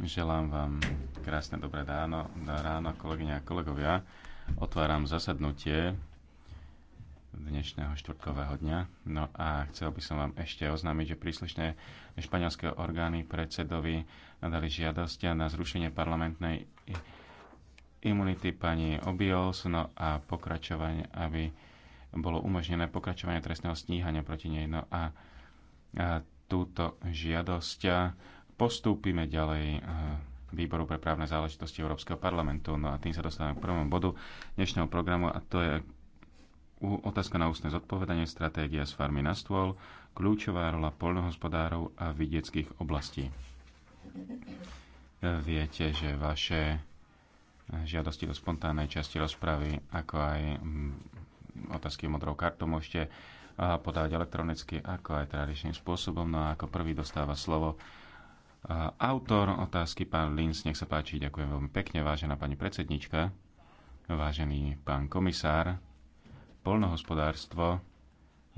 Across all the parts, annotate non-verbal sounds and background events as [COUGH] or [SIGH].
Želám vám krásne dobré ráno, ráno kolegyne a kolegovia. Otváram zasadnutie dnešného štvrtkového dňa. No a chcel by som vám ešte oznámiť, že príslušné španielské orgány predsedovi nadali žiadosť na zrušenie parlamentnej imunity pani Obiols, no a pokračovanie, aby bolo umožnené pokračovanie trestného stíhania proti nej. No a, a túto žiadosť postúpime ďalej eh, výboru pre právne záležitosti Európskeho parlamentu. No a tým sa dostávame k prvom bodu dnešného programu a to je otázka na ústne zodpovedanie, stratégia z farmy na stôl, kľúčová rola poľnohospodárov a vidieckých oblastí. Eh, viete, že vaše eh, žiadosti do spontánnej časti rozpravy, ako aj mm, otázky modrou kartou môžete podávať elektronicky, ako aj tradičným spôsobom. No a ako prvý dostáva slovo Autor otázky, pán Linz, nech sa páči, ďakujem veľmi pekne, vážená pani predsednička, vážený pán komisár. Polnohospodárstvo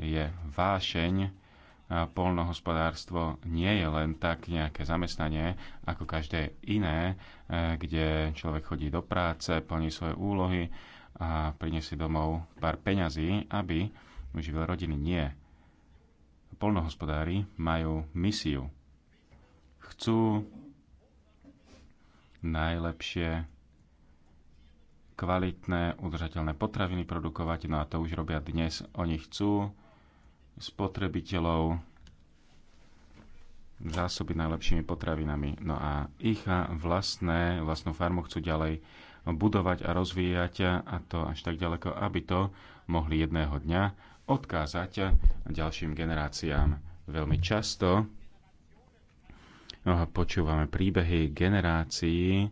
je vášeň, a polnohospodárstvo nie je len tak nejaké zamestnanie ako každé iné, e, kde človek chodí do práce, plní svoje úlohy a priniesie domov pár peňazí, aby uživil rodiny. Nie. Polnohospodári majú misiu chcú najlepšie kvalitné, udržateľné potraviny produkovať, no a to už robia dnes. Oni chcú spotrebiteľov zásoby najlepšími potravinami. No a ich vlastné, vlastnú farmu chcú ďalej budovať a rozvíjať a to až tak ďaleko, aby to mohli jedného dňa odkázať ďalším generáciám. Veľmi často No počúvame príbehy generácií, eh,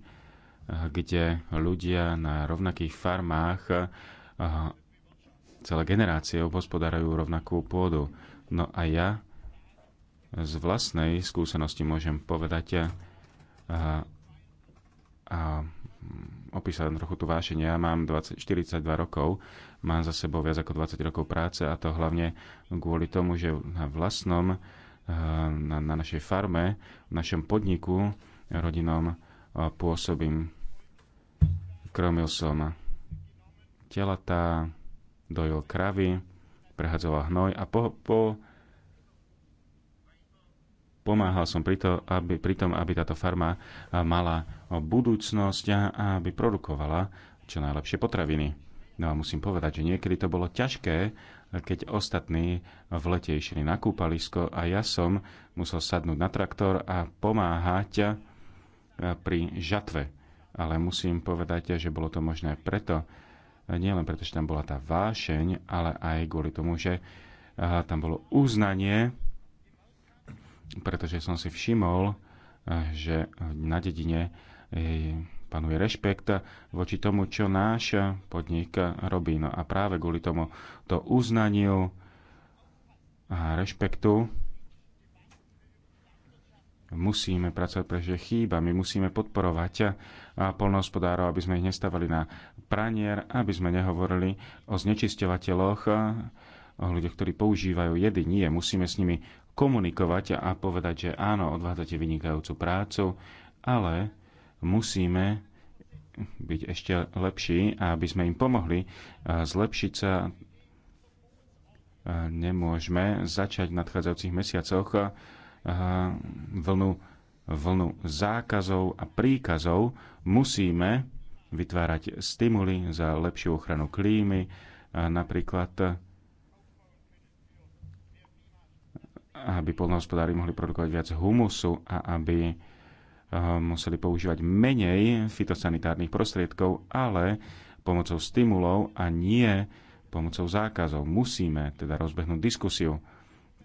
kde ľudia na rovnakých farmách eh, celé generácie obhospodárajú rovnakú pôdu. No a ja z vlastnej skúsenosti môžem povedať a, eh, a opísať trochu tu vášenie. Ja mám 20, 42 rokov, mám za sebou viac ako 20 rokov práce a to hlavne kvôli tomu, že na vlastnom Eh, na, na našej farme, v našom podniku rodinom eh, pôsobím. Kromil som telatá, dojil kravy, prehadzoval hnoj a po, po, pomáhal som pri, to, aby, pri tom, aby táto farma eh, mala budúcnosť a aby produkovala čo najlepšie potraviny. No a musím povedať, že niekedy to bolo ťažké keď ostatní v lete išli na kúpalisko a ja som musel sadnúť na traktor a pomáhať e, pri žatve. Ale musím povedať, že bolo to možné preto, e, nielen preto, že tam bola tá vášeň, ale aj kvôli tomu, že e, tam bolo uznanie, pretože som si všimol, že na dedine panuje rešpekt voči tomu, čo náš podnik robí. No a práve kvôli tomu to uznaniu a rešpektu musíme pracovať, pretože chýba. My musíme podporovať polnohospodárov, aby sme ich nestávali na pranier, aby sme nehovorili o znečisťovateľoch, o ľuďoch, ktorí používajú jedy. Nie, musíme s nimi komunikovať a povedať, že áno, odvádzate vynikajúcu prácu, ale musíme byť ešte lepší a aby sme im pomohli e, zlepšiť sa e, nemôžeme začať v nadchádzajúcich mesiacoch e, vlnu, vlnu zákazov a príkazov. Musíme vytvárať stimuly za lepšiu ochranu klímy, napríklad aby polnohospodári mohli produkovať viac humusu a aby museli používať menej fitosanitárnych prostriedkov, ale pomocou stimulov a nie pomocou zákazov. Musíme teda rozbehnúť diskusiu,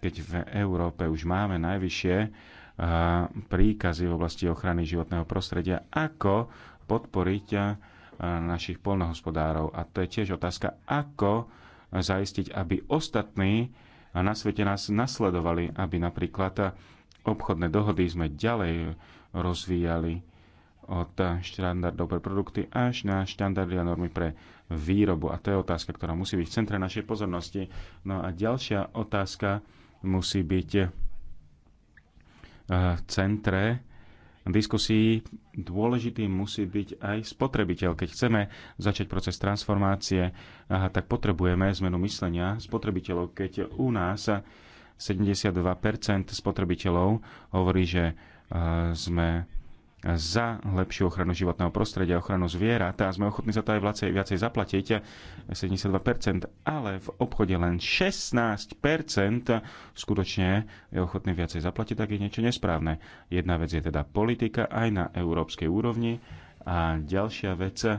keď v Európe už máme najvyššie príkazy v oblasti ochrany životného prostredia, ako podporiť našich polnohospodárov. A to je tiež otázka, ako zaistiť, aby ostatní na svete nás nasledovali, aby napríklad obchodné dohody sme ďalej rozvíjali od štandard pre produkty až na štandardy a normy pre výrobu. A to je otázka, ktorá musí byť v centre našej pozornosti. No a ďalšia otázka musí byť eh, v centre diskusí dôležitý musí byť aj spotrebiteľ. Keď chceme začať proces transformácie, eh, tak potrebujeme zmenu myslenia spotrebiteľov. Keď u nás 72% spotrebiteľov hovorí, že sme za lepšiu ochranu životného prostredia, ochranu zvierat a sme ochotní za to aj viacej, viacej zaplatiť, 72%, ale v obchode len 16% skutočne je ochotný viacej zaplatiť, tak je niečo nesprávne. Jedna vec je teda politika aj na európskej úrovni a ďalšia vec e,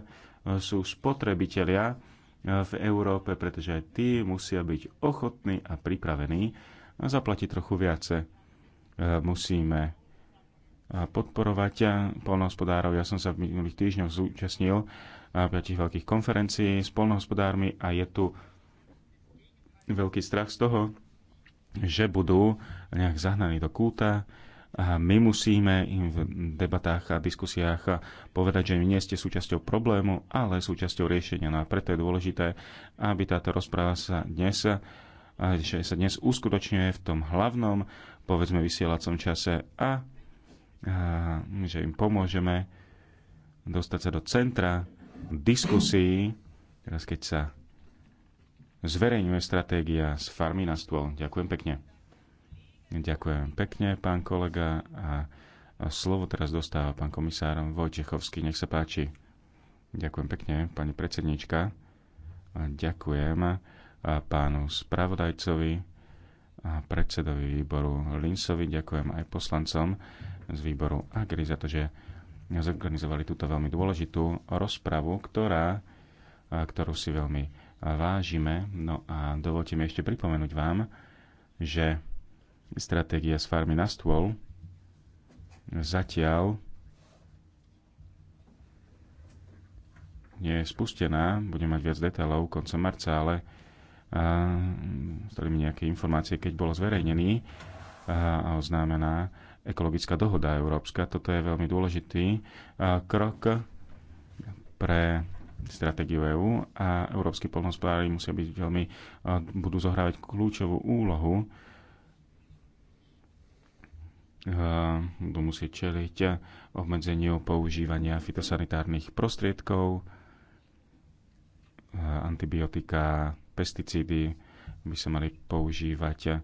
sú spotrebitelia e, v Európe, pretože aj tí musia byť ochotní a pripravení zaplatiť trochu viacej. E, musíme podporovať polnohospodárov. Ja som sa v minulých týždňoch zúčastnil piatich veľkých konferencií s polnohospodármi a je tu veľký strach z toho, že budú nejak zahnaní do kúta a my musíme im v debatách a diskusiách povedať, že nie ste súčasťou problému, ale súčasťou riešenia. No a preto je dôležité, aby táto rozpráva sa dnes, že sa dnes uskutočňuje v tom hlavnom, povedzme, vysielacom čase a že im pomôžeme dostať sa do centra diskusí, teraz keď sa zverejňuje stratégia z farmy na stôl. Ďakujem pekne. Ďakujem pekne, pán kolega. A slovo teraz dostáva pán komisár Vojčechovský. Nech sa páči. Ďakujem pekne, pani predsednička. ďakujem pánu spravodajcovi a predsedovi výboru Linsovi, ďakujem aj poslancom z výboru Agri za to, že zorganizovali túto veľmi dôležitú rozpravu, ktorá, ktorú si veľmi vážime. No a dovolte mi ešte pripomenúť vám, že stratégia z farmy na stôl zatiaľ nie je spustená, budem mať viac detailov koncom marca, ale stali mi nejaké informácie, keď bol zverejnený a oznámená ekologická dohoda európska. Toto je veľmi dôležitý krok pre stratégiu EÚ a európsky polnospodári musia byť veľmi, budú zohrávať kľúčovú úlohu budú musieť čeliť obmedzeniu používania fitosanitárnych prostriedkov, antibiotika, pesticídy by sa mali používať eh,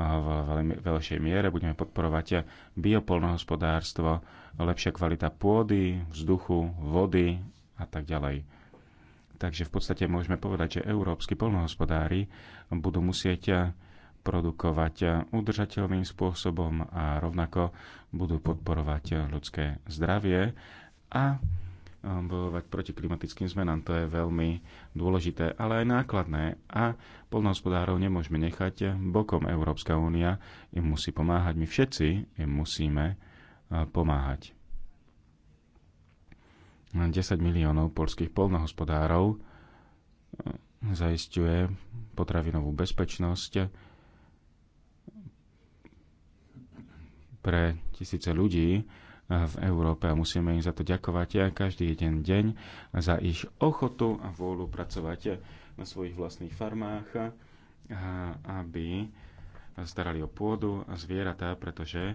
v veľšej miere. Budeme podporovať eh, biopolnohospodárstvo, lepšia kvalita pôdy, vzduchu, vody a tak ďalej. Takže v podstate môžeme povedať, že európsky polnohospodári budú musieť eh, produkovať udržateľným spôsobom a rovnako budú podporovať ľudské zdravie a bojovať proti klimatickým zmenám. To je veľmi dôležité, ale aj nákladné. A polnohospodárov nemôžeme nechať bokom. Európska únia im musí pomáhať. My všetci im musíme pomáhať. 10 miliónov polských polnohospodárov zaistuje potravinovú bezpečnosť pre tisíce ľudí v Európe a musíme im za to ďakovať a eh, každý jeden deň za ich ochotu a vôľu pracovať eh, na svojich vlastných farmách, eh, aby starali o pôdu a zvieratá, pretože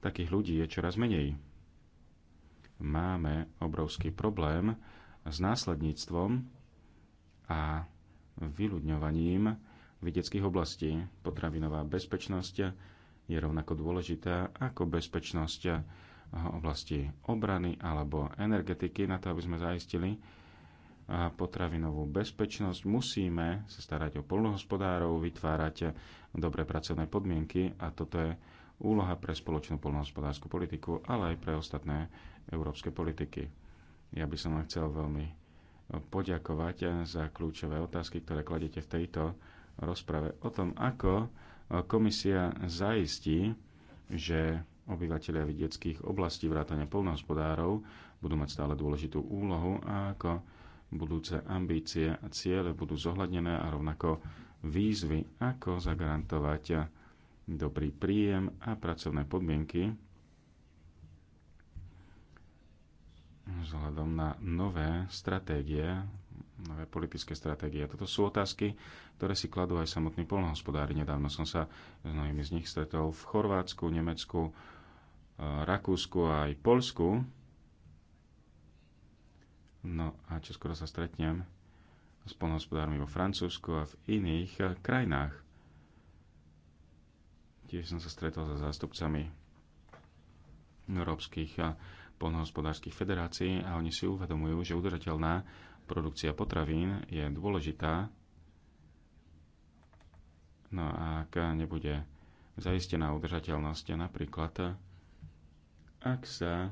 takých ľudí je čoraz menej. Máme obrovský problém s následníctvom a vyľudňovaním vedeckých oblastí. Potravinová bezpečnosť je rovnako dôležitá ako bezpečnosť oblasti obrany alebo energetiky, na to, aby sme zaistili potravinovú bezpečnosť. Musíme sa starať o polnohospodárov, vytvárať dobré pracovné podmienky a toto je úloha pre spoločnú polnohospodárskú politiku, ale aj pre ostatné európske politiky. Ja by som vám chcel veľmi poďakovať za kľúčové otázky, ktoré kladete v tejto rozprave o tom, ako komisia zaistí, že obyvateľia vidieckých oblastí vrátania polnohospodárov budú mať stále dôležitú úlohu a ako budúce ambície a ciele budú zohľadnené a rovnako výzvy, ako zagarantovať dobrý príjem a pracovné podmienky vzhľadom na nové stratégie, nové politické stratégie. Toto sú otázky, ktoré si kladú aj samotní polnohospodári. Nedávno som sa s mnohými z nich stretol v Chorvátsku, Nemecku, Rakúsku a aj Polsku. No a čoskoro sa stretnem s polnohospodármi vo Francúzsku a v iných eh, krajinách. Tiež som sa stretol so zástupcami európskych eh, polnohospodárskych federácií a oni si uvedomujú, že udržateľná produkcia potravín je dôležitá. No a ak nebude zaistená udržateľnosť napríklad eh, ak sa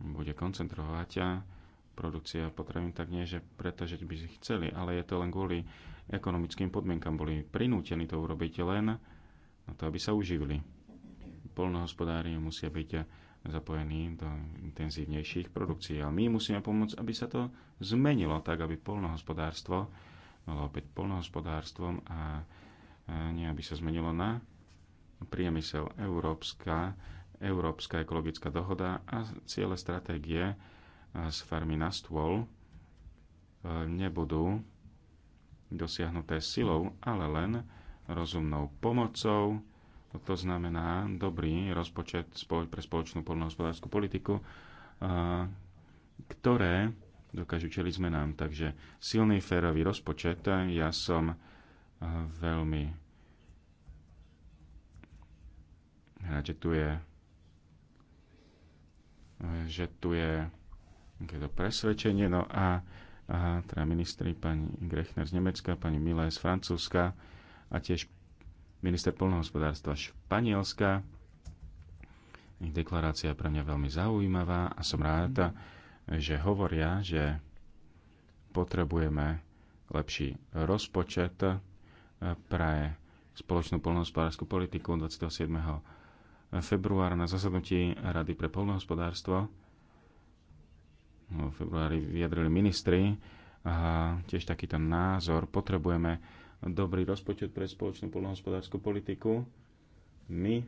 bude koncentrovať a produkcia potravín, tak nie, že pretože by si chceli, ale je to len kvôli ekonomickým podmienkam. Boli prinútení to urobiť len na to, aby sa uživili. Polnohospodári musia byť zapojení do intenzívnejších produkcií. Ale my musíme pomôcť, aby sa to zmenilo tak, aby polnohospodárstvo bolo opäť polnohospodárstvom a nie aby sa zmenilo na priemysel. Európska Európska ekologická dohoda a ciele stratégie e, z farmy na stôl e, nebudú dosiahnuté silou, ale len rozumnou pomocou. To znamená dobrý rozpočet pre spoločnú poľnohospodárskú politiku, e, ktoré dokážu čeliť zmenám. Takže silný férový rozpočet. Ja som veľmi rád, že tu je že tu je to presvedčenie. No a, aha, teda ministri pani Grechner z Nemecka, pani Milé z Francúzska a tiež minister polnohospodárstva Španielska. Ich deklarácia je pre mňa veľmi zaujímavá a som rád, že hovoria, že potrebujeme lepší rozpočet pre spoločnú polnohospodárskú politiku 27. Február na zasadnutí Rady pre polnohospodárstvo. V februári vyjadrili ministri a tiež takýto názor. Potrebujeme dobrý rozpočet pre spoločnú polnohospodárskú politiku. My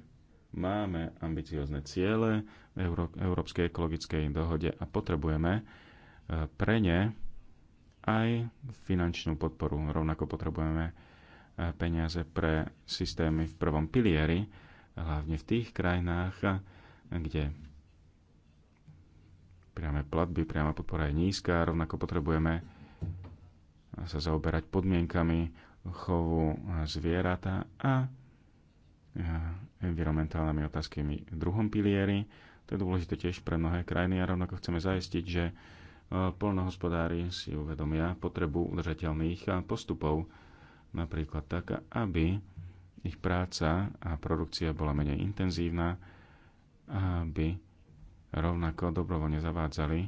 máme ambiciozne ciele v Euró- Európskej ekologickej dohode a potrebujeme eh, pre ne aj finančnú podporu. Rovnako potrebujeme eh, peniaze pre systémy v prvom pilieri, hlavne v tých krajinách, kde priame platby, priama podpora je nízka, rovnako potrebujeme sa zaoberať podmienkami chovu zvierata a environmentálnymi otázkami v druhom pilieri. To je dôležité tiež pre mnohé krajiny a rovnako chceme zaistiť, že e, polnohospodári si uvedomia potrebu udržateľných postupov, napríklad tak, aby ich práca a produkcia bola menej intenzívna, aby rovnako dobrovoľne zavádzali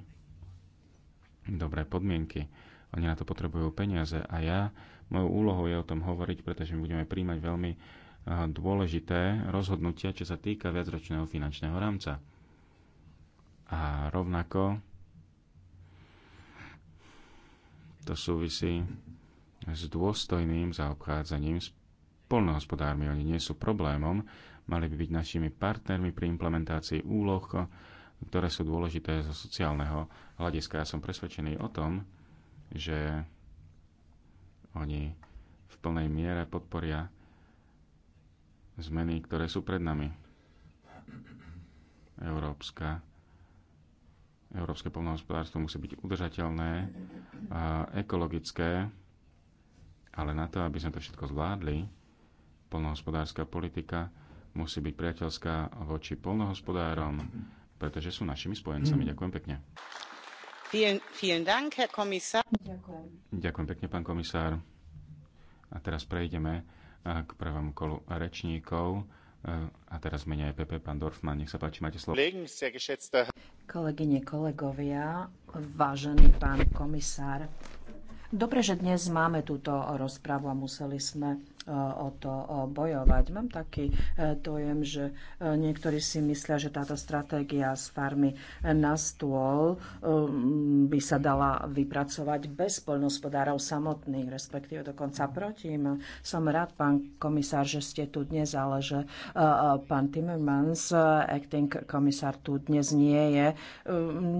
dobré podmienky. Oni na to potrebujú peniaze a ja, mojou úlohou je o tom hovoriť, pretože my budeme príjmať veľmi eh, dôležité rozhodnutia, čo sa týka viacročného finančného rámca. A rovnako to súvisí s dôstojným zaobchádzaním s Poľnohospodármi Oni nie sú problémom, mali by byť našimi partnermi pri implementácii úloh, ktoré sú dôležité zo sociálneho hľadiska. Ja som presvedčený o tom, že oni v plnej miere podporia zmeny, ktoré sú pred nami. Európska Európske poľnohospodárstvo musí byť udržateľné, a ekologické, ale na to, aby sme to všetko zvládli, Polnohospodárska politika musí byť priateľská voči polnohospodárom, pretože sú našimi spojencami. Ďakujem pekne. Ďakujem. Ďakujem pekne, pán komisár. A teraz prejdeme eh, k prvému kolu rečníkov. Eh, a teraz menia aj Pepe, pán Dorfman, nech sa páči, máte slovo. Kolegyne, kolegovia, vážený pán komisár, dobre, že dnes máme túto rozpravu a museli sme o to bojovať. Mám taký e, dojem, že e, niektorí si myslia, že táto stratégia z farmy na stôl e, by sa dala vypracovať bez poľnohospodárov samotných, respektíve dokonca proti im. Som rád, pán komisár, že ste tu dnes, ale že pán Timmermans, acting komisár, tu dnes nie je.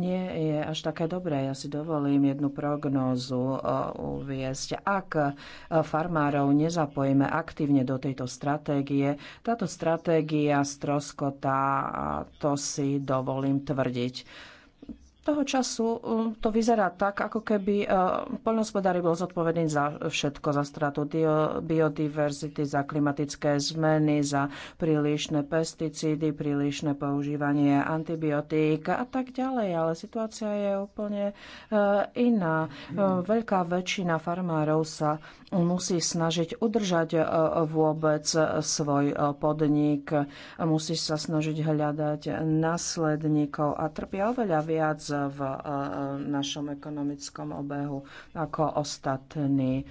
Nie je až také dobré. Ja si dovolím jednu prognózu uviesť. Ak farmárov nezapojíme, zapojme aktívne do tejto stratégie. Táto stratégia stroskotá a to si dovolím tvrdiť toho času um, to vyzerá tak, ako keby uh, poľnohospodári bol zodpovedný za všetko, za stratu biodiverzity, za klimatické zmeny, za prílišné pesticídy, prílišné používanie antibiotík a tak ďalej. Ale situácia je úplne uh, iná. Uh, veľká väčšina farmárov sa musí snažiť udržať vôbec svoj podnik, musí sa snažiť hľadať následníkov a trpia oveľa viac v eh, eh, našom ekonomickom obehu ako ostatní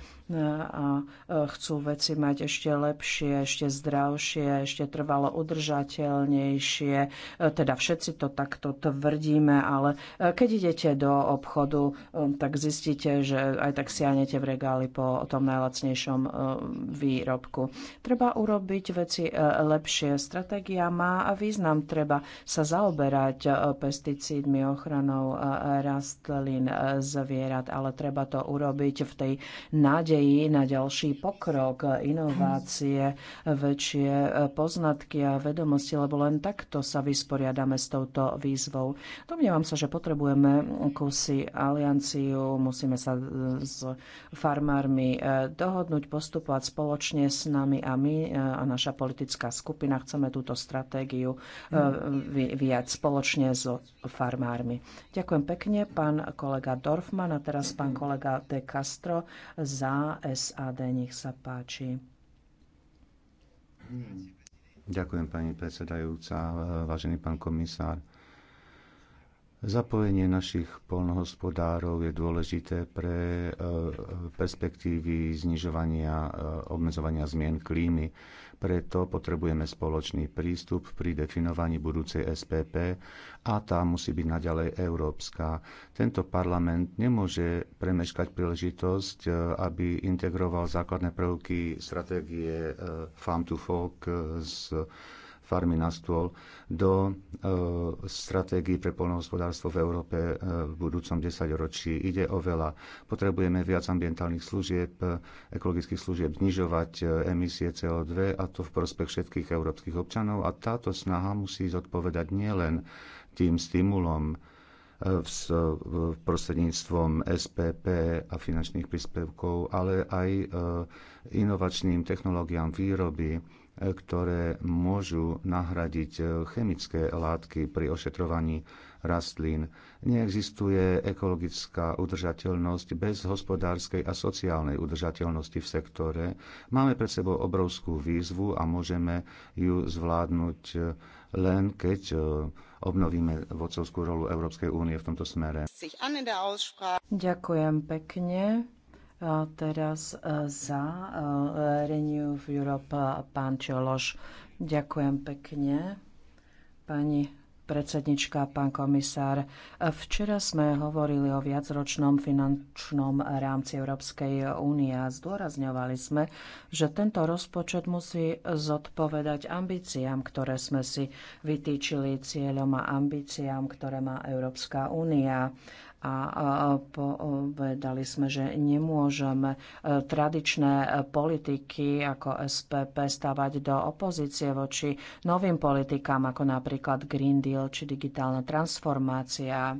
a e, chcú veci mať ešte lepšie, ešte zdravšie, ešte trvalo udržateľnejšie. E, teda všetci to takto tvrdíme, ale e, keď idete do obchodu, tak zistíte, že aj tak siahnete v regáli po tom najlacnejšom výrobku. Treba urobiť veci lepšie. Stratégia má význam. Treba sa zaoberať pesticídmi, ochranou rastlín, zvierat, ale treba to urobiť v tej nádeji, nádejí na ďalší pokrok, inovácie, väčšie e, poznatky a vedomosti, lebo len takto sa vysporiadame s touto výzvou. Domnievam sa, že potrebujeme kusy alianciu, musíme sa e, s farmármi e, dohodnúť, postupovať spoločne s nami a my a naša politická skupina chceme túto stratégiu vyjať spoločne s farmármi. Ďakujem pekne, pán kolega Dorfman a teraz pán kolega De Castro za za SAD. Nech sa páči. Ďakujem, pani predsedajúca, vážený pán komisár. Zapojenie našich polnohospodárov je dôležité pre e, perspektívy znižovania, e, obmedzovania zmien klímy. Preto potrebujeme spoločný prístup pri definovaní budúcej SPP a tá musí byť naďalej európska. Tento parlament nemôže premeškať príležitosť, e, aby integroval základné prvky stratégie e, Farm to Fork e, s farmy na stôl do e, stratégií pre polnohospodárstvo v Európe e, v budúcom desaťročí. Ide o veľa. Potrebujeme viac ambientálnych služieb, ekologických služieb, znižovať e, emisie CO2 a to v prospech všetkých európskych občanov. A táto snaha musí zodpovedať nielen tým stimulom, s prostredníctvom SPP a finančných príspevkov, ale aj inovačným technológiám výroby, ktoré môžu nahradiť e, chemické látky pri ošetrovaní rastlín. Neexistuje ekologická udržateľnosť bez hospodárskej a sociálnej udržateľnosti v sektore. Máme pred sebou obrovskú výzvu a môžeme ju zvládnuť e, len keď e, obnovíme vodcovskú rolu Európskej únie v tomto smere. Ďakujem pekne. Teraz e, za e, Renew Europe e, pán Čološ. Ďakujem pekne. Pani predsednička, pán komisár. Včera sme hovorili o viacročnom finančnom rámci Európskej únie a zdôrazňovali sme, že tento rozpočet musí zodpovedať ambíciám, ktoré sme si vytýčili cieľom a ambíciám, ktoré má Európska únia a povedali sme, že nemôžeme e, tradičné e, politiky ako SPP stavať do opozície voči novým politikám, ako napríklad Green Deal či digitálna transformácia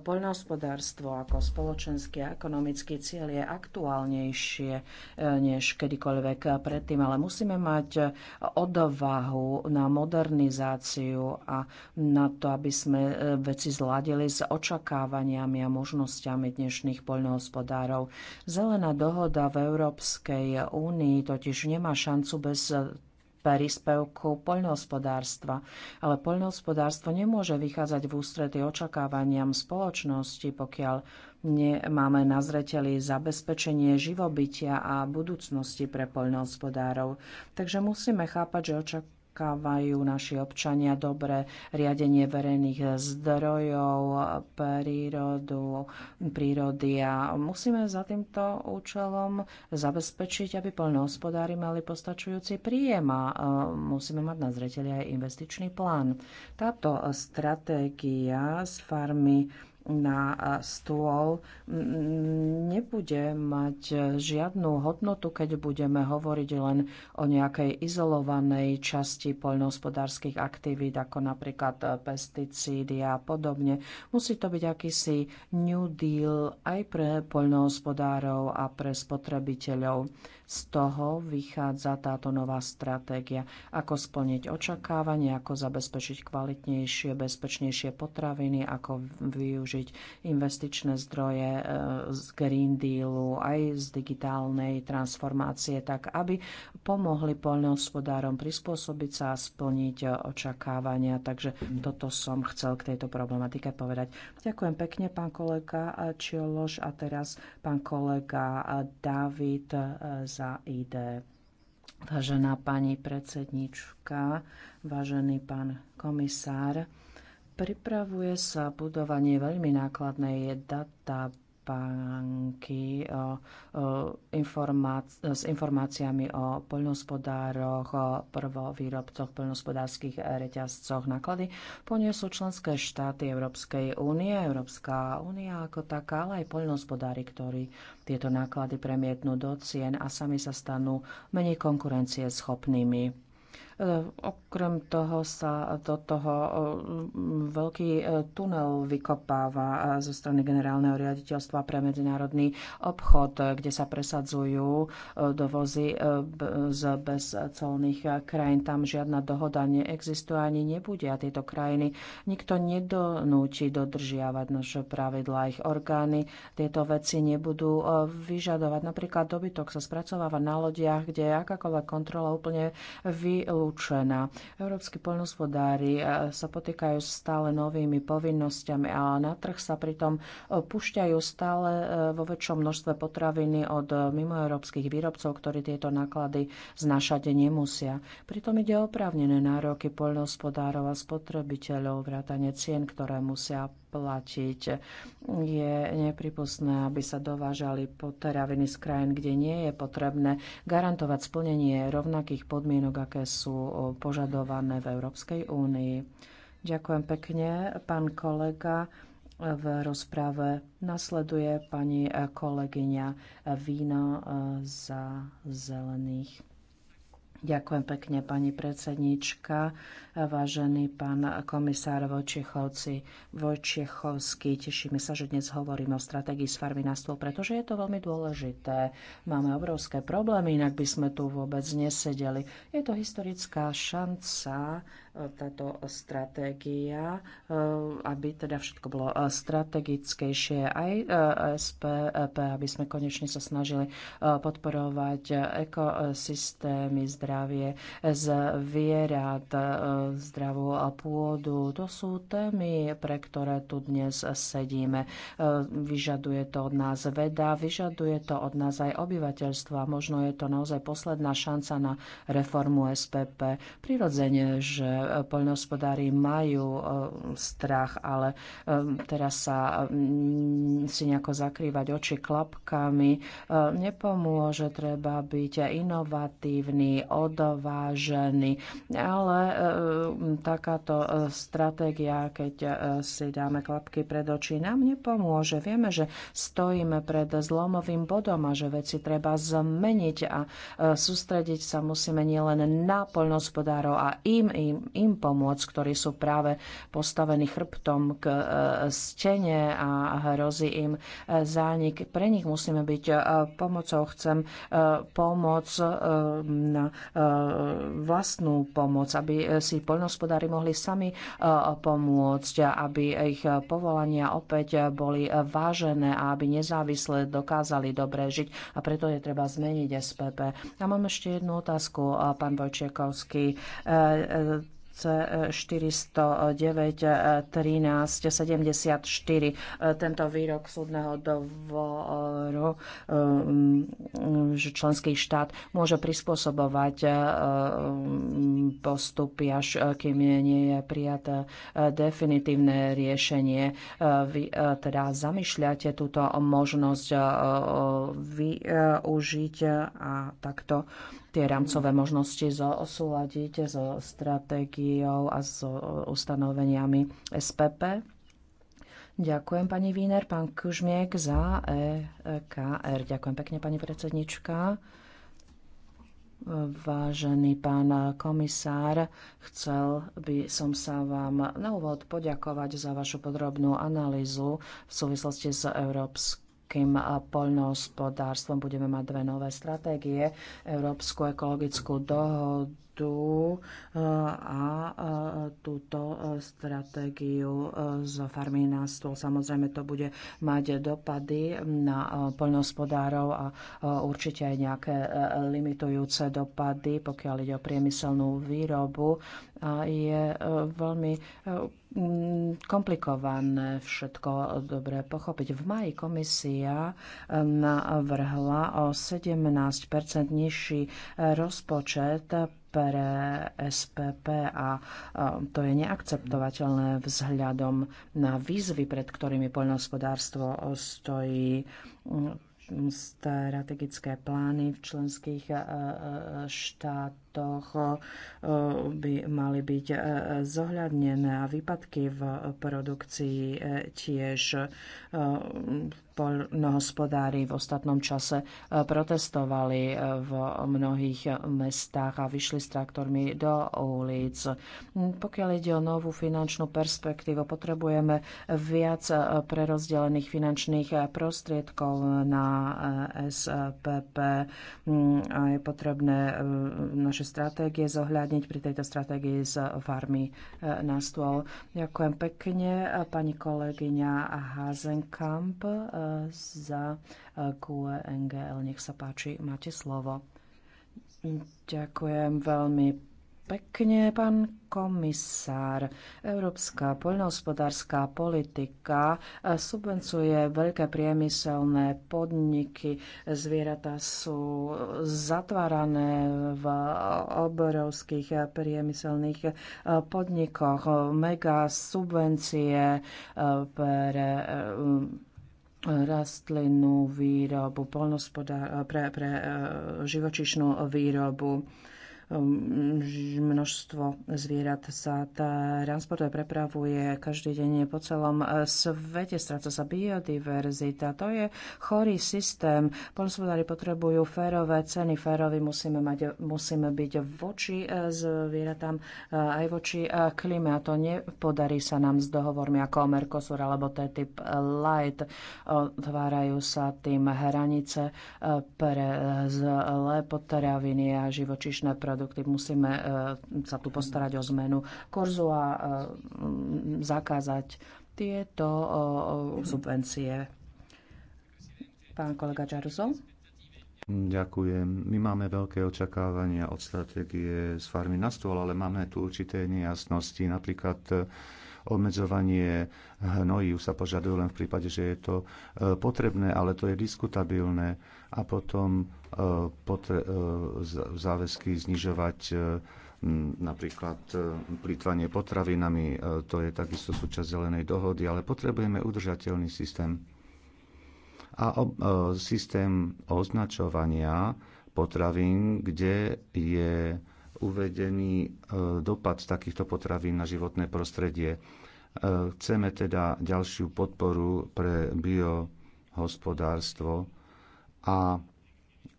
poľnohospodárstvo ako spoločenský a ekonomický cieľ je aktuálnejšie e, než kedykoľvek predtým, ale musíme mať odvahu na modernizáciu a na to, aby sme e, veci zladili s očakávaniami a možnosťami dnešných poľnohospodárov. Zelená dohoda v Európskej únii totiž nemá šancu bez príspevku poľnohospodárstva. Ale poľnohospodárstvo nemôže vychádzať v ústrety očakávaniam spoločnosti, pokiaľ nemáme na zreteli zabezpečenie živobytia a budúcnosti pre poľnohospodárov. Takže musíme chápať, že očakávanie očakávajú naši občania dobré riadenie verejných zdrojov, prírodu, prírody a musíme za týmto účelom zabezpečiť, aby poľnohospodári mali postačujúci príjem a e, musíme mať na zreteli aj investičný plán. Táto stratégia z farmy na stôl, nebude mať žiadnu hodnotu, keď budeme hovoriť len o nejakej izolovanej časti poľnohospodárskych aktivít, ako napríklad e, pesticídy a podobne. Musí to byť akýsi New Deal aj pre poľnohospodárov a pre spotrebiteľov. Z toho vychádza táto nová stratégia. Ako splniť očakávania, ako zabezpečiť kvalitnejšie, bezpečnejšie potraviny, ako využiť investičné zdroje e, z Green Dealu, aj z digitálnej transformácie, tak aby pomohli poľnohospodárom prispôsobiť sa a splniť očakávania. Takže toto som chcel k tejto problematike povedať. Ďakujem pekne, pán kolega Čiolož a teraz pán kolega David e, za sa ide. Vážená pani predsednička, vážený pán komisár, pripravuje sa budovanie veľmi nákladnej databázy banky s informáciami o poľnohospodároch, o prvovýrobcoch, poľnohospodárskych reťazcoch. Náklady poniesú členské štáty Európskej únie, Európska únia ako taká, ale aj poľnohospodári, ktorí tieto náklady premietnú do cien a sami sa stanú menej konkurencie schopnými. E, okrem toho sa do toho e, veľký e, tunel vykopáva zo strany generálneho riaditeľstva pre medzinárodný obchod, kde sa presadzujú dovozy z bezcolných krajín. Tam žiadna dohoda neexistuje ani nebude a tieto krajiny nikto nedonúči dodržiavať naše pravidlá. Ich orgány tieto veci nebudú vyžadovať. Napríklad dobytok sa spracováva na lodiach, kde akákoľvek kontrola úplne vylúčená vylúčená. Európsky poľnospodári e, sa potýkajú s stále novými povinnosťami a na trh sa pritom pušťajú stále e, vo väčšom množstve potraviny od mimoeurópskych výrobcov, ktorí tieto náklady znašať nemusia. Pritom ide oprávnené nároky poľnohospodárov a spotrebiteľov, vrátane cien, ktoré musia platiť, Je nepripustné, aby sa dovážali potraviny z krajín, kde nie je potrebné garantovať splnenie rovnakých podmienok, aké sú požadované v Európskej únii. Ďakujem pekne, pán kolega. V rozprave nasleduje pani kolegyňa Vína za zelených. Ďakujem pekne, pani predsednička, vážený pán komisár Vojčichovci, Vojčichovský. Tešíme sa, že dnes hovoríme o stratégii s farmy na stôl, pretože je to veľmi dôležité. Máme obrovské problémy, inak by sme tu vôbec nesedeli. Je to historická šanca táto stratégia, eh, aby teda všetko bolo eh, strategickejšie aj eh, SPP, aby sme konečne sa snažili podporovať ekosystémy, zdravie zvierat, zdravú pôdu. To sú témy, pre ktoré tu dnes sedíme. Vyžaduje to od nás veda, vyžaduje to od nás aj obyvateľstvo a možno je to naozaj posledná šanca na reformu SPP. Prirodzene, že poľnohospodári majú e, strach, ale e, teraz sa mm, si nejako zakrývať oči klapkami e, nepomôže. Treba byť inovatívny, odovážený, ale takáto stratégia, keď si dáme klapky pred oči, nám nepomôže. Vieme, že stojíme pred zlomovým bodom a že veci treba zmeniť a sústrediť sa musíme nielen na poľnohospodárov a im, im im pomôcť, ktorí sú práve postavení chrbtom k e, stene a hrozí im e, zánik. Pre nich musíme byť e, pomocou. Chcem pomoc na vlastnú pomoc, aby si poľnohospodári mohli sami pomôcť, aby ich povolania opäť boli vážené a aby nezávisle dokázali dobre žiť. A preto je treba zmeniť SPP. A mám ešte jednu otázku, pán Vojčekovský 409 13 74. Tento výrok súdneho dovoru, um, že členský štát môže prispôsobovať um, postupy, až kým nie je prijaté uh, definitívne riešenie. Uh, vy uh, teda zamýšľate túto možnosť využiť a takto tie rámcové možnosti zosúľadiť so stratégiou a s so ustanoveniami SPP. Ďakujem pani Wiener, pán Kužmiek za EKR. Ďakujem pekne pani predsednička. Vážený pán komisár, chcel by som sa vám na úvod poďakovať za vašu podrobnú analýzu v súvislosti s Európskou európskym poľnohospodárstvom. Budeme mať dve nové stratégie, Európsku ekologickú dohodu, tu eh, a eh, túto eh, stratégiu z farmy na stôl. Samozrejme, to bude mať dopady na poľnohospodárov a určite aj nejaké limitujúce dopady, pokiaľ ide o priemyselnú výrobu. A je veľmi komplikované všetko dobre pochopiť. V maji komisia navrhla o 17 nižší rozpočet pre SPP a to je neakceptovateľné vzhľadom na výzvy, pred ktorými poľnohospodárstvo stojí strategické plány v členských štát produktoch eh, by mali byť eh, zohľadnené a výpadky v produkcii eh, tiež poľnohospodári v ostatnom čase protestovali v mnohých mestách a vyšli s traktormi do ulic. Pokiaľ ide o novú finančnú perspektívu, potrebujeme viac prerozdelených finančných prostriedkov na SPP mm, je potrebné naše naše stratégie zohľadniť pri tejto stratégii z farmy e, na stôl. Ďakujem pekne pani kolegyňa Hazenkamp e, za e, QNGL. Nech sa páči, máte slovo. Ďakujem veľmi pekne, pán komisár. Európska poľnohospodárska politika e, subvencuje veľké priemyselné podniky. Zvieratá sú zatvárané v obrovských priemyselných e, podnikoch. Mega subvencie e, pre rastlinnú výrobu, pre, pre živočišnú výrobu Ehm, množstvo zvierat sa transportuje, prepravuje každý deň po celom e, svete, stráca sa biodiverzita. To je chorý systém. Polnospodári potrebujú férové ceny. Férovi musíme, mať, musíme byť voči e, zvieratám e, aj voči klíme. A to nepodarí sa nám s dohovormi ako Mercosur alebo TTIP Light. Otvárajú sa tým hranice pre zlé potraviny a živočišné produkty produkty, musíme e, sa tu postarať o zmenu kurzu a e, zakázať tieto subvencie. Pán kolega Čaruso. Ďakujem. My máme veľké očakávania od stratégie z farmy na stôl, ale máme tu určité nejasnosti. Napríklad e, obmedzovanie hnojív sa požaduje len v prípade, že je to potrebné, ale to je diskutabilné a potom e, e, záväzky znižovať e, napríklad plýtvanie potravinami, to je takisto súčasť zelenej dohody, ale potrebujeme udržateľný systém. A systém označovania potravín, kde je uvedený dopad takýchto potravín na životné prostredie. Chceme teda ďalšiu podporu pre biohospodárstvo, a,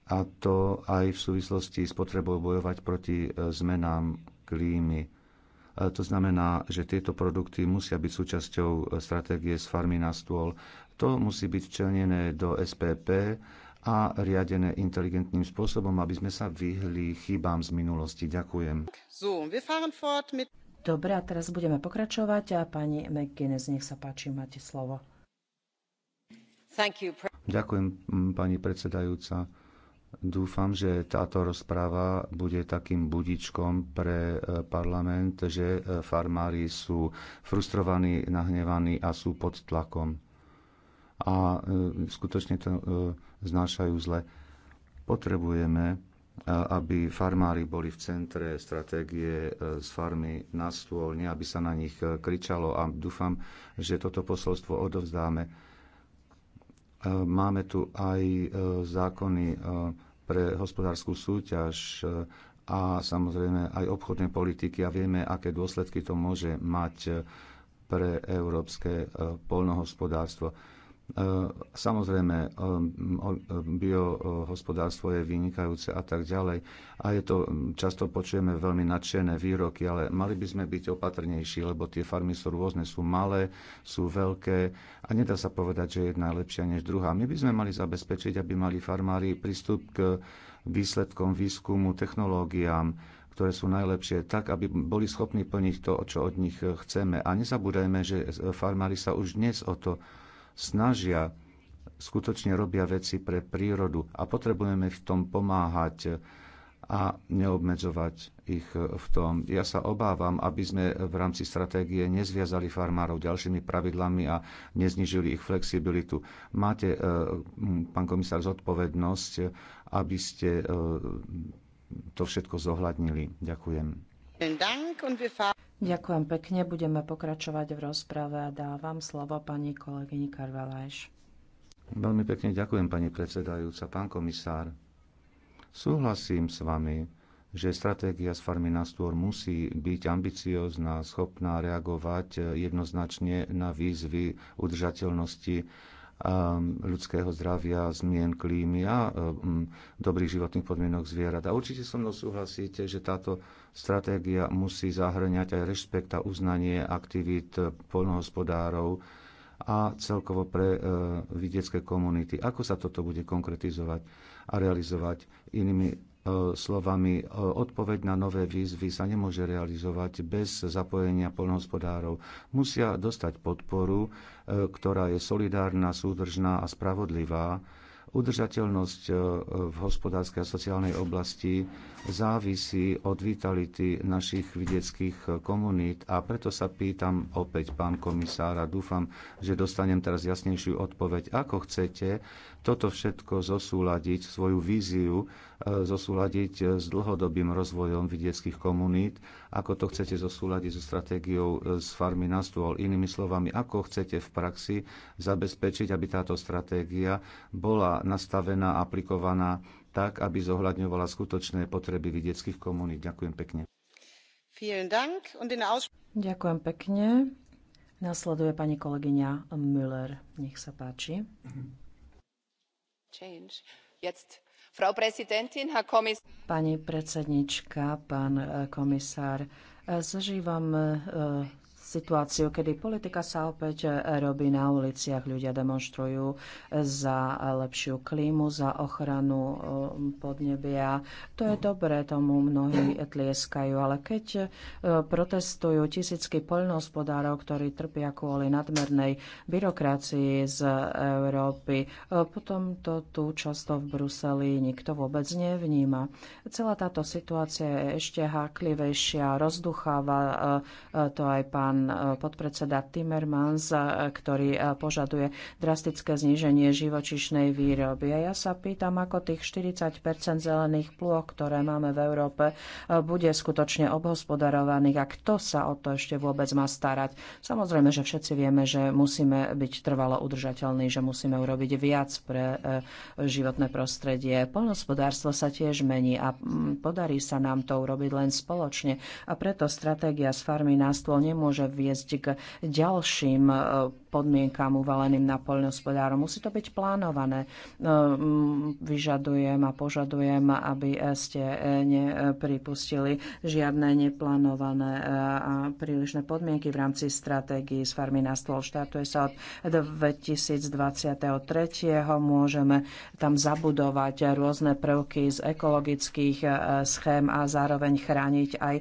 a to aj v súvislosti s potrebou bojovať proti e, zmenám klímy. E, to znamená, že tieto produkty musia byť súčasťou e, stratégie z farmy na stôl. To musí byť včlenené do SPP a riadené inteligentným spôsobom, aby sme sa vyhli chybám z minulosti. Ďakujem. Dobre, a teraz budeme pokračovať a pani McGuinness, nech sa páči, máte slovo. You, Ďakujem, pani predsedajúca. Dúfam, že táto rozpráva bude takým budičkom pre e, parlament, že e, farmári sú frustrovaní, nahnevaní a sú pod tlakom. A e, skutočne to znášajú zle. Potrebujeme, aby farmári boli v centre stratégie z farmy na stôl, nie aby sa na nich kričalo. A dúfam, že toto posolstvo odovzdáme E, máme tu aj e, zákony e, pre hospodárskú súťaž a samozrejme aj obchodné politiky a vieme, aké dôsledky to môže mať pre európske polnohospodárstvo. E, samozrejme, e, e, biohospodárstvo je vynikajúce a tak ďalej. A je to, často počujeme veľmi nadšené výroky, ale mali by sme byť opatrnejší, lebo tie farmy sú rôzne, sú malé, sú veľké a nedá sa povedať, že jedna je lepšia než druhá. My by sme mali zabezpečiť, aby mali farmári prístup k výsledkom výskumu, technológiám, ktoré sú najlepšie, tak, aby boli schopní plniť to, čo od nich chceme. A nezabúdajme, že farmári sa už dnes o to snažia, skutočne robia veci pre prírodu a potrebujeme v tom pomáhať a neobmedzovať ich v tom. Ja sa obávam, aby sme v rámci stratégie nezviazali farmárov ďalšími pravidlami a neznižili ich flexibilitu. Máte, e, pán komisár, zodpovednosť, aby ste e, to všetko zohľadnili. Ďakujem. Ďakujem pekne. Budeme pokračovať v rozprave a dávam slovo pani kolegyni Karvalajš. Veľmi pekne ďakujem, pani predsedajúca, pán komisár. Súhlasím s vami, že stratégia z farmy na stôr musí byť ambiciozná, schopná reagovať jednoznačne na výzvy udržateľnosti Um, ľudského zdravia, zmien klímy a um, dobrých životných podmienok zvierat. A určite so mnou súhlasíte, že táto stratégia musí zahrňať aj rešpekt a uznanie aktivít poľnohospodárov a celkovo pre uh, vidiecké komunity. Ako sa toto bude konkretizovať a realizovať inými E, slovami e, odpoveď na nové výzvy sa nemôže realizovať bez zapojenia poľnohospodárov. Musia dostať podporu, e, ktorá je solidárna, súdržná a spravodlivá. Udržateľnosť v hospodárskej a sociálnej oblasti závisí od vitality našich vidieckých komunít a preto sa pýtam opäť pán komisára, dúfam, že dostanem teraz jasnejšiu odpoveď, ako chcete toto všetko zosúľadiť, svoju víziu e, zosúľadiť s dlhodobým rozvojom vidieckých komunít, ako to chcete zosúľadiť so stratégiou e, z farmy na stôl. Inými slovami, ako chcete v praxi zabezpečiť, aby táto stratégia bola nastavená, aplikovaná tak, aby zohľadňovala skutočné potreby vidieckých komunít. Ďakujem pekne. Ďakujem pekne. Nasleduje pani kolegyňa Müller. Nech sa páči. Mhm. Pani predsedníčka pán eh, komisár, eh, zažívam eh, situáciu, kedy politika sa opäť robí na uliciach. Ľudia demonstrujú za lepšiu klímu, za ochranu um, podnebia. To je dobré, tomu mnohí tlieskajú, ale keď uh, protestujú tisícky poľnohospodárov, ktorí trpia kvôli nadmernej byrokracii z Európy, uh, potom to tu často v Bruseli nikto vôbec nevníma. Celá táto situácia je ešte háklivejšia, rozducháva uh, to aj pán pán e, podpredseda Timmermans, e, ktorý e, požaduje drastické zníženie živočišnej výroby. A ja sa pýtam, ako tých 40 zelených plôch, ktoré máme v Európe, bude skutočne obhospodarovaných a kto sa o to ešte vôbec má starať. Samozrejme, že všetci vieme, že musíme byť trvalo udržateľní, že musíme urobiť viac pre životné prostredie. Polnospodárstvo sa tiež mení a podarí sa nám to urobiť len spoločne. A preto stratégia z farmy na stôl nemôže viesť k ďalším eh, podmienkám uvaleným na poľnohospodárom. Musí to byť plánované. No, mm, vyžadujem a požadujem, aby ste eh, nepripustili žiadne neplánované eh, a prílišné podmienky v rámci stratégií z farmy na stôl. Štartuje sa od 2023. Môžeme tam zabudovať rôzne prvky z ekologických eh, schém a zároveň chrániť aj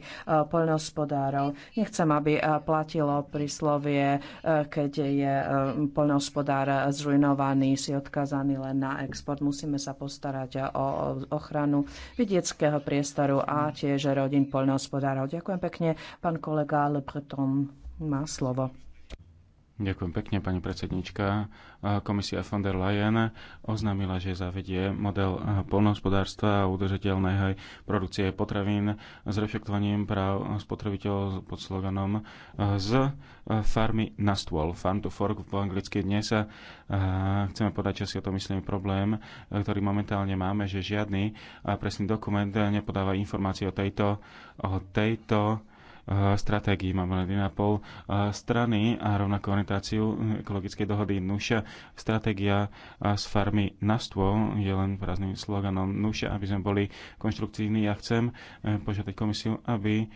poľnohospodárov. Nechcem, aby platilo príslovie, keď je je e, poľnohospodár zrujnovaný, si odkazaný len na export. Musíme sa postarať o ochranu vidieckého priestoru a tiež rodín poľnohospodárov. Ďakujem pekne. Pán kolega Le Breton má slovo. Ďakujem pekne, pani predsednička. Komisia von der Leyen oznámila, že zavedie model polnohospodárstva a udržateľnej aj produkcie potravín s reflektovaním práv spotrebiteľov pod sloganom z farmy na stôl. Farm to fork po anglicky dnes. Chceme podať, čo si o to myslím problém, ktorý momentálne máme, že žiadny presný dokument nepodáva informácie o tejto, o tejto Eh, stratégií. Máme len 1,5 eh, strany a rovnako orientáciu ekologickej dohody. Nuša stratégia z eh, farmy na stôl je len prázdnym sloganom Nuša, aby sme boli konštruktívni. Ja chcem požiadať komisiu, aby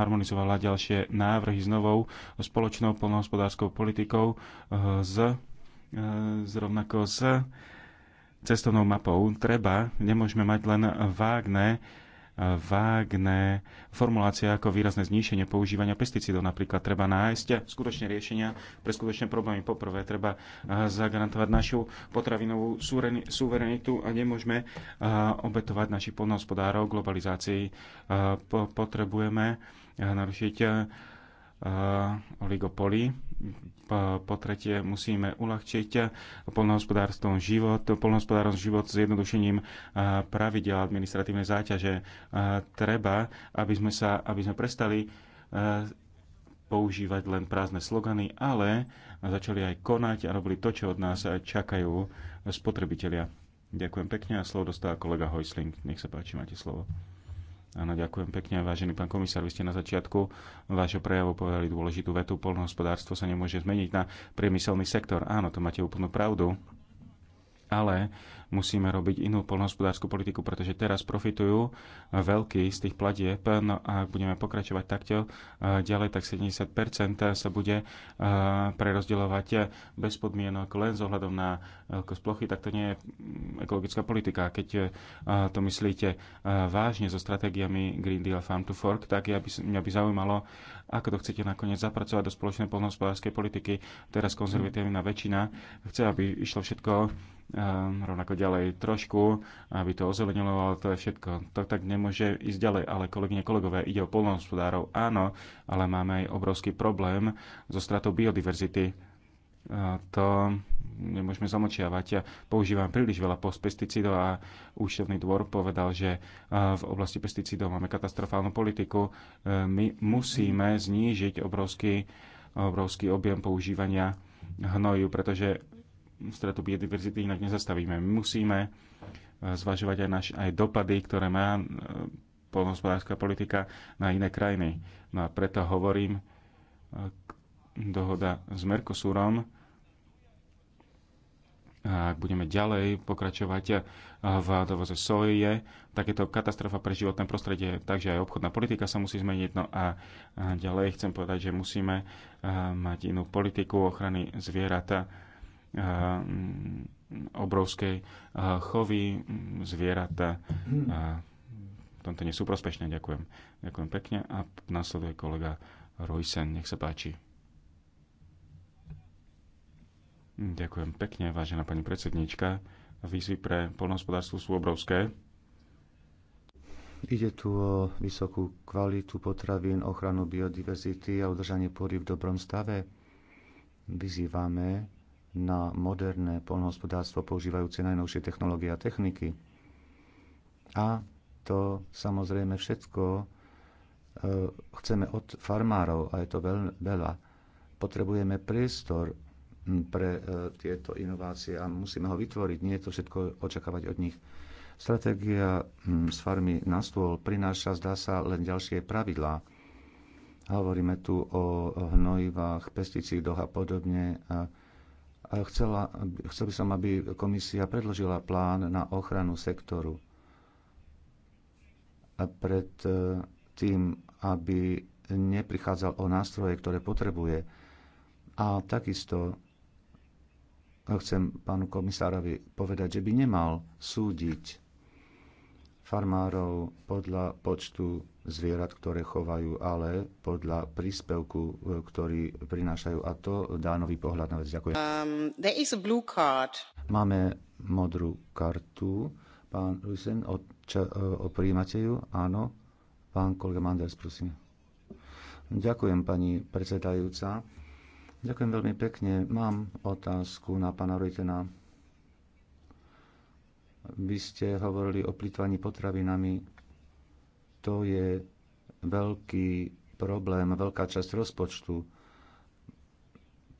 harmonizovala ďalšie návrhy s novou spoločnou polnohospodárskou politikou z, z rovnako s cestovnou mapou. Treba, nemôžeme mať len vágne vágne formulácie ako výrazné zníšenie používania pesticídov. Napríklad treba nájsť skutočne riešenia pre skutočné problémy. Poprvé treba zagarantovať našu potravinovú suverenitu a nemôžeme obetovať našich polnohospodárov globalizácii. Potrebujeme narušiť Eh, oligopoly. Po tretie, musíme uľahčiť polnohospodárstvom život, polnohospodárstvom život s jednodušením eh, pravidel administratívnej záťaže. Eh, treba, aby sme, sa, aby sme prestali používať len prázdne slogany, ale začali aj konať a robili to, čo od nás čakajú spotrebitelia. Ďakujem pekne a slovo dostáva kolega Hojsling. Nech sa páči, máte slovo. Áno, ďakujem pekne. Vážený pán komisár, vy ste na začiatku vášho prejavu povedali dôležitú vetu. Polnohospodárstvo sa nemôže zmeniť na priemyselný sektor. Áno, to máte úplnú pravdu ale musíme robiť inú polnohospodárskú politiku, pretože teraz profitujú veľký z tých platieb. No a ak budeme pokračovať takto e, ďalej, tak 70% sa bude e, prerozdeľovať bez podmienok len z ohľadom na veľkosť plochy, tak to nie je ekologická politika. Keď e, to myslíte vážne so stratégiami Green Deal Farm to Fork, tak ja by, mňa by zaujímalo, ako to chcete nakoniec zapracovať do spoločnej polnohospodárskej politiky. Teraz konzervatívna väčšina chce, aby išlo všetko Ehm, rovnako ďalej trošku, aby to ozelenilo, ale to je všetko. To tak nemôže ísť ďalej, ale kolegyne, kolegové, ide o polnohospodárov, áno, ale máme aj obrovský problém so stratou biodiverzity. To nemôžeme zamočiavať. Ja používam príliš veľa pesticídov a účtovný dvor povedal, že e, v oblasti pesticídov máme katastrofálnu politiku. E, my musíme znížiť obrovský, obrovský objem používania hnoju, pretože stratu biodiverzity inak nezastavíme. My musíme e, zvažovať aj, naš, aj dopady, ktoré má e, polnohospodárska politika na iné krajiny. No a preto hovorím, e, dohoda s Mercosurom, a ak budeme ďalej pokračovať v dovoze soje, tak je to katastrofa pre životné prostredie, takže aj obchodná politika sa musí zmeniť. No a ďalej chcem povedať, že musíme mať inú politiku ochrany zvieratá. Eh, mm, obrovskej eh, chovy mm, zvieratá mhm. tomto nie sú prospešné. Ďakujem. Ďakujem pekne a následuje kolega Rojsen. Nech sa páči. Ďakujem pekne, vážená pani predsedníčka. Výzvy pre polnohospodárstvo sú obrovské. Ide tu o vysokú kvalitu potravín, ochranu biodiverzity a udržanie pôdy v dobrom stave. Vyzývame na moderné poľnohospodárstvo používajúce najnovšie technológie a techniky. A to samozrejme všetko e, chceme od farmárov, a je to veľa. Potrebujeme priestor pre e, tieto inovácie a musíme ho vytvoriť. Nie je to všetko očakávať od nich. Stratégia z farmy na stôl prináša, zdá sa, len ďalšie pravidlá. Hovoríme tu o hnojivách, pesticídoch a podobne. A Chcela, chcel by som, aby komisia predložila plán na ochranu sektoru a pred e, tým, aby neprichádzal o nástroje, ktoré potrebuje. A takisto chcem pánu komisárovi povedať, že by nemal súdiť farmárov podľa počtu zvierat, ktoré chovajú, ale podľa príspevku, e, ktorý prinášajú. A to dá nový pohľad na vec. Ďakujem. Um, there is a blue card. Máme modrú kartu. Pán Rusen, e, prijímate ju? Áno. Pán kolega Manders, prosím. Ďakujem, pani predsedajúca. Ďakujem veľmi pekne. Mám otázku na pána Rojtena vy ste hovorili o plýtvaní potravinami. To je veľký problém, veľká časť rozpočtu.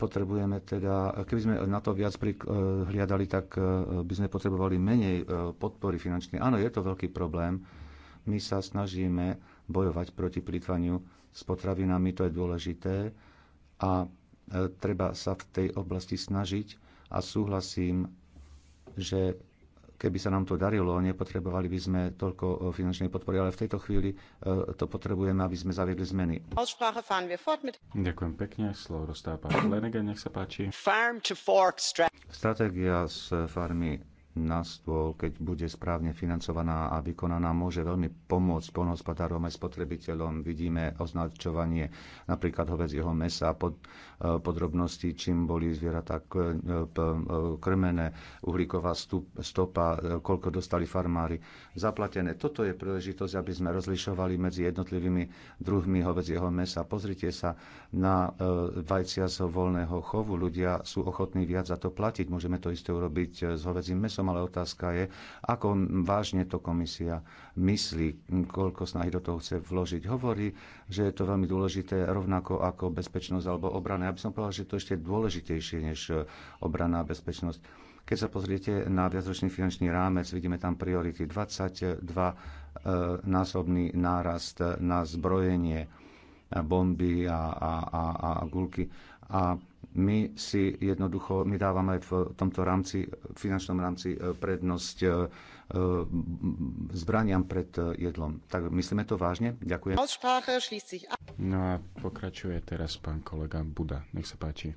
Potrebujeme teda, keby sme na to viac eh, hliadali, tak eh, by sme potrebovali menej eh, podpory finančnej. Áno, je to veľký problém. My sa snažíme bojovať proti plýtvaniu s potravinami, to je dôležité. A treba sa v tej oblasti snažiť a súhlasím, že Keby sa nám to darilo, nepotrebovali by sme toľko e, finančnej podpory, ale v tejto chvíli e, to potrebujeme, aby sme zaviedli zmeny. Ďakujem pekne, slovo dostáva pán Lenega, nech sa páči. Stratégia z farmy na stôl, keď bude správne financovaná a vykonaná, môže veľmi pomôcť polnohospodárom aj spotrebiteľom. Vidíme označovanie napríklad hovedzieho mesa, pod, e, podrobnosti, čím boli zvieratá e, e, krmené, uhlíková stopa, koľko dostali farmári zaplatené. Toto je príležitosť, aby sme rozlišovali medzi jednotlivými druhmi hovedzieho mesa. Pozrite sa na vajcia z voľného chovu. Ľudia sú ochotní viac za to platiť. Môžeme to isté urobiť s hovedzím mesom som, ale otázka je, ako vážne to komisia myslí, koľko snahy do toho chce vložiť. Hovorí, že je to veľmi dôležité, rovnako ako bezpečnosť alebo obrana. Ja by som povedal, že to ešte je dôležitejšie než e, obrana a bezpečnosť. Keď sa pozriete na viacročný finančný rámec, vidíme tam priority 22 e, násobný nárast na zbrojenie bomby a, a, a, a gulky. A my si jednoducho, my dávame v tomto rámci, finančnom rámci e, prednosť e, e, zbraniam pred jedlom. Tak myslíme to vážne? Ďakujem. No a pokračuje teraz pán kolega Buda. Nech sa páči.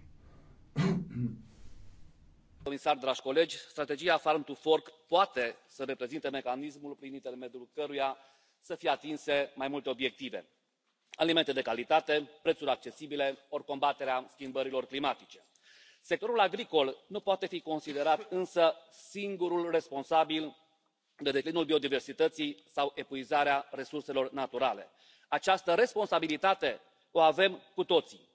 Comisar, dragi colegi, strategia Farm to Fork poate să reprezinte mecanismul prin intermediul căruia să fie atinse mai multe obiective alimente de calitate prețuri accesibile ori combaterea schimbărilor climatice. sectorul agricol nu poate fi considerat însă singurul responsabil de declinul biodiversității sau epuizarea resurselor naturale. această responsabilitate o avem cu toții.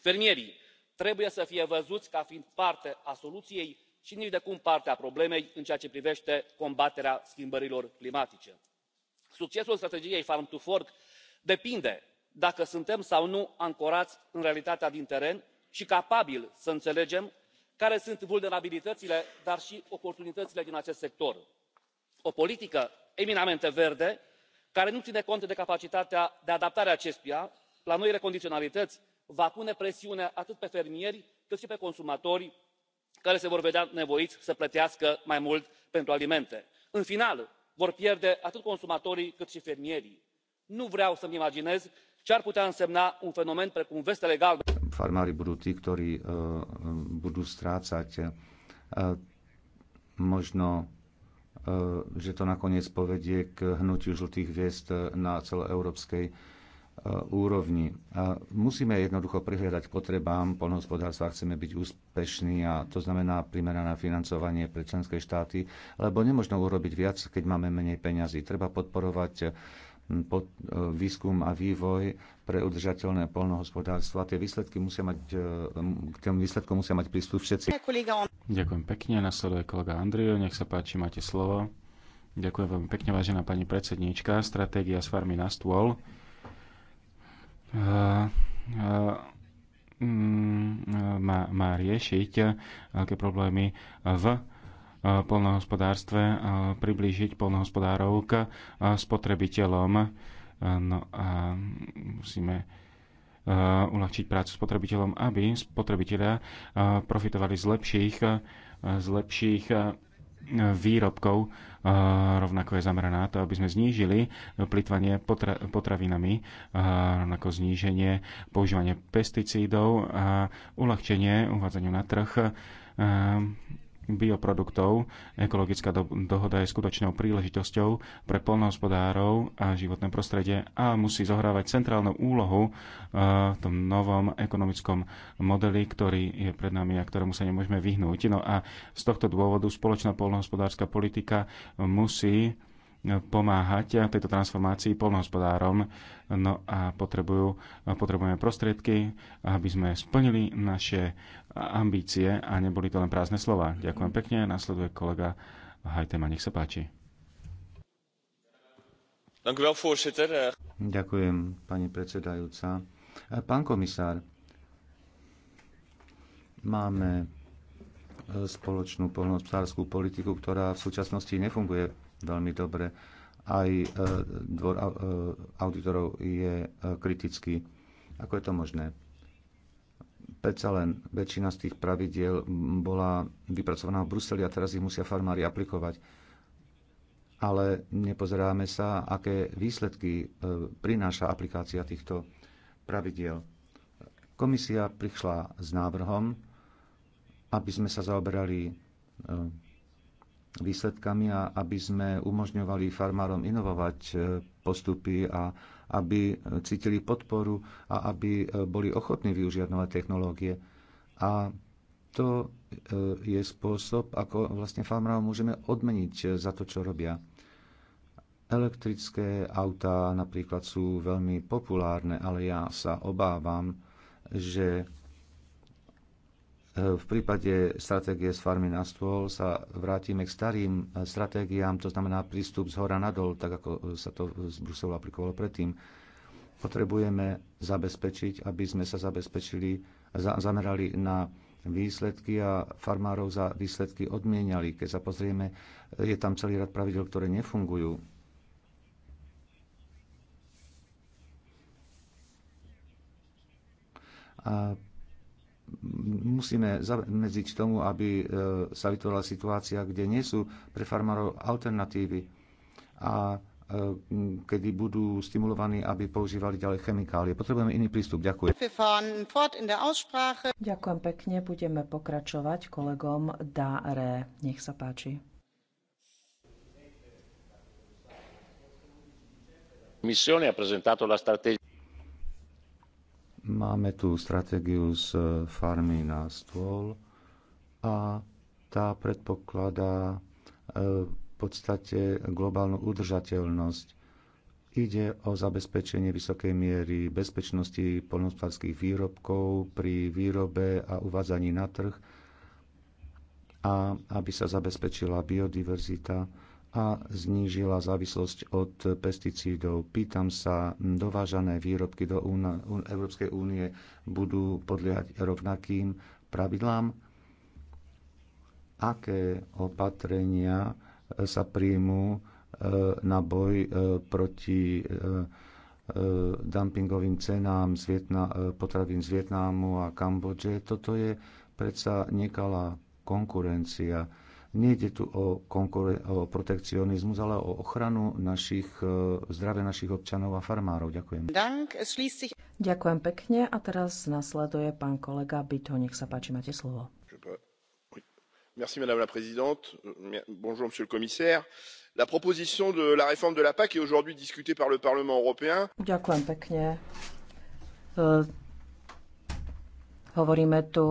fermierii trebuie să fie văzuți ca fiind parte a soluției și nicidecum parte a problemei în ceea ce privește combaterea schimbărilor climatice. succesul strategiei farm to fork depinde dacă suntem sau nu ancorați în realitatea din teren și capabili să înțelegem care sunt vulnerabilitățile dar și oportunitățile din acest sector. o politică eminamente verde care nu ține cont de capacitatea de adaptare a acestuia la noile condiționalități va pune presiune atât pe fermieri cât și pe consumatori care se vor vedea nevoiți să plătească mai mult pentru alimente. în final vor pierde atât consumatorii cât și fermierii nu vreau să mi imaginez ce ar putea însemna un fenomen precum vestele galbene. Farmári budú tí, ktorí uh, uh budú strácať. Uh, možno, uh, že to nakoniec povedie k hnutiu žltých hviezd uh, na celoeurópskej uh, úrovni. Musíme jednoducho prihľadať potrebám polnohospodárstva, chceme byť úspešní a to znamená primerané financovanie pre členské štáty, lebo nemožno urobiť viac, keď máme menej peňazí. Treba podporovať pod, e, výskum a vývoj pre udržateľné polnohospodárstvo. A tie výsledky musia mať, e, k tým výsledkom musia mať prístup všetci. Ďakujem pekne. Nasleduje kolega Andriu. Nech sa páči, máte slovo. Ďakujem veľmi pekne, vážená pani predsedníčka. Stratégia s farmy na stôl. Uh, uh, má, má riešiť veľké problémy v polnohospodárstve a priblížiť polnohospodárov k spotrebiteľom. No a musíme uľahčiť prácu spotrebiteľom, aby spotrebitelia profitovali z lepších, z lepších výrobkov, rovnako je zameraná na to, aby sme znížili plitvanie potra- potravinami, rovnako zníženie používania pesticídov a uľahčenie uvádzaniu na trh bioproduktov. Ekologická do- dohoda je skutočnou príležitosťou pre polnohospodárov a životné prostredie a musí zohrávať centrálnu úlohu eh, v tom novom ekonomickom modeli, ktorý je pred nami a ktorému sa nemôžeme vyhnúť. No a z tohto dôvodu spoločná polnohospodárska politika musí eh, pomáhať tejto transformácii polnohospodárom. No a potrebujú, potrebujeme prostriedky, aby sme splnili naše ambície a neboli to len prázdne slova. Ďakujem pekne. Nasleduje kolega Hajtema. Nech sa páči. Ďakujem, pani predsedajúca. Pán komisár, máme spoločnú poľnohospodárskú politiku, ktorá v súčasnosti nefunguje veľmi dobre. Aj eh, dvor eh, auditorov je eh, kritický. Ako je to možné? predsa len väčšina z tých pravidiel bola vypracovaná v Bruseli a teraz ich musia farmári aplikovať. Ale nepozeráme sa, aké výsledky e, prináša aplikácia týchto pravidiel. Komisia prišla s návrhom, aby sme sa zaoberali e, výsledkami a aby sme umožňovali farmárom inovovať e, postupy a aby e, cítili podporu a aby e, boli ochotní využívať nové technológie. A to e, je spôsob, ako vlastne farmárov môžeme odmeniť za to, čo robia. Elektrické autá napríklad sú veľmi populárne, ale ja sa obávam, že v prípade stratégie z farmy na stôl sa vrátime k starým stratégiám, to znamená prístup z hora nadol, tak ako sa to z Bruselu aplikovalo predtým. Potrebujeme zabezpečiť, aby sme sa zabezpečili, za, zamerali na výsledky a farmárov za výsledky odmieniali. Keď sa pozrieme, je tam celý rad pravidel, ktoré nefungujú. A musíme zamedziť tomu, aby e, sa vytvorila situácia, kde nie sú pre farmárov alternatívy a e, kedy budú stimulovaní, aby používali ďalej chemikálie. Potrebujeme iný prístup. Ďakujem. Ďakujem pekne. Budeme pokračovať kolegom Dáre. Nech sa páči. Missione ha presentato la strategia Máme tu stratégiu z farmy na stôl a tá predpokladá e, v podstate globálnu udržateľnosť. Ide o zabezpečenie vysokej miery bezpečnosti polnospodárských výrobkov pri výrobe a uvádzaní na trh a aby sa zabezpečila biodiverzita a znížila závislosť od pesticídov. Pýtam sa, dovážané výrobky do Európskej únie budú podliehať rovnakým pravidlám? Aké opatrenia sa príjmú e, na boj e, proti e, dumpingovým cenám z Vietna, potravín z Vietnamu a Kambodže? Toto je predsa nekalá konkurencia Nejde tu o, konkure- o protekcionizmus, ale o ochranu našich, e, zdravia našich občanov a farmárov. Ďakujem. Ďakujem pekne a teraz nasleduje pán kolega Byto. Nech sa páči, máte slovo. Merci, madame la présidente. Bonjour, monsieur le commissaire la proposition de la réforme de la pac est aujourd'hui discutée par le parlement européen. Ďakujem pekne. E, Hovoríme tu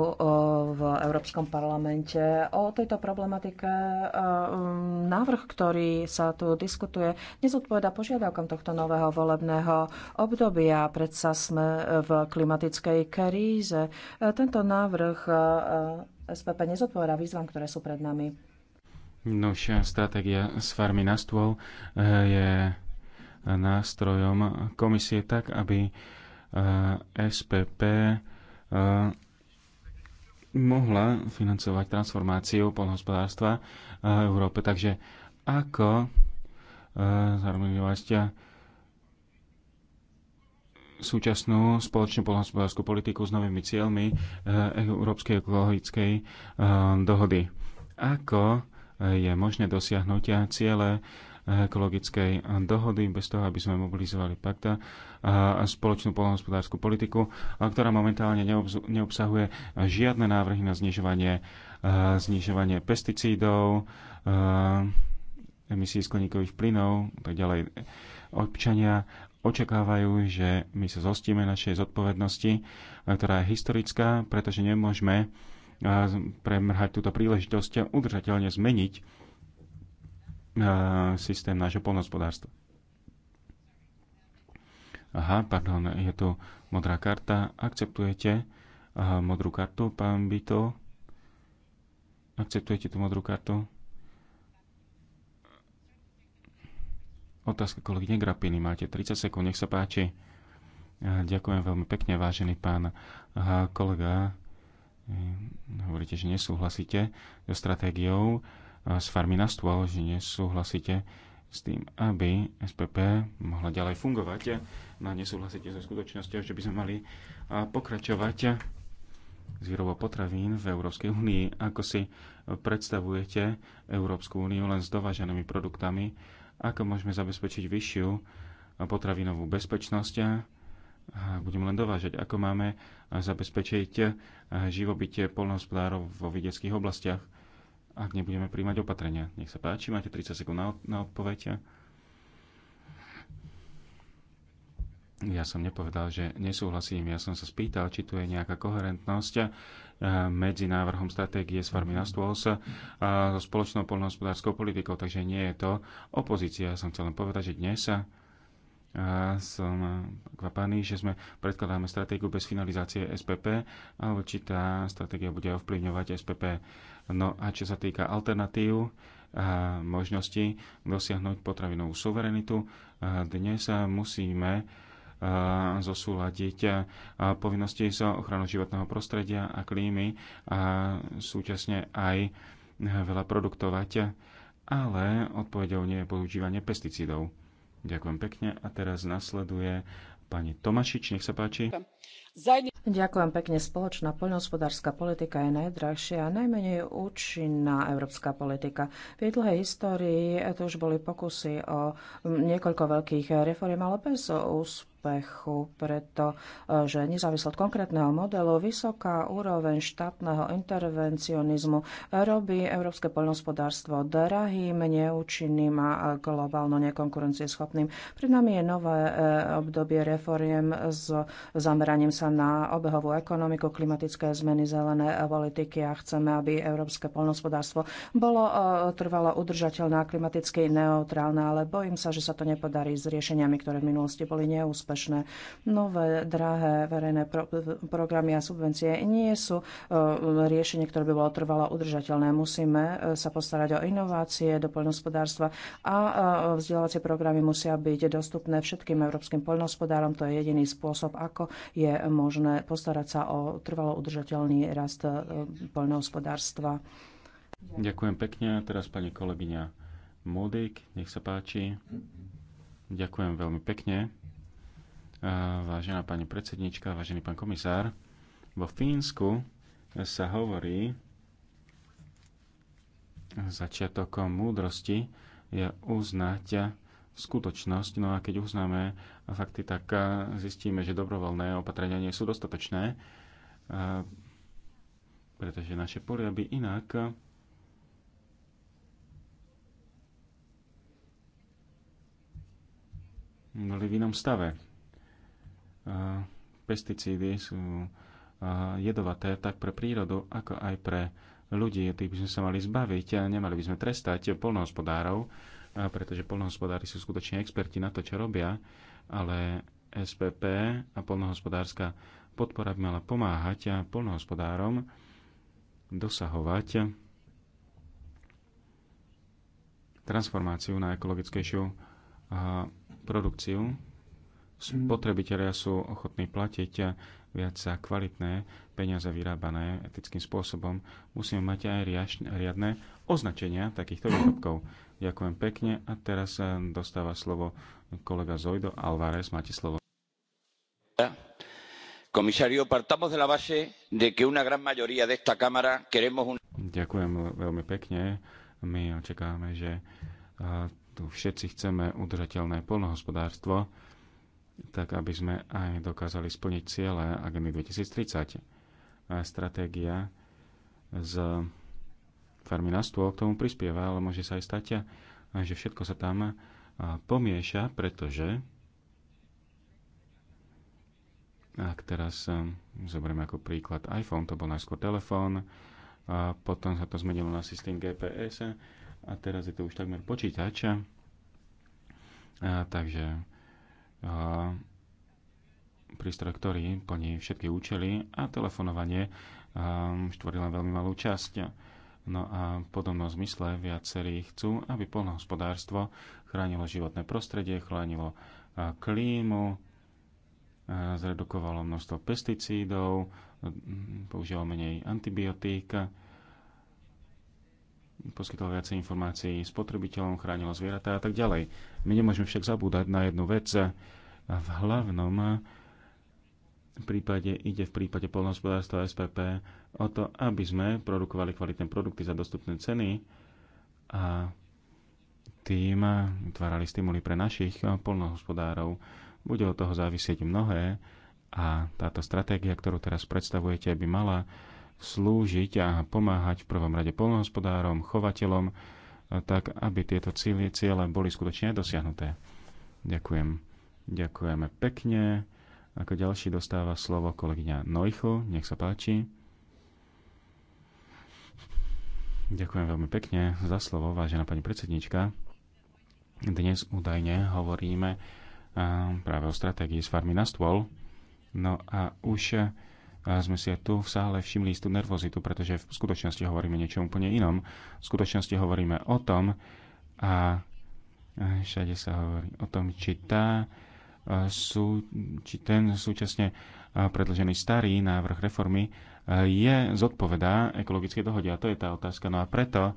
v Európskom parlamente o tejto problematike. Um, návrh, ktorý sa tu diskutuje, nezodpoveda požiadavkom tohto nového volebného obdobia. Predsa sme v klimatickej kríze. Tento návrh SPP nezodpoveda výzvam, ktoré sú pred nami. Novšia stratégia s farmy na stôl e, je nástrojom komisie tak, aby e, SPP mohla financovať transformáciu polnohospodárstva e, v Európe. Takže ako e, zharmonizovať e, súčasnú spoločnú polnohospodárskú politiku s novými cieľmi Európskej ekologickej dohody. Ako je možné dosiahnuť ciele ekologickej dohody, bez toho, aby sme mobilizovali pakta a spoločnú polnohospodárskú politiku, ktorá momentálne neobsahuje žiadne návrhy na znižovanie, znižovanie pesticídov, emisí skleníkových plynov a tak ďalej. Občania očakávajú, že my sa zostíme našej zodpovednosti, ktorá je historická, pretože nemôžeme premrhať túto príležitosť a udržateľne zmeniť E, systém nášho polnospodárstva. Aha, pardon, je tu modrá karta. Akceptujete Aha, e, modrú kartu, pán Bito? Akceptujete tú modrú kartu? Otázka kolegyne Grapiny. Máte 30 sekúnd, nech sa páči. E, ďakujem veľmi pekne, vážený pán kolega. Hovoríte, že nesúhlasíte so stratégiou s farmy na stôl, že nesúhlasíte s tým, aby SPP mohla ďalej fungovať. No a nesúhlasíte so skutočnosťou, že by sme mali pokračovať s výrobou potravín v Európskej únii. Ako si predstavujete Európsku úniu len s dováženými produktami? Ako môžeme zabezpečiť vyššiu potravinovú bezpečnosť? A budeme len dovážať. Ako máme zabezpečiť živobytie polnohospodárov vo vidieckých oblastiach? ak nebudeme príjmať opatrenia. Nech sa páči, máte 30 sekúnd na, na odpoveď. Ja som nepovedal, že nesúhlasím. Ja som sa spýtal, či tu je nejaká koherentnosť eh, medzi návrhom stratégie s farmy na stôl sa so spoločnou poľnohospodárskou politikou. Takže nie je to opozícia. Ja som chcel len povedať, že dnes sa a som eh, kvapaný, že sme predkladáme stratégiu bez finalizácie SPP a určitá stratégia bude ovplyvňovať SPP. No a čo sa týka alternatív, a možnosti dosiahnuť potravinovú suverenitu, eh, dnes eh, musíme zosúľadiť povinnosti za ochranu životného prostredia a klímy a súčasne aj veľa produktovať, ale odpovedou nie je používanie pesticídov. Ďakujem pekne. A teraz nasleduje pani Tomašič, nech sa páči. Ďakujem pekne. Spoločná poľnohospodárska politika je najdrahšia a najmenej účinná európska politika. V jej dlhej histórii to už boli pokusy o niekoľko veľkých reform ale bez úspech úspechu, pretože e, nezávisle od konkrétneho modelu vysoká úroveň štátneho intervencionizmu robí európske poľnohospodárstvo drahým, neúčinným a globálno nekonkurencieschopným. Pred nami je nové e, obdobie reforiem s zameraním sa na obehovú ekonomiku, klimatické zmeny, zelené politiky a chceme, aby európske poľnohospodárstvo bolo e, trvalo udržateľné a klimaticky neutrálne, ale bojím sa, že sa to nepodarí s riešeniami, ktoré v minulosti boli neúspešné prospešné. Nové, drahé verejné pro- programy a subvencie nie sú e, riešenie, ktoré by bolo trvalo udržateľné. Musíme e, sa postarať o inovácie do poľnohospodárstva a e, vzdelávacie programy musia byť dostupné všetkým európskym poľnohospodárom. To je jediný spôsob, ako je možné postarať sa o trvalo udržateľný rast poľnohospodárstva. Ďakujem pekne. Teraz pani kolegyňa Modik, nech sa páči. Ďakujem veľmi pekne vážená pani predsednička, vážený pán komisár. Vo Fínsku sa hovorí, začiatok múdrosti je uznať skutočnosť. No a keď uznáme fakty, tak zistíme, že dobrovoľné opatrenia nie sú dostatočné, pretože naše polia by inak boli v inom stave pesticídy sú jedovaté tak pre prírodu, ako aj pre ľudí. Tých by sme sa mali zbaviť a nemali by sme trestať polnohospodárov, pretože polnohospodári sú skutočne experti na to, čo robia, ale SPP a polnohospodárska podpora by mala pomáhať a polnohospodárom dosahovať transformáciu na ekologickejšiu produkciu Mm. spotrebitelia sú ochotní platiť viac za kvalitné peniaze vyrábané etickým spôsobom. Musíme mať aj riadne označenia takýchto [CLEARS THROAT] výrobkov. Ďakujem pekne a teraz eh, dostáva slovo kolega Zojdo Alvarez. Máte slovo. Komisario, partamos de la base de que una gran mayoría de esta Cámara queremos un... Ďakujem veľmi pekne. My očakávame, že eh, tu všetci chceme udržateľné polnohospodárstvo tak aby sme aj dokázali splniť ciele agendy 2030. A stratégia z farmy na stôl k tomu prispieva, ale môže sa aj stať, že všetko sa tam pomieša, pretože ak teraz zoberieme ako príklad iPhone, to bol najskôr telefón, a potom sa to zmenilo na systém GPS a teraz je to už takmer počítač. A, takže prístroj, ktorý plní všetky účely a telefonovanie ehm, štvorí len veľmi malú časť. No a v podobnom zmysle viacerí chcú, aby polnohospodárstvo chránilo životné prostredie, chránilo klímu, zredukovalo množstvo pesticídov, používalo menej antibiotík poskytlo viacej informácií spotrebiteľom, chránilo zvieratá a tak ďalej. My nemôžeme však zabúdať na jednu vec. V hlavnom prípade ide v prípade polnohospodárstva SPP o to, aby sme produkovali kvalitné produkty za dostupné ceny a tým vytvárali stimuly pre našich polnohospodárov. Bude od toho závisieť mnohé a táto stratégia, ktorú teraz predstavujete, by mala slúžiť a pomáhať v prvom rade polnohospodárom, chovateľom, e, tak aby tieto cieľe boli skutočne dosiahnuté. Ďakujem. Ďakujeme pekne. Ako ďalší dostáva slovo kolegyňa Nojcho. Nech sa páči. Ďakujem veľmi pekne za slovo, vážená pani predsednička. Dnes údajne hovoríme práve o stratégii z farmy na stôl. No a už a sme si aj tu v sále všimli istú nervozitu, pretože v skutočnosti hovoríme niečo úplne inom. V skutočnosti hovoríme o tom a všade sa hovorí o tom, či tá sú, či ten súčasne predložený starý návrh reformy je zodpovedá ekologickej dohode. A to je tá otázka. No a preto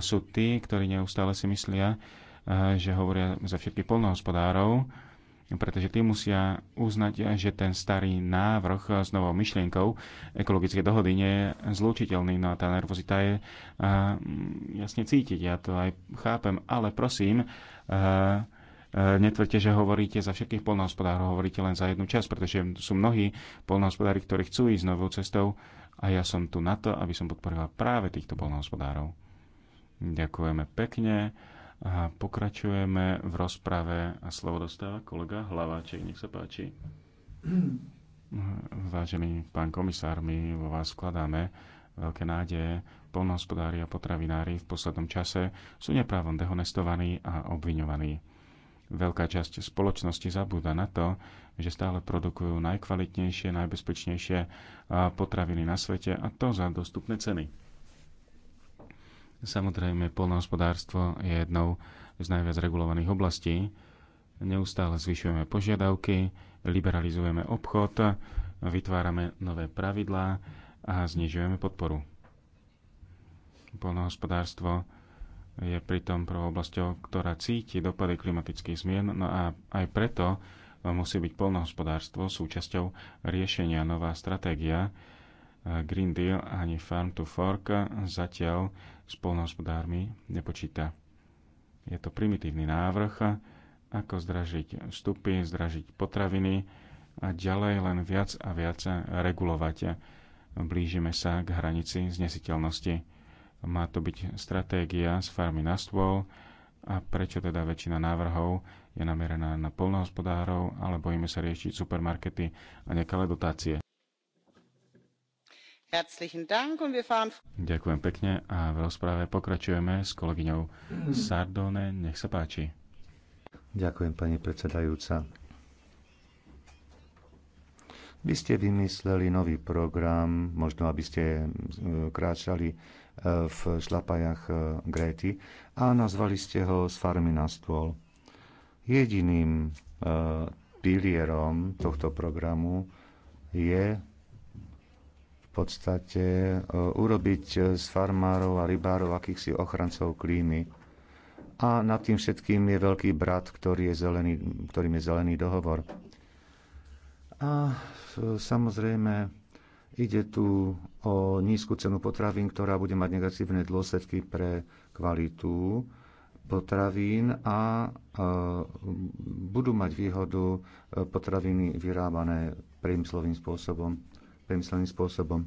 sú tí, ktorí neustále si myslia, že hovoria za všetky polnohospodárov, pretože tí musia uznať, že ten starý návrh s novou myšlienkou ekologické dohody nie je zlučiteľný. No a tá nervozita je a, mm, jasne cítiť, ja to aj chápem, ale prosím, a, netvrďte, že hovoríte za všetkých polnohospodárov, hovoríte len za jednu časť, pretože sú mnohí polnohospodári, ktorí chcú ísť novou cestou a ja som tu na to, aby som podporila práve týchto polnohospodárov. Ďakujeme pekne. A pokračujeme v rozprave a slovo dostáva kolega Hlaváček. Nech sa páči. Vážený pán komisár, my vo vás skladáme veľké nádeje. Polnohospodári a potravinári v poslednom čase sú neprávom dehonestovaní a obviňovaní. Veľká časť spoločnosti zabúda na to, že stále produkujú najkvalitnejšie, najbezpečnejšie potraviny na svete a to za dostupné ceny Samozrejme, polnohospodárstvo je jednou z najviac regulovaných oblastí. Neustále zvyšujeme požiadavky, liberalizujeme obchod, vytvárame nové pravidlá a znižujeme podporu. Polnohospodárstvo je pritom prvou oblasťou, ktorá cíti dopady klimatických zmien, no a aj preto musí byť polnohospodárstvo súčasťou riešenia nová stratégia Green Deal ani Farm to Fork zatiaľ spolnohospodármi nepočíta. Je to primitívny návrh, ako zdražiť vstupy, zdražiť potraviny a ďalej len viac a viac regulovať. Blížime sa k hranici znesiteľnosti. Má to byť stratégia z farmy na stôl a prečo teda väčšina návrhov je nameraná na polnohospodárov, ale bojíme sa riešiť supermarkety a nekalé dotácie. Ďakujem pekne a v rozpráve pokračujeme s kolegyňou Sardone. Nech sa páči. Ďakujem, pani predsedajúca. Vy ste vymysleli nový program, možno aby ste e, kráčali e, v šlapajach e, Gréty a nazvali ste ho z farmy na stôl. Jediným pilierom tohto programu je podstate e, urobiť e, z farmárov a rybárov akýchsi ochrancov klímy. A nad tým všetkým je veľký brat, ktorý je zelený, ktorým je zelený dohovor. A e, samozrejme ide tu o nízku cenu potravín, ktorá bude mať negatívne dôsledky pre kvalitu potravín a budú mať výhodu potraviny vyrábané priemyslovým spôsobom premysleným spôsobom.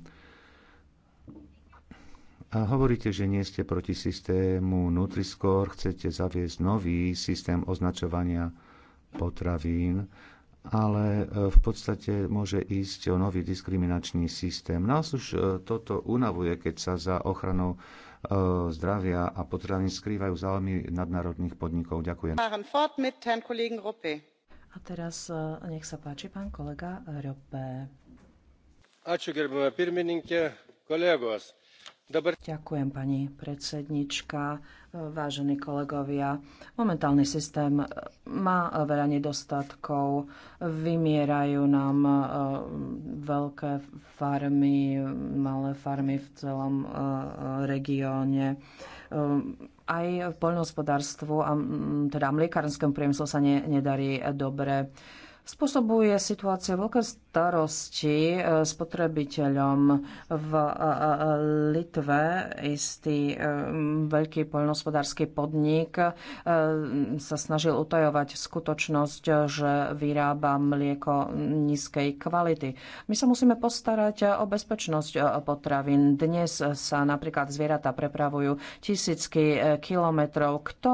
A hovoríte, že nie ste proti systému Nutriscore, chcete zaviesť nový systém označovania potravín, ale e, v podstate môže ísť o nový diskriminačný systém. Nás no už e, toto unavuje, keď sa za ochranou e, zdravia a potravín skrývajú záujmy nadnárodných podnikov. Ďakujem. A teraz nech sa páči pán kolega Rope. Ďakujem, pani predsednička, Momentálny systém má veľa nedostatkov, vymierajú nám e, veľké farmy, malé farmy v celom e, regióne e, aj v poľnohospodárstvu a teda mliekárenskom priemyslu sa ne, nedarí dobre. Spôsobuje situácia veľké starosti e, spotrebiteľom v e, e, Litve. Istý veľký poľnohospodársky podnik sa snažil utajovať skutočnosť, že vyrába mlieko nízkej kvality. My sa musíme postarať o bezpečnosť potravín. Dnes sa napríklad zvieratá prepravujú tisícky kilometrov. Kto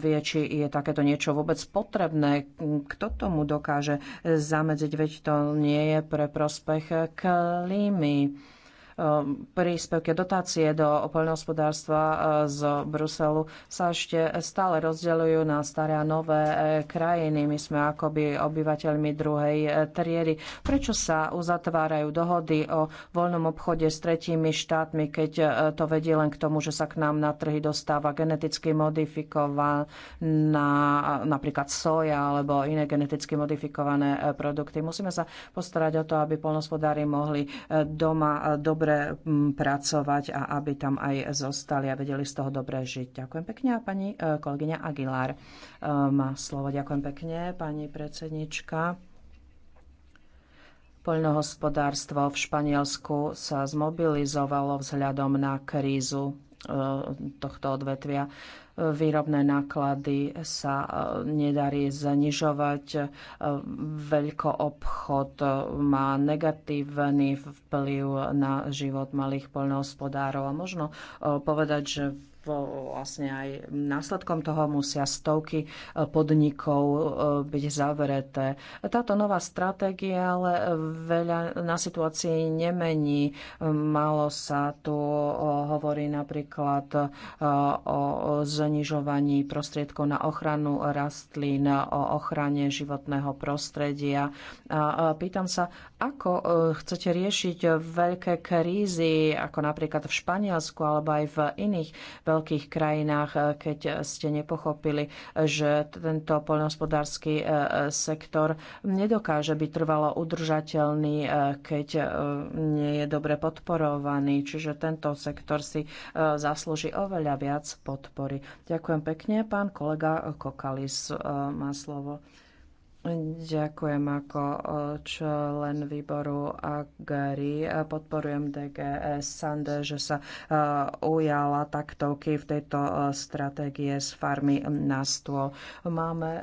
vie, či je takéto niečo vôbec potrebné? Kto tomu dokáže zamedziť? Veď to nie je pre prospech klímy. Ehm, príspevky dotácie do poľnohospodárstva e, z Bruselu sa ešte stále rozdeľujú na staré a nové e, krajiny. My sme akoby obyvateľmi druhej e, triedy. Prečo sa uzatvárajú dohody o voľnom obchode s tretími štátmi, keď to vedie len k tomu, že sa k nám na trhy dostáva geneticky modifikovaná napríklad soja alebo iné geneticky modifikované produkty. Musíme sa postarať o to, aby polnospodári mohli doma dobre dobre mm, pracovať a aby tam aj zostali a vedeli z toho dobre žiť. Ďakujem pekne a pani e, kolegyňa Aguilar e, má slovo. Ďakujem pekne, pani predsednička. Poľnohospodárstvo v Španielsku sa zmobilizovalo vzhľadom na krízu E, tohto odvetvia. E, výrobné náklady sa e, nedarí znižovať. Veľkoobchod má negatívny vplyv na život malých poľnohospodárov. A možno povedať, že vlastne aj následkom toho musia stovky e, podnikov e, byť zavreté. Táto nová stratégia ale veľa na situácii nemení. Malo sa tu e, hovorí napríklad o znižovaní prostriedkov na ochranu rastlín, o ochrane životného prostredia. A pýtam sa, ako chcete riešiť veľké krízy, ako napríklad v Španielsku alebo aj v iných veľkých veľkých krajinách, eh, keď eh, ste nepochopili, že tento poľnohospodársky eh, sektor nedokáže byť trvalo udržateľný, keď nie je dobre podporovaný. Čiže tento sektor si zaslúži oveľa viac podpory. Ďakujem pekne. Pán kolega Kokalis má slovo. Ďakujem ako eh, člen výboru Agari. Podporujem DGS Sande, že sa eh, ujala taktovky v tejto eh, stratégie z farmy na stôl. Máme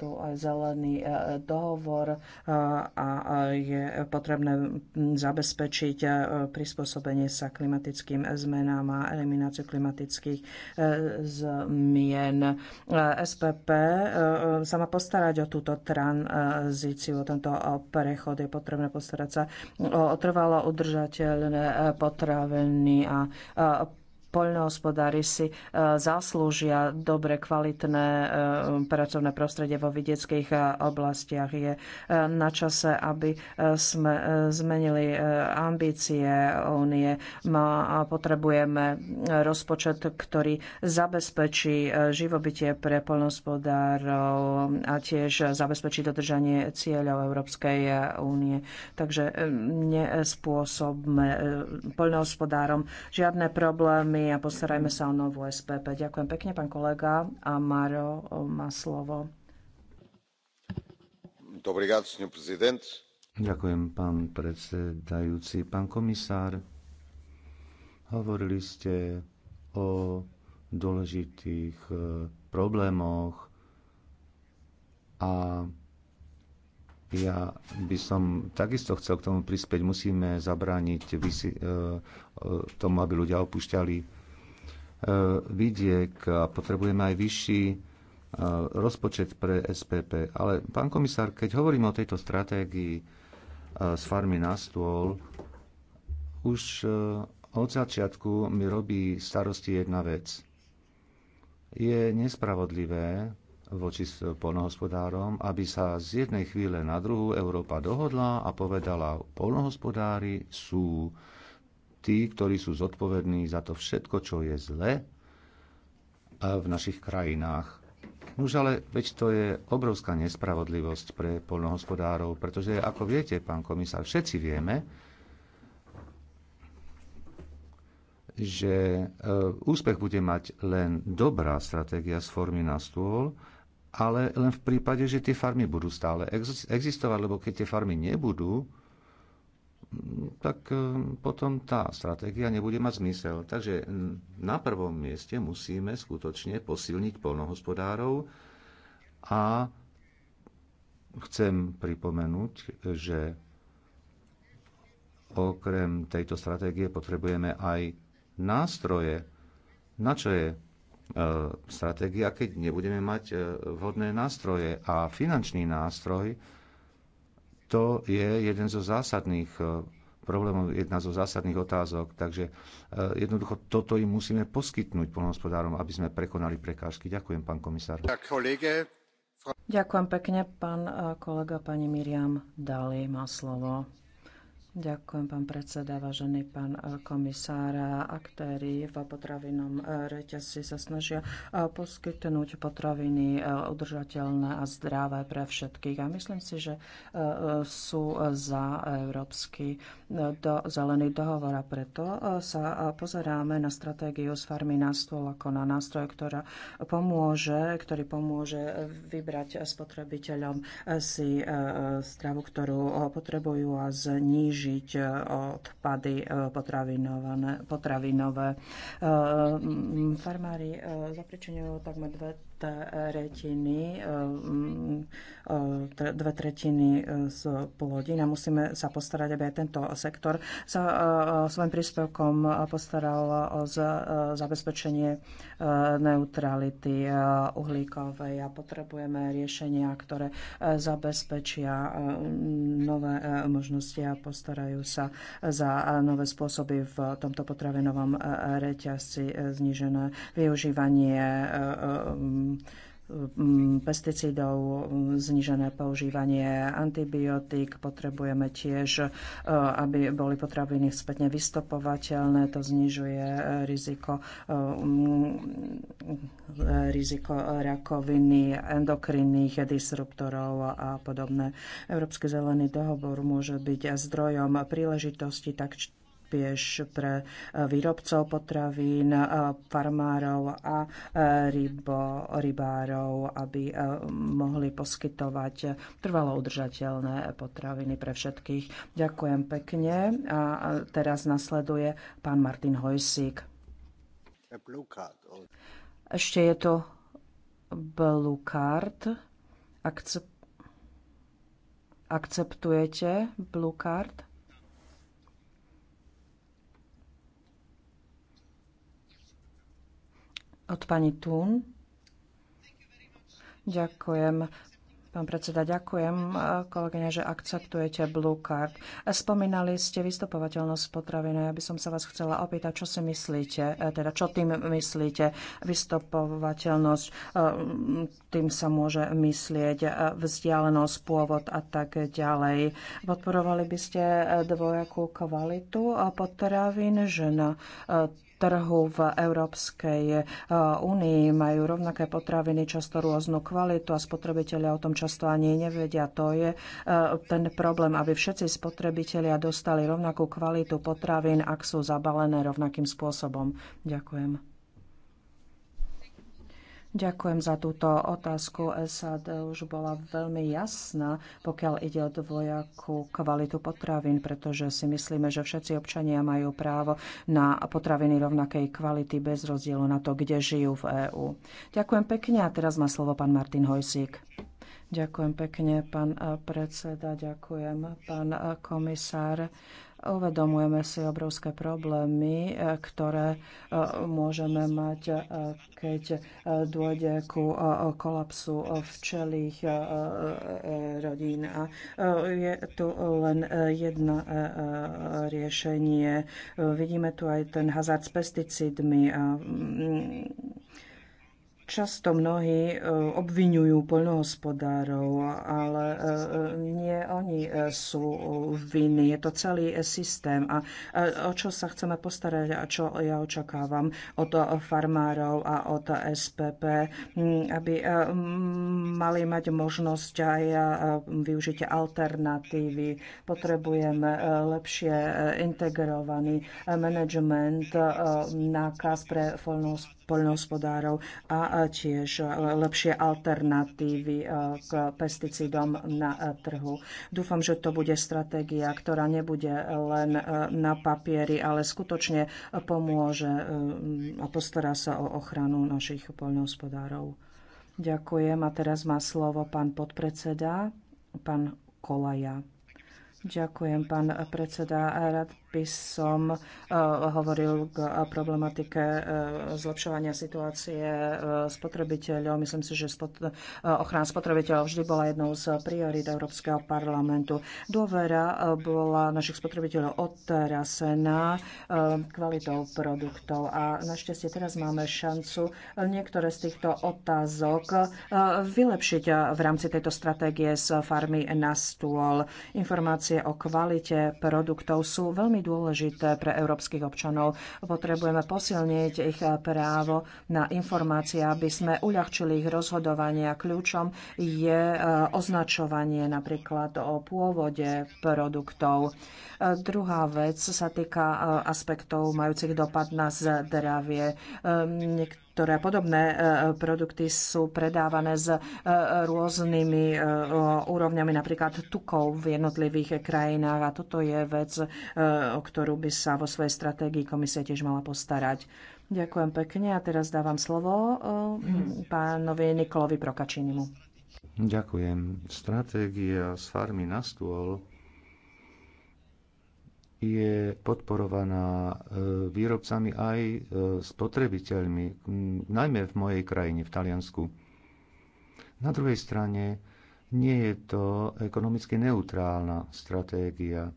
tu aj zelený dohovor a je potrebné zabezpečiť prispôsobenie sa klimatickým zmenám a elimináciu klimatických zmien. SPP sa má postarať o túto tranzíciu, e, o tento e, prechod. Je potrebné postarať sa o trvalo udržateľné e, potraviny a poľnohospodári si e, zaslúžia dobre kvalitné e, pracovné prostredie vo vidieckých e, oblastiach. Je na čase, aby sme zmenili ambície únie. Potrebujeme rozpočet, ktorý zabezpečí živobytie pre poľnohospodárov a tiež zabezpečí dodržanie cieľov Európskej únie. Takže nespôsobme poľnohospodárom žiadne problémy únii a postarajme sa o novú SPP. Ďakujem pekne, pán kolega. A Maro má slovo. Ďakujem, pán predsedajúci. Pán komisár, hovorili ste o dôležitých e, problémoch a ja by som takisto chcel k tomu prispieť. Musíme zabrániť e, e, tomu, aby ľudia opúšťali E, vidiek a potrebujeme aj vyšší e, rozpočet pre SPP. Ale, pán komisár, keď hovorím o tejto stratégii e, z farmy na stôl, už od začiatku mi robí starosti jedna vec. Je nespravodlivé voči polnohospodárom, aby sa z jednej chvíle na druhú Európa dohodla a povedala, polnohospodári sú tí, ktorí sú zodpovední za to všetko, čo je zle v našich krajinách. Už ale veď to je obrovská nespravodlivosť pre polnohospodárov, pretože ako viete, pán komisár, všetci vieme, že e, úspech bude mať len dobrá stratégia z formy na stôl, ale len v prípade, že tie farmy budú stále existovať, lebo keď tie farmy nebudú, tak eh, potom tá stratégia nebude mať zmysel. Takže mm, na prvom mieste musíme skutočne posilniť polnohospodárov a chcem pripomenúť, že okrem tejto stratégie potrebujeme aj nástroje. Na čo je eh, stratégia, keď nebudeme mať eh, vhodné nástroje a finančný nástroj, to je jeden zo zásadných e, problémov, jedna zo zásadných otázok. Takže e, jednoducho toto im musíme poskytnúť polnohospodárom, aby sme prekonali prekážky. Ďakujem, pán komisár. Ďakujem pekne, pán e, kolega, pani Miriam Dali má slovo. Ďakujem, pán predseda, vážený pán eh, komisár. Aktéry v potravinom eh, reťazci sa snažia eh, poskytnúť potraviny udržateľné a zdravé pre všetkých. A myslím si, že sú za európsky do zelený dohovor a preto sa pozeráme na stratégiu z farmy na stôl ako na nástroj, ktorá pomôže, ktorý pomôže vybrať spotrebiteľom si stravu, ktorú potrebujú a znížiť znížiť e, odpady e, potravinové. E, farmári zapričenujú takmer 2 tretiny, eh, mm, eh, dve tretiny eh, z plodín a musíme sa postarať, aby aj tento sektor sa svojim príspevkom postaral o zabezpečenie neutrality uhlíkovej a potrebujeme riešenia, ktoré zabezpečia nové možnosti a postarajú sa za nové spôsoby v tomto potravinovom reťazci znižené využívanie Mm, pesticídov, znižené používanie antibiotík. Potrebujeme tiež, e, aby boli potraviny spätne vystopovateľné. To znižuje riziko, e, mm, riziko rakoviny, endokrinných disruptorov a podobné. Európsky zelený dohovor môže byť zdrojom príležitosti tak prospieš pre eh, výrobcov potravín, eh, farmárov a eh, rybo, rybárov, aby mohli poskytovať trvalo udržateľné potraviny pre všetkých. Ďakujem pekne. A teraz nasleduje pán Martin Hojsík. Oh. Ešte je to blue card. Akceptujete blue card? od pani Tún. Ďakujem. Pán predseda, ďakujem, kolegyne, že akceptujete Blue Card. Spomínali ste vystupovateľnosť potraviny. Ja by som sa vás chcela opýtať, čo si myslíte, e, teda čo tým myslíte. Vystupovateľnosť, e, tým sa môže myslieť e, vzdialenosť, pôvod a tak ďalej. Podporovali by ste dvojakú kvalitu potravín, že na trhu v Európskej e, únii. Majú rovnaké potraviny, často rôznu kvalitu a spotrebitelia o tom často ani nevedia. To je e, ten problém, aby všetci spotrebitelia dostali rovnakú kvalitu potravín, ak sú zabalené rovnakým spôsobom. Ďakujem. Ďakujem za túto otázku. SAD už bola veľmi jasná, pokiaľ ide o dvojakú kvalitu potravín, pretože si myslíme, že všetci občania majú právo na potraviny rovnakej kvality bez rozdielu na to, kde žijú v EÚ. Ďakujem pekne a teraz má slovo pán Martin Hojsík. Ďakujem pekne, pán eh, predseda, ďakujem, pán eh, komisár. Uvedomujeme si obrovské problémy, e, ktoré e, môžeme mať, e, keď dôjde ku kolapsu včelých rodín. A je tu len jedno riešenie. Vidíme tu aj ten hazard s pesticídmi. A Často mnohí e, obvinujú poľnohospodárov, ale e, e, nie oni sú vinní. Je to celý systém. A o čo sa chceme postarať a čo ja očakávam od farmárov a od SPP, aby mali mať možnosť aj využiť alternatívy. Potrebujeme lepšie integrovaný management, nákaz pre poľnohospodárov poľnohospodárov a tiež lepšie alternatívy e, k pesticídom na e, trhu. Dúfam, že to bude stratégia, ktorá nebude len e, na papieri, ale skutočne pomôže a postará sa o ochranu našich poľnohospodárov. Ďakujem a teraz má slovo pán podpredseda, pán Kolaja. Ďakujem, pán predseda. Rád by som eh, hovoril k problematike eh, zlepšovania situácie eh, spotrebiteľov. Myslím si, že ochrana spotrebiteľov vždy bola jednou z priorít Európskeho parlamentu. Dôvera bola našich spotrebiteľov odterasená kvalitou produktov a našťastie teraz máme šancu niektoré z týchto otázok vylepšiť v rámci tejto stratégie z farmy na stôl. Informácie o kvalite produktov sú veľmi dôležité pre európskych občanov. Potrebujeme posilniť ich právo na informácie, aby sme uľahčili ich rozhodovanie. Kľúčom je eh, označovanie napríklad o pôvode produktov. Eh, druhá vec sa týka eh, aspektov majúcich dopad na zdravie. Niekto ktoré a podobné e, produkty sú predávané s e, rôznymi e, úrovňami napríklad tukov v jednotlivých krajinách a toto je vec, o ktorú by sa vo svojej stratégii komisia tiež mala postarať. Ďakujem pekne a teraz dávam slovo pánovi Nikolovi Prokačinimu. Ďakujem. Stratégia z farmy na stôl je podporovaná e, výrobcami aj e, spotrebiteľmi, najmä v mojej krajine, v Taliansku. Na druhej strane nie je to ekonomicky neutrálna stratégia. E,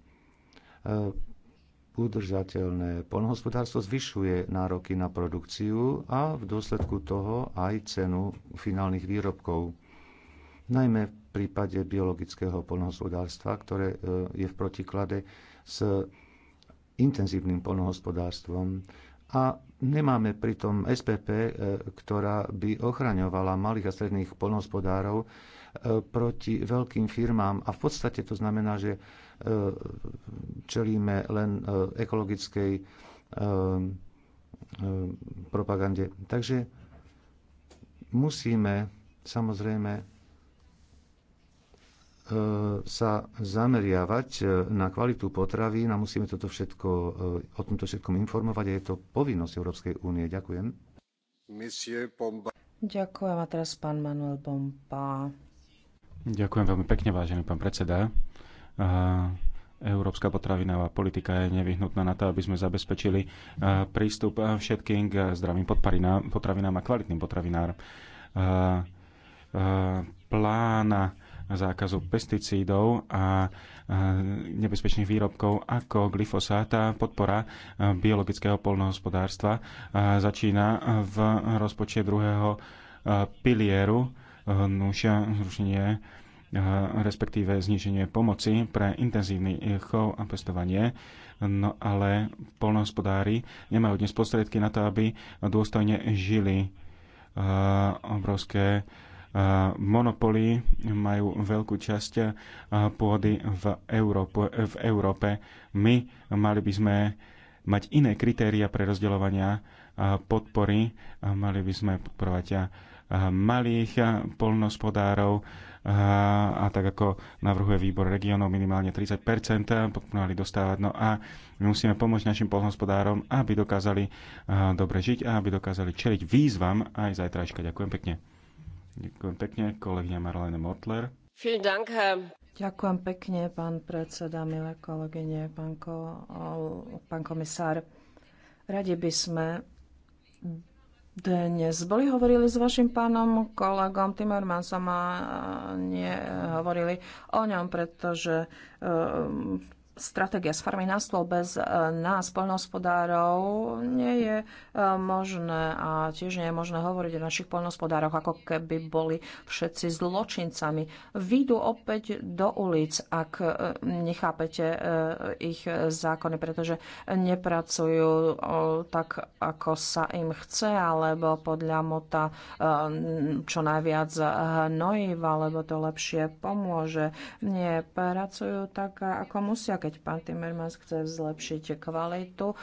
udržateľné polnohospodárstvo zvyšuje nároky na produkciu a v dôsledku toho aj cenu finálnych výrobkov. Najmä v prípade biologického polnohospodárstva, ktoré je v protiklade s intenzívnym polnohospodárstvom a nemáme pritom SPP, e, ktorá by ochraňovala malých a stredných polnohospodárov e, proti veľkým firmám. A v podstate to znamená, že e, čelíme len ekologickej propagande. Takže musíme samozrejme E, sa zameriavať e, na kvalitu potravín a musíme toto všetko, e, o tomto všetkom informovať a je to povinnosť Európskej únie. Ďakujem. Ďakujem a teraz pán Manuel Bomba. Ďakujem veľmi pekne, vážený pán predseda. Európska potravinová politika je nevyhnutná na to, aby sme zabezpečili prístup všetkým k zdravým potravinám a kvalitným potravinám. Plán zákazu pesticídov a nebezpečných výrobkov ako glyfosát podpora biologického polnohospodárstva začína v rozpočte druhého pilieru nušia zrušenie respektíve zniženie pomoci pre intenzívny chov a pestovanie. No ale polnohospodári nemajú dnes prostriedky na to, aby dôstojne žili obrovské Monopoly majú veľkú časť pôdy v Európe. V Európe. My mali by sme mať iné kritéria pre rozdeľovania podpory. Mali by sme podporovať malých polnospodárov a tak ako navrhuje výbor regionov minimálne 30 podporovali dostávať. No a my musíme pomôcť našim polnospodárom, aby dokázali dobre žiť a aby dokázali čeliť výzvam aj zajtrajška. Ďakujem pekne. Ďakujem pekne, kolegyňa Marlene Mortler. Ďakujem pekne, pán predseda, milé kolegyne, pán, ko, pán komisár. Radi by sme dnes boli hovorili s vašim pánom kolegom Timmermansom a nie hovorili o ňom, pretože stratégia z farmy na stôl bez e, nás, poľnohospodárov, nie je e, možné a tiež nie je možné hovoriť o našich poľnohospodároch, ako keby boli všetci zločincami. Výjdu opäť do ulic, ak e, nechápete ich zákony, pretože nepracujú tak, ako sa im chce, alebo podľa mota čo najviac hnojiva, alebo to lepšie pomôže. Nie pracujú tak, ako musia, keď pán Timmermans chce zlepšiť kvalitu,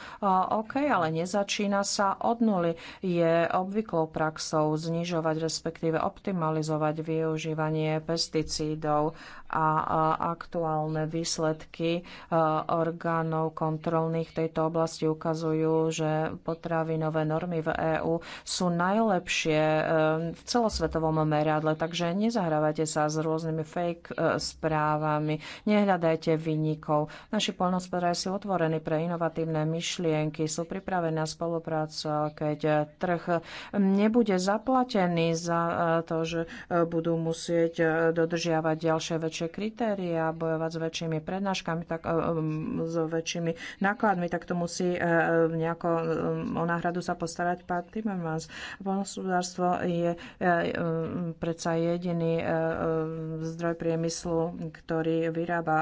OK, ale nezačína sa od nuly. Je obvyklou praxou znižovať, respektíve optimalizovať využívanie pesticídov a aktuálne výsledky orgánov kontrolných v tejto oblasti ukazujú, že potravinové normy v EÚ sú najlepšie e, v celosvetovom meradle, takže nezahrávajte sa s rôznymi fake e, správami, nehľadajte vynikov, Naši poľnohospodári sú otvorení pre inovatívne myšlienky, sú pripravení na spoluprácu, keď trh nebude zaplatený za e, to, že e, budú musieť e, dodržiavať ďalšie väčšie kritéria, bojovať s väčšími prednáškami, tak, s väčšími nákladmi, tak to musí nejako o náhradu sa postarať pán Timmermans. Poľnohospodárstvo je predsa jediný zdroj priemyslu, ktorý vyrába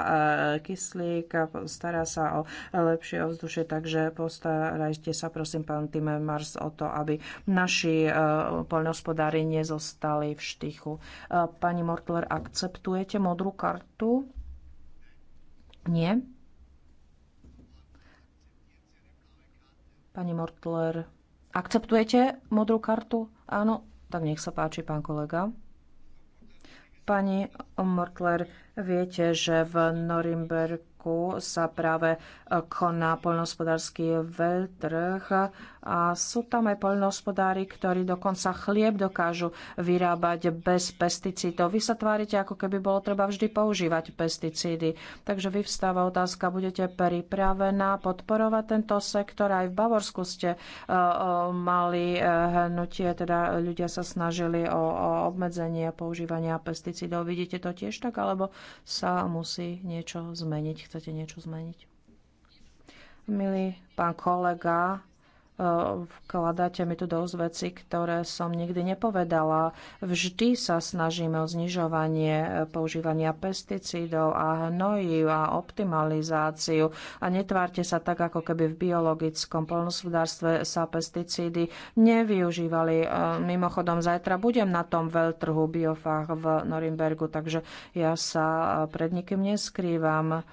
kyslík, politika, stará sa o lepšie ovzdušie, takže postarajte sa prosím pán Mars o to, aby naši e, poľnohospodári nezostali v štychu. E, pani Mortler, akceptujete modrú kartu? Nie? Pani Mortler, akceptujete modrú kartu? Áno, tak nech sa páči, pán kolega. Pani Mortler, viete, že v Norimberg roku sa práve e, koná poľnohospodársky veľtrh a sú tam aj poľnohospodári, ktorí dokonca chlieb dokážu vyrábať bez pesticídov. Vy sa tvárite, ako keby bolo treba vždy používať pesticídy. Takže vyvstáva otázka, budete pripravená podporovať tento sektor? Aj v Bavorsku ste uh, mali hnutie, teda ľudia sa snažili o, o obmedzenie používania pesticídov. Vidíte to tiež tak, alebo sa musí niečo zmeniť? chcete niečo zmeniť. Milý pán kolega, e, vkladáte mi tu dosť veci, ktoré som nikdy nepovedala. Vždy sa snažíme o znižovanie e, používania pesticídov a hnojív a optimalizáciu. A netvárte sa tak, ako keby v biologickom polnospodárstve sa pesticídy nevyužívali. E, mimochodom, zajtra budem na tom veľtrhu biofách v Norimbergu, takže ja sa pred nikým neskrývam.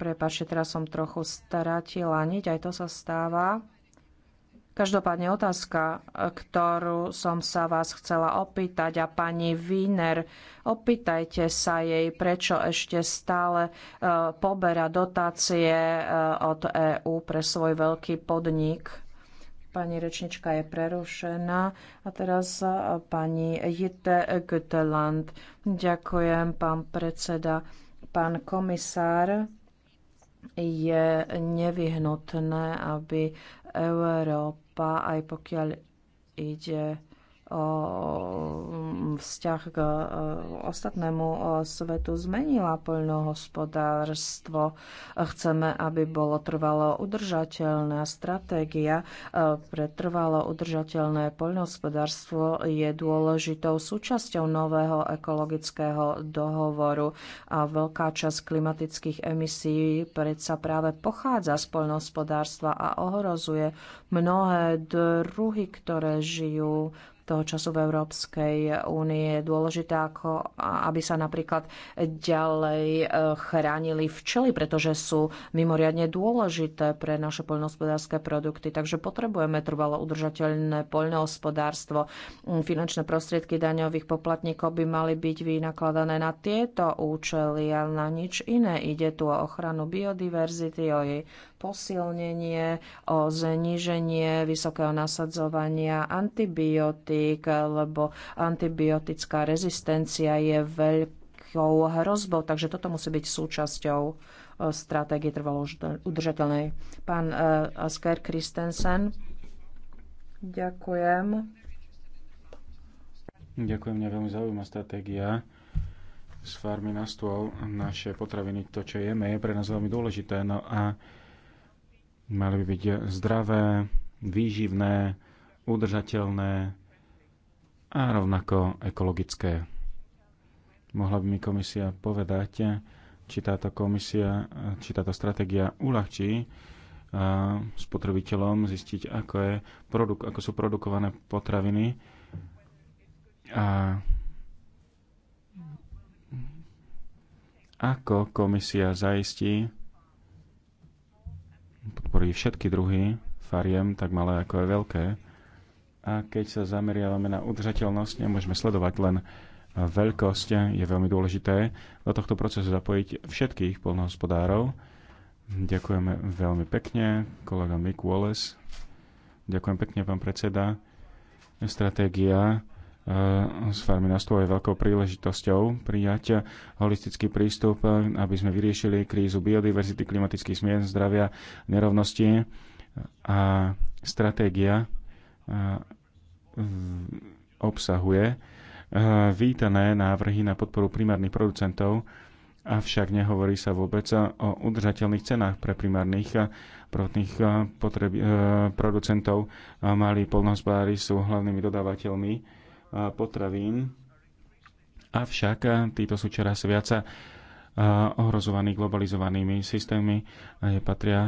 Prepačte, teraz som trochu stratila niť, aj to sa stáva. Každopádne otázka, ktorú som sa vás chcela opýtať a pani Wiener, opýtajte sa jej, prečo ešte stále e, pobera dotácie e, od EÚ pre svoj veľký podnik. Pani rečnička je prerušená. A teraz e, pani Jitte Gutteland. Ďakujem, pán predseda, pán komisár je nevyhnutné, aby Európa, aj pokiaľ ide vzťah k e, ostatnému e, svetu zmenila poľnohospodárstvo. Chceme, aby bolo trvalo udržateľná stratégia e, pre trvalo udržateľné poľnohospodárstvo je dôležitou súčasťou nového ekologického dohovoru a veľká časť klimatických emisí predsa práve pochádza z poľnohospodárstva a ohrozuje mnohé druhy, ktoré žijú toho času v Európskej únie je dôležité, ako aby sa napríklad ďalej e, chránili včely, pretože sú mimoriadne dôležité pre naše poľnohospodárske produkty. Takže potrebujeme trvalo udržateľné poľnohospodárstvo. Mm, finančné prostriedky daňových poplatníkov by mali byť vynakladané na tieto účely a na nič iné. Ide tu o ochranu biodiverzity, o jej posilnenie, o zníženie vysokého nasadzovania antibiotík, lebo antibiotická rezistencia je veľkou hrozbou, takže toto musí byť súčasťou e, stratégie trvalo udržateľnej. Pán e, Asker Kristensen. Ďakujem. Ďakujem, mňa veľmi zaujímavá stratégia z farmy na stôl. Naše potraviny, to, čo jeme, je pre nás veľmi dôležité. No a mali by byť zdravé, výživné, udržateľné a rovnako ekologické. Mohla by mi komisia povedať, či táto komisia, či táto stratégia uľahčí spotrebiteľom zistiť, ako, je, ako sú produkované potraviny a ako komisia zaistí, podporí všetky druhy fariem, tak malé ako aj veľké. A keď sa zameriavame na udržateľnosť, nemôžeme sledovať len veľkosť, je veľmi dôležité do tohto procesu zapojiť všetkých polnohospodárov. Ďakujeme veľmi pekne, kolega Mick Wallace. Ďakujem pekne, pán predseda. Stratégia Eh, s farmy na stôl je veľkou príležitosťou prijať holistický prístup, eh, aby sme vyriešili krízu biodiverzity, klimatických zmien, zdravia, nerovnosti a stratégia eh, obsahuje vítané návrhy na podporu primárnych producentov, avšak nehovorí sa vôbec o udržateľných cenách pre primárnych a prvotných potreb, producentov. Malí polnohospodári sú hlavnými dodávateľmi potravín. Avšak títo sú čoraz viac ohrozovaní globalizovanými systémy, kde patria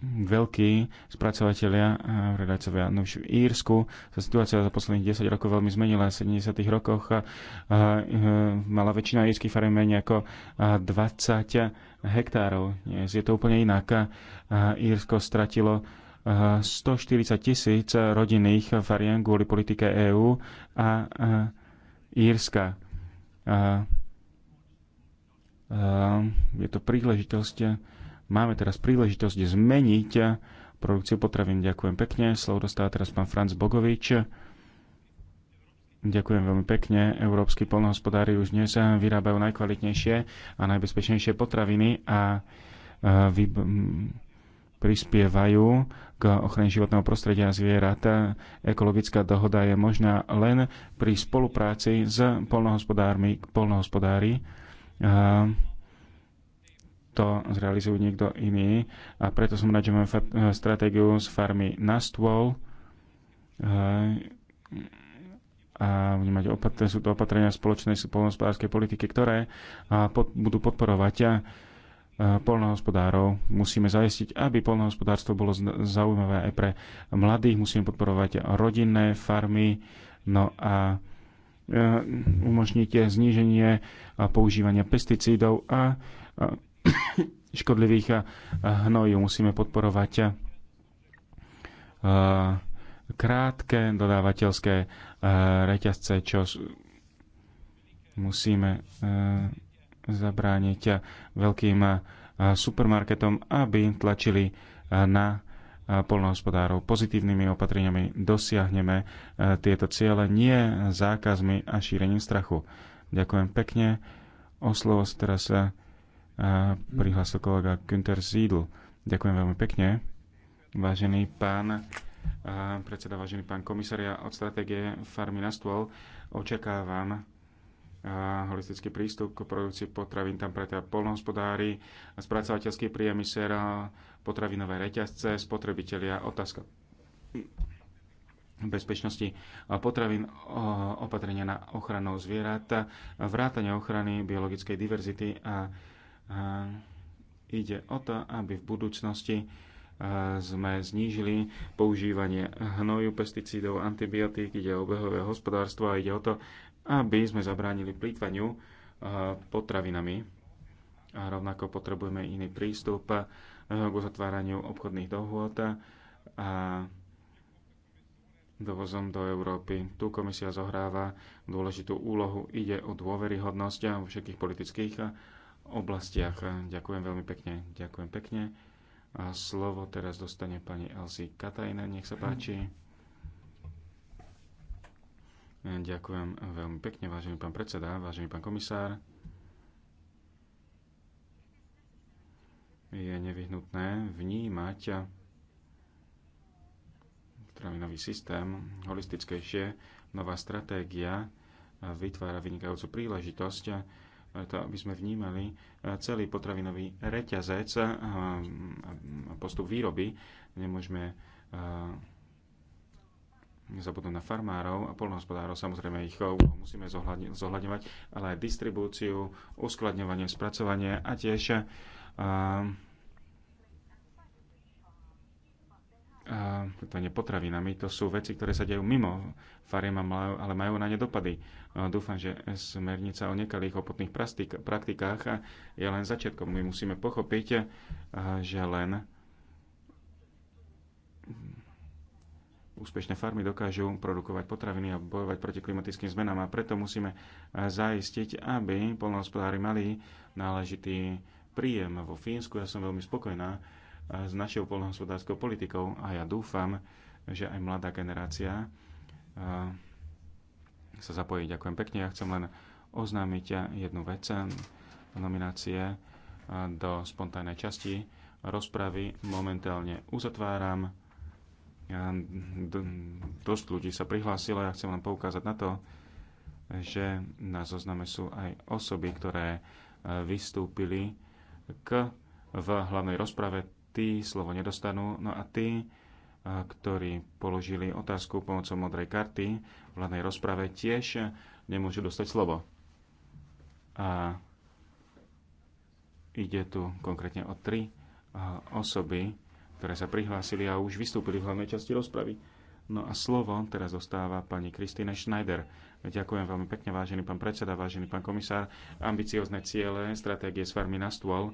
veľkí spracovateľia a No v Írsku sa situácia za posledných 10 rokov veľmi zmenila. V 70. rokoch a, a, a, mala väčšina írskych fariem menej ako 20 hektárov. Dnes je to úplne inak. A, a Írsko stratilo 140 tisíc rodinných farien kvôli politike EÚ a Írska. Je to príležitosť, máme teraz príležitosť zmeniť produkciu potravín. Ďakujem pekne. Slovo dostáva teraz pán Franc Bogovič. Ďakujem veľmi pekne. Európsky polnohospodári už dnes vyrábajú najkvalitnejšie a najbezpečnejšie potraviny a vy, prispievajú k ochrane životného prostredia a zvierat. Ekologická dohoda je možná len pri spolupráci s polnohospodármi, polnohospodári. To zrealizujú niekto iný a preto som rád, že máme stratégiu z farmy na stôl a vnímať opatrenia, sú to opatrenia spoločnej polnohospodárskej politiky, ktoré budú podporovať polnohospodárov. Musíme zajistiť, aby polnohospodárstvo bolo zaujímavé aj pre mladých. Musíme podporovať rodinné farmy, no a e, umožniť zníženie používania pesticídov a [COUGHS] škodlivých hnojí. Musíme podporovať krátke dodávateľské e, reťazce, čo musíme e, zabrániť veľkým eh, supermarketom, aby tlačili eh, na eh, polnohospodárov. Pozitívnymi opatreniami dosiahneme tieto ciele, nie zákazmi a šírením strachu. Ďakujem pekne. O slovo teraz sa prihlásil kolega Günther Siedl. Ďakujem veľmi pekne. Vážený pán predseda, vážený pán komisaria, od stratégie Farmy na stôl očakávam holistický prístup k produkcii potravín, tam preto teda polnohospodári, spracovateľský priemysel, potravinové reťazce, spotrebitelia, otázka bezpečnosti potravín, opatrenia na ochranu zvierat, vrátanie ochrany biologickej diverzity a, a ide o to, aby v budúcnosti sme znížili používanie hnoju, pesticídov, antibiotík, ide o obehové hospodárstvo a ide o to, aby sme zabránili plýtvaniu eh, potravinami. A rovnako potrebujeme iný prístup eh, k uzatváraniu obchodných dohôd a dovozom do Európy. Tu komisia zohráva dôležitú úlohu. Ide o dôveryhodnosť vo všetkých politických eh, oblastiach. Ďakujem veľmi pekne. Ďakujem pekne. A slovo teraz dostane pani Elsie Katajna. Nech sa páči. E, ďakujem veľmi pekne, vážený pán predseda, vážený pán komisár. Je nevyhnutné vnímať potravinový systém holistickejšie. Nová stratégia vytvára vynikajúcu príležitosť, e, to, aby sme vnímali e, celý potravinový reťazec a postup výroby. Nemôžeme zabudnú na farmárov a polnohospodárov, samozrejme ich musíme zohľadňovať, ale aj distribúciu, uskladňovanie, spracovanie a tiež plýtvanie potravinami, to sú veci, ktoré sa dejú mimo fariem, ale majú na ne dopady. Dúfam, že smernica o nekalých opotných praktikách je len začiatkom. My musíme pochopiť, že len úspešné farmy dokážu produkovať potraviny a bojovať proti klimatickým zmenám. A preto musíme e, zaistiť, aby polnohospodári mali náležitý príjem vo Fínsku. Ja som veľmi spokojná e, s našou polnohospodárskou politikou a ja dúfam, že aj mladá generácia e, sa zapojí. Ďakujem pekne. Ja chcem len oznámiť jednu vec. Nominácie do spontánnej časti rozpravy momentálne uzatváram. Ja dosť ľudí sa prihlásilo. Ja chcem len poukázať na to, že na zozname sú aj osoby, ktoré e, vystúpili k v hlavnej rozprave. Tí slovo nedostanú, no a tí, e, ktorí položili otázku pomocou modrej karty v hlavnej rozprave, tiež nemôžu dostať slovo. A ide tu konkrétne o tri e, osoby, ktoré sa prihlásili a už vystúpili v hlavnej časti rozpravy. No a slovo teraz zostáva pani Kristýne Schneider. Ďakujem veľmi pekne, vážený pán predseda, vážený pán komisár. Ambiciozne ciele, stratégie s farmy na stôl e,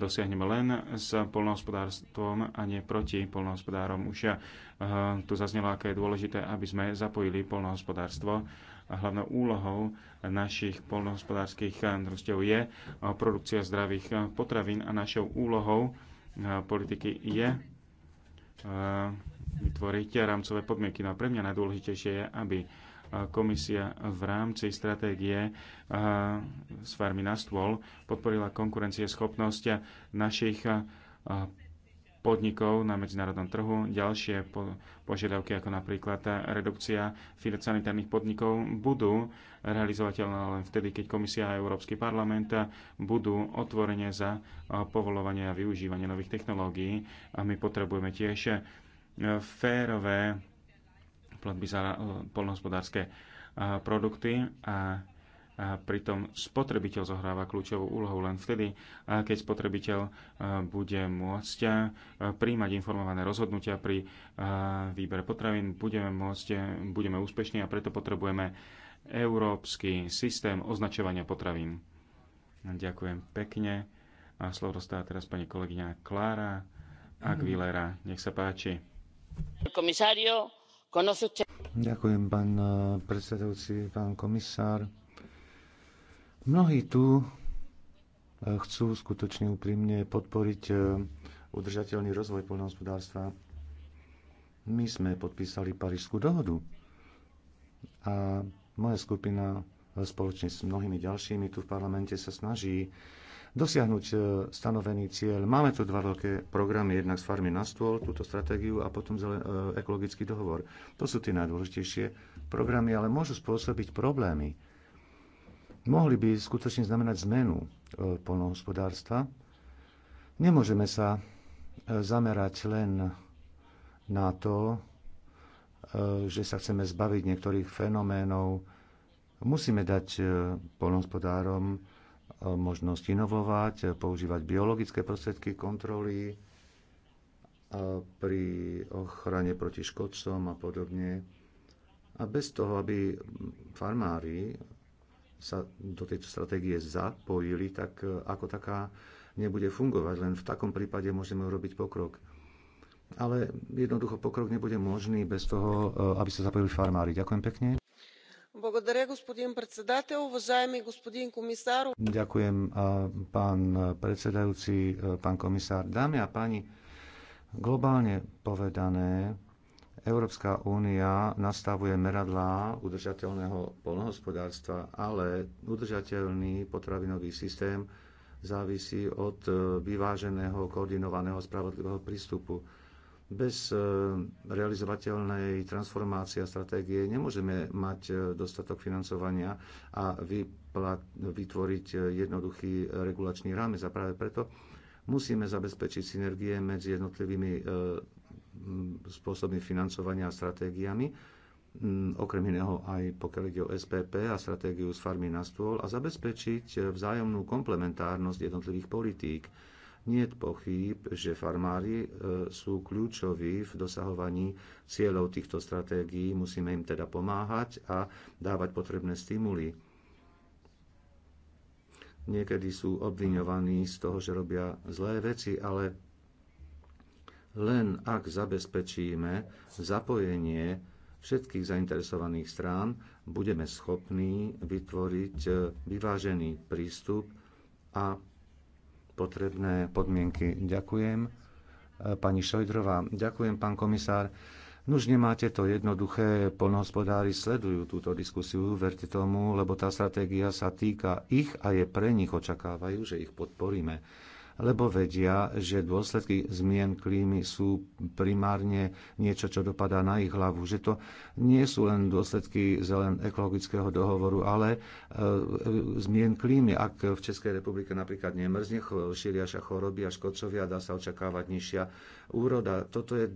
dosiahneme len s polnohospodárstvom a nie proti polnohospodárom. Už e, tu zaznelo, aké je dôležité, aby sme zapojili polnohospodárstvo. A hlavnou úlohou našich polnohospodárskych družstiev je e, produkcia zdravých potravín a našou úlohou politiky je vytvoriť rámcové podmienky. No a pre mňa najdôležitejšie je, aby komisia v rámci stratégie s farmy na stôl podporila konkurencieschopnosť našich podnikov na medzinárodnom trhu. Ďalšie požiadavky, ako napríklad redukcia fitosanitárnych podnikov, budú realizovateľné len vtedy, keď Komisia a Európsky parlament budú otvorene za povolovanie a využívanie nových technológií. A my potrebujeme tiež e, férové platby za e, polnohospodárske e, produkty a a pritom spotrebiteľ zohráva kľúčovú úlohu len vtedy, keď spotrebiteľ bude môcť príjmať informované rozhodnutia pri výbere potravín, budeme, môcť, budeme úspešní a preto potrebujeme európsky systém označovania potravín. Ďakujem pekne. A slovo dostáva teraz pani kolegyňa Klára Aguilera. Nech sa páči. Ďakujem, pán eh, predsedajúci, pán komisár Mnohí tu eh, chcú skutočne úprimne podporiť eh, udržateľný rozvoj poľnohospodárstva. My sme podpísali Parížskú dohodu a moja skupina eh, spoločne s mnohými ďalšími tu v parlamente sa snaží dosiahnuť stanovený cieľ. Máme tu dva veľké programy, jednak z farmy na stôl, túto stratégiu a potom ekologický dohovor. To sú tie najdôležitejšie programy, ale môžu spôsobiť problémy mohli by skutočne znamenať zmenu e, polnohospodárstva. Nemôžeme sa e, zamerať len na to, e, že sa chceme zbaviť niektorých fenoménov. Musíme dať polnohospodárom možnosť inovovať, používať biologické prostriedky kontroly pri ochrane proti škodcom a podobne. A bez toho, aby farmári sa do tejto stratégie zapojili, tak e, ako taká nebude fungovať. Len v takom prípade môžeme urobiť pokrok. Ale jednoducho pokrok nebude možný bez toho, e, aby sa zapojili farmári. Ďakujem pekne. Ďakujem, pán predsedajúci, pán komisár. Dámy a páni, globálne povedané, Európska únia nastavuje meradlá udržateľného polnohospodárstva, ale udržateľný potravinový systém závisí od e, vyváženého, koordinovaného, spravodlivého prístupu. Bez e, realizovateľnej transformácie a stratégie nemôžeme mať e, dostatok financovania a vytvoriť jednoduchý regulačný rámec. A práve preto musíme zabezpečiť synergie medzi jednotlivými Mm, spôsobmi financovania a stratégiami, mm, okrem iného aj pokiaľ ide o SPP a stratégiu z farmy na stôl a zabezpečiť vzájomnú komplementárnosť jednotlivých politík. Nie je pochyb, že farmári e, sú kľúčoví v dosahovaní cieľov týchto stratégií, musíme im teda pomáhať a dávať potrebné stimuly. Niekedy sú obviňovaní z toho, že robia zlé veci, ale len ak zabezpečíme zapojenie všetkých zainteresovaných strán, budeme schopní vytvoriť e, vyvážený prístup a potrebné podmienky. Ďakujem. E, pani Šojdrová, ďakujem, pán komisár. Nuž nemáte to jednoduché, polnohospodári sledujú túto diskusiu, verte tomu, lebo tá stratégia sa týka ich a je pre nich, očakávajú, že ich podporíme lebo vedia, že dôsledky zmien klímy sú primárne niečo, čo dopadá na ich hlavu. Že to nie sú len dôsledky zelen ekologického dohovoru, ale e, e, zmien klímy. Ak v Českej republike napríklad nemrzne, šíria sa choroby a škodcovia, dá sa očakávať nižšia úroda. Toto je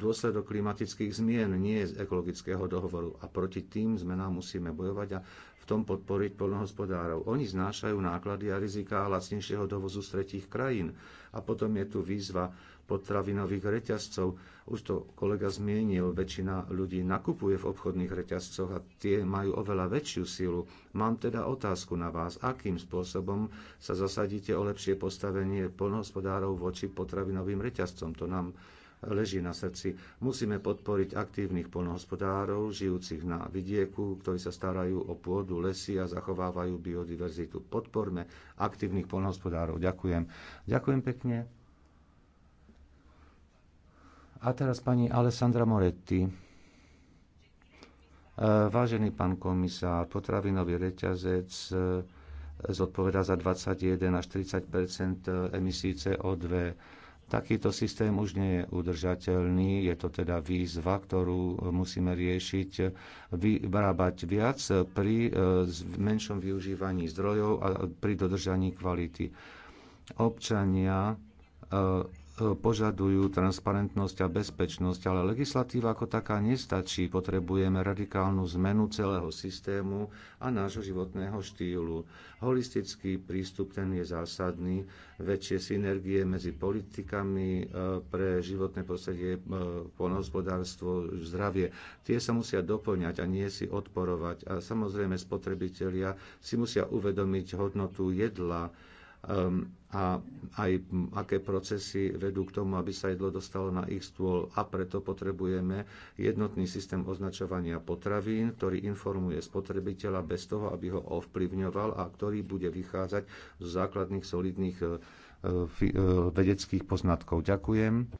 dôsledok klimatických zmien, nie z ekologického dohovoru. A proti tým zmenám musíme bojovať a tom podporiť poľnohospodárov. Oni znášajú náklady a rizika lacnejšieho dovozu z tretích krajín. A potom je tu výzva potravinových reťazcov. Už to kolega zmienil, väčšina ľudí nakupuje v obchodných reťazcoch a tie majú oveľa väčšiu silu. Mám teda otázku na vás, akým spôsobom sa zasadíte o lepšie postavenie poľnohospodárov voči potravinovým reťazcom. To nám leží na srdci. Musíme podporiť aktívnych polnohospodárov, žijúcich na vidieku, ktorí sa starajú o pôdu, lesy a zachovávajú biodiverzitu. Podporme aktívnych polnohospodárov. Ďakujem. Ďakujem pekne. A teraz pani Alessandra Moretti. E, vážený pán komisár, potravinový reťazec e, zodpovedá za 21 až 30 emisí CO2 Takýto systém už nie je udržateľný, je to teda výzva, ktorú musíme riešiť, vyrábať viac pri e, menšom využívaní zdrojov a pri dodržaní kvality. Občania e, požadujú transparentnosť a bezpečnosť, ale legislatíva ako taká nestačí. Potrebujeme radikálnu zmenu celého systému a nášho životného štýlu. Holistický prístup ten je zásadný. Väčšie synergie medzi politikami e, pre životné prostredie, e, poľnohospodárstvo, zdravie. Tie sa musia doplňať a nie si odporovať. A samozrejme spotrebitelia si musia uvedomiť hodnotu jedla, Ehm, a aj aké procesy vedú k tomu, aby sa jedlo dostalo na ich stôl. A preto potrebujeme jednotný systém označovania potravín, ktorý informuje spotrebiteľa bez toho, aby ho ovplyvňoval a ktorý bude vychádzať z základných solidných e, e, vedeckých poznatkov. Ďakujem.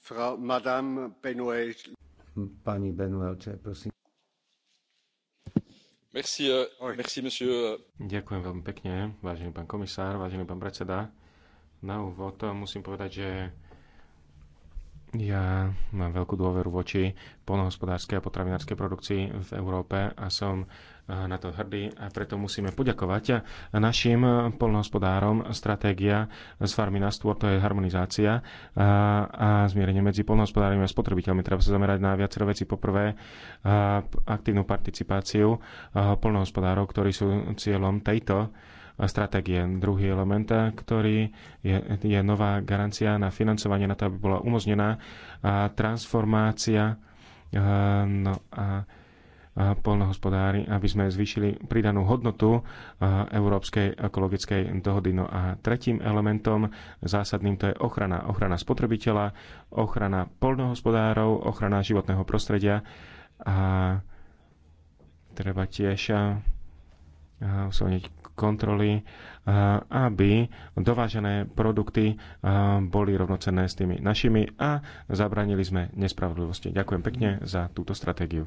Frau, Madame Benuel. Pani Benuelče, prosím. Euh, euh. Ďakujem veľmi pekne, vážený pán komisár, vážený pán predseda. Na úvod musím povedať, že ja mám veľkú dôveru voči polnohospodárskej a potravinárskej produkcii v Európe a som na to hrdí a preto musíme poďakovať našim polnohospodárom. Stratégia z farmy na stôr, to je harmonizácia a zmierenie medzi polnohospodármi a spotrebiteľmi. Treba sa zamerať na viacero veci. Poprvé, aktívnu participáciu polnohospodárov, ktorí sú cieľom tejto stratégie. Druhý element, ktorý je, je nová garancia na financovanie, na to, aby bola umožnená transformácia. No a polnohospodári, aby sme zvýšili pridanú hodnotu Európskej ekologickej dohody. No a tretím elementom zásadným to je ochrana. Ochrana spotrebiteľa, ochrana polnohospodárov, ochrana životného prostredia a treba tiež usilniť kontroly, aby dovážené produkty boli rovnocenné s tými našimi a zabranili sme nespravodlivosti. Ďakujem pekne za túto stratégiu.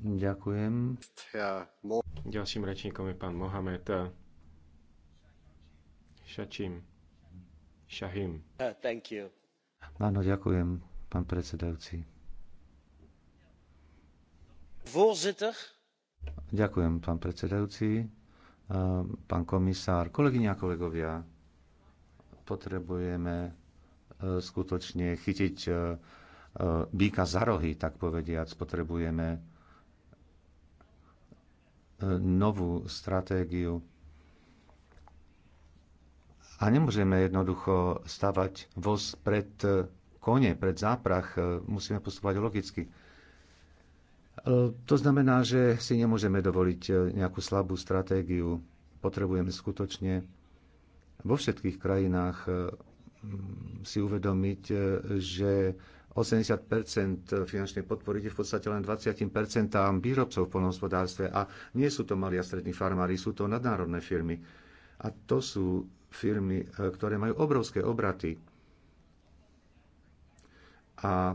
Ďakujem. Ďalším rečníkom je pán Mohamed eh, Šačím. Šahim. Uh, Áno, ďakujem, pán predsedajúci. Ďakujem, pán predsedajúci. Eh, pán komisár, kolegyňa a kolegovia, potrebujeme eh, skutočne chytiť E, býka za rohy, tak povediac, potrebujeme e, novú stratégiu. A nemôžeme jednoducho stavať voz pred e, kone, pred záprach. Musíme postupovať logicky. To znamená, že si nemôžeme dovoliť nejakú slabú stratégiu. Potrebujeme skutočne vo všetkých krajinách si uvedomiť, že 80 finančnej podpory ide v podstate len 20 výrobcov v polnohospodárstve a nie sú to mali a strední farmári, sú to nadnárodné firmy. A to sú firmy, e, ktoré majú obrovské obraty. A e,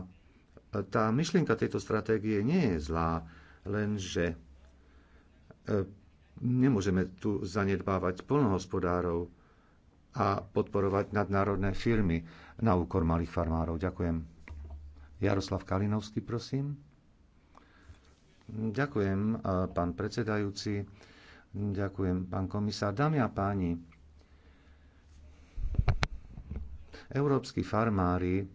tá myšlienka tejto stratégie nie je zlá, lenže e, nemôžeme tu zanedbávať polnohospodárov a podporovať nadnárodné firmy na úkor malých farmárov. Ďakujem. Jaroslav Kalinovský, prosím. Ďakujem, eh, pán predsedajúci. Ďakujem, pán komisár. Dámy a páni, európsky farmári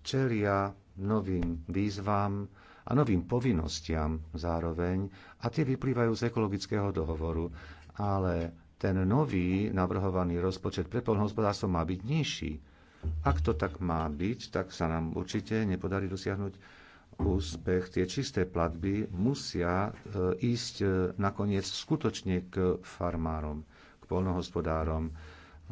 čelia novým výzvam a novým povinnostiam zároveň a tie vyplývajú z ekologického dohovoru. Ale ten nový navrhovaný rozpočet pre poľnohospodárstvo má byť nižší ak to tak má byť, tak sa nám určite nepodarí dosiahnuť úspech. Tie čisté platby musia e, ísť e, nakoniec skutočne k farmárom, k polnohospodárom,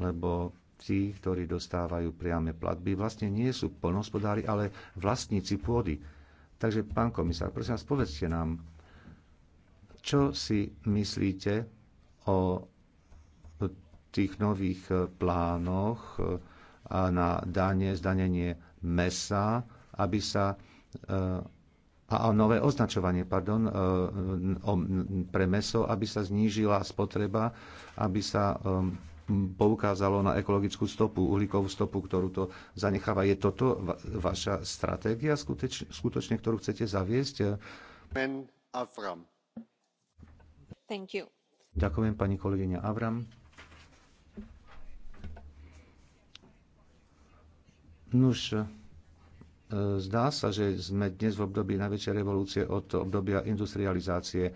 lebo tí, ktorí dostávajú priame platby, vlastne nie sú polnohospodári, ale vlastníci pôdy. Takže, pán komisár, prosím vás, povedzte nám, čo si myslíte o tých nových plánoch, e, na dane, zdanenie mesa, aby sa e, a nové označovanie pardon, e, pre meso, aby sa znížila spotreba, aby sa e, poukázalo na ekologickú stopu, uhlíkovú stopu, ktorú to zanecháva. Je toto vaša stratégia skuteč, skutočne, ktorú chcete zaviesť? Ďakujem pani kolegyňa Avram. Nuž, e, zdá sa, že sme dnes v období najväčšej revolúcie od obdobia industrializácie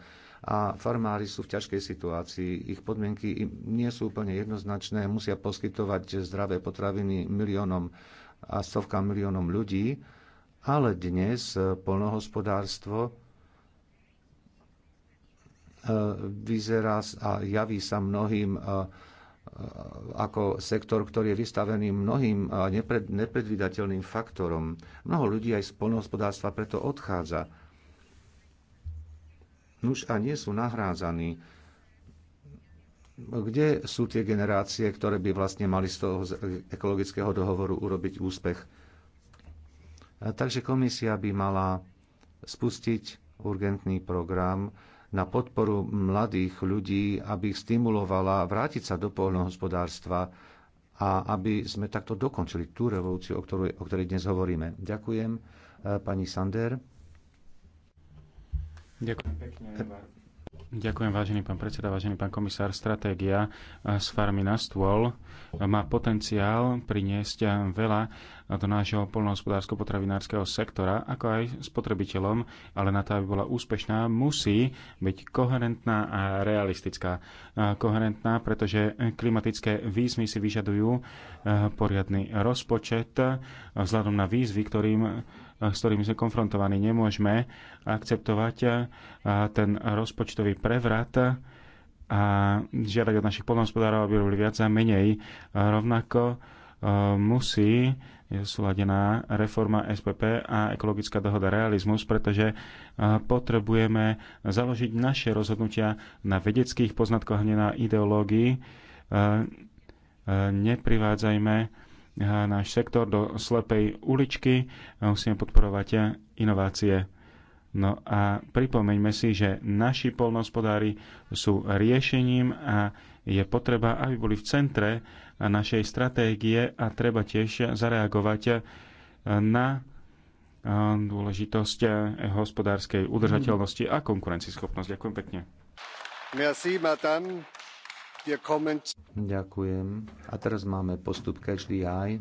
a farmári sú v ťažkej situácii. Ich podmienky nie sú úplne jednoznačné, musia poskytovať zdravé potraviny miliónom a stovkám miliónom ľudí, ale dnes e, polnohospodárstvo e, vyzerá a javí sa mnohým ako sektor, ktorý je vystavený mnohým nepred, nepredvydateľným faktorom. Mnoho ľudí aj z polnohospodárstva preto odchádza. Nuž a nie sú nahrádzaní. Kde sú tie generácie, ktoré by vlastne mali z toho ekologického dohovoru urobiť úspech? Takže komisia by mala spustiť urgentný program, na podporu mladých ľudí, aby ich stimulovala vrátiť sa do poľnohospodárstva a aby sme takto dokončili tú revolúciu, o ktorej, o ktorej dnes hovoríme. Ďakujem, e, pani Sander. Ďakujem pekne. Ďakujem, vážený pán predseda, vážený pán komisár. Stratégia z eh, farmy na stôl eh, má potenciál priniesť eh, veľa do nášho polnohospodársko-potravinárskeho sektora, ako aj spotrebiteľom, ale na to, aby bola úspešná, musí byť koherentná a realistická. Koherentná, pretože klimatické výzmy si vyžadujú poriadny rozpočet vzhľadom na výzvy, ktorým Eh, s ktorými sme konfrontovaní. Nemôžeme akceptovať eh, ten rozpočtový prevrat a žiadať od našich polnohospodárov, aby robili viac a menej. Rovnako eh, musí je súladená reforma SPP a ekologická dohoda realizmus, pretože potrebujeme založiť naše rozhodnutia na vedeckých poznatkoch, nie na ideológii. Neprivádzajme náš sektor do slepej uličky a musíme podporovať inovácie. No a pripomeňme si, že naši polnohospodári sú riešením a je potreba, aby boli v centre našej stratégie a treba tiež zareagovať na eh, dôležitosť eh, hospodárskej udržateľnosti a konkurencieschopnosť. Ďakujem pekne. Merci, madame. Ďakujem. A teraz máme postup Catch aj.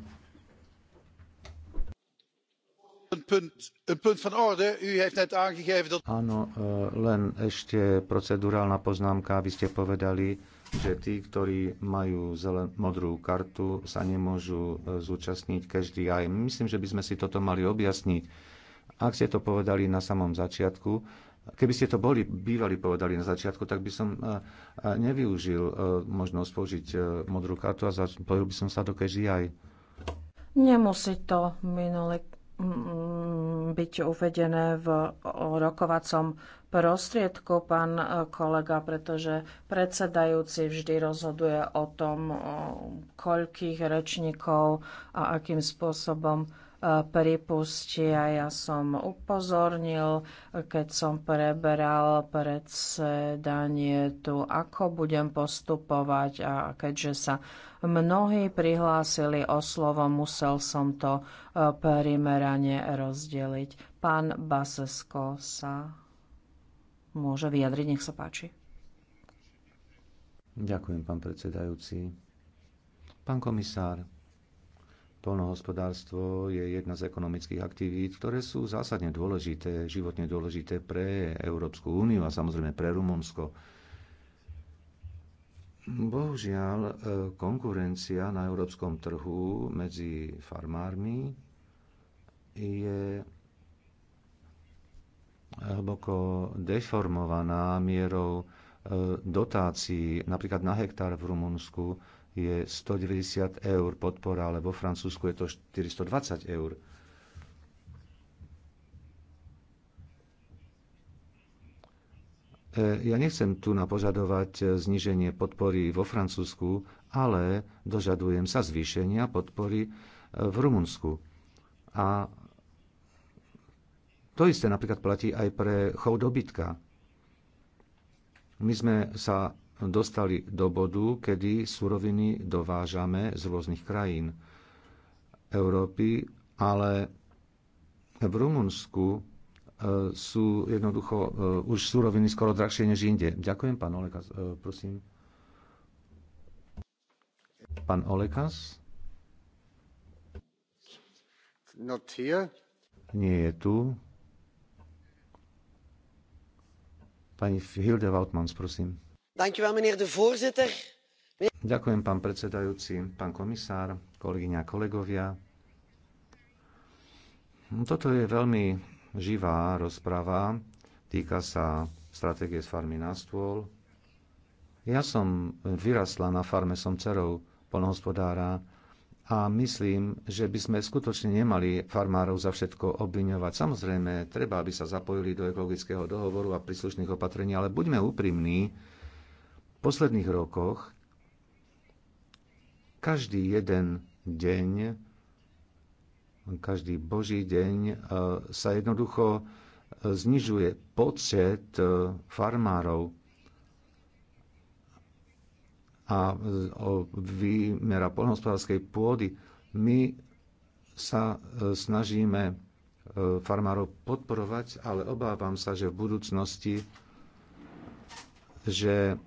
Áno, eh, len ešte procedurálna poznámka. Vy ste povedali, že tí, ktorí majú zelen, modrú kartu, sa nemôžu eh, zúčastniť každý aj. Myslím, že by sme si toto mali objasniť. Ak ste to povedali na samom začiatku, Keby ste to boli bývali povedali na začiatku, tak by som eh, eh, nevyužil eh, možnosť použiť modrú kartu a pojil by som sa do aj. Nemusí to minule mm, mm, byť uvedené v rokovacom prostriedku, pán kolega, pretože predsedajúci vždy rozhoduje o tom, koľkých rečníkov a akým spôsobom pripustia. Ja som upozornil, keď som preberal predsedanie tu, ako budem postupovať a keďže sa mnohí prihlásili o slovo, musel som to e, primerane rozdeliť. Pán Basesko sa môže vyjadriť, nech sa páči. Ďakujem, pán predsedajúci. Pán komisár, Polnohospodárstvo je jedna z ekonomických aktivít, ktoré sú zásadne dôležité, životne dôležité pre Európsku úniu a samozrejme pre Rumunsko. Bohužiaľ, e, konkurencia na európskom trhu medzi farmármi je hlboko deformovaná mierou e, dotácií. Napríklad na hektár v Rumunsku je 190 eur podpora, ale vo Francúzsku je to 420 eur. E, ja nechcem tu napožadovať e, zniženie podpory vo Francúzsku, ale dožadujem sa zvýšenia podpory e, v Rumunsku. A to isté napríklad platí aj pre chov dobytka. My sme sa dostali do bodu, kedy suroviny dovážame z rôznych krajín Európy, ale v Rumunsku e, sú jednoducho e, už suroviny skoro drahšie než inde. Ďakujem, pán Olekas. E, prosím. Pán Olekas? Not here. Nie je tu. Pani Hilde Wautmans, prosím. Ďakujem, pán predsedajúci, pán komisár, kolegyňa a kolegovia. No, toto je veľmi živá rozprava. Týka sa stratégie z farmy na stôl. Ja som vyrasla na farme, som dcerou polnohospodára a myslím, že by sme skutočne nemali farmárov za všetko obviňovať. Samozrejme, treba, aby sa zapojili do ekologického dohovoru a príslušných opatrení, ale buďme úprimní, posledných rokoch každý jeden deň, každý boží deň e, sa jednoducho e, znižuje počet e, farmárov a výmera polnohospodárskej pôdy. My sa snažíme farmárov podporovať, ale obávam sa, že v budúcnosti, že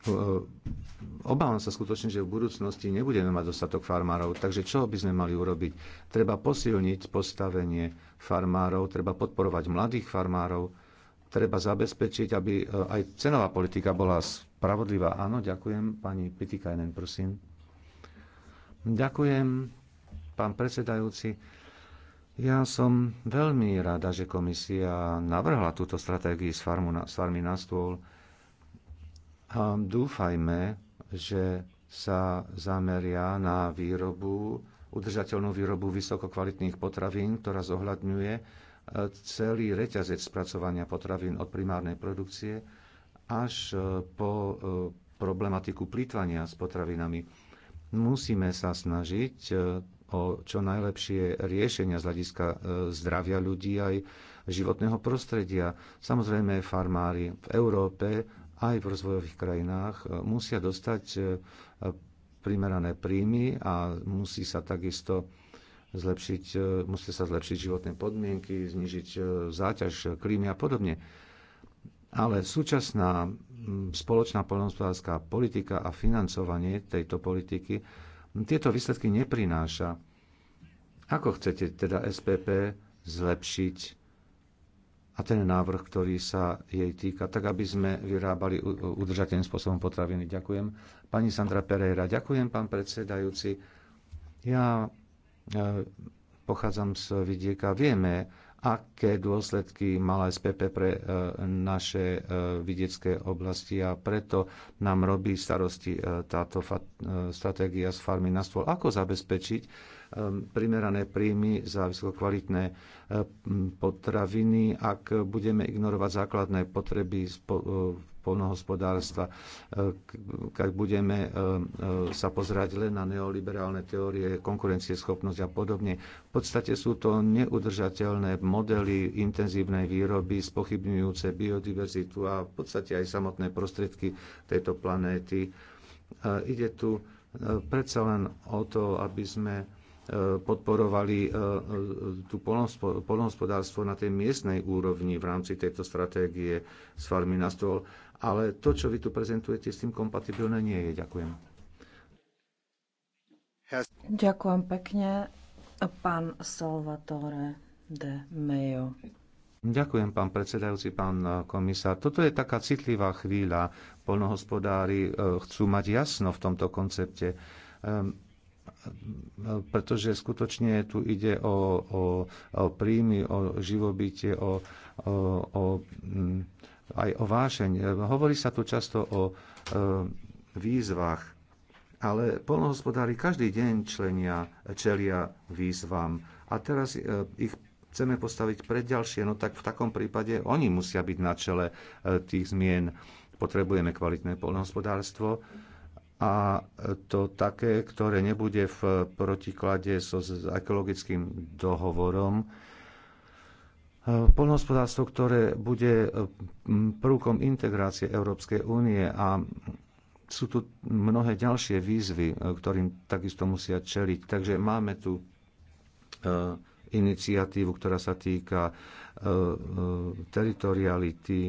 Eh, obávam sa skutočne, že v budúcnosti nebudeme mať dostatok farmárov, takže čo by sme mali urobiť? Treba posilniť postavenie farmárov, treba podporovať mladých farmárov, treba zabezpečiť, aby eh, aj cenová politika bola spravodlivá. Áno, ďakujem. Pani Pitikajnen, prosím. Ďakujem, pán predsedajúci. Ja som veľmi rada, že komisia navrhla túto stratégiu z farmy na stôl a dúfajme, že sa zameria na výrobu, udržateľnú výrobu vysokokvalitných potravín, ktorá zohľadňuje e, celý reťazec spracovania potravín od primárnej produkcie až e, po e, problematiku plýtvania s potravinami. Musíme sa snažiť o čo najlepšie riešenia z hľadiska zdravia ľudí aj životného prostredia. Samozrejme, farmári v Európe aj v rozvojových krajinách e, musia dostať e, primerané príjmy a musí sa takisto zlepšiť, e, musí sa zlepšiť životné podmienky, znižiť záťaž klímy a podobne. Ale súčasná spoločná poľnohospodárska politika a financovanie tejto politiky tieto výsledky neprináša. Ako chcete teda SPP zlepšiť a ten návrh, ktorý sa jej týka, tak aby sme vyrábali udržateľným spôsobom potraviny. Ďakujem. Pani Sandra Pereira, ďakujem, pán predsedajúci. Ja e, pochádzam z vidieka. Vieme, aké dôsledky mala SPP pre e, naše e, vidiecké oblasti a preto nám robí starosti táto stratégia z farmy na stôl. Ako zabezpečiť, Ehm, primerané príjmy za vysokokvalitné ehm, potraviny, ak budeme ignorovať základné potreby polnohospodárstva, e, ehm, ak budeme e, sa pozerať len na neoliberálne teórie, konkurencieschopnosť a podobne. V podstate sú to neudržateľné modely intenzívnej výroby, spochybňujúce biodiverzitu a v podstate aj samotné prostriedky tejto planéty. Ide tu e, predsa len o to, aby sme podporovali e, e, tú polnohospodárstvo na tej miestnej úrovni v rámci tejto stratégie z farmy na stôl. Ale to, čo vy tu prezentujete, s tým kompatibilné nie je. Ďakujem. Ďakujem pekne, pán Salvatore de Mejo. Ďakujem, pán predsedajúci, pán komisár. Toto je taká citlivá chvíľa. Polnohospodári e, chcú mať jasno v tomto koncepte ehm, pretože skutočne tu ide o, o, o príjmy, o živobytie, o, o, o, aj o vášeň. Hovorí sa tu často o o e, výzvach, ale polnohospodári každý deň členia, čelia výzvam a teraz e, ich chceme postaviť pred ďalšie, no tak v takom prípade oni musia byť na čele e, tých zmien. Potrebujeme kvalitné polnohospodárstvo, a to také, ktoré nebude v protiklade so, s ekologickým dohovorom. E, Polnohospodárstvo, ktoré bude e, prvkom integrácie Európskej únie a sú tu mnohé ďalšie výzvy, e, ktorým takisto musia čeliť. Takže máme tu iniciatívu, ktorá sa týka teritoriality,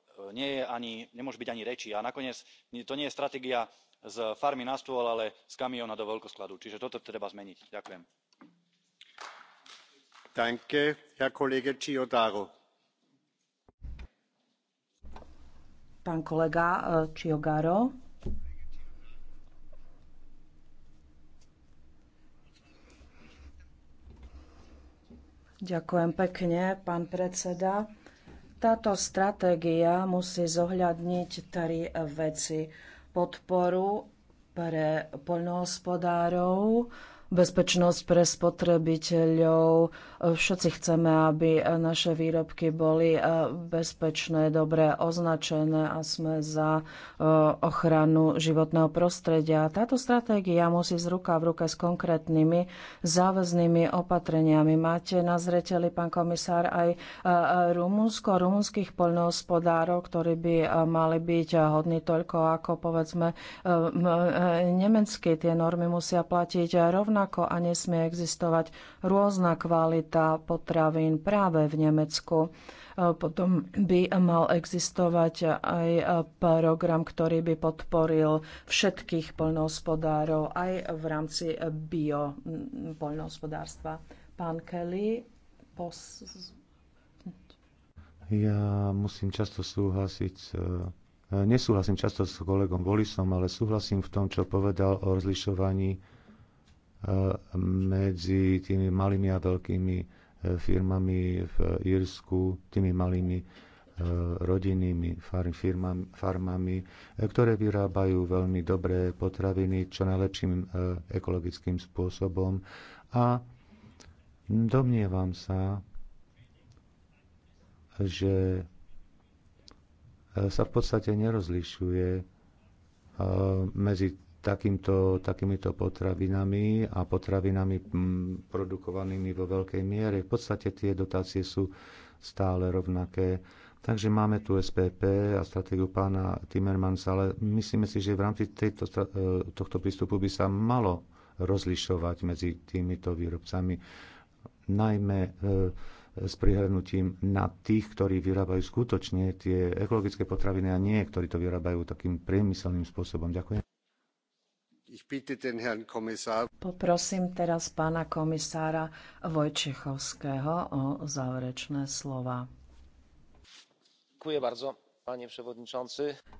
nie je ani nemôže byť ani reči a nakoniec to nie je stratégia z farmy na stôl ale z kamióna do veľkoskladu čiže toto treba zmeniť. ďakujem. Pán kolega Čiogaro. E, ďakujem pekne, pán predseda. Táto stratégia musí zohľadniť tri veci. Podporu pre poľnohospodárov, bezpečnosť pre spotrebiteľov. Všetci chceme, aby naše výrobky boli eh, bezpečné, dobre označené a sme za eh, ochranu životného prostredia. Táto stratégia musí z ruka v ruke s konkrétnymi záväznými opatreniami. Máte na zreteli, pán komisár, aj eh, Rumunsko, rumunských poľnohospodárov, ktorí by mali byť hodní toľko ako povedzme nemecky. Tie normy musia platiť rovnako rovnako a nesmie existovať rôzna kvalita potravín práve v Nemecku. E, potom by mal existovať aj e, program, ktorý by podporil všetkých poľnohospodárov aj v rámci bio poľnohospodárstva. Pán Kelly, pos... Ja musím často súhlasiť s e, Nesúhlasím často s kolegom Volisom, ale súhlasím v tom, čo povedal o rozlišovaní medzi tými malými a veľkými e, firmami v Írsku, tými malými e, rodinnými firmami, farmami, e, ktoré vyrábajú veľmi dobré potraviny čo najlepším ekologickým spôsobom. A domnievam sa, že sa v podstate nerozlišuje medzi takýmto, takýmito potravinami a potravinami mm, produkovanými vo veľkej miere. V podstate tie dotácie sú stále rovnaké. Takže máme tu SPP a stratégiu pána Timmermansa, ale myslíme si, že v rámci tejto, e, tohto prístupu by sa malo rozlišovať medzi týmito výrobcami, najmä e, s prihľadnutím na tých, ktorí vyrábajú skutočne tie ekologické potraviny a nie, ktorí to vyrábajú takým priemyselným spôsobom. Ďakujem. Poprosím teraz pána komisára Vojčechovského o záverečné slova.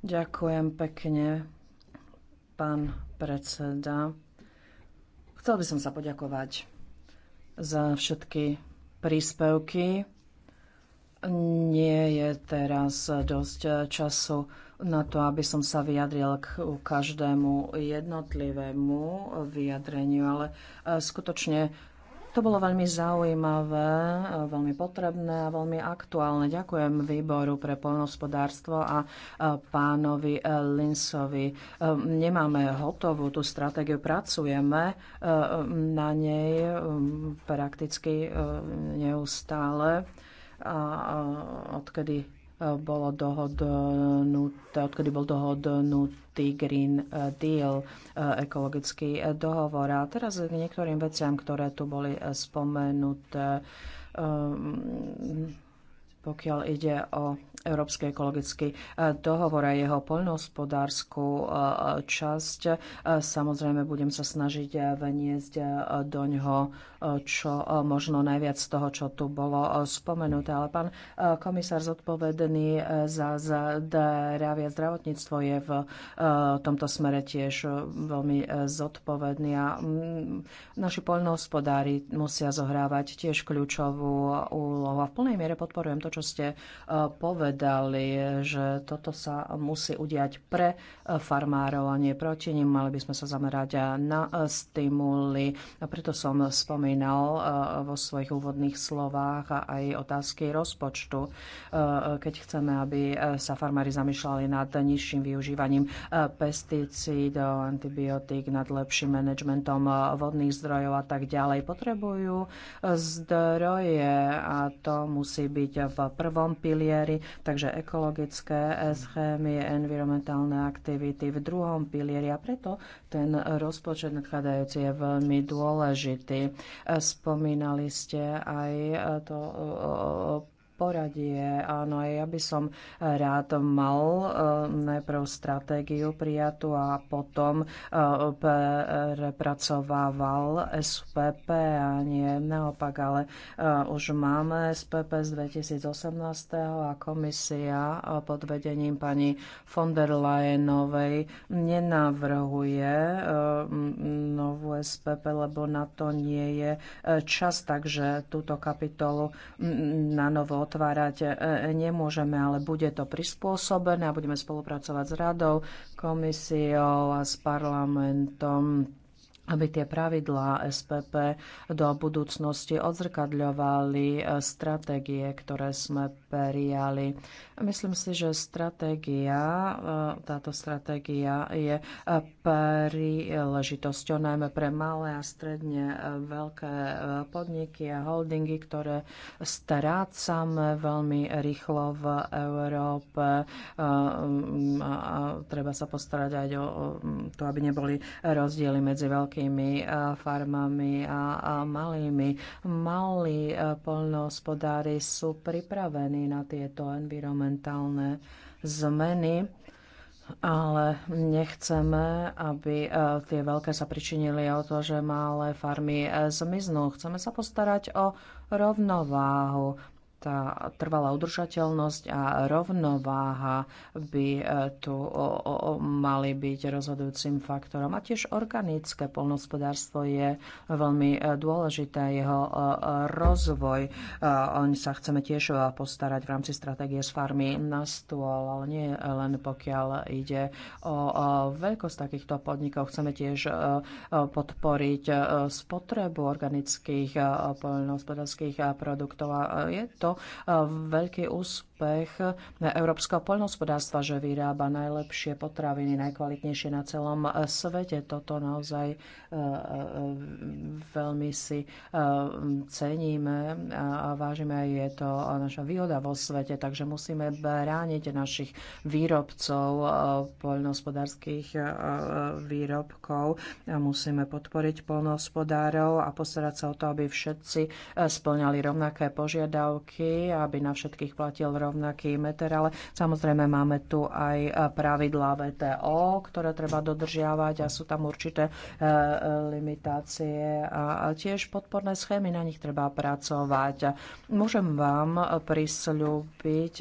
Ďakujem pekne, pán predseda. Chcel by som sa poďakovať za všetky príspevky. Nie je teraz dosť času na to, aby som sa vyjadril k každému jednotlivému vyjadreniu, ale e, skutočne to bolo veľmi zaujímavé, e, veľmi potrebné a veľmi aktuálne. Ďakujem výboru pre poľnohospodárstvo a e, pánovi Linsovi. Nemáme hotovú tú stratégiu, pracujeme na nej prakticky neustále. A odkedy bolo dohodnuté, odkedy bol dohodnutý Green Deal, e, ekologický dohovor. A teraz k niektorým veciam, ktoré tu boli spomenuté. Um, pokiaľ ide o Európsky ekologický e, dohovor a jeho poľnohospodárskú e, časť. E, samozrejme, budem sa snažiť vniesť do ňoho čo možno najviac z toho, čo tu bolo spomenuté. Ale pán komisár zodpovedný za zdravie zdravotníctvo je v tomto smere tiež veľmi zodpovedný a naši poľnohospodári musia zohrávať tiež kľúčovú úlohu. A v plnej miere podporujem to, čo ste e, povedali, že toto sa musí udiať pre e, farmárov a nie proti nim. Mali by sme sa zamerať na e, stimuly. A preto som spomínal vo svojich úvodných slovách a aj otázky rozpočtu. Keď chceme, aby sa farmári zamýšľali nad nižším využívaním pesticíd, antibiotík, nad lepším manažmentom vodných zdrojov a tak ďalej, potrebujú zdroje a to musí byť v prvom pilieri, takže ekologické schémy, environmentálne aktivity v druhom pilieri a preto ten rozpočet nadchádzajúci je veľmi dôležitý. Spomínali ste aj to poradie. Áno, ja by som rád mal e, najprv stratégiu prijatú a potom e, prepracovával SPP a nie naopak, ale e, už máme SPP z 2018 a komisia pod vedením pani von der Leyenovej nenavrhuje novú SPP, lebo na to nie je čas, takže túto kapitolu na novo otvárať e, nemôžeme, ale bude to prispôsobené a budeme spolupracovať s radou, komisiou a s parlamentom aby tie pravidlá SPP do budúcnosti odzrkadľovali eh, stratégie, ktoré sme prijali. Myslím si, že stratégia, eh, táto stratégia je eh, príležitosťou najmä pre malé a stredne veľké podniky a holdingy, ktoré strácame veľmi rýchlo v Európe. Mm, treba sa postarať aj o to, aby neboli rozdiely medzi veľkými veľkými eh, farmami a malými. Malí eh, polnohospodári sú pripravení na tieto environmentálne zmeny ale nechceme, aby eh, tie veľké sa pričinili o to, že malé farmy zmiznú. Chceme sa postarať o rovnováhu tá trvalá udržateľnosť a rovnováha by e, tu mali byť rozhodujúcim faktorom. A tiež organické polnospodárstvo je veľmi e, dôležité, jeho e, rozvoj. Oň sa chceme tiež postarať v rámci stratégie z farmy na stôl, ale nie len pokiaľ ide o veľkosť takýchto podnikov. Chceme tiež podporiť spotrebu organických poľnohospodárských produktov a je to E, veľký úspech európskeho poľnohospodárstva, že vyrába najlepšie potraviny, najkvalitnejšie na celom e, svete. Toto naozaj e, veľmi si ceníme a vážime aj je to naša výhoda vo svete, takže musíme brániť našich výrobcov poľnohospodárských výrobkov. Musíme podporiť poľnohospodárov a postarať sa o to, aby všetci splňali rovnaké požiadavky rovnaké, aby na všetkých platil rovnaký meter, ale samozrejme máme tu aj eh, pravidlá VTO, ktoré treba dodržiavať a sú tam určité eh, eh, limitácie a tiež podporné schémy, na nich treba pracovať. Môžem vám prisľúbiť,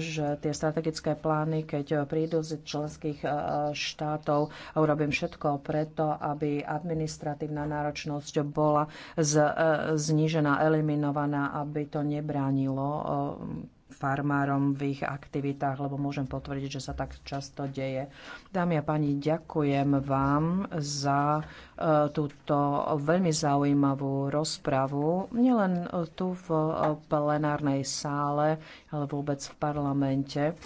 že tie strategické plány, keď prídu z členských štátov, urobím všetko preto, aby administratívna náročnosť bola znížená, eliminovaná, aby to nebralo zabránilo eh, farmárom v ich aktivitách, lebo môžem potvrdiť, že sa tak často deje. Dámy a páni, ďakujem vám za eh, túto veľmi zaujímavú rozpravu, nielen eh, tu v plenárnej sále, ale vôbec v parlamente.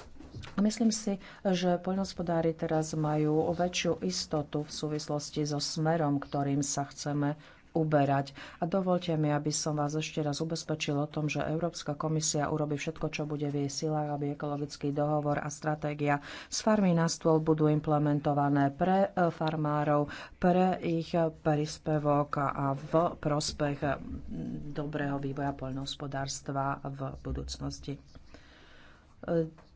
Myslím si, že poľnohospodári teraz majú väčšiu istotu v súvislosti so smerom, ktorým sa chceme uberať. A dovolte mi, aby som vás ešte raz ubezpečil o tom, že Európska komisia urobí všetko, čo bude v jej silách, aby ekologický dohovor a stratégia z farmy na stôl budú implementované pre e, farmárov, pre ich príspevok a v prospech e, dobrého vývoja poľnohospodárstva v budúcnosti. E,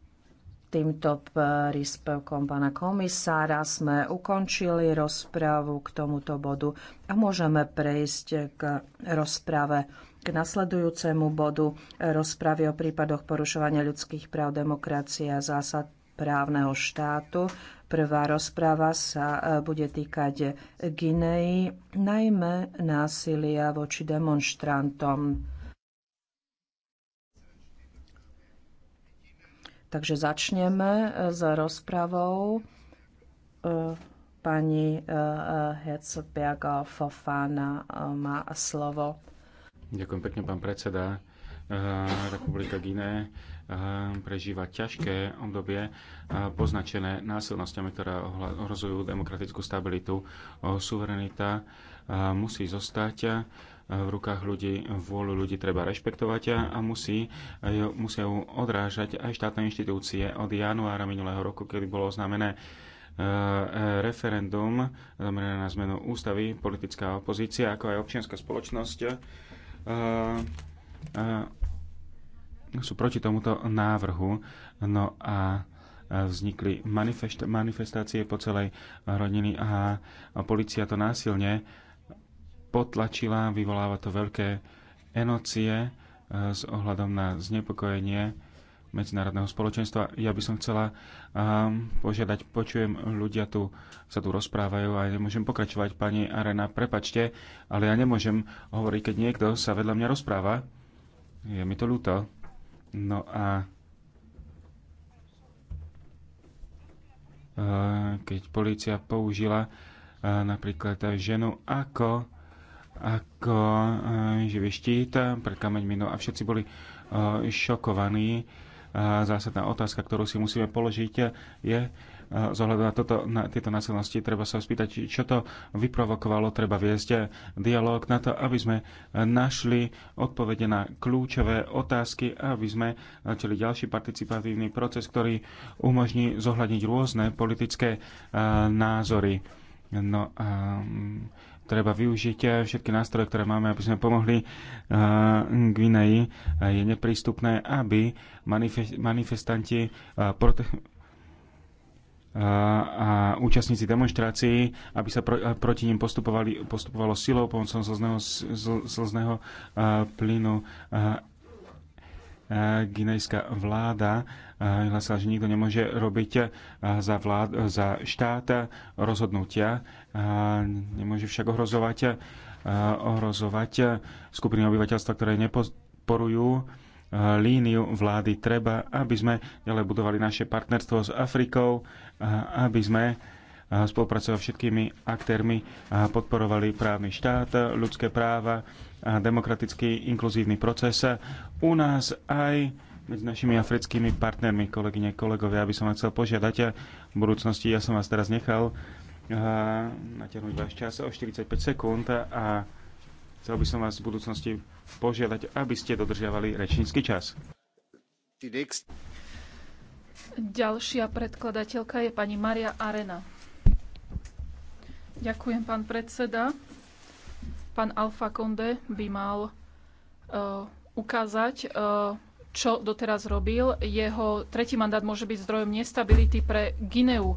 Týmto príspevkom pána komisára sme ukončili rozprávu k tomuto bodu a môžeme prejsť k rozprave k nasledujúcemu bodu rozpravy o prípadoch porušovania ľudských práv, demokracie a zásad právneho štátu. Prvá rozpráva sa e, bude týkať Gineji, najmä násilia voči demonstrantom. Takže začneme e, s rozpravou e, pani e, Herzberger Fofana má slovo. Ďakujem pekne, pán predseda. Republika Guinea prežíva ťažké obdobie poznačené násilnosťami, ktoré ohrozujú demokratickú stabilitu. Suverenita musí zostať v rukách ľudí, vôľu ľudí treba rešpektovať a musí, e, musia ju odrážať aj štátne inštitúcie. Od januára minulého roku, kedy bolo oznámené e, e, referendum zamerané na zmenu ústavy, politická opozícia, ako aj občianská spoločnosť sú proti tomuto návrhu. No a vznikli manifest, manifestácie po celej rodiny a policia to násilne potlačila, vyvoláva to veľké enocie e, s ohľadom na znepokojenie medzinárodného spoločenstva. Ja by som chcela um, požiadať, počujem, ľudia tu sa tu rozprávajú a nemôžem pokračovať, pani Arena, prepačte, ale ja nemôžem hovoriť, keď niekto sa vedľa mňa rozpráva. Je mi to ľúto. No a e, keď policia použila e, napríklad ženu ako ako eh, živý štít pred kameň minul a všetci boli eh, šokovaní. Zásadná otázka, ktorú si musíme položiť, je eh, zohľadom na, toto, na tieto násilnosti, treba sa spýtať, čo to vyprovokovalo, treba viesť dialog na to, aby sme našli odpovede na kľúčové otázky a aby sme začali ďalší participatívny proces, ktorý umožní zohľadniť rôzne politické názory. No a mm, treba využiť eh, všetky nástroje, ktoré máme, aby sme pomohli eh, Gvineji. Je neprístupné, aby manifestanti eh, a účastníci demonstrácií, aby sa pro, proti ním postupovali, postupovalo silou pomocou slzného, slzného plynu. Ginejská vláda hlasil, že nikto nemôže robiť eh, za, vlád, eh, za štát eh, rozhodnutia, nemôže však ohrozovať, ohrozovať skupiny obyvateľstva, ktoré neporujú líniu vlády. Treba, aby sme ďalej budovali naše partnerstvo s Afrikou, aby sme spolupracovali všetkými aktérmi a podporovali právny štát, ľudské práva, a demokratický inkluzívny proces. U nás aj medzi našimi africkými partnermi, kolegyne, kolegovia, aby som vás chcel požiadať a v budúcnosti ja som vás teraz nechal uh, natiahnuť váš čas o 45 sekúnd a chcel by som vás v budúcnosti požiadať, aby ste dodržiavali rečnícky čas. Ďalšia predkladateľka je pani Maria Arena. Ďakujem, pán predseda. Pán Alfa Konde by mal uh, ukázať uh, čo doteraz robil. Jeho tretí mandát môže byť zdrojom nestability pre Gineu.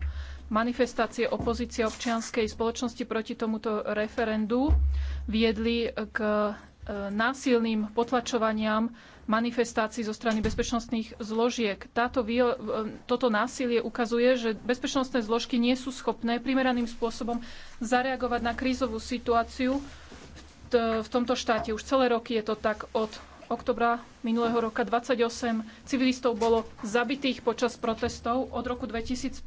Manifestácie opozície občianskej spoločnosti proti tomuto referendu viedli k e, násilným potlačovaniam manifestácií zo strany bezpečnostných zložiek. Táto, e, toto násilie ukazuje, že bezpečnostné zložky nie sú schopné primeraným spôsobom zareagovať na krízovú situáciu v tomto štáte. Už celé roky je to tak od oktobra minulého roka 28 civilistov bolo zabitých počas protestov. Od roku 2015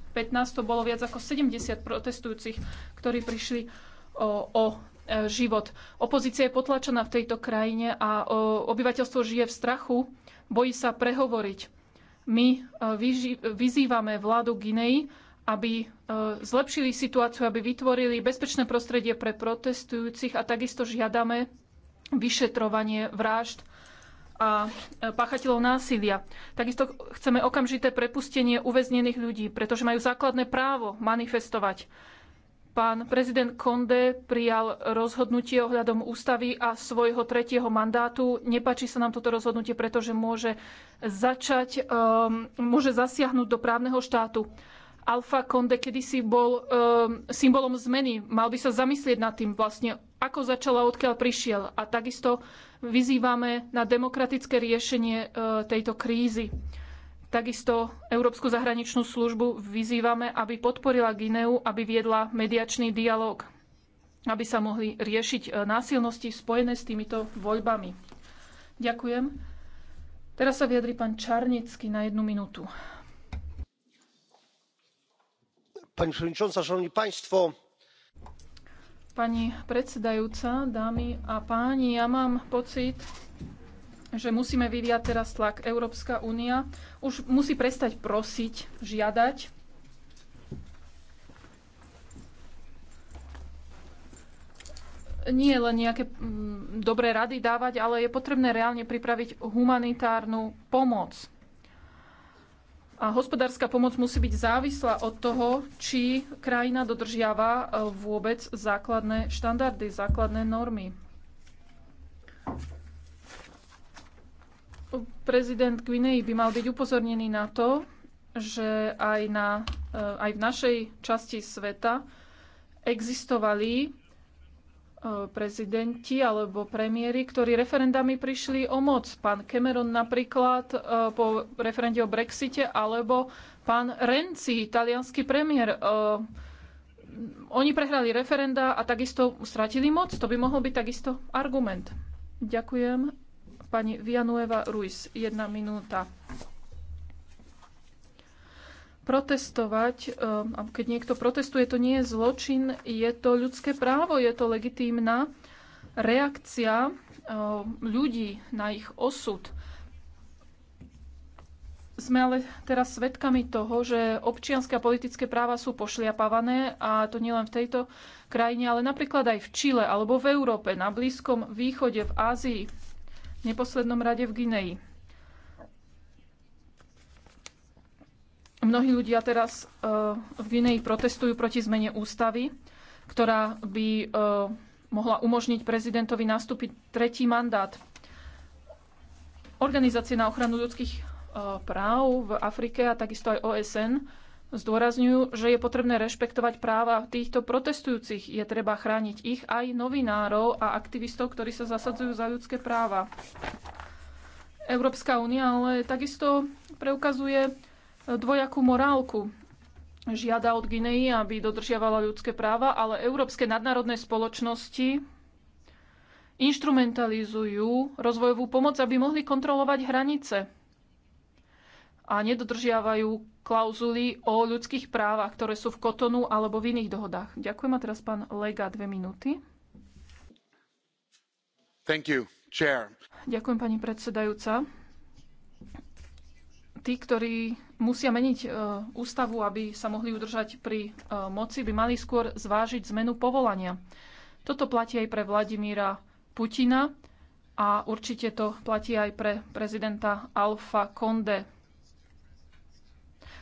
to bolo viac ako 70 protestujúcich, ktorí prišli o, o e, život. Opozícia je potlačená v tejto krajine a o, obyvateľstvo žije v strachu, bojí sa prehovoriť. My e, vyži, vyzývame vládu Gineji, aby e, zlepšili situáciu, aby vytvorili bezpečné prostredie pre protestujúcich a takisto žiadame vyšetrovanie vražd a e, páchateľov násilia. Takisto chceme okamžité prepustenie uväznených ľudí, pretože majú základné právo manifestovať. Pán prezident Konde prijal rozhodnutie ohľadom ústavy a svojho tretieho mandátu. Nepačí sa nám toto rozhodnutie, pretože môže začať, um, môže zasiahnuť do právneho štátu. Alfa Konde kedysi bol um, symbolom zmeny. Mal by sa zamyslieť nad tým vlastne, ako začal a odkiaľ prišiel. A takisto vyzývame na demokratické riešenie e, tejto krízy. Takisto Európsku zahraničnú službu vyzývame, aby podporila Gineu, aby viedla mediačný dialog, aby sa mohli riešiť e, násilnosti spojené s týmito voľbami. Ďakujem. Teraz sa vyjadri pán Čarnecký na jednu minútu. Pani predsedajúca, šanovní państwo! Pani predsedajúca, dámy a páni, ja mám pocit, že musíme vyviať teraz tlak. Európska únia už musí prestať prosiť, žiadať. Nie len nejaké mm, dobré rady dávať, ale je potrebné reálne pripraviť humanitárnu pomoc a hospodárska pomoc musí byť závislá od toho, či krajina dodržiava e, vôbec základné štandardy, základné normy. Prezident Gvineji by mal byť upozornený na to, že aj, na, e, aj v našej časti sveta existovali E, prezidenti alebo premiéry, ktorí referendami prišli o moc. Pán Cameron napríklad e, po referende o Brexite alebo pán Renzi, italianský premiér. E, oni prehrali referenda a takisto stratili moc. To by mohol byť takisto argument. Ďakujem. Pani Vianueva Ruiz, jedna minúta protestovať, eh, keď niekto protestuje, to nie je zločin, je to ľudské právo, je to legitímna reakcia eh, ľudí na ich osud. Sme ale teraz svedkami toho, že občianské a politické práva sú pošliapavané a to nielen v tejto krajine, ale napríklad aj v Čile alebo v Európe, na Blízkom východe, v Ázii, v neposlednom rade v Gineji. Mnohí ľudia teraz e, v Gvineji protestujú proti zmene ústavy, ktorá by e, mohla umožniť prezidentovi nastúpiť tretí mandát. Organizácie na ochranu ľudských e, práv v Afrike a takisto aj OSN zdôrazňujú, že je potrebné rešpektovať práva týchto protestujúcich. Je treba chrániť ich aj novinárov a aktivistov, ktorí sa zasadzujú za ľudské práva. Európska únia ale takisto preukazuje dvojakú morálku. Žiada od Gineji, aby dodržiavala ľudské práva, ale európske nadnárodné spoločnosti instrumentalizujú rozvojovú pomoc, aby mohli kontrolovať hranice a nedodržiavajú klauzuly o ľudských právach, ktoré sú v Kotonu alebo v iných dohodách. Ďakujem a teraz pán Lega dve minúty. Thank you, chair. Ďakujem pani predsedajúca tí, ktorí musia meniť e, ústavu, aby sa mohli udržať pri e, moci, by mali skôr zvážiť zmenu povolania. Toto platí aj pre Vladimíra Putina a určite to platí aj pre prezidenta Alfa Konde.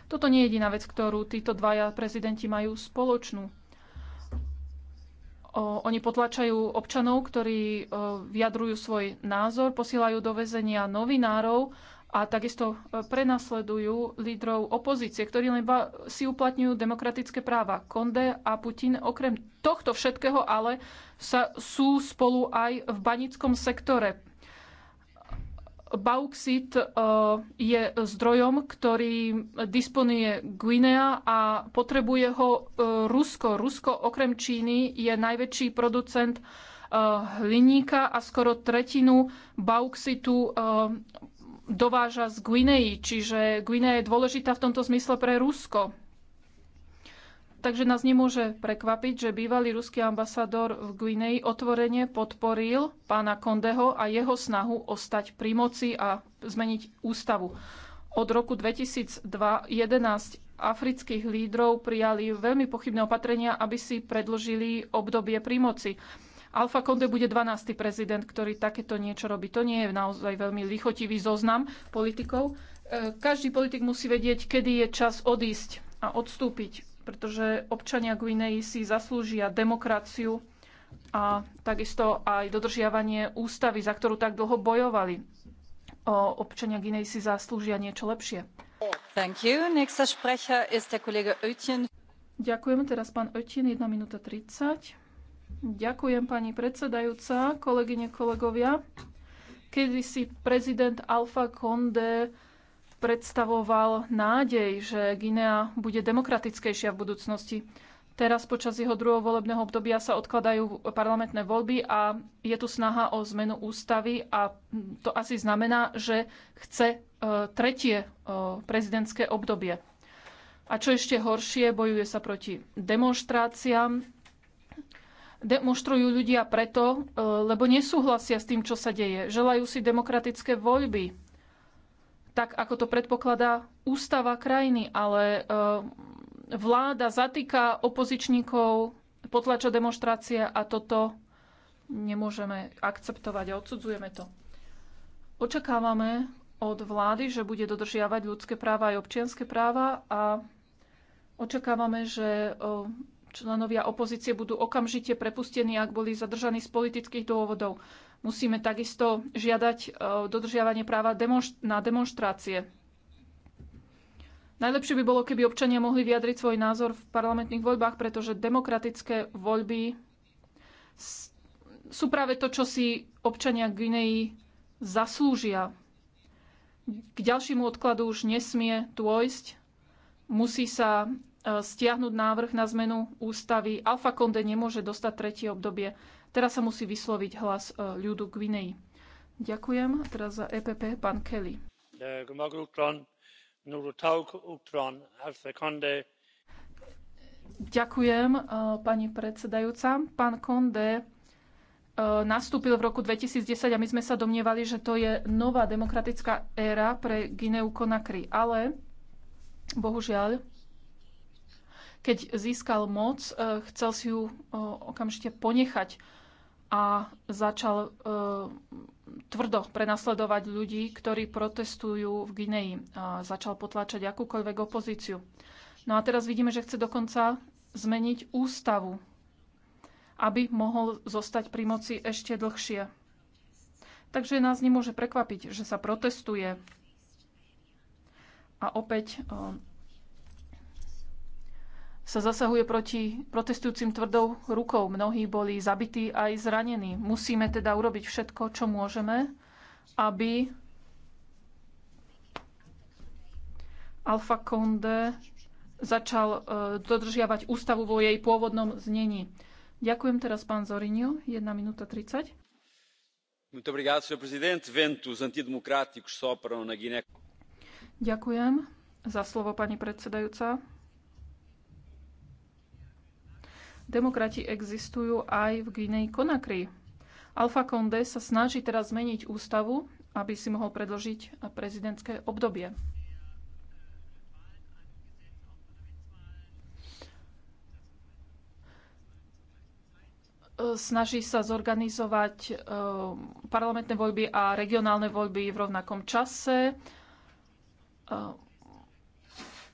Toto nie je jediná vec, ktorú títo dvaja prezidenti majú spoločnú. Oni potlačajú občanov, ktorí e, vyjadrujú svoj názor, posielajú do väzenia novinárov a takisto e, prenasledujú lídrov opozície, ktorí len si uplatňujú demokratické práva. Konde a Putin okrem tohto všetkého ale sa, sú spolu aj v banickom sektore. Bauxit e, je zdrojom, ktorý disponuje Guinea a potrebuje ho e, Rusko. Rusko okrem Číny je najväčší producent hliníka a skoro tretinu bauxitu dováža z Guinei, čiže Guinea je dôležitá v tomto zmysle pre Rusko. Takže nás nemôže prekvapiť, že bývalý ruský ambasador v Guinei otvorene podporil pána Kondeho a jeho snahu ostať pri moci a zmeniť ústavu. Od roku 2011 afrických lídrov prijali veľmi pochybné opatrenia, aby si predložili obdobie pri moci. Alfa Konde bude 12. prezident, ktorý takéto niečo robí. To nie je naozaj veľmi lichotivý zoznam politikov. E, každý politik musí vedieť, kedy je čas odísť a odstúpiť, pretože občania Guinei si zaslúžia demokraciu a takisto aj dodržiavanie ústavy, za ktorú tak dlho bojovali. O občania Guinei si zaslúžia niečo lepšie. Thank you. Next ist der Ďakujem. Teraz pán Oetjen, 1 minúta 30. Ďakujem, pani predsedajúca, kolegyne, kolegovia. Kedy si prezident Alfa Conde predstavoval nádej, že Guinea bude demokratickejšia v budúcnosti. Teraz počas jeho druhého volebného obdobia sa odkladajú parlamentné voľby a je tu snaha o zmenu ústavy a to asi znamená, že chce e, tretie e, prezidentské obdobie. A čo ešte horšie, bojuje sa proti demonstráciám, demonstrujú ľudia preto, e, lebo nesúhlasia s tým, čo sa deje. Želajú si demokratické voľby, tak ako to predpokladá ústava krajiny, ale e, vláda zatýka opozičníkov, potlača demonstrácie a toto nemôžeme akceptovať a odsudzujeme to. Očakávame od vlády, že bude dodržiavať ľudské práva aj občianské práva a očakávame, že e, Členovia opozície budú okamžite prepustení, ak boli zadržaní z politických dôvodov. Musíme takisto žiadať e, dodržiavanie práva na demonstrácie. Najlepšie by bolo, keby občania mohli vyjadriť svoj názor v parlamentných voľbách, pretože demokratické voľby sú práve to, čo si občania Guinei zaslúžia. K ďalšiemu odkladu už nesmie dôjsť. Musí sa E, stiahnuť návrh na zmenu ústavy. Alfa Konde nemôže dostať tretie obdobie. Teraz sa musí vysloviť hlas e, ľudu Gvineji. Ďakujem. Teraz za EPP pán Kelly. Ďakujem, e, pani predsedajúca. Pán Konde nastúpil v roku 2010 a my sme sa domnievali, že to je nová demokratická éra pre Gineu Konakry. Ale bohužiaľ keď získal moc, eh, chcel si ju eh, okamžite ponechať a začal eh, tvrdo prenasledovať ľudí, ktorí protestujú v Gineji. Začal potláčať akúkoľvek opozíciu. No a teraz vidíme, že chce dokonca zmeniť ústavu, aby mohol zostať pri moci ešte dlhšie. Takže nás nemôže prekvapiť, že sa protestuje. A opäť sa zasahuje proti protestujúcim tvrdou rukou. Mnohí boli zabití aj zranení. Musíme teda urobiť všetko, čo môžeme, aby Alfa Konde začal e, dodržiavať ústavu vo jej pôvodnom znení. Ďakujem teraz pán Zorinio, 1 minúta 30. Ďakujem za slovo, pani predsedajúca. Demokrati existujú aj v Guinei Konakry. Alfa Conde sa snaží teraz zmeniť ústavu, aby si mohol predložiť prezidentské obdobie. Snaží sa zorganizovať eh, parlamentné voľby a regionálne voľby v rovnakom čase eh,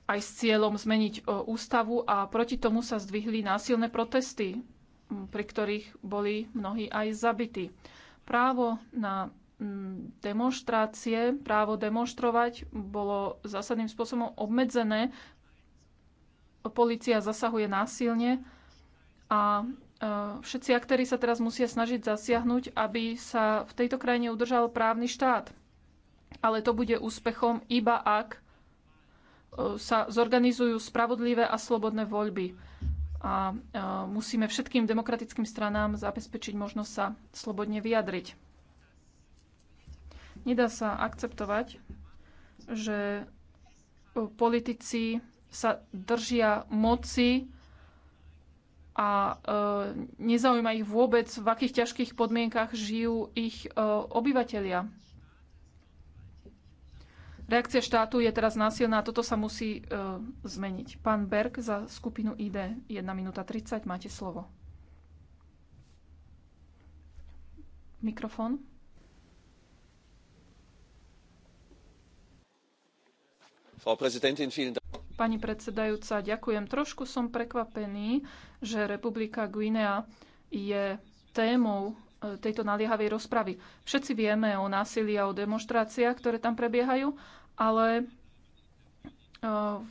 aj s cieľom zmeniť e, ústavu a proti tomu sa zdvihli násilné protesty, pri ktorých boli mnohí aj zabití. Právo na demonstrácie, právo demonstrovať bolo zásadným spôsobom obmedzené. Polícia zasahuje násilne a e, všetci aktéry sa teraz musia snažiť zasiahnuť, aby sa v tejto krajine udržal právny štát. Ale to bude úspechom iba ak sa zorganizujú spravodlivé a slobodné voľby. A e, musíme všetkým demokratickým stranám zabezpečiť možnosť sa slobodne vyjadriť. Nedá sa akceptovať, že e, politici sa držia moci a e, nezaujíma ich vôbec, v akých ťažkých podmienkach žijú ich obyvatelia. Reakcia štátu je teraz násilná a toto sa musí e, zmeniť. Pán Berg za skupinu ID 1 minúta 30, máte slovo. Mikrofón. Pani predsedajúca, ďakujem. Trošku som prekvapený, že Republika Guinea je témou e, tejto naliehavej rozpravy. Všetci vieme o násilí a o demonstráciách, ktoré tam prebiehajú, ale e,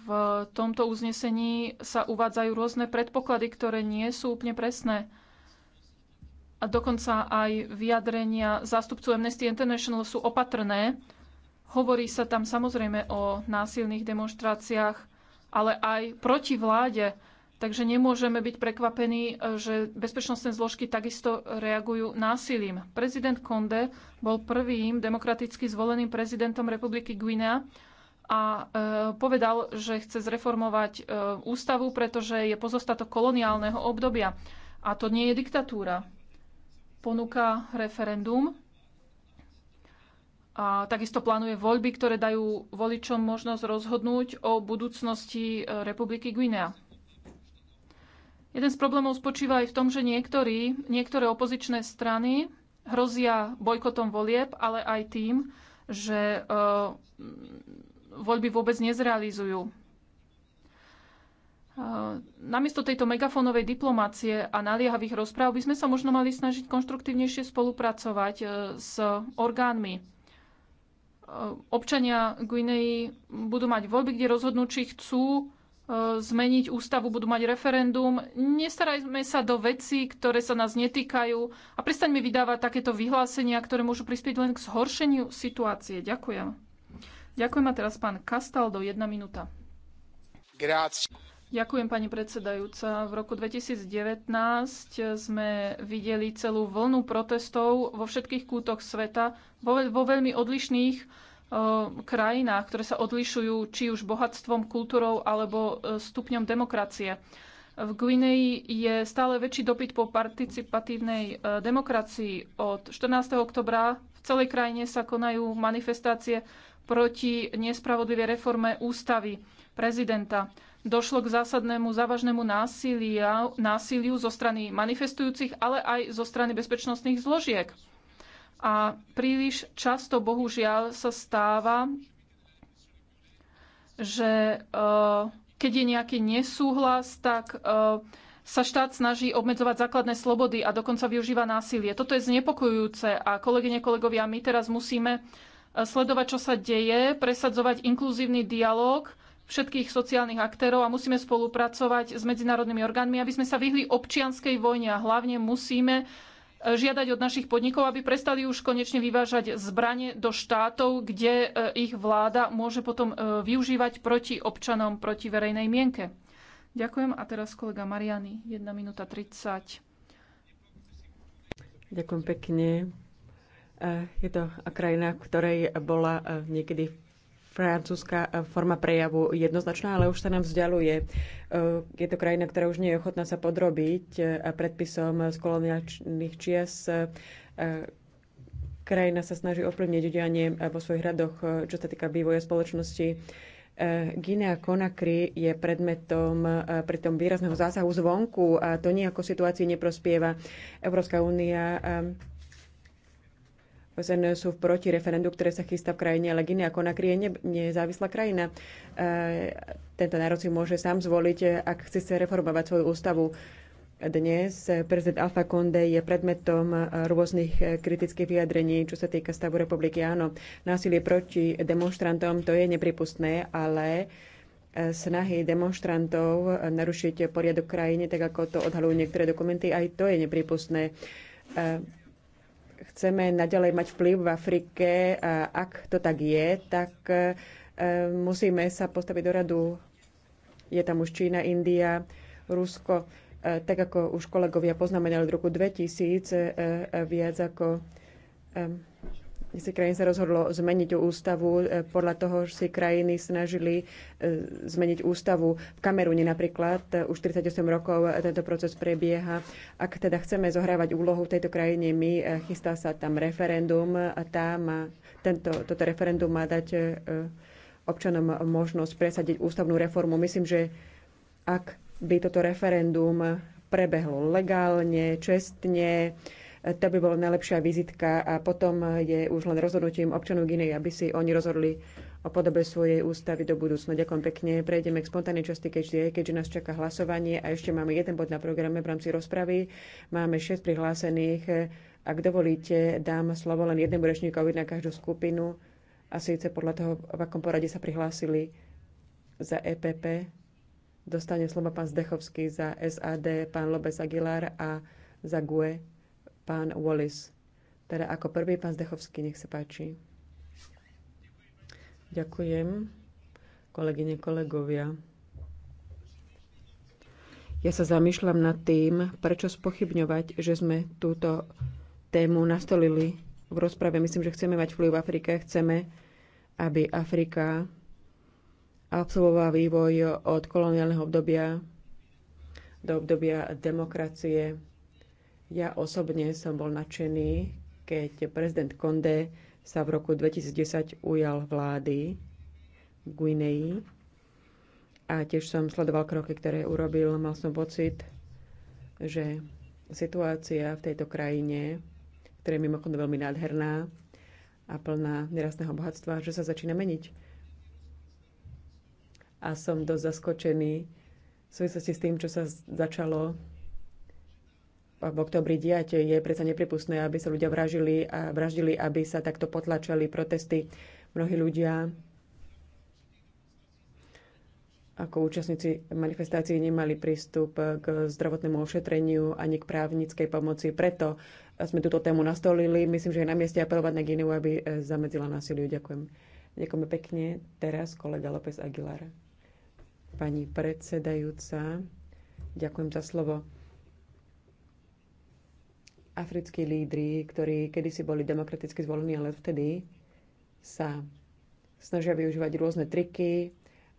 v tomto uznesení sa uvádzajú rôzne predpoklady, ktoré nie sú úplne presné. A dokonca aj vyjadrenia zástupcu Amnesty International sú opatrné. Hovorí sa tam samozrejme o násilných demonstráciách, ale aj proti vláde. Takže nemôžeme byť prekvapení, e, že bezpečnostné zložky takisto reagujú násilím. Prezident Konde bol prvým demokraticky zvoleným prezidentom Republiky Guinea a e, povedal, že chce zreformovať e, ústavu, pretože je pozostatok koloniálneho obdobia. A to nie je diktatúra. Ponúka referendum a takisto plánuje voľby, ktoré dajú voličom možnosť rozhodnúť o budúcnosti Republiky Guinea. Jeden z problémov spočíva aj v tom, že niektorí, niektoré opozičné strany hrozia bojkotom volieb, ale aj tým, že uh, voľby vôbec nezrealizujú. Uh, namiesto tejto megafónovej diplomácie a naliehavých rozpráv by sme sa možno mali snažiť konštruktívnejšie spolupracovať uh, s orgánmi. Občania Guinei budú mať voľby, kde rozhodnú, či chcú E, zmeniť ústavu, budú mať referendum. Nestarajme sa do veci, ktoré sa nás netýkajú a prestaňme vydávať takéto vyhlásenia, ktoré môžu prispieť len k zhoršeniu situácie. Ďakujem. Ďakujem a teraz pán Kastaldo, jedna minúta. Grazie. Ďakujem, pani predsedajúca. V roku 2019 sme videli celú vlnu protestov vo všetkých kútoch sveta, vo, vo veľmi odlišných Eh, krajinách, ktoré sa odlišujú či už bohatstvom, kultúrou alebo eh, stupňom demokracie. V Guineji je stále väčší dopyt po participatívnej eh, demokracii. Od 14. oktobra v celej krajine sa konajú manifestácie proti nespravodlivej reforme ústavy prezidenta. Došlo k zásadnému závažnému násilia, násiliu zo strany manifestujúcich, ale aj zo strany bezpečnostných zložiek. A príliš často, bohužiaľ, sa stáva, že eh, keď je nejaký nesúhlas, tak eh, sa štát snaží obmedzovať základné slobody a dokonca využíva násilie. Toto je znepokojujúce a kolegyne, kolegovia, my teraz musíme eh, sledovať, čo sa deje, presadzovať inkluzívny dialog všetkých sociálnych aktérov a musíme spolupracovať s medzinárodnými orgánmi, aby sme sa vyhli občianskej vojne a hlavne musíme žiadať od našich podnikov, aby prestali už konečne vyvážať zbranie do štátov, kde e, ich vláda môže potom e, využívať proti občanom, proti verejnej mienke. Ďakujem. A teraz kolega Mariany, 1 minúta 30. Ďakujem pekne. E, je to krajina, ktorej bola niekedy francúzska e, forma prejavu jednoznačná, ale už sa nám vzdialuje. E, je to krajina, ktorá už nie je ochotná sa podrobiť e, predpisom z koloniálnych čias. Krajina sa snaží ovplyvniť udianie vo svojich radoch, čo sa týka vývoja spoločnosti. Guinea Conakry je predmetom pritom výrazného zásahu zvonku a to nejako situácii neprospieva. Európska únia OSN sú v proti referendu, ktoré sa chystá v krajine, ale Ako Conakry je nezávislá krajina. E, tento národ si môže sám zvoliť, ak chce sa reformovať svoju ústavu. Dnes prezident Alfa Konde je predmetom rôznych kritických vyjadrení, čo sa týka stavu republiky. Áno, násilie proti demonstrantom to je nepripustné, ale snahy demonstrantov narušiť poriadok krajine, tak ako to odhalujú niektoré dokumenty, aj to je nepripustné. E, chceme naďalej mať vplyv v Afrike, a ak to tak je, tak e, musíme sa postaviť do radu. Je tam už Čína, India, Rusko. E, tak ako už kolegovia poznamenali od roku 2000, e, viac ako si krajín sa rozhodlo zmeniť ústavu. E, podľa toho si krajiny snažili e, zmeniť ústavu. V Kamerune napríklad e, už 38 rokov tento proces prebieha. Ak teda chceme zohrávať úlohu v tejto krajine, my chystá sa tam referendum a tá má, tento, toto referendum má dať občanom možnosť presadiť ústavnú reformu. Myslím, že ak by toto referendum prebehlo legálne, čestne, to by bola najlepšia vizitka a potom je už len rozhodnutím občanov Ginej, aby si oni rozhodli o podobe svojej ústavy do budúcna. Ďakujem pekne. Prejdeme k spontánnej časti keďže, keďže nás čaká hlasovanie a ešte máme jeden bod na programe v rámci rozpravy. Máme 6 prihlásených. Ak dovolíte, dám slovo len jednému rečníkovi na každú skupinu a síce podľa toho, v akom porade sa prihlásili za EPP. Dostane slovo pán Zdechovský za SAD, pán Lobes Aguilar a za GUE pán Wallis. Teda ako prvý pán Zdechovský, nech sa páči. Ďakujem, kolegyne, kolegovia. Ja sa zamýšľam nad tým, prečo spochybňovať, že sme túto tému nastolili v rozprave. Myslím, že chceme mať vplyv v Afrike, chceme, aby Afrika absolvovala vývoj od koloniálneho obdobia do obdobia demokracie. Ja osobne som bol nadšený, keď prezident Konde sa v roku 2010 ujal vlády v Guineji a tiež som sledoval kroky, ktoré urobil. Mal som pocit, že situácia v tejto krajine, ktorá je mimochodom veľmi nádherná a plná nerastného bohatstva, že sa začína meniť. A som dosť zaskočený v súvislosti s tým, čo sa začalo v oktobri diať. Je predsa nepripustné, aby sa ľudia vražili a vraždili, aby sa takto potlačali protesty. Mnohí ľudia ako účastníci manifestácií nemali prístup k zdravotnému ošetreniu ani k právnickej pomoci. Preto sme túto tému nastolili. Myslím, že je na mieste apelovať na Gineu, aby zamedzila násiliu. Ďakujem. Ďakujeme pekne. Teraz kolega López Aguilar. Pani predsedajúca, ďakujem za slovo africkí lídry, ktorí kedysi boli demokraticky zvolení, ale vtedy sa snažia využívať rôzne triky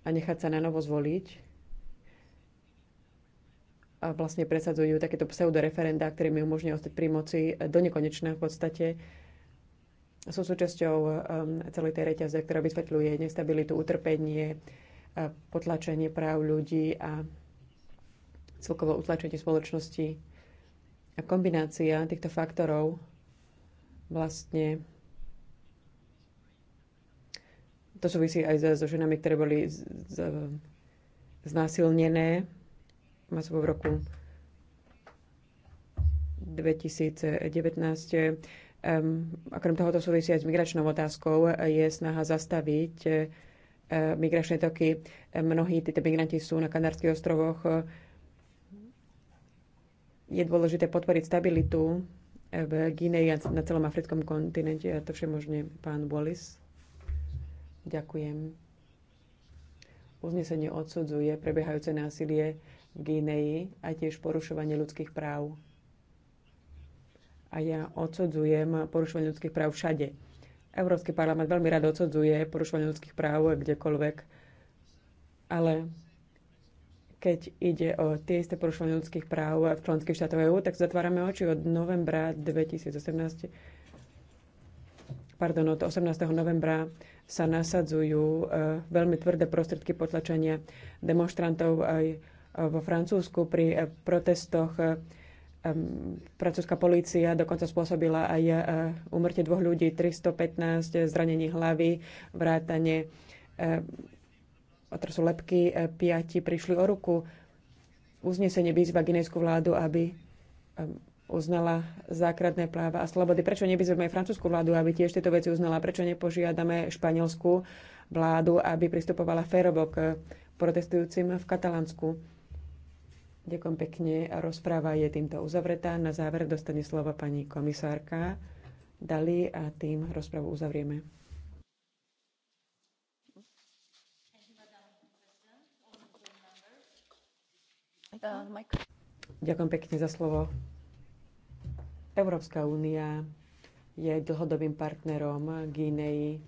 a nechať sa na novo zvoliť. A vlastne presadzujú takéto pseudoreferendá, ktoré mi umožňujú ostať pri moci do nekonečna v podstate. Sú súčasťou um, celej tej reťaze, ktorá vysvetľuje nestabilitu, utrpenie, potlačenie práv ľudí a celkovo utlačenie spoločnosti a kombinácia týchto faktorov vlastne to súvisí aj so ženami, ktoré boli z, z, znásilnené v roku 2019. Um, krem toho to súvisí aj s migračnou otázkou. Je snaha zastaviť uh, migračné toky. Mnohí títo migranti sú na kanárských ostrovoch. Uh, je dôležité podporiť stabilitu eh, v Gineji a na celom africkom kontinente a to všemožne pán Wallis. Ďakujem. Uznesenie odsudzuje prebiehajúce násilie v Gineji a tiež porušovanie ľudských práv. A ja odsudzujem porušovanie ľudských práv všade. Európsky parlament veľmi rád odsudzuje porušovanie ľudských práv kdekoľvek, ale keď ide o tie isté porušovanie ľudských práv v členských štátoch EÚ, tak zatvárame oči od novembra 2018 pardon, od 18. novembra sa nasadzujú e, veľmi tvrdé prostriedky potlačenia demonstrantov aj e, vo Francúzsku pri e, protestoch. Francúzska polícia dokonca spôsobila aj umrtie dvoch ľudí, 315 zranení hlavy, vrátane sú lepky, e, piati prišli o ruku. Uznesenie výzva ginejskú vládu, aby e, uznala základné práva a slobody. Prečo nevyzveme francúzskú vládu, aby tiež tieto veci uznala? Prečo nepožiadame španielskú vládu, aby pristupovala férovo k protestujúcim v Katalánsku? Ďakujem pekne. Rozpráva je týmto uzavretá. Na záver dostane slovo pani komisárka Dali a tým rozpravu uzavrieme. Ďakujem pekne za slovo. Európska únia je dlhodobým partnerom Gíneji.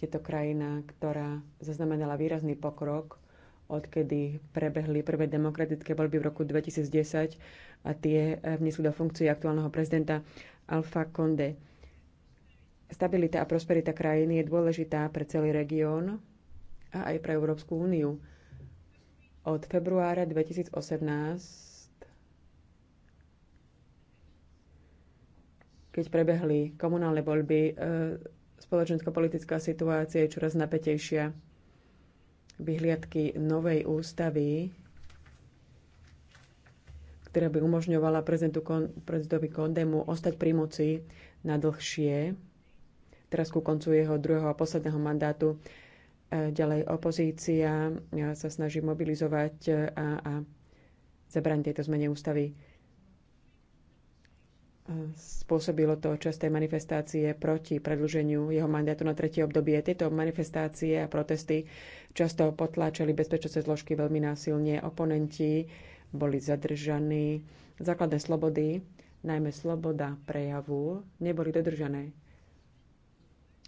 Je to krajina, ktorá zaznamenala výrazný pokrok, odkedy prebehli prvé demokratické voľby v roku 2010 a tie eh, vniesli do funkcie aktuálneho prezidenta Alfa Conde. Stabilita a prosperita krajiny je dôležitá pre celý región a aj pre Európsku úniu od februára 2018 keď prebehli komunálne voľby, e, spoločensko-politická situácia je čoraz napätejšia. Vyhliadky novej ústavy, ktorá by umožňovala prezidentu, prezidentovi Kondemu ostať pri moci na dlhšie, teraz ku koncu jeho druhého a posledného mandátu, Ďalej opozícia sa snaží mobilizovať a, a zabrániť tejto zmene ústavy. Spôsobilo to časté manifestácie proti predlženiu jeho mandátu na tretie obdobie. Tieto manifestácie a protesty často potláčali bezpečnostné zložky veľmi násilne. Oponenti boli zadržaní. Základné slobody, najmä sloboda prejavu, neboli dodržané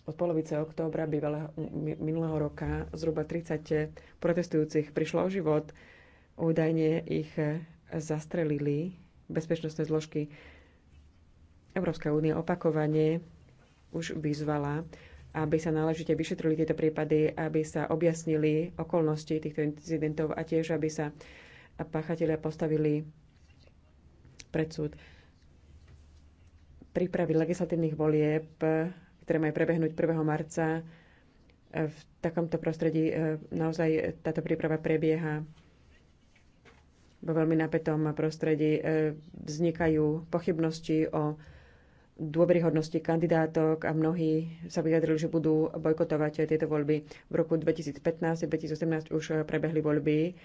od polovice októbra bývalého, minulého roka zhruba 30 protestujúcich prišlo o život. Údajne ich eh, zastrelili bezpečnostné zložky. Európska únia opakovane už vyzvala, aby sa náležite vyšetrili tieto prípady, aby sa objasnili okolnosti týchto incidentov a tiež, aby sa páchatelia postavili pred súd. Prípravy legislatívnych volieb ktoré majú prebehnúť 1. marca. V takomto prostredí e, naozaj táto príprava prebieha vo veľmi napätom prostredí. E, vznikajú pochybnosti o dôveryhodnosti kandidátok a mnohí sa vyjadrili, že budú bojkotovať tieto voľby. V roku 2015 a 2018 už prebehli voľby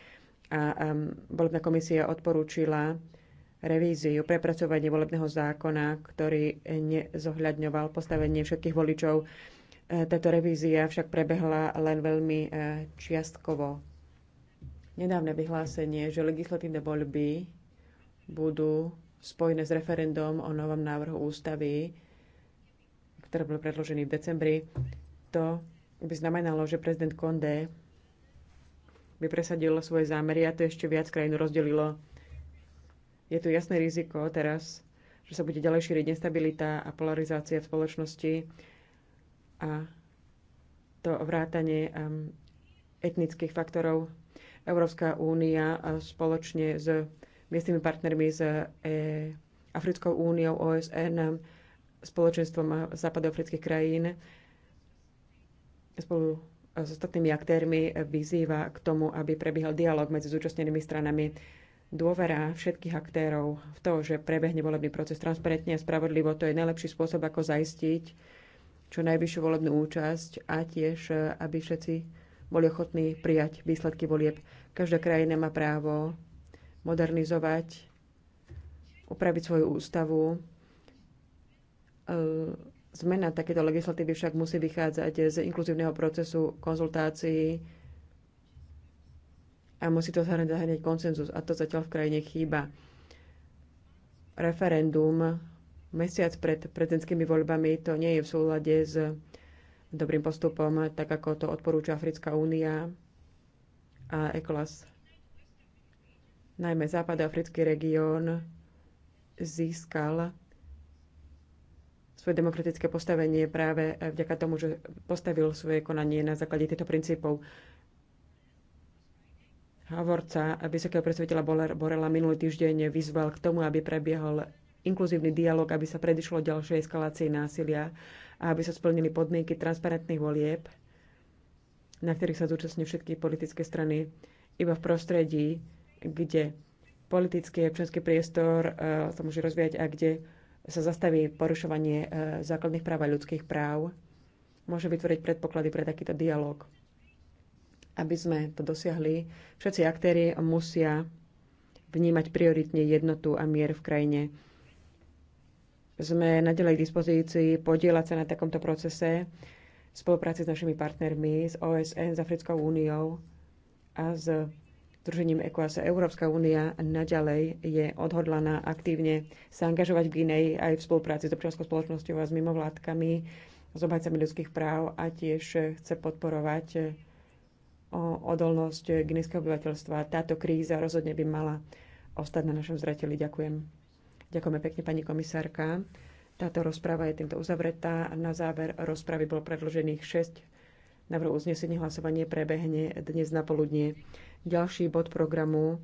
a volebná komisia odporúčila revíziu, prepracovanie volebného zákona, ktorý nezohľadňoval postavenie všetkých voličov. E, táto revízia však prebehla len veľmi e, čiastkovo. Nedávne vyhlásenie, že legislatívne voľby budú spojené s referendum o novom návrhu ústavy, ktorý bol predložený v decembri, to by znamenalo, že prezident Kondé by presadil svoje zámery a to ešte viac krajinu rozdelilo je tu jasné riziko teraz, že sa bude ďalej šíriť nestabilita a polarizácia v spoločnosti a to vrátanie um, etnických faktorov. Európska únia spoločne s miestnymi partnermi z e, Africkou úniou, OSN, spoločenstvom západoafrických krajín spolu s ostatnými aktérmi e, vyzýva k tomu, aby prebiehal dialog medzi zúčastnenými stranami dôvera všetkých aktérov v to, že prebehne volebný proces transparentne a spravodlivo, to je najlepší spôsob, ako zaistiť čo najvyššiu volebnú účasť a tiež, aby všetci boli ochotní prijať výsledky volieb. Každá krajina má právo modernizovať, upraviť svoju ústavu. Zmena takéto legislatívy však musí vychádzať z inkluzívneho procesu konzultácií a musí to zahrňať koncenzus, a to zatiaľ v krajine chýba. Referendum mesiac pred prezidentskými voľbami to nie je v súlade s dobrým postupom, tak ako to odporúča Africká únia a ECOLAS. Najmä západoafrický región získal svoje demokratické postavenie práve vďaka tomu, že postavil svoje konanie na základe týchto princípov. Hovorca vysokého predstaviteľa Borela minulý týždeň vyzval k tomu, aby prebiehol inkluzívny dialog, aby sa predišlo ďalšej eskalácii násilia a aby sa splnili podmienky transparentných volieb, na ktorých sa zúčastňujú všetky politické strany, iba v prostredí, kde politický a občanský priestor e, sa môže rozvíjať a kde sa zastaví porušovanie e, základných práv a ľudských práv, môže vytvoriť predpoklady pre takýto dialog. Aby sme to dosiahli, všetci aktéry musia vnímať prioritne jednotu a mier v krajine. Sme nadalej k dispozícii podielať sa na takomto procese v spolupráci s našimi partnermi, s OSN, s Africkou úniou a s Združením ECOAS. Európska únia naďalej je odhodlaná aktívne sa angažovať v Guinei aj v spolupráci s občianskou spoločnosťou a s mimovládkami, s obhajcami ľudských práv a tiež chce podporovať o odolnosť guinnesskeho obyvateľstva. Táto kríza rozhodne by mala ostať na našom zreteli. Ďakujem. Ďakujeme pekne, pani komisárka. Táto rozpráva je týmto uzavretá. Na záver rozpravy bolo predložených 6 návrh uznesení. Hlasovanie prebehne dnes na poludnie. Ďalší bod programu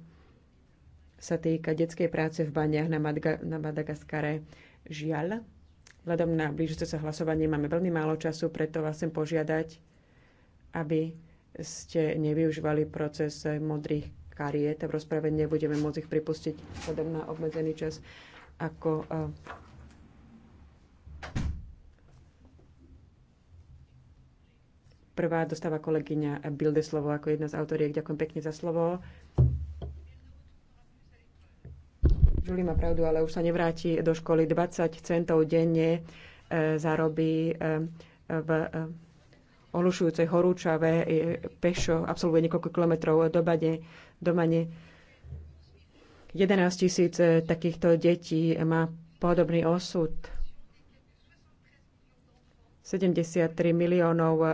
sa týka detskej práce v baniach na, Madga- na Madagaskare. Žiaľ, vzhľadom na blížiace sa hlasovanie máme veľmi málo času, preto vás chcem požiadať, aby ste nevyužívali proces modrých kariet. V rozprave nebudeme môcť ich pripustiť vzhľadom na obmedzený čas ako e, prvá dostáva kolegyňa Bilde slovo ako jedna z autoriek. Ďakujem pekne za slovo. Julie má pravdu, ale už sa nevráti do školy. 20 centov denne e, zarobí e, v ohlušujúcej horúčavé, e, pešo absolvuje niekoľko kilometrov do, bade, do Mane. 11 tisíc e, takýchto detí má podobný osud. 73 miliónov e,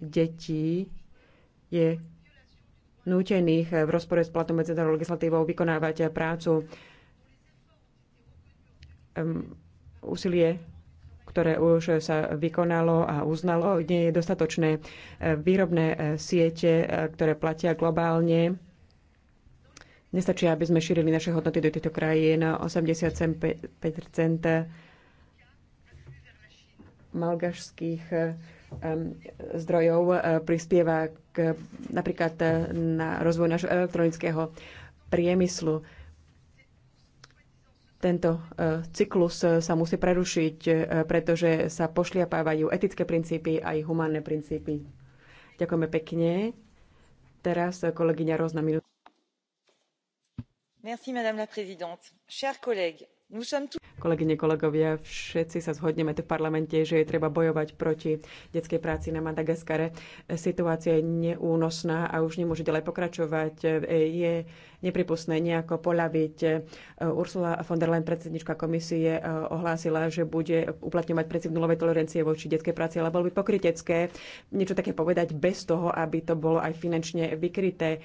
detí je nútených v rozpore s platnou medzinárodnou legislatívou vykonávať prácu. Um, úsilie ktoré už sa vykonalo a uznalo, nie je dostatočné. Výrobné siete, ktoré platia globálne, nestačí, aby sme šírili naše hodnoty do tejto krajiny na 85 malgašských zdrojov eh, prispieva k, napríklad na rozvoj našho elektronického priemyslu. Tento e, cyklus e, sa musí prerušiť, e, pretože sa pošliapávajú etické princípy a aj humánne princípy. Ďakujeme pekne. Teraz kolegyňa Rozna minútu. Merci, madame la présidente. Chers collègues, Kolegyne, kolegovia, všetci sa zhodneme tu v parlamente, že je treba bojovať proti detskej práci na Madagaskare. Situácia je neúnosná a už nemôže ďalej pokračovať. Je nepripustné nejako poľaviť. Ursula von der Leyen, predsednička komisie, ohlásila, že bude uplatňovať princíp nulovej tolerancie voči detskej práci, ale bolo by pokrytecké niečo také povedať bez toho, aby to bolo aj finančne vykryté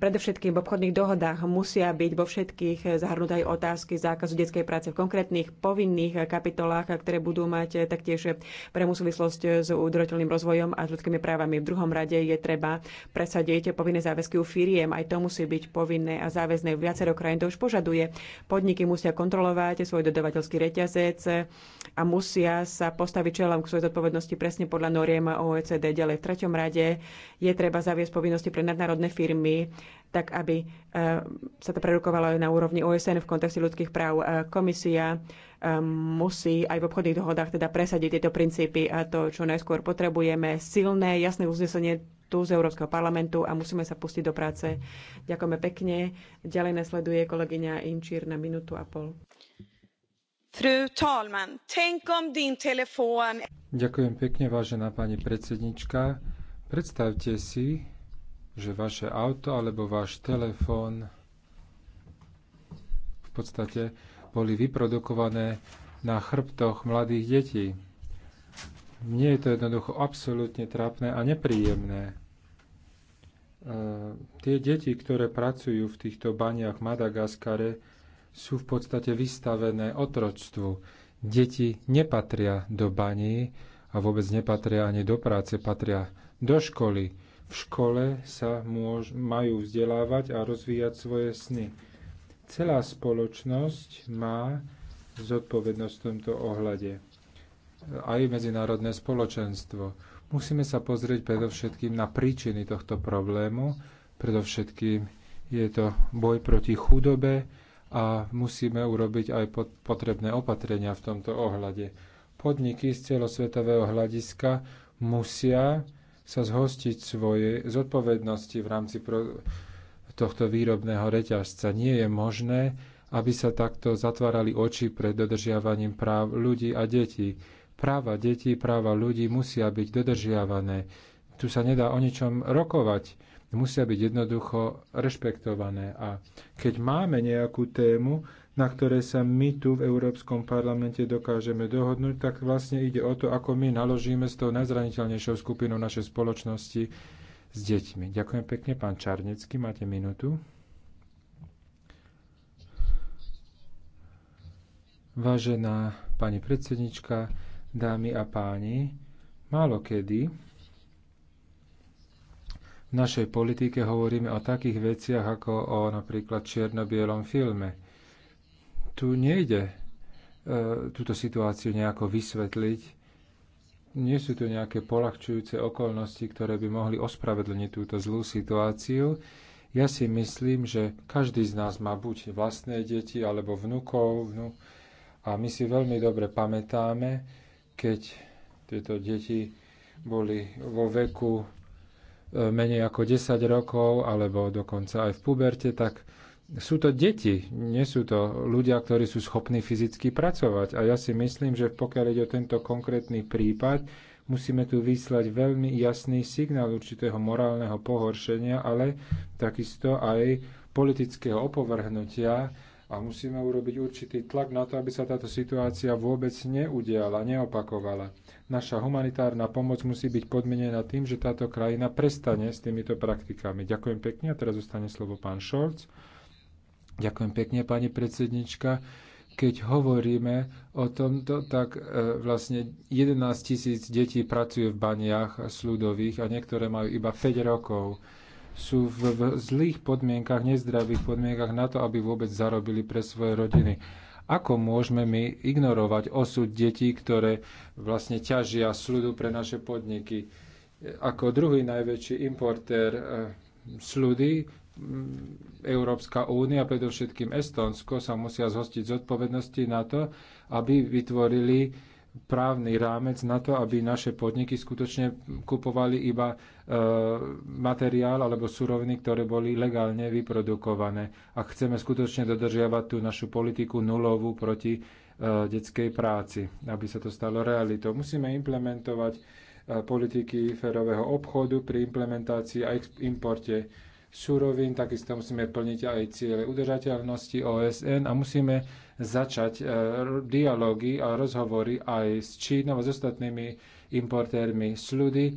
predovšetkým v obchodných dohodách musia byť vo všetkých zahrnuté aj otázky zákazu detskej práce v konkrétnych povinných kapitolách, ktoré budú mať taktiež premú súvislosť s udržateľným rozvojom a s ľudskými právami. V druhom rade je treba presadiť povinné záväzky u firiem. Aj to musí byť povinné a záväzné. Viacero krajín to už požaduje. Podniky musia kontrolovať svoj dodavateľský reťazec a musia sa postaviť čelom k svojej zodpovednosti presne podľa noriem OECD. Ďalej v treťom rade je treba zaviesť povinnosti pre nadnárodné firmy záujmy, tak aby e, sa to prerukovalo aj na úrovni OSN v kontexte ľudských práv. E, komisia e, musí aj v obchodných dohodách teda presadiť tieto princípy a to, čo najskôr potrebujeme, silné, jasné uznesenie tu z Európskeho parlamentu a musíme sa pustiť do práce. Ďakujeme pekne. Ďalej nasleduje kolegyňa Inčír na minútu a pol. Fru talman, tänk om din telefon... Ďakujem pekne, vážená pani predsednička. Predstavte si, že vaše auto alebo váš telefón v podstate boli vyprodukované na chrbtoch mladých detí. Mne je to jednoducho absolútne trápne a nepríjemné. E, tie deti, ktoré pracujú v týchto baniach v Madagaskare, sú v podstate vystavené otroctvu. Deti nepatria do baní a vôbec nepatria ani do práce, patria do školy v škole sa môž, majú vzdelávať a rozvíjať svoje sny. Celá spoločnosť má zodpovednosť v tomto ohľade. Aj medzinárodné spoločenstvo. Musíme sa pozrieť predovšetkým na príčiny tohto problému. Predovšetkým je to boj proti chudobe a musíme urobiť aj potrebné opatrenia v tomto ohľade. Podniky z celosvetového hľadiska musia sa zhostiť svoje zodpovednosti v rámci tohto výrobného reťazca. Nie je možné, aby sa takto zatvárali oči pred dodržiavaním práv ľudí a detí. Práva detí, práva ľudí musia byť dodržiavané. Tu sa nedá o ničom rokovať. Musia byť jednoducho rešpektované. A keď máme nejakú tému, na ktoré sa my tu v Európskom parlamente dokážeme dohodnúť, tak vlastne ide o to, ako my naložíme s tou najzraniteľnejšou skupinou našej spoločnosti s deťmi. Ďakujem pekne, pán Čarnecký, máte minútu. Vážená pani predsednička, dámy a páni, málo kedy v našej politike hovoríme o takých veciach ako o napríklad čierno-bielom filme – tu nejde e, túto situáciu nejako vysvetliť. Nie sú tu nejaké polahčujúce okolnosti, ktoré by mohli ospravedlniť túto zlú situáciu. Ja si myslím, že každý z nás má buď vlastné deti alebo vnukov. Vnú... A my si veľmi dobre pamätáme, keď tieto deti boli vo veku e, menej ako 10 rokov alebo dokonca aj v puberte, tak sú to deti, nie sú to ľudia, ktorí sú schopní fyzicky pracovať. A ja si myslím, že pokiaľ ide o tento konkrétny prípad, musíme tu vyslať veľmi jasný signál určitého morálneho pohoršenia, ale takisto aj politického opovrhnutia a musíme urobiť určitý tlak na to, aby sa táto situácia vôbec neudiala, neopakovala. Naša humanitárna pomoc musí byť podmienená tým, že táto krajina prestane s týmito praktikami. Ďakujem pekne a teraz zostane slovo pán Šolc. Ďakujem pekne, pani predsednička. Keď hovoríme o tomto, tak e, vlastne 11 tisíc detí pracuje v baniach ľudových a niektoré majú iba 5 rokov. Sú v, v zlých podmienkach, nezdravých podmienkach na to, aby vôbec zarobili pre svoje rodiny ako môžeme my ignorovať osud detí, ktoré vlastne ťažia sludu pre naše podniky. E, ako druhý najväčší importér e, sludy Európska únia, predovšetkým Estónsko, sa musia zhostiť zodpovednosti na to, aby vytvorili právny rámec na to, aby naše podniky skutočne kupovali iba e, materiál alebo suroviny, ktoré boli legálne vyprodukované. a chceme skutočne dodržiavať tú našu politiku nulovú proti e, detskej práci, aby sa to stalo realitou. Musíme implementovať e, politiky férového obchodu pri implementácii a importe surovín, takisto musíme plniť aj ciele udržateľnosti OSN a musíme začať e, dialógy a rozhovory aj s Čínou a s ostatnými importérmi sludy e,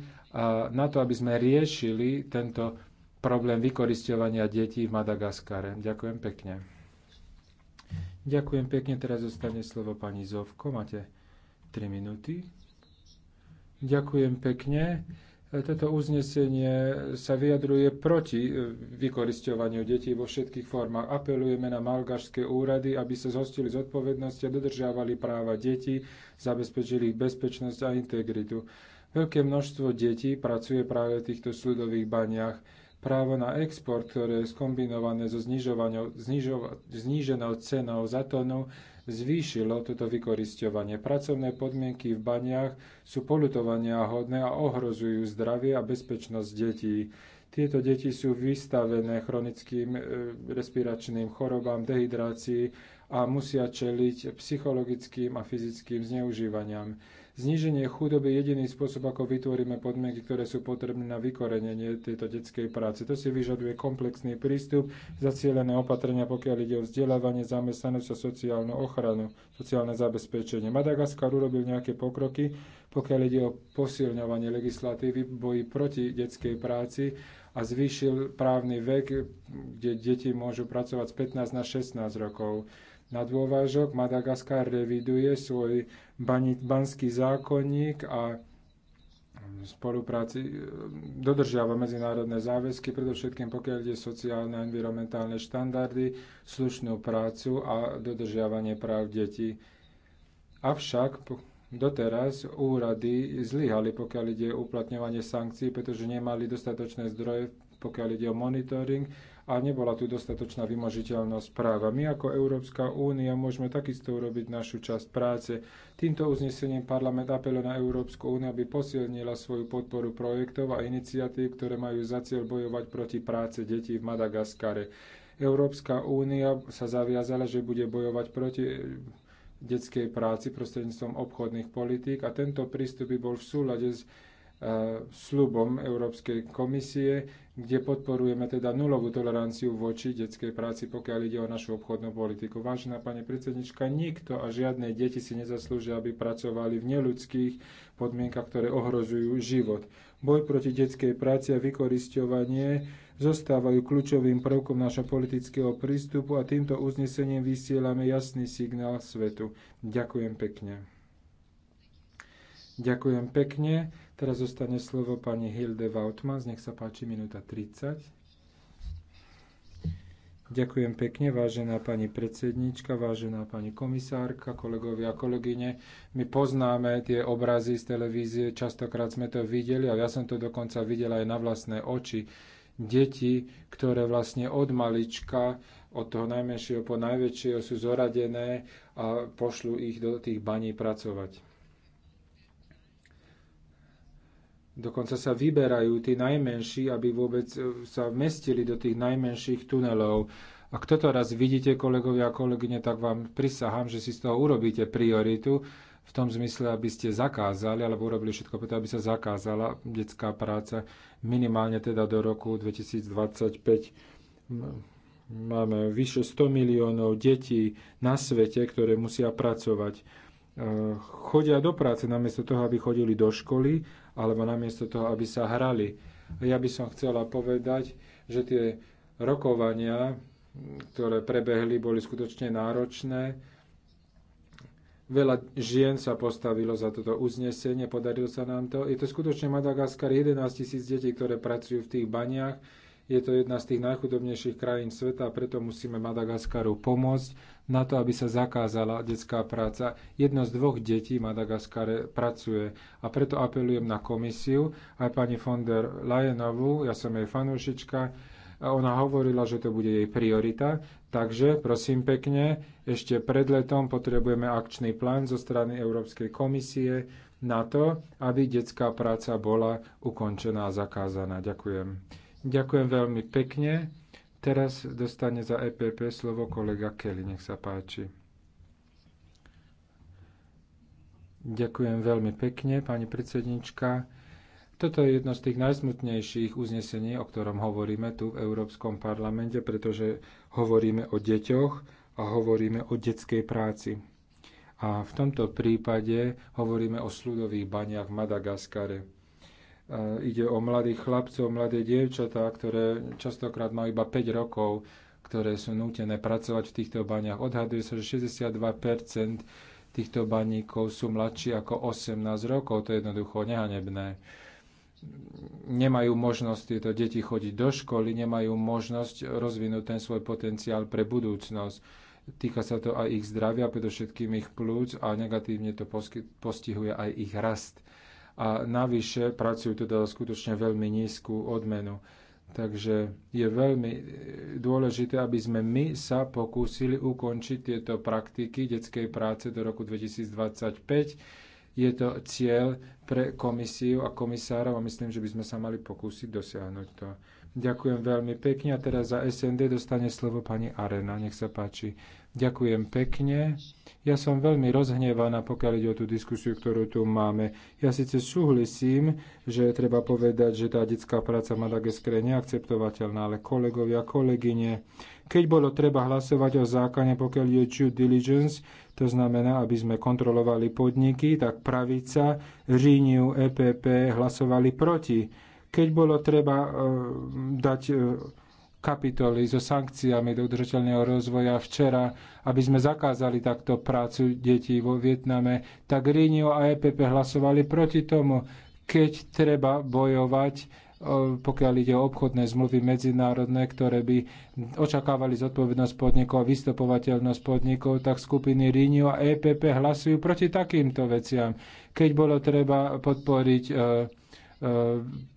na to, aby sme riešili tento problém vykoristovania detí v Madagaskare. Ďakujem pekne. Ďakujem pekne. Teraz zostane slovo pani Zovko. Máte 3 minúty. Ďakujem pekne. Toto uznesenie sa vyjadruje proti e, vykoristovaniu detí vo všetkých formách. Apelujeme na malgašské úrady, aby sa zhostili zodpovednosti a dodržiavali práva detí, zabezpečili ich bezpečnosť a integritu. Veľké množstvo detí pracuje práve v týchto súdových baniach. Právo na export, ktoré je skombinované so znižovanou, znižo, zníženou cenou za tonu, zvýšilo toto vykorisťovanie. Pracovné podmienky v baniach sú polutovania hodné a ohrozujú zdravie a bezpečnosť detí. Tieto deti sú vystavené chronickým e, respiračným chorobám, dehydrácii a musia čeliť psychologickým a fyzickým zneužívaniam. Zníženie chudoby je jediný spôsob, ako vytvoríme podmienky, ktoré sú potrebné na vykorenenie tejto detskej práce. To si vyžaduje komplexný prístup, zacielené opatrenia, pokiaľ ide o vzdelávanie, zamestnanosť a sociálnu ochranu, sociálne zabezpečenie. Madagaskar urobil nejaké pokroky, pokiaľ ide o posilňovanie legislatívy boji proti detskej práci a zvýšil právny vek, kde deti môžu pracovať z 15 na 16 rokov. Na dôvážok Madagaskar reviduje svoj banský zákonník a v spolupráci e, dodržiava medzinárodné záväzky, predovšetkým pokiaľ ide sociálne a environmentálne štandardy, slušnú prácu a dodržiavanie práv detí. Avšak doteraz úrady zlyhali, pokiaľ ide o uplatňovanie sankcií, pretože nemali dostatočné zdroje, pokiaľ ide o monitoring, a nebola tu dostatočná vymožiteľnosť práva. My ako Európska únia môžeme takisto urobiť našu časť práce. Týmto uznesením parlament apeluje na Európsku úniu, aby posilnila svoju podporu projektov a iniciatív, ktoré majú za cieľ bojovať proti práce detí v Madagaskare. Európska únia sa zaviazala, že bude bojovať proti eh, detskej práci prostredníctvom obchodných politík a tento prístup by bol v súlade s eh, slubom Európskej komisie, kde podporujeme teda nulovú toleranciu voči detskej práci, pokiaľ ide o našu obchodnú politiku. Vážená pani predsednička, nikto a žiadne deti si nezaslúžia, aby pracovali v neludských podmienkach, ktoré ohrozujú život. Boj proti detskej práci a vykoristovanie zostávajú kľúčovým prvkom našho politického prístupu a týmto uznesením vysielame jasný signál svetu. Ďakujem pekne. Ďakujem pekne. Teraz zostane slovo pani Hilde Vautmans, nech sa páči minúta 30. Ďakujem pekne, vážená pani predsednička, vážená pani komisárka, kolegovia a kolegyne. My poznáme tie obrazy z televízie, častokrát sme to videli a ja som to dokonca videla aj na vlastné oči. Deti, ktoré vlastne od malička, od toho najmenšieho po najväčšieho sú zoradené a pošlú ich do tých baní pracovať. Dokonca sa vyberajú tí najmenší, aby vôbec e, sa vmestili do tých najmenších tunelov. A kto to raz vidíte, kolegovia a kolegyne, tak vám prisahám, že si z toho urobíte prioritu v tom zmysle, aby ste zakázali, alebo urobili všetko preto, aby sa zakázala detská práca minimálne teda do roku 2025. Máme vyše 100 miliónov detí na svete, ktoré musia pracovať. E, chodia do práce namiesto toho, aby chodili do školy alebo namiesto toho, aby sa hrali. Ja by som chcela povedať, že tie rokovania, ktoré prebehli, boli skutočne náročné. Veľa žien sa postavilo za toto uznesenie, podarilo sa nám to. Je to skutočne Madagaskar, 11 tisíc detí, ktoré pracujú v tých baniach je to jedna z tých najchudobnejších krajín sveta a preto musíme Madagaskaru pomôcť na to, aby sa zakázala detská práca. Jedno z dvoch detí v Madagaskare pracuje a preto apelujem na komisiu aj pani von der Leyenovú, ja som jej fanúšička, a ona hovorila, že to bude jej priorita. Takže prosím pekne, ešte pred letom potrebujeme akčný plán zo strany Európskej komisie na to, aby detská práca bola ukončená a zakázaná. Ďakujem. Ďakujem veľmi pekne. Teraz dostane za EPP slovo kolega Kelly. Nech sa páči. Ďakujem veľmi pekne, pani predsednička. Toto je jedno z tých najsmutnejších uznesení, o ktorom hovoríme tu v Európskom parlamente, pretože hovoríme o deťoch a hovoríme o detskej práci. A v tomto prípade hovoríme o sludových baniach v Madagaskare Ide o mladých chlapcov, mladé dievčatá, ktoré častokrát majú iba 5 rokov, ktoré sú nútené pracovať v týchto baniach. Odhaduje sa, že 62 týchto baníkov sú mladší ako 18 rokov. To je jednoducho nehanebné. Nemajú možnosť tieto deti chodiť do školy, nemajú možnosť rozvinúť ten svoj potenciál pre budúcnosť. Týka sa to aj ich zdravia, predovšetkým ich plúc a negatívne to postihuje aj ich rast a navyše pracujú teda skutočne veľmi nízku odmenu. Takže je veľmi e, dôležité, aby sme my sa pokúsili ukončiť tieto praktiky detskej práce do roku 2025. Je to cieľ pre komisiu a komisárov a myslím, že by sme sa mali pokúsiť dosiahnuť to. Ďakujem veľmi pekne. A teraz za SND dostane slovo pani Arena. Nech sa páči. Ďakujem pekne. Ja som veľmi rozhnevaná, pokiaľ ide o tú diskusiu, ktorú tu máme. Ja síce súhlasím, že treba povedať, že tá detská práca v Madagaskare je neakceptovateľná, ale kolegovia, kolegyne, keď bolo treba hlasovať o zákane, pokiaľ je due diligence, to znamená, aby sme kontrolovali podniky, tak pravica, Ríniu, EPP hlasovali proti keď bolo treba eh, dať eh, kapitoly so sankciami do udržateľného rozvoja včera, aby sme zakázali takto prácu detí vo Vietname, tak Rinio a EPP hlasovali proti tomu, keď treba bojovať eh, pokiaľ ide o obchodné zmluvy medzinárodné, ktoré by očakávali zodpovednosť podnikov a vystupovateľnosť podnikov, tak skupiny Rinio a EPP hlasujú proti takýmto veciam. Keď bolo treba podporiť E,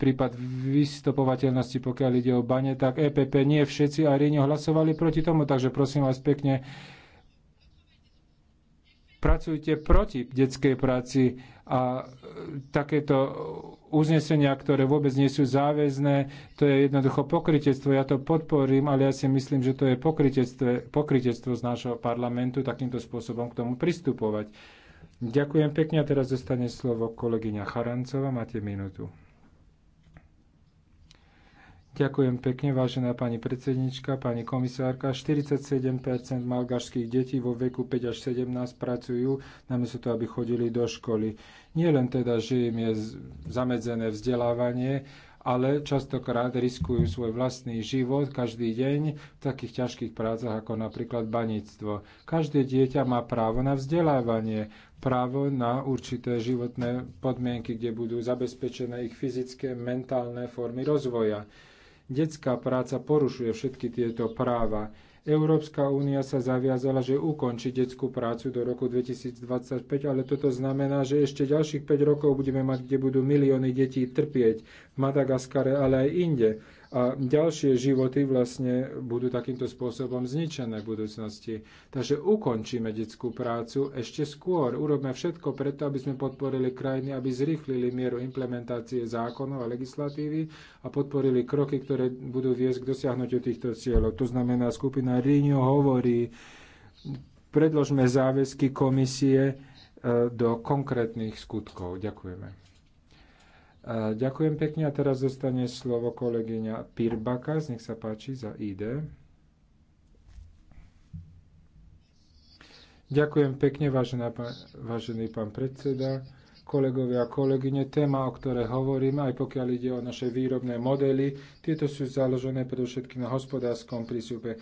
prípad vystopovateľnosti, pokiaľ ide o bane, tak EPP nie všetci a Ríňo hlasovali proti tomu, takže prosím vás pekne, pracujte proti detskej práci a e, takéto uznesenia, ktoré vôbec nie sú záväzné, to je jednoducho pokritectvo. Ja to podporím, ale ja si myslím, že to je pokritectvo, pokritectvo z nášho parlamentu takýmto spôsobom k tomu pristupovať. Ďakujem pekne a teraz dostane slovo kolegyňa Charancová. Máte minútu. Ďakujem pekne, vážená pani predsednička, pani komisárka. 47 malgašských detí vo veku 5 až 17 pracujú, namiesto toho, aby chodili do školy. Nie len teda, že im je zamedzené vzdelávanie, ale častokrát riskujú svoj vlastný život každý deň v takých ťažkých prácach ako napríklad baníctvo. Každé dieťa má právo na vzdelávanie právo na určité životné podmienky, kde budú zabezpečené ich fyzické, mentálne formy rozvoja. Detská práca porušuje všetky tieto práva. Európska únia sa zaviazala, že ukončí detskú prácu do roku 2025, ale toto znamená, že ešte ďalších 5 rokov budeme mať, kde budú milióny detí trpieť v Madagaskare, ale aj inde a ďalšie životy vlastne budú takýmto spôsobom zničené v budúcnosti. Takže ukončíme detskú prácu ešte skôr. Urobme všetko preto, aby sme podporili krajiny, aby zrýchlili mieru implementácie zákonov a legislatívy a podporili kroky, ktoré budú viesť k dosiahnutiu týchto cieľov. To znamená, skupina Ríňo hovorí, predložme záväzky komisie e, do konkrétnych skutkov. Ďakujeme ďakujem pekne a teraz zostane slovo kolegyňa z Nech sa páči za ID. Ďakujem pekne, vážená, vážený pán predseda, kolegovia a kolegyne. Téma, o ktorej hovoríme, aj pokiaľ ide o naše výrobné modely, tieto sú založené predovšetkým na hospodárskom prístupe.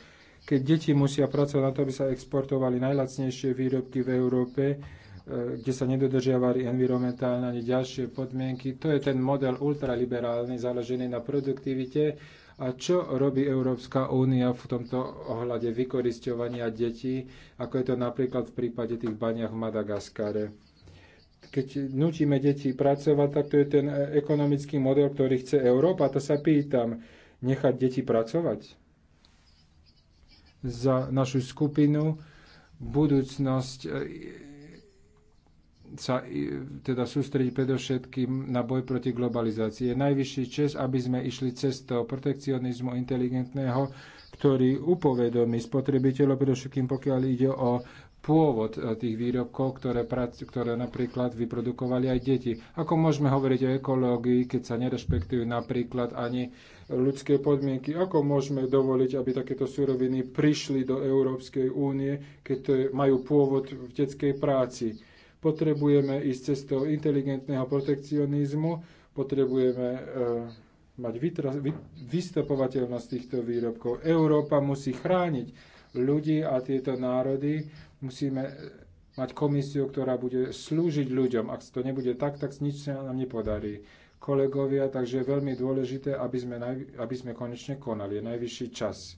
Keď deti musia pracovať na to, aby sa exportovali najlacnejšie výrobky v Európe, E, kde sa nedodržiavali environmentálne ani ďalšie podmienky. To je ten model ultraliberálny, založený na produktivite. A čo robí Európska únia v tomto ohľade vykoristovania detí, ako je to napríklad v prípade tých baniach v Madagaskare? Keď nutíme deti pracovať, tak to je ten ekonomický model, ktorý chce Európa. To sa pýtam, nechať deti pracovať? Za našu skupinu budúcnosť sa teda sústrediť predovšetkým na boj proti globalizácii. Je najvyšší čas, aby sme išli cestou protekcionizmu inteligentného, ktorý upovedomí spotrebiteľov, predovšetkým pokiaľ ide o pôvod e, tých výrobkov, ktoré, prac, ktoré napríklad vyprodukovali aj deti. Ako môžeme hovoriť o ekológii, keď sa nerespektujú napríklad ani ľudské podmienky? Ako môžeme dovoliť, aby takéto suroviny prišli do Európskej únie, keď to je, majú pôvod v detskej práci? Potrebujeme ísť cestou inteligentného protekcionizmu, potrebujeme e, mať vystopovateľnosť týchto výrobkov. Európa musí chrániť ľudí a tieto národy. Musíme e, mať komisiu, ktorá bude slúžiť ľuďom. Ak to nebude tak, tak nič sa nám nepodarí. Kolegovia, takže je veľmi dôležité, aby sme, aby sme konečne konali. Je najvyšší čas.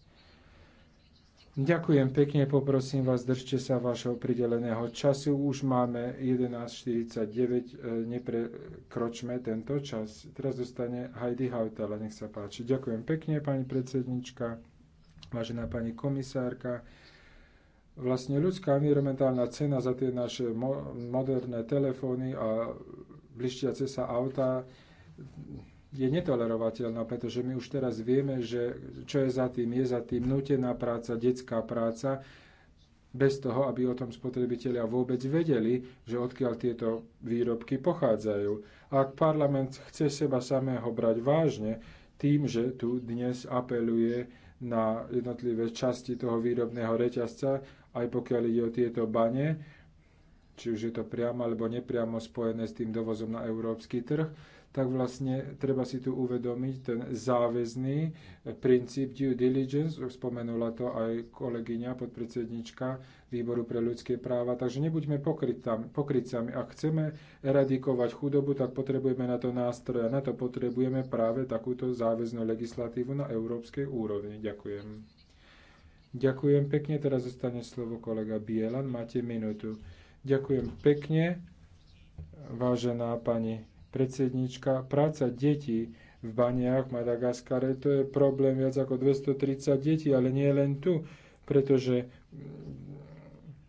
Ďakujem pekne, poprosím vás, držte sa vašho prideleného času. Už máme 11.49, e, neprekročme tento čas. Teraz dostane Heidi Hautala, nech sa páči. Ďakujem pekne, pani predsednička, vážená pani komisárka. Vlastne ľudská environmentálna cena za tie naše mo moderné telefóny a blištiace sa auta je netolerovateľná, pretože my už teraz vieme, že čo je za tým, je za tým nutená práca, detská práca, bez toho, aby o tom spotrebitelia vôbec vedeli, že odkiaľ tieto výrobky pochádzajú. Ak parlament chce seba samého brať vážne, tým, že tu dnes apeluje na jednotlivé časti toho výrobného reťazca, aj pokiaľ ide o tieto bane, či už je to priamo alebo nepriamo spojené s tým dovozom na európsky trh, tak vlastne treba si tu uvedomiť ten záväzný princíp due diligence, už spomenula to aj kolegyňa, podpredsednička Výboru pre ľudské práva, takže nebuďme pokrycami. Ak chceme eradikovať chudobu, tak potrebujeme na to nástroje, na to potrebujeme práve takúto záväznú legislatívu na európskej úrovni. Ďakujem. Ďakujem pekne, teraz zostane slovo kolega Bielan, máte minútu. Ďakujem pekne, vážená pani predsednička, práca detí v baniach v Madagaskare, to je problém viac ako 230 detí, ale nie len tu, pretože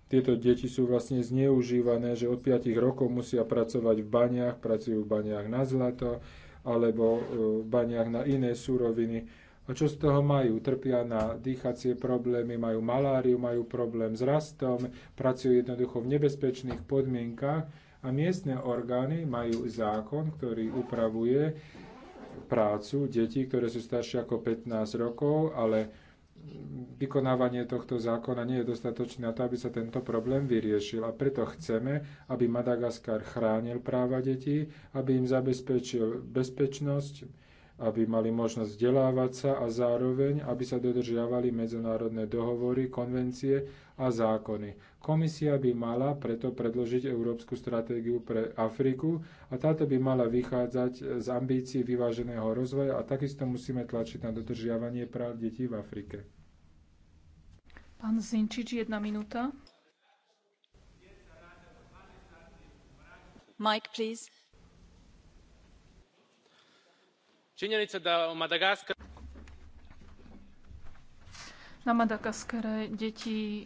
tieto deti sú vlastne zneužívané, že od 5 rokov musia pracovať v baniach, pracujú v baniach na zlato alebo e, v baniach na iné súroviny. A čo z toho majú? Trpia na dýchacie problémy, majú maláriu, majú problém s rastom, pracujú jednoducho v nebezpečných podmienkach a miestne orgány majú zákon, ktorý upravuje prácu detí, ktoré sú staršie ako 15 rokov, ale vykonávanie tohto zákona nie je dostatočné na to, aby sa tento problém vyriešil. A preto chceme, aby Madagaskar chránil práva detí, aby im zabezpečil bezpečnosť, aby mali možnosť vzdelávať sa a zároveň, aby sa dodržiavali medzinárodné dohovory, konvencie a zákony. Komisia by mala preto predložiť európsku stratégiu pre Afriku a táto by mala vychádzať z ambícií vyváženého rozvoja a takisto musíme tlačiť na dodržiavanie práv detí v Afrike. Pán Zinčič, jedna minúta. Mike, please. Činjenica da u na Madagaskare deti e,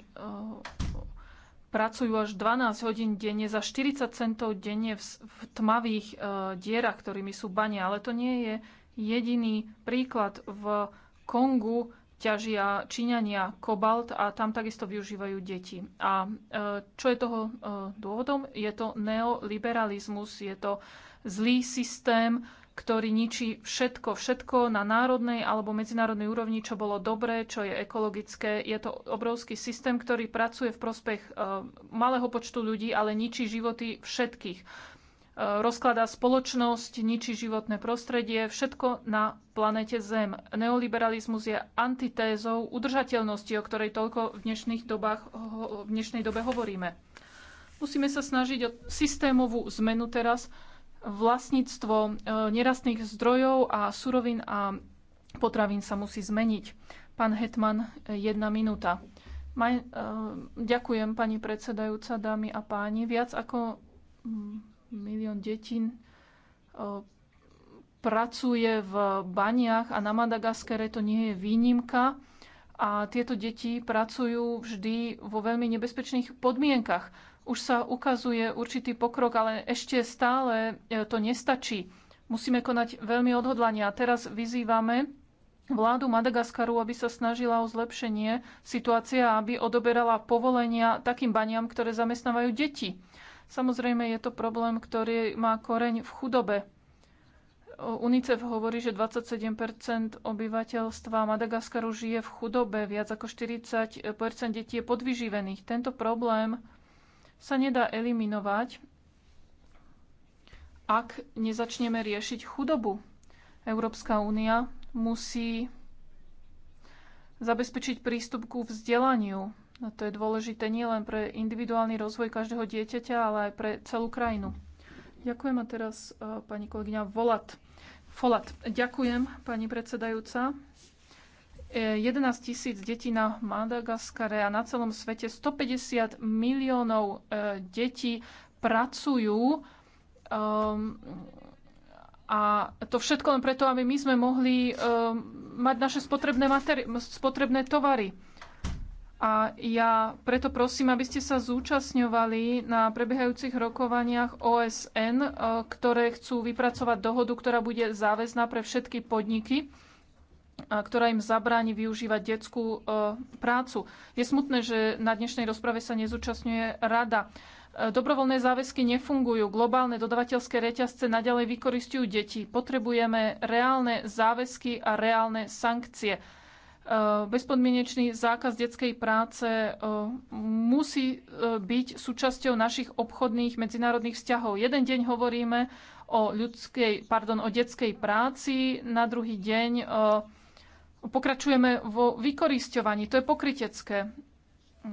pracujú až 12 hodín denne za 40 centov denne v, v tmavých e, dierach, ktorými sú bane. Ale to nie je jediný príklad. V Kongu ťažia Číňania kobalt a tam takisto využívajú deti. A e, čo je toho e, dôvodom? Je to neoliberalizmus, je to zlý systém ktorý ničí všetko, všetko na národnej alebo medzinárodnej úrovni, čo bolo dobré, čo je ekologické. Je to obrovský systém, ktorý pracuje v prospech e, malého počtu ľudí, ale ničí životy všetkých. E, rozkladá spoločnosť, ničí životné prostredie, všetko na planete Zem. Neoliberalizmus je antitézou udržateľnosti, o ktorej toľko v dnešných dobách, v dnešnej dobe hovoríme. Musíme sa snažiť o systémovú zmenu teraz, vlastníctvo e, nerastných zdrojov a surovín a potravín sa musí zmeniť. Pán Hetman, jedna minúta. Maj, e, ďakujem, pani predsedajúca, dámy a páni. Viac ako mm, milión detín e, pracuje v baniach a na Madagaskere to nie je výnimka. A tieto deti pracujú vždy vo veľmi nebezpečných podmienkach. Už sa ukazuje určitý pokrok, ale ešte stále e, to nestačí. Musíme konať veľmi odhodlania. A teraz vyzývame vládu Madagaskaru, aby sa snažila o zlepšenie situácie a aby odoberala povolenia takým baniam, ktoré zamestnávajú deti. Samozrejme je to problém, ktorý má koreň v chudobe. UNICEF hovorí, že 27 obyvateľstva Madagaskaru žije v chudobe, viac ako 40 detí je podvyživených. Tento problém sa nedá eliminovať, ak nezačneme riešiť chudobu. Európska únia musí zabezpečiť prístup ku vzdelaniu. A to je dôležité nielen pre individuálny rozvoj každého dieťaťa, ale aj pre celú krajinu. Ďakujem a teraz e, pani kolegyňa Volat. Folat. Ďakujem, pani predsedajúca. 11 tisíc detí na Madagaskare a na celom svete 150 miliónov e, detí pracujú. Um, a to všetko len preto, aby my sme mohli um, mať naše spotrebné, materi- spotrebné tovary. A ja preto prosím, aby ste sa zúčastňovali na prebiehajúcich rokovaniach OSN, e, ktoré chcú vypracovať dohodu, ktorá bude záväzná pre všetky podniky ktorá im zabráni využívať detskú e, prácu. Je smutné, že na dnešnej rozprave sa nezúčastňuje rada. E, dobrovoľné záväzky nefungujú, globálne dodavateľské reťazce nadalej vykoristujú deti. Potrebujeme reálne záväzky a reálne sankcie. E, bezpodmienečný zákaz detskej práce musí byť súčasťou našich obchodných medzinárodných vzťahov. Jeden deň hovoríme o, ľudskej, pardon, o detskej práci, na druhý deň pokračujeme vo vykoristovaní. To je pokrytecké.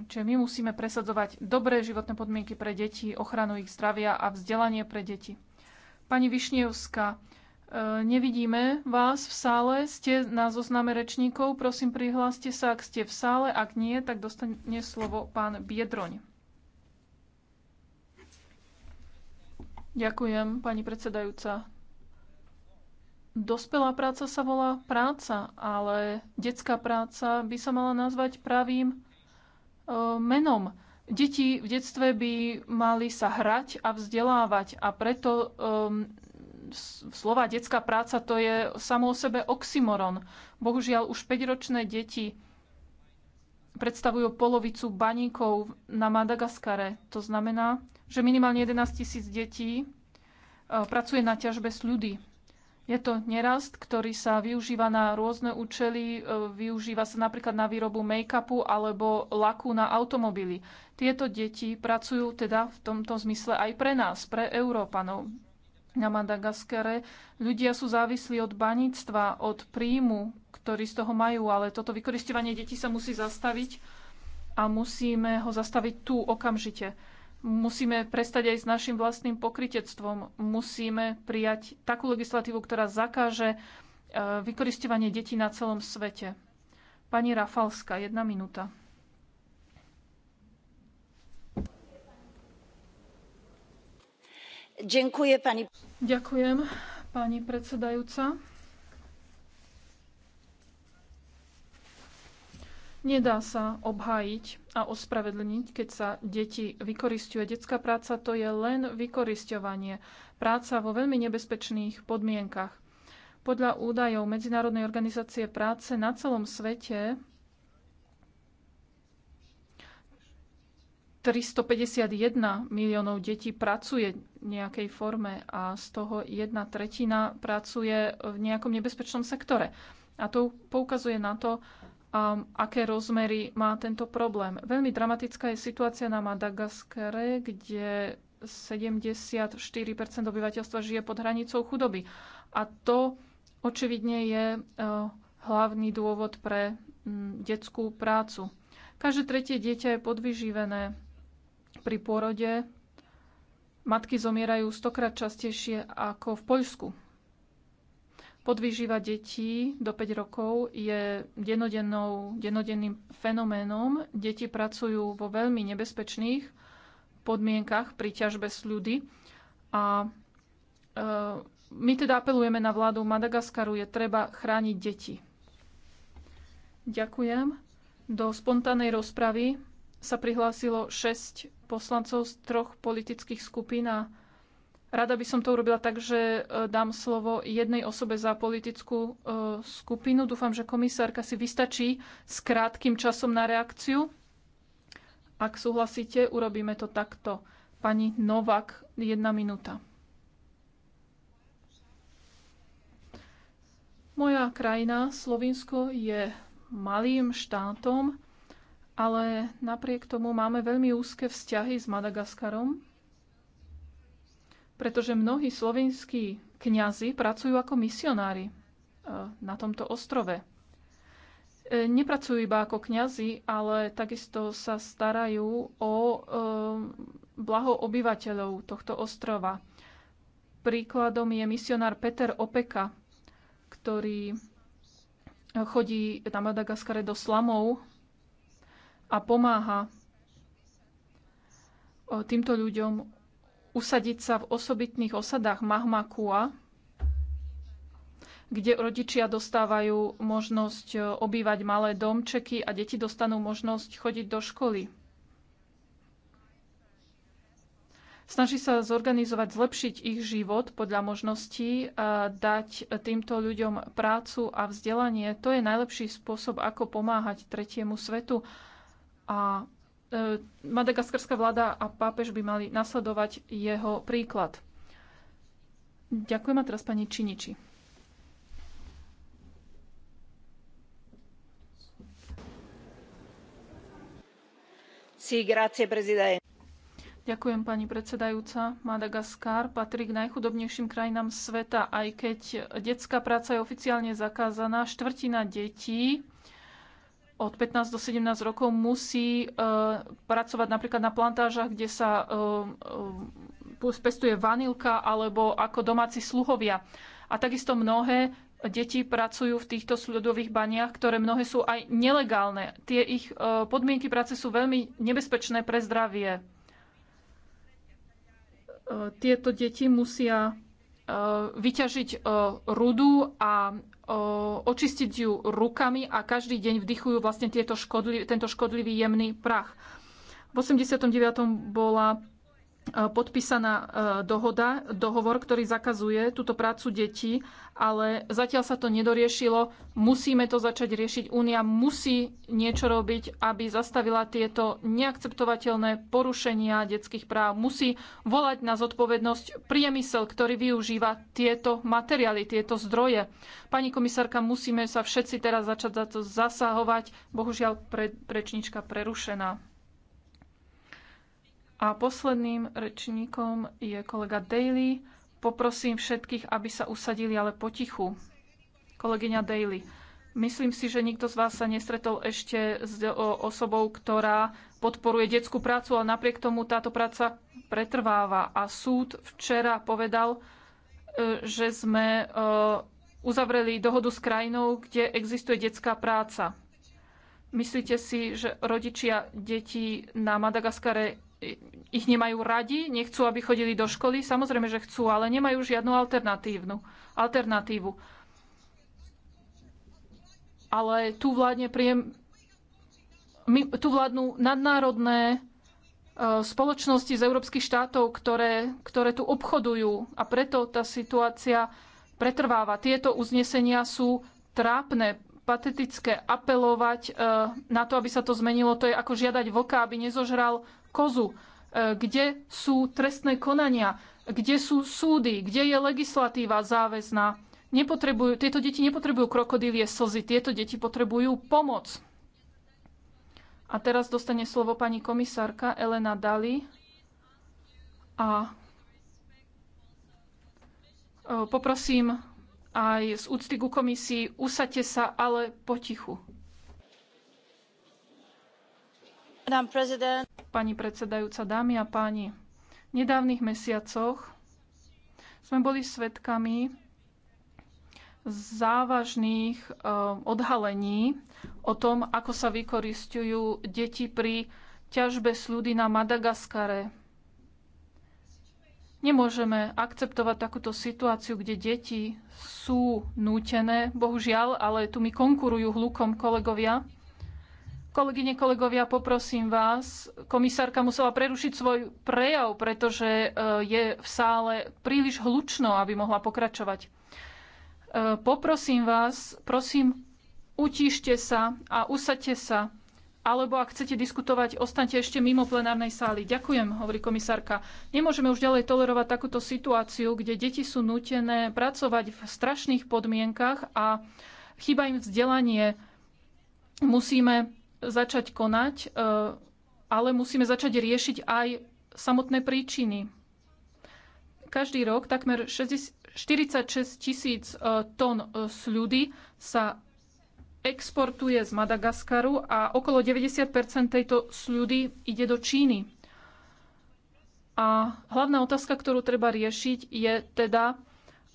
Čiže my musíme presadzovať dobré životné podmienky pre deti, ochranu ich zdravia a vzdelanie pre deti. Pani Višnievská, e, nevidíme vás v sále, ste na zozname rečníkov, prosím prihláste sa, ak ste v sále, ak nie, tak dostane slovo pán Biedroň. Ďakujem, pani predsedajúca. Dospelá práca sa volá práca, ale detská práca by sa mala nazvať pravým e, menom. Deti v detstve by mali sa hrať a vzdelávať a preto e, slova detská práca to je samo o sebe oxymoron. Bohužiaľ už 5-ročné deti predstavujú polovicu baníkov na Madagaskare. To znamená, že minimálne 11 tisíc detí e, pracuje na ťažbe s ľudí. Je to nerast, ktorý sa využíva na rôzne účely, e, využíva sa napríklad na výrobu make-upu alebo laku na automobily. Tieto deti pracujú teda v tomto zmysle aj pre nás, pre Európanov. Na Madagaskare ľudia sú závislí od baníctva, od príjmu, ktorý z toho majú, ale toto vykoristovanie detí sa musí zastaviť a musíme ho zastaviť tu okamžite. Musíme prestať aj s našim vlastným pokritectvom. Musíme prijať takú legislatívu, ktorá zakáže e, vykoristovanie detí na celom svete. Pani Rafalska, jedna minúta. Ďakujem pani... Ďakujem, pani predsedajúca. Nedá sa obhájiť a ospravedlniť, keď sa deti vykoristuje. Detská práca to je len vykoristovanie. Práca vo veľmi nebezpečných podmienkach. Podľa údajov Medzinárodnej organizácie práce na celom svete 351 miliónov detí pracuje v nejakej forme a z toho jedna tretina pracuje v nejakom nebezpečnom sektore. A to poukazuje na to, um, aké rozmery má tento problém. Veľmi dramatická je situácia na Madagaskare, kde 74 obyvateľstva žije pod hranicou chudoby. A to očividne je uh, hlavný dôvod pre um, detskú prácu. Každé tretie dieťa je podvyživené pri pôrode. Matky zomierajú stokrát častejšie ako v Poľsku. Podvýživa detí do 5 rokov je denodenným fenoménom. Deti pracujú vo veľmi nebezpečných podmienkach pri ťažbe sľudy. A e, my teda apelujeme na vládu Madagaskaru, je treba chrániť deti. Ďakujem. Do spontánnej rozpravy sa prihlásilo 6 poslancov z troch politických skupín a Rada by som to urobila tak, že e, dám slovo jednej osobe za politickú e, skupinu. Dúfam, že komisárka si vystačí s krátkým časom na reakciu. Ak súhlasíte, urobíme to takto. Pani Novak, jedna minúta. Moja krajina, Slovinsko, je malým štátom, ale napriek tomu máme veľmi úzke vzťahy s Madagaskarom, pretože mnohí slovenskí kňazi pracujú ako misionári e, na tomto ostrove. E, nepracujú iba ako kňazi, ale takisto sa starajú o e, blaho obyvateľov tohto ostrova. Príkladom je misionár Peter Opeka, ktorý chodí na Madagaskare do slamov a pomáha týmto ľuďom usadiť sa v osobitných osadách Mahmakua, kde rodičia dostávajú možnosť e, obývať malé domčeky a deti dostanú možnosť chodiť do školy. Snaží sa zorganizovať, zlepšiť ich život podľa možností, a dať týmto ľuďom prácu a vzdelanie. To je najlepší spôsob, ako pomáhať tretiemu svetu. A E, madagaskarská vláda a pápež by mali nasledovať jeho príklad. Ďakujem a teraz pani Činiči. Sí, grazie, Ďakujem, pani predsedajúca. Madagaskar patrí k najchudobnejším krajinám sveta, aj keď detská práca je oficiálne zakázaná. Štvrtina detí od 15 do 17 rokov musí eh, pracovať napríklad na plantážach, kde sa eh, eh, pestuje vanilka alebo ako domáci sluhovia. A takisto mnohé deti pracujú v týchto sľudových baniach, ktoré mnohé sú aj nelegálne. Tie ich podmienky práce sú veľmi nebezpečné pre zdravie. Tieto deti musia vyťažiť rudu a očistiť ju rukami a každý deň vdychujú vlastne tieto škodliv, tento škodlivý jemný prach. V 89. bola E, podpísaná e, dohoda, dohovor, ktorý zakazuje túto prácu detí, ale zatiaľ sa to nedoriešilo. Musíme to začať riešiť. Únia musí niečo robiť, aby zastavila tieto neakceptovateľné porušenia detských práv. Musí volať na zodpovednosť priemysel, ktorý využíva tieto materiály, tieto zdroje. Pani komisárka, musíme sa všetci teraz začať za to zasahovať. Bohužiaľ, pre, prečnička prerušená. A posledným rečníkom je kolega Daly. Poprosím všetkých, aby sa usadili, ale potichu. Kolegyňa Daly. Myslím si, že nikto z vás sa nestretol ešte s osobou, ktorá podporuje detskú prácu, ale napriek tomu táto práca pretrváva. A súd včera povedal, e, že sme e, uzavreli dohodu s krajinou, kde existuje detská práca. Myslíte si, že rodičia detí na Madagaskare ich nemajú radi, nechcú, aby chodili do školy. Samozrejme, že chcú, ale nemajú žiadnu alternatívnu, alternatívu. Ale tu vládne príjem, my, tu vládnu nadnárodné e, spoločnosti z európskych štátov, ktoré, ktoré tu obchodujú a preto tá situácia pretrváva. Tieto uznesenia sú trápne, patetické apelovať e, na to, aby sa to zmenilo. To je ako žiadať vlka, aby nezožral kozu, e, kde sú trestné konania, kde sú súdy, kde je legislatíva záväzná. Nepotrebujú, tieto deti nepotrebujú krokodílie slzy, tieto deti potrebujú pomoc. A teraz dostane slovo pani komisárka Elena Dali a e, poprosím aj z úcty ku komisii, usate sa, ale potichu pani predsedajúca, dámy a páni. V nedávnych mesiacoch sme boli svedkami závažných eh, odhalení o tom, ako sa vykoristujú deti pri ťažbe sľudy na Madagaskare. Nemôžeme akceptovať takúto situáciu, kde deti sú nútené, bohužiaľ, ale tu mi konkurujú hľukom kolegovia, Kolegyne, kolegovia, poprosím vás, komisárka musela prerušiť svoj prejav, pretože e, je v sále príliš hlučno, aby mohla pokračovať. E, poprosím vás, prosím, utíšte sa a usadte sa, alebo ak chcete diskutovať, ostaňte ešte mimo plenárnej sály. Ďakujem, hovorí komisárka. Nemôžeme už ďalej tolerovať takúto situáciu, kde deti sú nutené pracovať v strašných podmienkach a chýba im vzdelanie. Musíme začať konať, e, ale musíme začať riešiť aj samotné príčiny. Každý rok takmer 46 tisíc e, tón e, sľudy sa exportuje z Madagaskaru a okolo 90 tejto sľudy ide do Číny. A hlavná otázka, ktorú treba riešiť, je teda,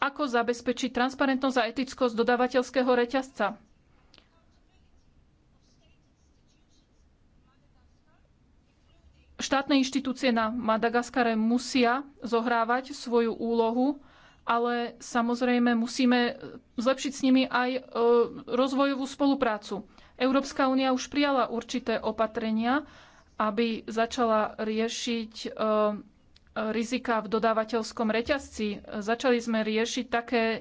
ako zabezpečiť transparentnosť a etickosť dodávateľského reťazca. Štátne inštitúcie na Madagaskare musia zohrávať svoju úlohu, ale samozrejme musíme zlepšiť s nimi aj e, rozvojovú spoluprácu. Európska únia už prijala určité opatrenia, aby začala riešiť e, rizika v dodávateľskom reťazci. Začali sme riešiť také e,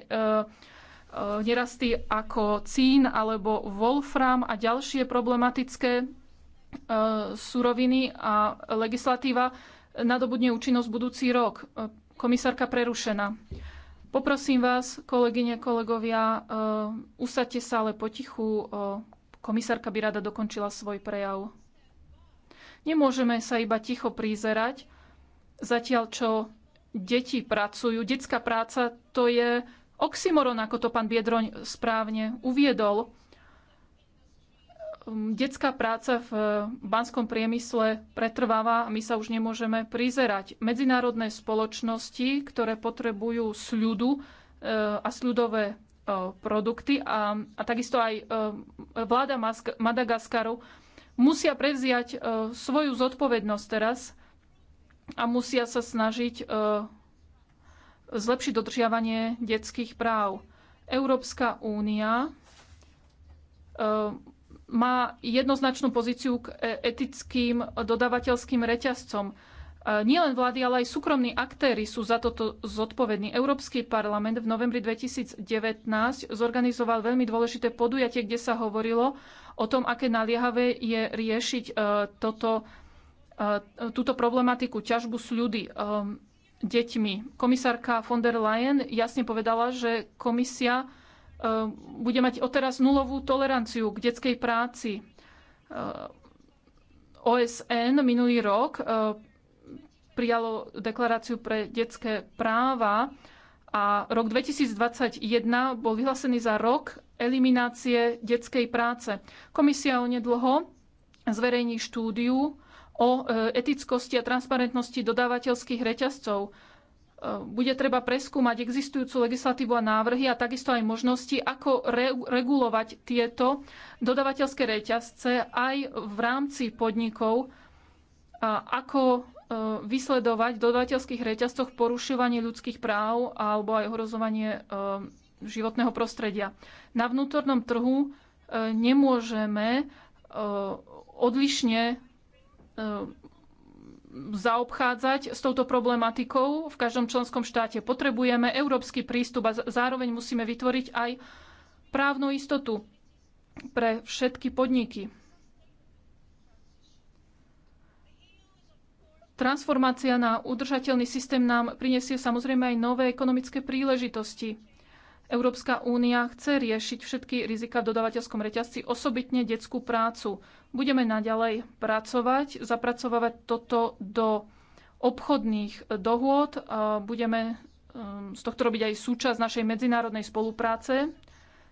nerasty ako cín alebo wolfram a ďalšie problematické E, suroviny a legislatíva nadobudne účinnosť budúci rok. E, komisárka prerušená. Poprosím vás, kolegyne, kolegovia, e, usadte sa ale potichu. Komisárka by rada dokončila svoj prejav. Nemôžeme sa iba ticho prízerať, zatiaľ čo deti pracujú. Detská práca to je oxymoron, ako to pán Biedroň správne uviedol. Hm, detská práca v eh, banskom priemysle pretrváva a my sa už nemôžeme prizerať. Medzinárodné spoločnosti, ktoré potrebujú sľudu eh, a sľudové eh, produkty a, a takisto aj vláda Madagaskaru musia prevziať svoju zodpovednosť teraz a musia sa snažiť zlepšiť dodržiavanie detských práv. Európska únia má jednoznačnú pozíciu k e, etickým dodávateľským reťazcom. E, nielen vlády, ale aj súkromní aktéry sú za toto zodpovední. Európsky parlament v novembri 2019 zorganizoval veľmi dôležité podujatie, kde sa hovorilo o tom, aké naliehavé je riešiť e, toto, túto problematiku, ťažbu s ľudí, deťmi. Komisárka von der Leyen jasne povedala, že komisia Ehm, bude mať odteraz nulovú toleranciu k detskej práci. Ehm, OSN minulý rok ehm, prijalo deklaráciu pre detské práva a rok 2021 bol vyhlásený za rok eliminácie detskej práce. Komisia onedlho zverejní štúdiu o etickosti a transparentnosti dodávateľských reťazcov. E, bude treba preskúmať existujúcu legislatívu a návrhy a takisto aj možnosti, ako re- regulovať tieto dodavateľské reťazce aj v rámci podnikov, a ako e, vysledovať v dodavateľských reťazcoch porušovanie ľudských práv alebo aj ohrozovanie e, životného prostredia. Na vnútornom trhu nemôžeme odlišne zaobchádzať s touto problematikou. V každom členskom štáte potrebujeme európsky prístup a zároveň musíme vytvoriť aj právnu istotu pre všetky podniky. Transformácia na udržateľný systém nám prinesie samozrejme aj nové ekonomické príležitosti. Európska únia chce riešiť všetky rizika v dodavateľskom reťazci, osobitne detskú prácu. Budeme naďalej pracovať, zapracovávať toto do obchodných dohôd. Budeme um, z tohto robiť aj súčasť našej medzinárodnej spolupráce,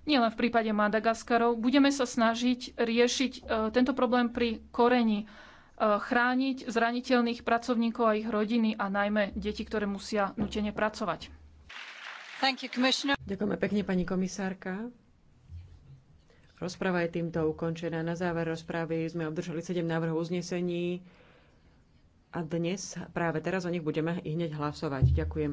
nielen v prípade Madagaskarov. Budeme sa snažiť riešiť e, tento problém pri koreni, e, chrániť zraniteľných pracovníkov a ich rodiny a najmä deti, ktoré musia nutene pracovať. Ďakujeme pekne, pani komisárka. Rozprava je týmto ukončená. Na záver rozpravy sme obdržali 7 návrhov uznesení a dnes, práve teraz o nich budeme i hneď hlasovať. Ďakujem.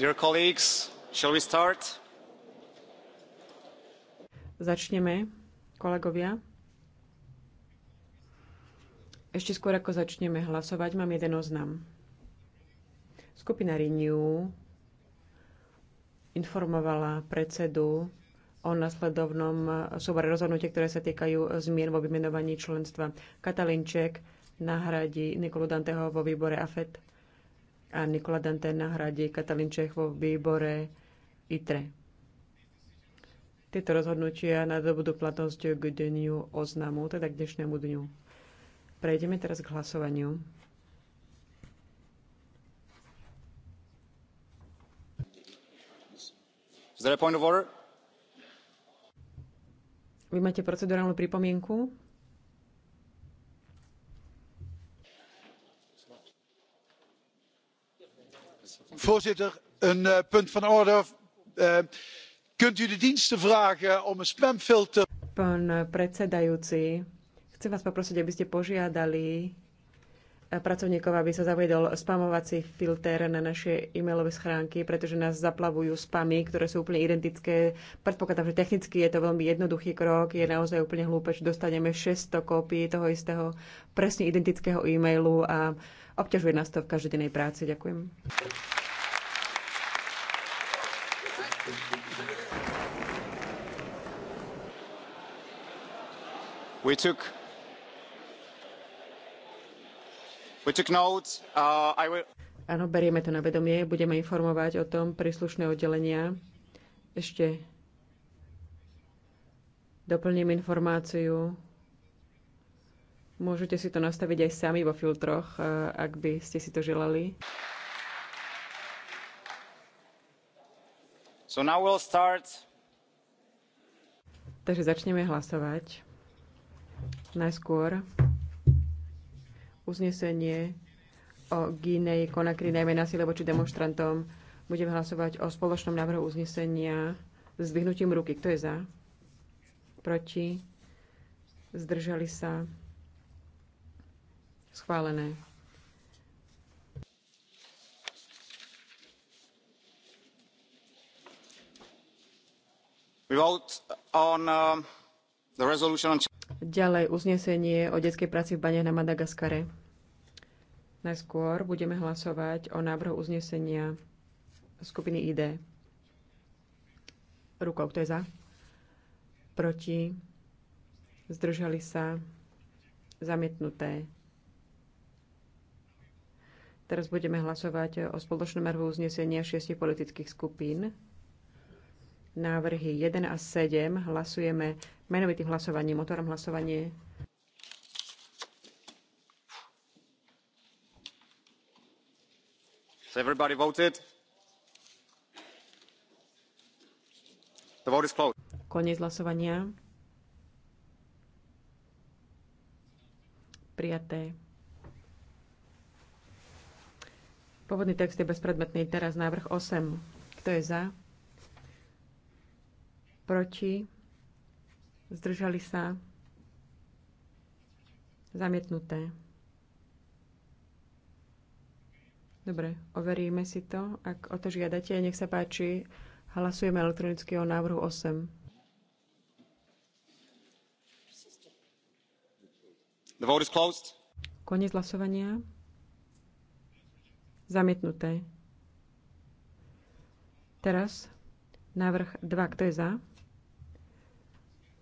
Dear colleagues, shall we start? Začneme, kolegovia. Ešte skôr ako začneme hlasovať, mám jeden oznam. Skupina Renew informovala predsedu o nasledovnom súbore rozhodnutie, ktoré sa týkajú zmien vo vymenovaní členstva. Katalinček nahradí Nikolu Danteho vo výbore AFET a Nikola Dante hrade, Katalin Čechvo v výbore ITRE. Tieto rozhodnutia nadobudú platnosť k dňu oznamu, teda k dnešnému dňu. Prejdeme teraz k hlasovaniu. Vy máte procedurálnu pripomienku? voorzitter een eh, punt van orde eh, kunt u de diensten vragen om een spamfilter. pán eh, predsedajúci chcem vás poprosiť aby ste požiadali pracovníkov aby sa zaviedol spamovací filter na naše e-mailové schránky pretože nás zaplavujú spamy ktoré sú úplne identické predpokladám že technicky je to veľmi jednoduchý krok je naozaj úplne hlúpe že dostaneme 600 kópií toho istého presne identického e-mailu a obťažuje nás to v každodennej práci ďakujem. we took we took notes. Uh, I will... Áno, berieme to na vedomie, budeme informovať o tom príslušné oddelenia. Ešte doplním informáciu. Môžete si to nastaviť aj sami vo filtroch, eh, ak by ste si to želali. So now we'll start. Takže začneme hlasovať. Najskôr uznesenie o Ginej Konakry, najmä násilie voči demonstrantom. Budeme hlasovať o spoločnom návrhu uznesenia s zdvihnutím ruky. Kto je za? Proti? Zdržali sa? Schválené. We vote on uh, the resolution on Ďalej uznesenie o detskej práci v baniach na Madagaskare. Najskôr budeme hlasovať o návrhu uznesenia skupiny ID. Rukou, kto je za? Proti? Zdržali sa? Zamietnuté. Teraz budeme hlasovať o spoločnom návrhu uznesenia šiestich politických skupín. Návrhy 1 a 7 hlasujeme menovitým hlasovaním. motorom hlasovanie. Has everybody voted? The vote is closed. Koniec hlasovania. Prijaté. Pôvodný text je bezpredmetný. Teraz návrh 8. Kto je za? Proti? Zdržali sa? Zamietnuté. Dobre, overíme si to. Ak o to žiadate, nech sa páči, hlasujeme elektronicky o návrhu 8. The vote is closed. Koniec hlasovania. Zamietnuté. Teraz návrh 2. Kto je za?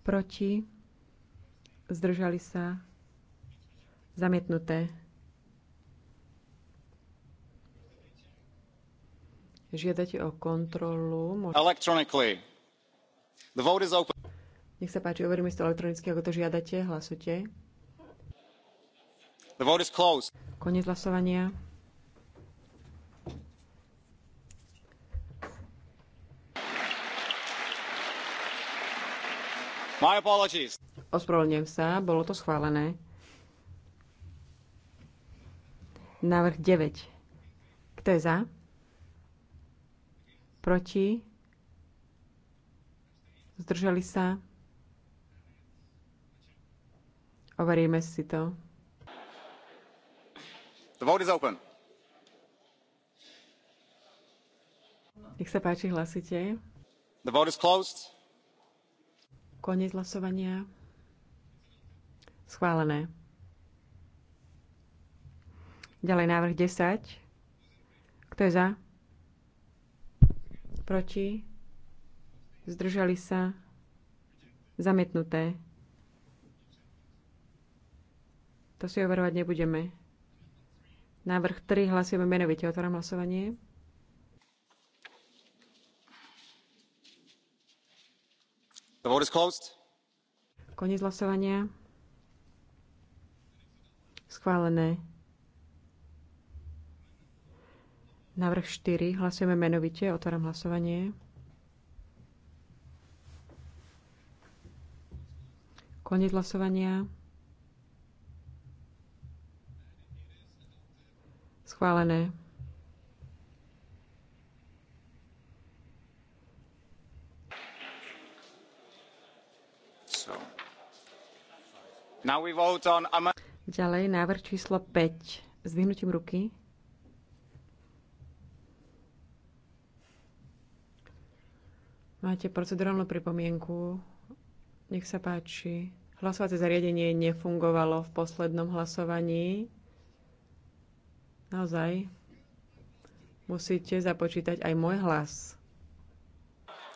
proti, zdržali sa, zamietnuté. Žiadate o kontrolu. Electronically. The vote is open. Nech sa páči, overíme si to elektronicky, ako to žiadate. Hlasujte. The vote is closed. Koniec hlasovania. My apologies. Ospravedlňujem sa, bolo to schválené. Návrh 9. Kto je za? Proti? Zdržali sa? Overíme si to. The vote is open. Nech sa páči, hlasite. The vote is closed. Konec hlasovania. Schválené. Ďalej návrh 10. Kto je za? Proti? Zdržali sa? Zamietnuté. To si overovať nebudeme. Návrh 3 hlasujeme menovite. Otváram hlasovanie. Koniec hlasovania. Schválené. Návrh 4. Hlasujeme menovite. Otváram hlasovanie. Koniec hlasovania. Schválené. Ďalej návrh číslo 5. Zvihnutím ruky. Máte procedurálnu pripomienku. Nech sa páči. Hlasovacie zariadenie nefungovalo v poslednom hlasovaní. Naozaj. Musíte započítať aj môj hlas.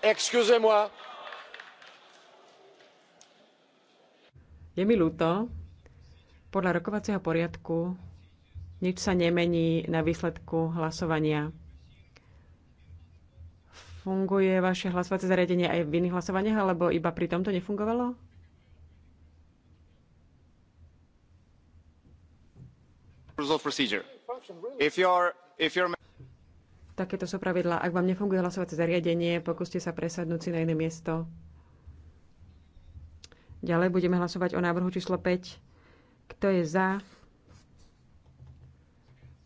Excusez-moi. Je mi ľúto, podľa rokovacieho poriadku nič sa nemení na výsledku hlasovania. Funguje vaše hlasovacie zariadenie aj v iných hlasovaniach, alebo iba pri tomto nefungovalo? Takéto sú pravidlá. Ak vám nefunguje hlasovacie zariadenie, pokúste sa presadnúť si na iné miesto. Ďalej budeme hlasovať o návrhu číslo 5. Kto je za?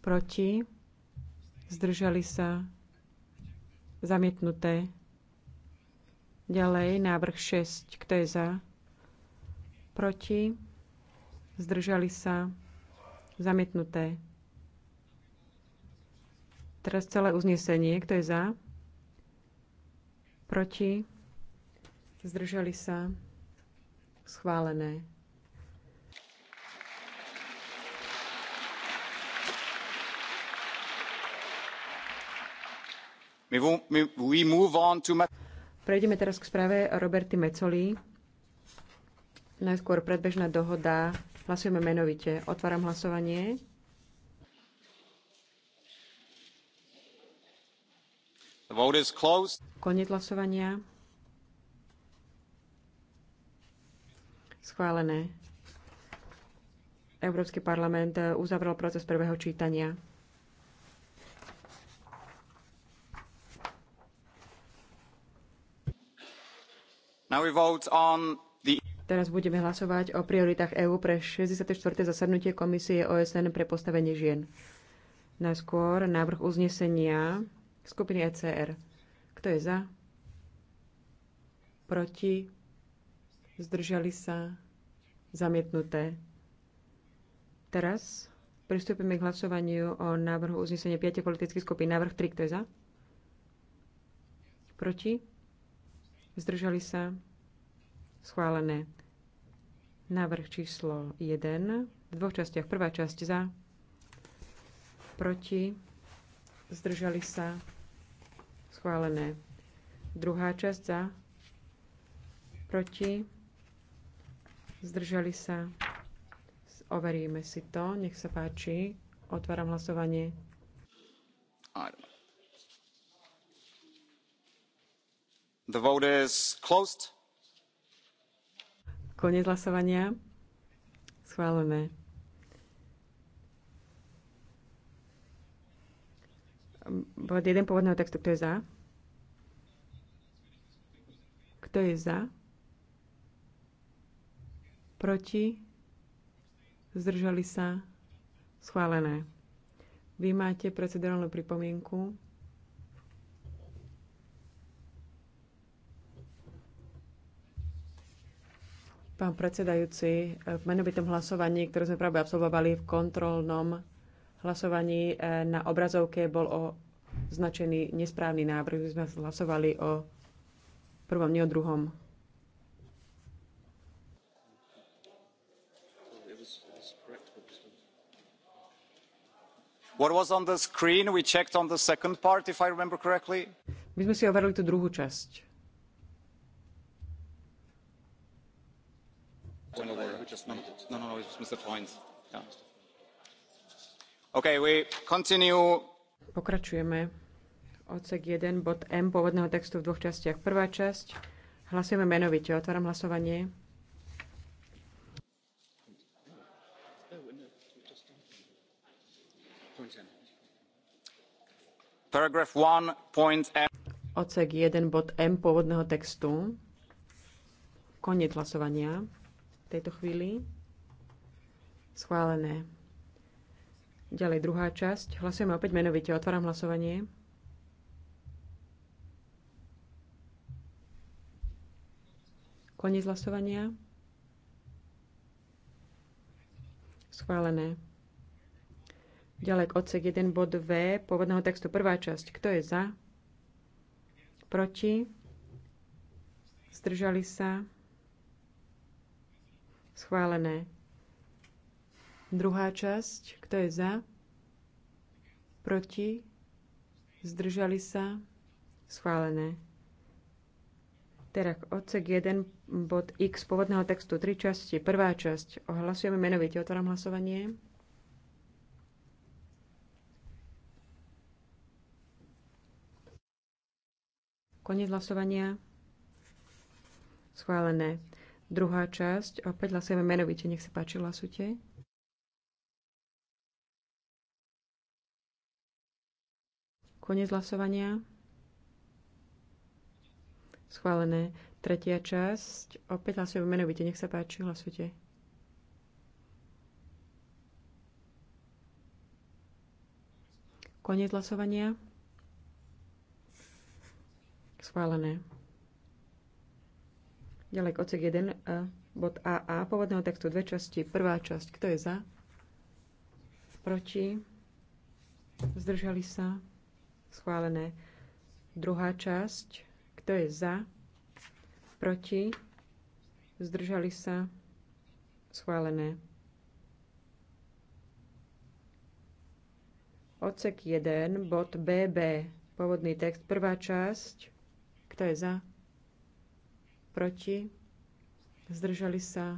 Proti? Zdržali sa? Zamietnuté. Ďalej návrh 6. Kto je za? Proti? Zdržali sa? Zamietnuté. Teraz celé uznesenie. Kto je za? Proti? Zdržali sa? Schválené. Prejdeme teraz k správe Roberty Mecoli. Najskôr predbežná dohoda. Hlasujeme menovite. Otváram hlasovanie. Koniec hlasovania. Schválené. Európsky parlament eh, uzavrel proces prvého čítania. Now we vote on the... Teraz budeme hlasovať o prioritách EÚ pre 64. zasadnutie Komisie OSN pre postavenie žien. Najskôr návrh uznesenia skupiny ECR. Kto je za? Proti? zdržali sa, zamietnuté. Teraz pristúpime k hlasovaniu o návrhu uznesenia 5 politických skupín. Návrh 3, kto je za? Proti? Zdržali sa? Schválené. Návrh číslo 1 v dvoch častiach. Prvá časť za, proti, zdržali sa, schválené. Druhá časť za, proti, Zdržali sa? Overíme si to. Nech sa páči. Otváram hlasovanie. The vote is closed. Konec hlasovania. Schválené. Bod jeden pôvodného textu. Kto je za? Kto je za? proti, zdržali sa, schválené. Vy máte procedurálnu pripomienku. Pán predsedajúci, v menovitom hlasovaní, ktoré sme práve absolvovali v kontrolnom hlasovaní eh, na obrazovke bol o značený nesprávny návrh. My sme hlasovali o prvom, nie o druhom. What was on the screen? We checked on the second part, if I remember correctly. My sme si overili tú druhú časť. No, no, no, it's Mr. Freund. Yeah. Okay, we continue. Pokračujeme. Odsek 1, bod M pôvodného textu v dvoch častiach. Prvá časť. Hlasujeme menovite. Otváram hlasovanie. Odsek 1 bod M pôvodného textu. Koniec hlasovania v tejto chvíli. Schválené. Ďalej druhá časť. Hlasujeme opäť menovite. Otváram hlasovanie. Koniec hlasovania. Schválené. Ďalej odsek 1 bod V pôvodného textu. Prvá časť. Kto je za? Proti? Zdržali sa? Schválené. Druhá časť. Kto je za? Proti? Zdržali sa? Schválené. Teraz odsek 1 bod X pôvodného textu. Tri časti. Prvá časť. Ohlasujeme menovite. Otváram hlasovanie. Koniec hlasovania. Schválené. Druhá časť. Opäť hlasujeme menovite. Nech sa páči, hlasujte. Koniec hlasovania. Schválené. Tretia časť. Opäť hlasujeme menovite. Nech sa páči, hlasujte. Koniec hlasovania. Schválené. Ďalej k odsek 1, e, bod AA, pôvodného textu dve časti. Prvá časť, kto je za? Proti? Zdržali sa? Schválené. Druhá časť, kto je za? Proti? Zdržali sa? Schválené. Ocek 1, bod BB, pôvodný text, prvá časť, kto je za? Proti? Zdržali sa?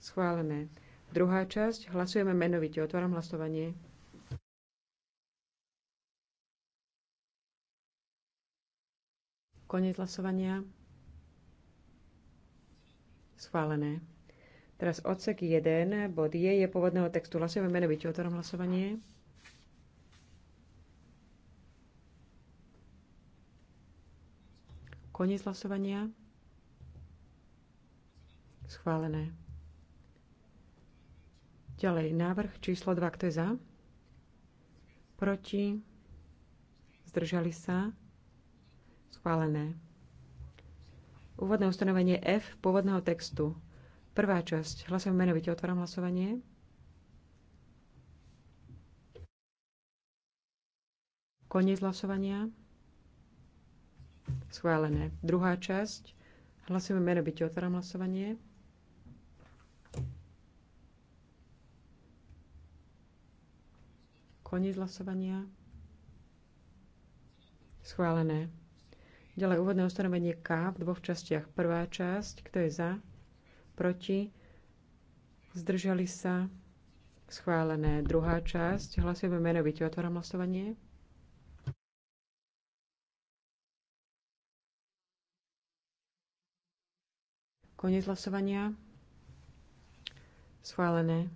Schválené. Druhá časť. Hlasujeme menovite. Otváram hlasovanie. Koniec hlasovania. Schválené. Teraz odsek 1, bod je, je pôvodného textu. Hlasujeme menovite. Otváram hlasovanie. Koniec hlasovania. Schválené. Ďalej, návrh číslo 2, kto je za? Proti? Zdržali sa? Schválené. Úvodné ustanovenie F pôvodného textu. Prvá časť. Hlasujem menovite. Otváram hlasovanie. Koniec hlasovania. Schválené. Druhá časť. Hlasujeme byť Otváram hlasovanie. Koniec hlasovania. Schválené. Ďalej úvodné ustanovenie K v dvoch častiach. Prvá časť, kto je za, proti, zdržali sa, schválené. Druhá časť, hlasujeme menovite. Otváram hlasovanie. Konec hlasovania. Schválené.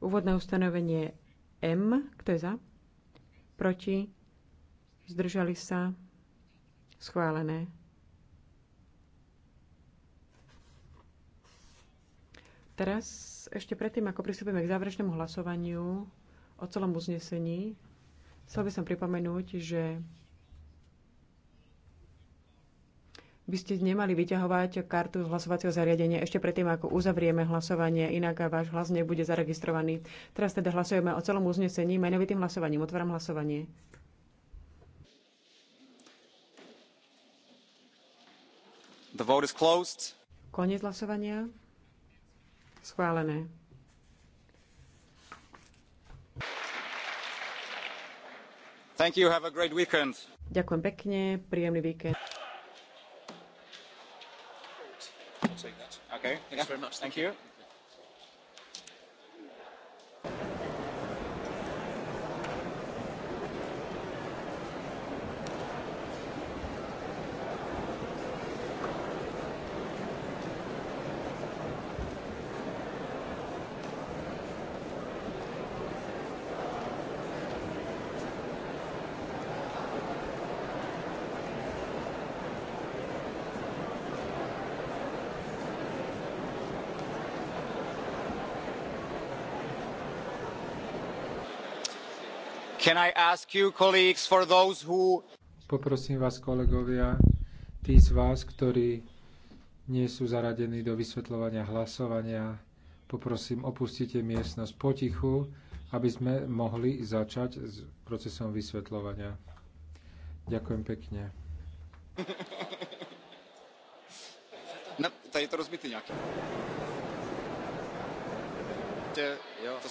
Úvodné ustanovenie M. Kto je za? Proti? Zdržali sa? Schválené. Teraz, ešte predtým, ako pristúpime k záverečnému hlasovaniu o celom uznesení, chcel by som pripomenúť, že by ste nemali vyťahovať kartu z hlasovacieho zariadenia ešte predtým, ako uzavrieme hlasovanie, inak váš hlas nebude zaregistrovaný. Teraz teda hlasujeme o celom uznesení menovitým hlasovaním. Otváram hlasovanie. The vote is closed. Koniec hlasovania. Schválené. Thank you. Have a great weekend. Ďakujem pekne. Príjemný víkend. Okay. Thanks very much. Thank, you. Poprosím vás, kolegovia, tí z vás, ktorí nie sú zaradení do vysvetľovania hlasovania, poprosím, opustite miestnosť potichu, aby sme mohli začať s procesom vysvetľovania. Ďakujem pekne. [LAUGHS] No, tady je to rozbitý nějaký. Jo, to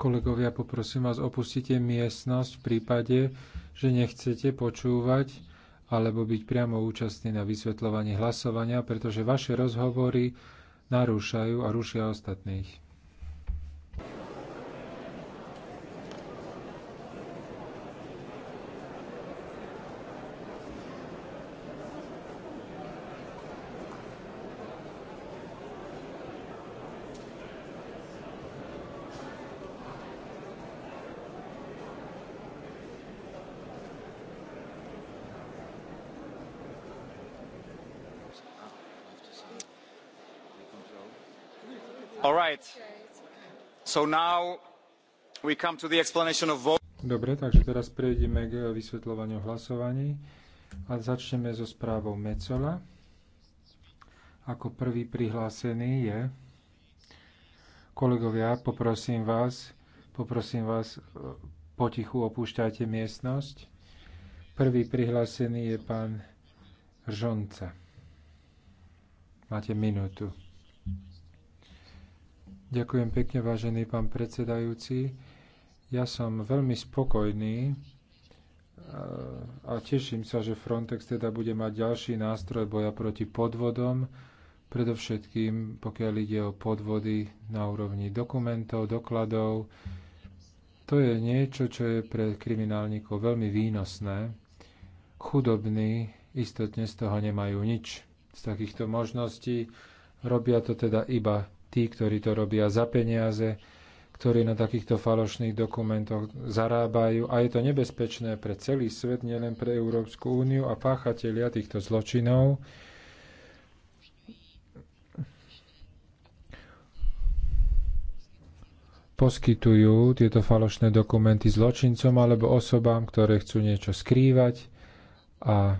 Kolegovia, poprosím vás, opustite miestnosť v prípade, že nechcete počúvať alebo byť priamo účastní na vysvetľovaní hlasovania, pretože vaše rozhovory narúšajú a rušia ostatných. So now we come to the explanation of vote. Dobre, takže teraz prejdeme k vysvetľovaniu hlasovaní a začneme so správou Mecola. Ako prvý prihlásený je kolegovia, poprosím vás, poprosím vás, potichu opúšťajte miestnosť. Prvý prihlásený je pán Žonca. Máte minútu. Ďakujem pekne, vážený pán predsedajúci. Ja som veľmi spokojný e, a teším sa, že Frontex teda bude mať ďalší nástroj boja proti podvodom, predovšetkým pokiaľ ide o podvody na úrovni dokumentov, dokladov. To je niečo, čo je pre kriminálnikov veľmi výnosné. Chudobní istotne z toho nemajú nič, z takýchto možností. Robia to teda iba tí, ktorí to robia za peniaze, ktorí na takýchto falošných dokumentoch zarábajú a je to nebezpečné pre celý svet, nielen pre Európsku úniu a páchatelia týchto zločinov. poskytujú tieto falošné dokumenty zločincom alebo osobám, ktoré chcú niečo skrývať a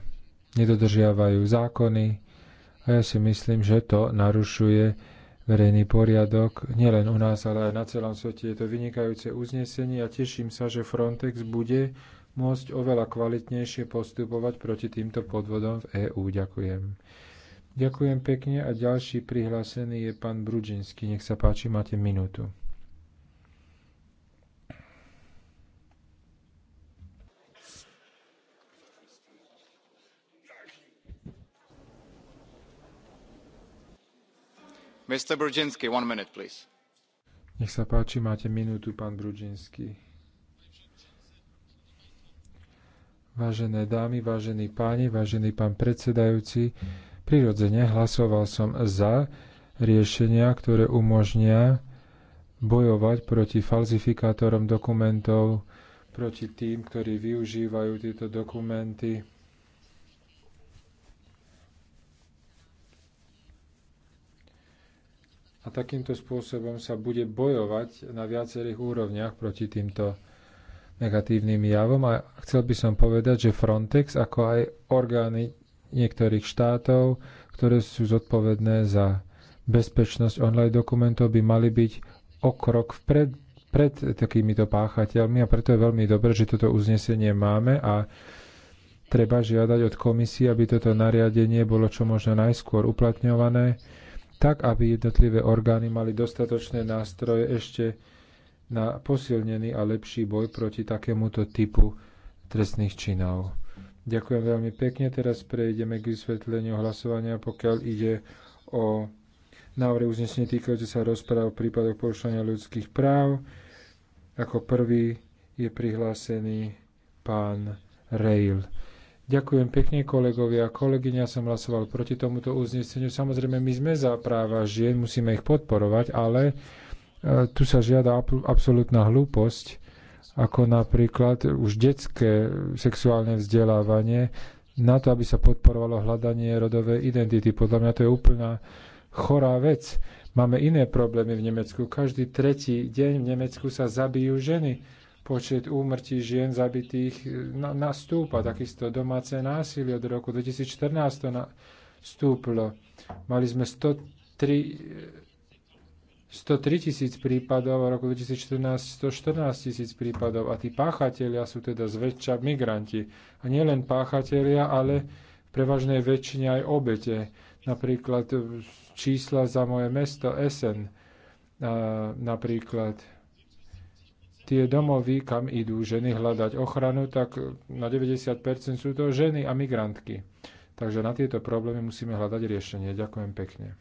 nedodržiavajú zákony. A ja si myslím, že to narušuje verejný poriadok, nielen u nás, ale aj na celom svete. Je to vynikajúce uznesenie a teším sa, že Frontex bude môcť oveľa kvalitnejšie postupovať proti týmto podvodom v EÚ. Ďakujem. Ďakujem pekne a ďalší prihlásený je pán Brudžinský. Nech sa páči, máte minútu. Mr. one minute, please. Nech sa páči, máte minútu, pán Brudžinský. Vážené dámy, vážení páni, vážený pán predsedajúci, prirodzene hlasoval som za riešenia, ktoré umožnia bojovať proti falzifikátorom dokumentov, proti tým, ktorí využívajú tieto dokumenty A takýmto spôsobom sa bude bojovať na viacerých úrovniach proti týmto negatívnym javom. A chcel by som povedať, že Frontex, ako aj orgány niektorých štátov, ktoré sú zodpovedné za bezpečnosť online dokumentov, by mali byť o krok vpred pred takýmito páchateľmi a preto je veľmi dobré, že toto uznesenie máme a treba žiadať od komisie, aby toto nariadenie bolo čo možno najskôr uplatňované tak aby jednotlivé orgány mali dostatočné nástroje ešte na posilnený a lepší boj proti takémuto typu trestných činov. Ďakujem veľmi pekne. Teraz prejdeme k vysvetleniu hlasovania, pokiaľ ide o návrh uznesenie týkajúce sa rozpráv v prípadoch porušenia ľudských práv. Ako prvý je prihlásený pán Rail. Ďakujem pekne kolegovia a kolegyňa, som hlasoval proti tomuto uzneseniu. Samozrejme, my sme za práva žien, musíme ich podporovať, ale e, tu sa žiada absolútna hlúposť, ako napríklad už detské sexuálne vzdelávanie, na to, aby sa podporovalo hľadanie rodovej identity. Podľa mňa to je úplná chorá vec. Máme iné problémy v Nemecku. Každý tretí deň v Nemecku sa zabijú ženy počet úmrtí žien zabitých e, nastúpa. Takisto domáce násilie od roku 2014 nastúplo. Mali sme 103 103 e, tisíc prípadov a v roku 2014 114 tisíc prípadov. A tí páchatelia sú teda zväčša migranti. A nielen páchatelia, ale v prevažnej väčšine aj obete. Napríklad e, čísla za moje mesto Essen. napríklad tie domovy, kam idú ženy hľadať ochranu, tak na 90% sú to ženy a migrantky. Takže na tieto problémy musíme hľadať riešenie. Ďakujem pekne.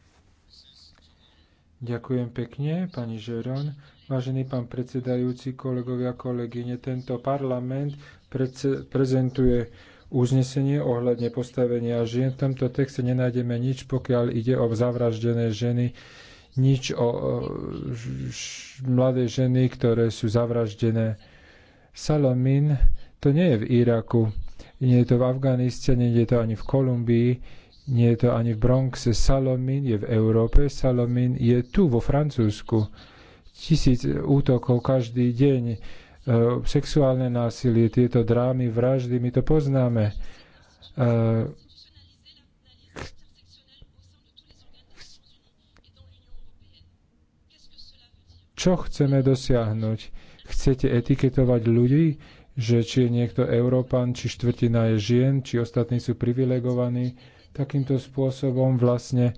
Ďakujem pekne, pani Žeron. Vážený pán predsedajúci, kolegovia, kolegyne, tento parlament prezentuje uznesenie ohľadne postavenia žien. V tomto texte nenájdeme nič, pokiaľ ide o zavraždené ženy nič o mladé ženy, ktoré sú zavraždené. Salomín, to nie je v Iraku, nie je to v Afganistane, nie je to ani v Kolumbii, nie je to ani v Bronxe. Salomín je v Európe, Salomín je tu vo Francúzsku. Tisíc útokov každý deň, e, sexuálne násilie, tieto drámy, vraždy, my to poznáme. E, Čo chceme dosiahnuť? Chcete etiketovať ľudí, že či je niekto Európan, či štvrtina je žien, či ostatní sú privilegovaní? Takýmto spôsobom vlastne e,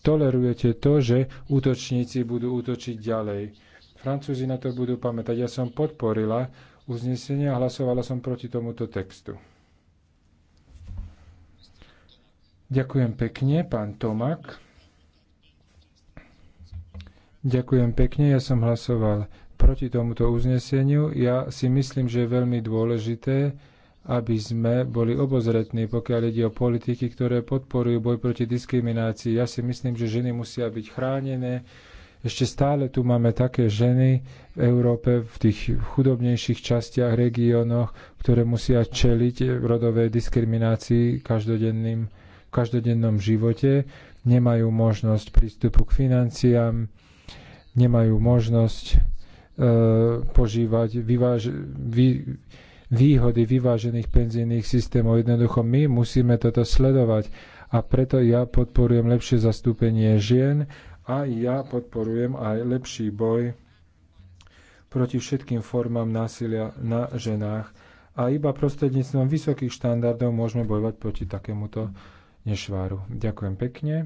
tolerujete to, že útočníci budú útočiť ďalej. Francúzi na to budú pamätať. Ja som podporila uznesenie a hlasovala som proti tomuto textu. Ďakujem pekne, pán Tomak. Ďakujem pekne, ja som hlasoval proti tomuto uzneseniu. Ja si myslím, že je veľmi dôležité, aby sme boli obozretní, pokiaľ ide o politiky, ktoré podporujú boj proti diskriminácii. Ja si myslím, že ženy musia byť chránené, ešte stále tu máme také ženy v Európe, v tých chudobnejších častiach, regiónoch, ktoré musia čeliť rodovej diskriminácii každodenným, v každodennom živote. Nemajú možnosť prístupu k financiám, nemajú možnosť e, požívať vyváž, vy, výhody vyvážených penzijných systémov. Jednoducho my musíme toto sledovať a preto ja podporujem lepšie zastúpenie žien a ja podporujem aj lepší boj proti všetkým formám násilia na ženách. A iba prostredníctvom vysokých štandardov môžeme bojovať proti takémuto nešváru. Ďakujem pekne.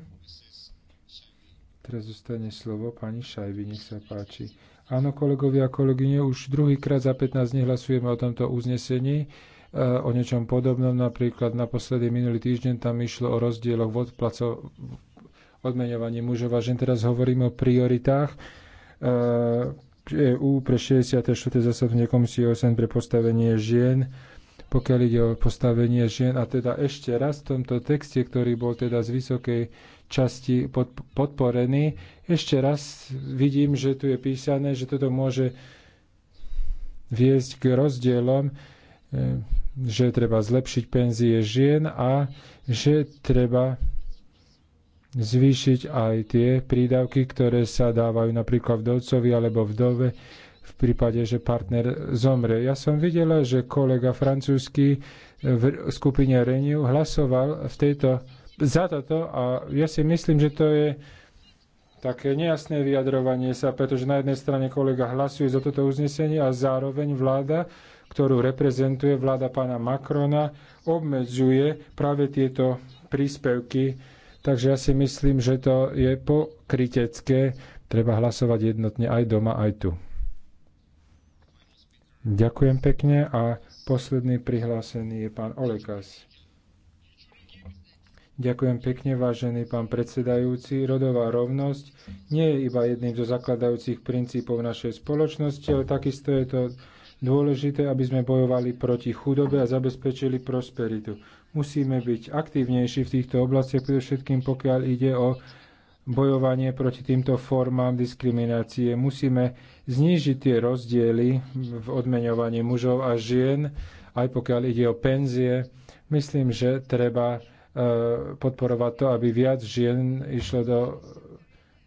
Teraz zostane slovo pani Šajvi, nech sa páči. Áno, kolegovia a kolegyne, už druhýkrát za 15 dní hlasujeme o tomto uznesení e, o niečom podobnom. Napríklad naposledy minulý týždeň tam išlo o rozdieloch v odplaco, odmeňovaní mužov a žen. Teraz hovoríme o prioritách EU e pre 64. zasadnutie komisie OSN pre postavenie žien pokiaľ ide o postavenie žien. A teda ešte raz v tomto texte, ktorý bol teda z vysokej časti podporený. Ešte raz vidím, že tu je písané, že toto môže viesť k rozdielom, eh, že treba zlepšiť penzie žien a že treba zvýšiť aj tie prídavky, ktoré sa dávajú napríklad vdovcovi alebo vdove v prípade, že partner zomre. Ja som videla, že kolega francúzsky v skupine Renew hlasoval v tejto za toto a ja si myslím, že to je také nejasné vyjadrovanie sa, pretože na jednej strane kolega hlasuje za toto uznesenie a zároveň vláda, ktorú reprezentuje vláda pána Macrona, obmedzuje práve tieto príspevky. Takže ja si myslím, že to je pokrytecké. Treba hlasovať jednotne aj doma, aj tu. Ďakujem pekne a posledný prihlásený je pán Olekas. Ďakujem pekne, vážený pán predsedajúci. Rodová rovnosť nie je iba jedným zo zakladajúcich princípov našej spoločnosti, ale takisto je to dôležité, aby sme bojovali proti chudobe a zabezpečili prosperitu. Musíme byť aktívnejší v týchto oblastiach, predovšetkým pokiaľ ide o bojovanie proti týmto formám diskriminácie. Musíme znížiť tie rozdiely v odmeňovaní mužov a žien, aj pokiaľ ide o penzie. Myslím, že treba Eh, podporovať to, aby viac žien išlo do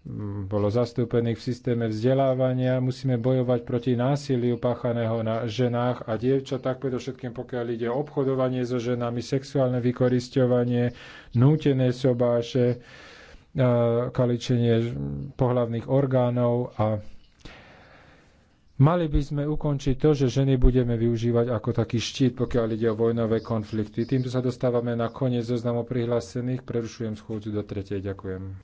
mm, bolo zastúpených v systéme vzdelávania. Musíme bojovať proti násiliu páchaného na ženách a dievčatách, predovšetkým pokiaľ ide o obchodovanie so ženami, sexuálne vykoristovanie, nútené sobáše, eh, kaličenie pohlavných orgánov a Mali by sme ukončiť to, že ženy budeme využívať ako taký štít, pokiaľ ide o vojnové konflikty. Týmto sa dostávame na koniec zoznamu prihlásených. Prerušujem schôdzu do tretej. Ďakujem.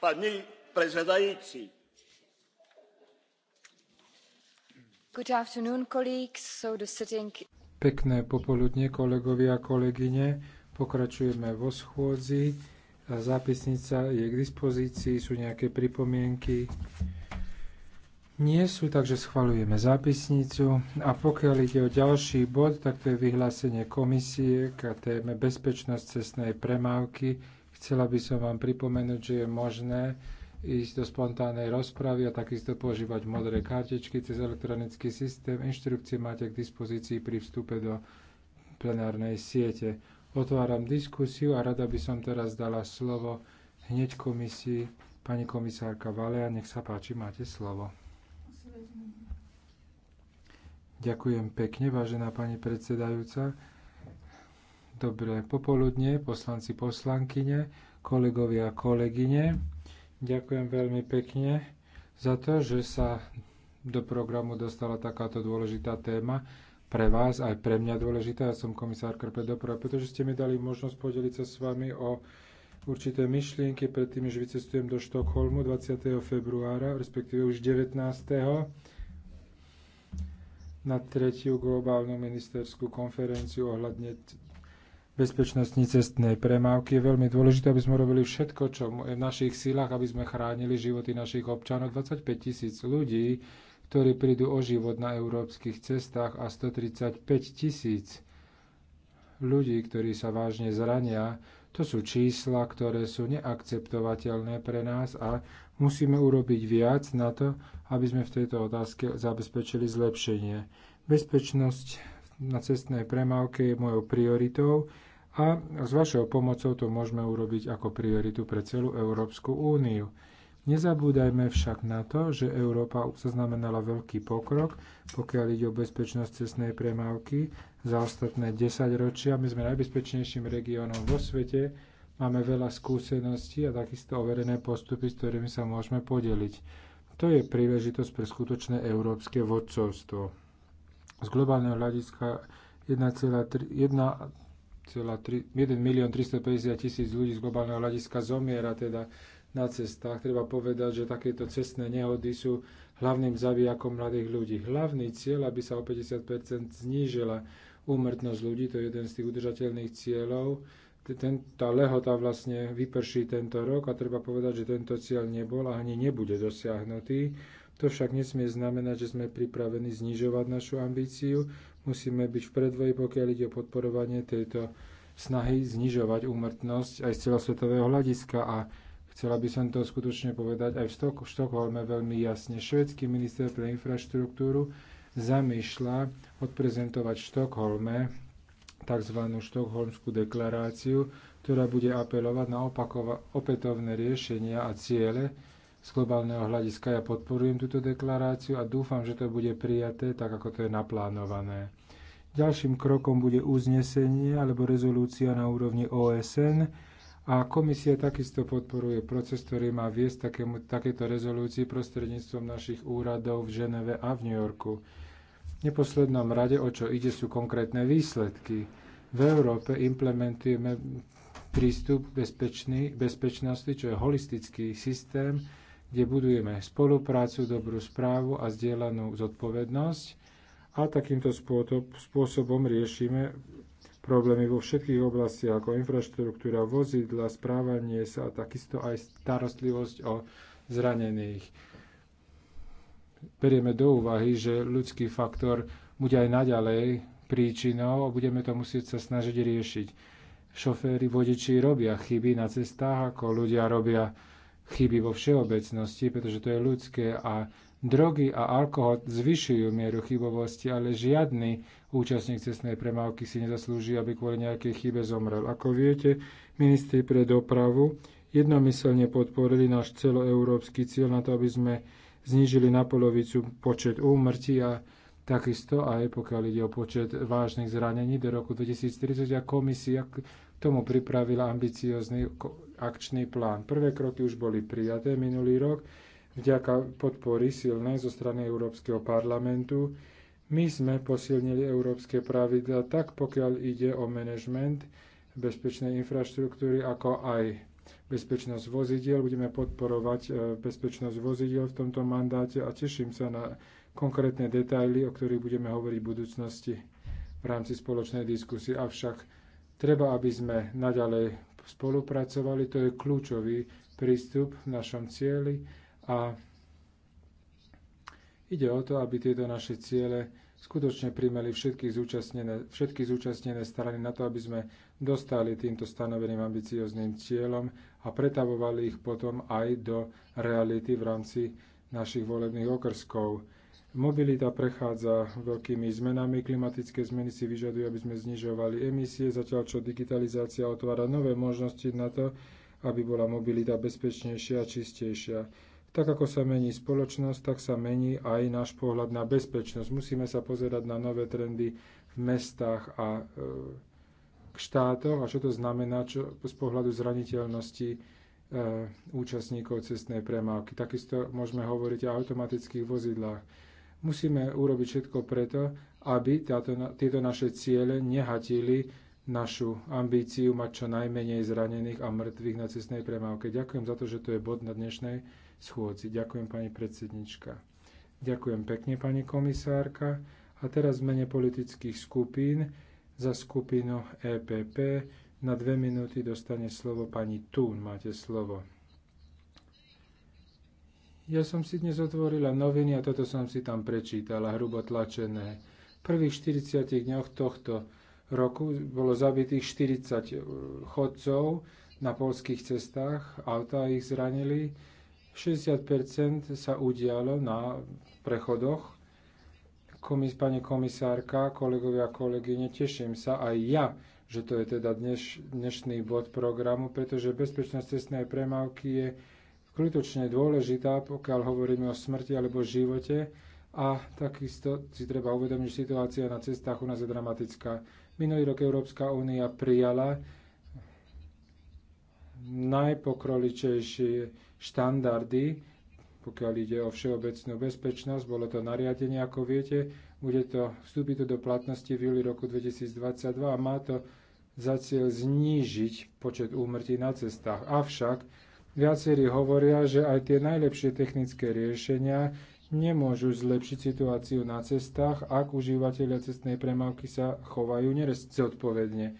pani předsedající Pekné popoludne, kolegovia a kolegyne. Pokračujeme vo schôdzi. A zápisnica je k dispozícii, sú nejaké pripomienky. Nie sú, takže schvalujeme zápisnicu. A pokiaľ ide o ďalší bod, tak to je vyhlásenie komisie k téme bezpečnosť cestnej premávky Chcela by som vám pripomenúť, že je možné ísť do spontánnej rozpravy a takisto používať modré kartičky cez elektronický systém. Inštrukcie máte k dispozícii pri vstupe do plenárnej siete. Otváram diskusiu a rada by som teraz dala slovo hneď komisii. Pani komisárka Valea, nech sa páči, máte slovo. Ďakujem pekne, vážená pani predsedajúca. Dobré popoludne, poslanci, poslankyne, kolegovia a kolegyne. Ďakujem veľmi pekne za to, že sa do programu dostala takáto dôležitá téma. Pre vás, aj pre mňa dôležitá, ja som komisár Krpe doprava, pretože ste mi dali možnosť podeliť sa s vami o určité myšlienky predtým, že vycestujem do Štokholmu 20. februára, respektíve už 19 na tretiu globálnu ministerskú konferenciu ohľadne bezpečnostní cestnej premávky. Je veľmi dôležité, aby sme robili všetko, čo je v našich sílach, aby sme chránili životy našich občanov. 25 tisíc ľudí, ktorí prídu o život na európskych cestách a 135 tisíc ľudí, ktorí sa vážne zrania, to sú čísla, ktoré sú neakceptovateľné pre nás a musíme urobiť viac na to, aby sme v tejto otázke zabezpečili zlepšenie. Bezpečnosť na cestnej premávke je mojou prioritou a s vašou pomocou to môžeme urobiť ako prioritu pre celú Európsku úniu. Nezabúdajme však na to, že Európa zaznamenala veľký pokrok, pokiaľ ide o bezpečnosť cestnej premávky. Za ostatné 10 ročia my sme najbezpečnejším regiónom vo svete, máme veľa skúseností a takisto overené postupy, s ktorými sa môžeme podeliť. To je príležitosť pre skutočné európske vodcovstvo. Z globálneho hľadiska 1,3 1 milión 350 tisíc ľudí z globálneho hľadiska zomiera teda na cestách. Treba povedať, že takéto cestné nehody sú hlavným zabijakom mladých ľudí. Hlavný cieľ, aby sa o 50 znížila úmrtnosť ľudí, to je jeden z tých udržateľných cieľov. Ten, tá lehota vlastne vyprší tento rok a treba povedať, že tento cieľ nebol a ani nebude dosiahnutý. To však nesmie znamenať, že sme pripravení znižovať našu ambíciu. Musíme byť v predvoji, pokiaľ ide o podporovanie tejto snahy znižovať úmrtnosť aj z celosvetového hľadiska a Chcela by som to skutočne povedať aj v Štokholme veľmi jasne. Švedský minister pre infraštruktúru zamýšľa odprezentovať v Štokholme tzv. štokholmskú deklaráciu, ktorá bude apelovať na opakova- opätovné riešenia a ciele z globálneho hľadiska ja podporujem túto deklaráciu a dúfam, že to bude prijaté tak, ako to je naplánované. Ďalším krokom bude uznesenie alebo rezolúcia na úrovni OSN a komisia takisto podporuje proces, ktorý má viesť takému, takéto rezolúcii prostredníctvom našich úradov v Ženeve a v New Yorku. V neposlednom rade, o čo ide, sú konkrétne výsledky. V Európe implementujeme prístup bezpečný, bezpečnosti, čo je holistický systém, kde budujeme spoluprácu, dobrú správu a zdieľanú zodpovednosť a takýmto spôsobom riešime problémy vo všetkých oblastiach ako infraštruktúra, vozidla, správanie sa a takisto aj starostlivosť o zranených. Berieme do úvahy, že ľudský faktor bude aj naďalej príčinou a budeme to musieť sa snažiť riešiť. Šoféry, vodiči robia chyby na cestách, ako ľudia robia chyby vo všeobecnosti, pretože to je ľudské a drogy a alkohol zvyšujú mieru chybovosti, ale žiadny účastník cestnej premávky si nezaslúži, aby kvôli nejakej chybe zomrel. Ako viete, ministri pre dopravu jednomyselne podporili náš celoeurópsky cieľ na to, aby sme znížili na polovicu počet úmrtí a takisto aj pokiaľ ide o počet vážnych zranení do roku 2030 a komisia k tomu pripravila ambiciózny akčný plán. Prvé kroky už boli prijaté minulý rok vďaka podpory silnej zo strany Európskeho parlamentu. My sme posilnili európske pravidla tak, pokiaľ ide o manažment bezpečnej infraštruktúry, ako aj bezpečnosť vozidiel. Budeme podporovať e, bezpečnosť vozidiel v tomto mandáte a teším sa na konkrétne detaily, o ktorých budeme hovoriť v budúcnosti v rámci spoločnej diskusie. Avšak treba, aby sme naďalej spolupracovali. To je kľúčový prístup v našom cieli a ide o to, aby tieto naše ciele skutočne primeli všetky zúčastnené, všetky zúčastnené strany na to, aby sme dostali týmto stanoveným ambiciozným cieľom a pretavovali ich potom aj do reality v rámci našich volebných okrskov. Mobilita prechádza veľkými zmenami, klimatické zmeny si vyžadujú, aby sme znižovali emisie, zatiaľ čo digitalizácia otvára nové možnosti na to, aby bola mobilita bezpečnejšia a čistejšia. Tak ako sa mení spoločnosť, tak sa mení aj náš pohľad na bezpečnosť. Musíme sa pozerať na nové trendy v mestách a e, k štátoch a čo to znamená čo, z pohľadu zraniteľnosti e, účastníkov cestnej premávky. Takisto môžeme hovoriť o automatických vozidlách Musíme urobiť všetko preto, aby táto, tieto naše ciele nehatili našu ambíciu mať čo najmenej zranených a mŕtvych na cestnej premávke. Ďakujem za to, že to je bod na dnešnej schôdzi. Ďakujem pani predsednička. Ďakujem pekne pani komisárka. A teraz v mene politických skupín za skupinu EPP na dve minúty dostane slovo pani Tún. Máte slovo. Ja som si dnes otvorila noviny a toto som si tam prečítala, hrubo tlačené. V prvých 40 dňoch tohto roku bolo zabitých 40 e, chodcov na polských cestách, autá ich zranili. 60% sa udialo na prechodoch. Komis, pani komisárka, kolegovia a kolegyne, teším sa aj ja, že to je teda dneš, dnešný bod programu, pretože bezpečnosť cestnej premávky je skutočne dôležitá, pokiaľ hovoríme o smrti alebo živote. A takisto si treba uvedomiť, že situácia na cestách u nás je dramatická. Minulý rok Európska únia prijala najpokroličejšie štandardy, pokiaľ ide o všeobecnú bezpečnosť. Bolo to nariadenie, ako viete. Bude to, vstúpiť do platnosti v júli roku 2022 a má to za cieľ znížiť počet úmrtí na cestách. Avšak Viacerí hovoria, že aj tie najlepšie technické riešenia nemôžu zlepšiť situáciu na cestách, ak užívateľia cestnej premávky sa chovajú zodpovedne.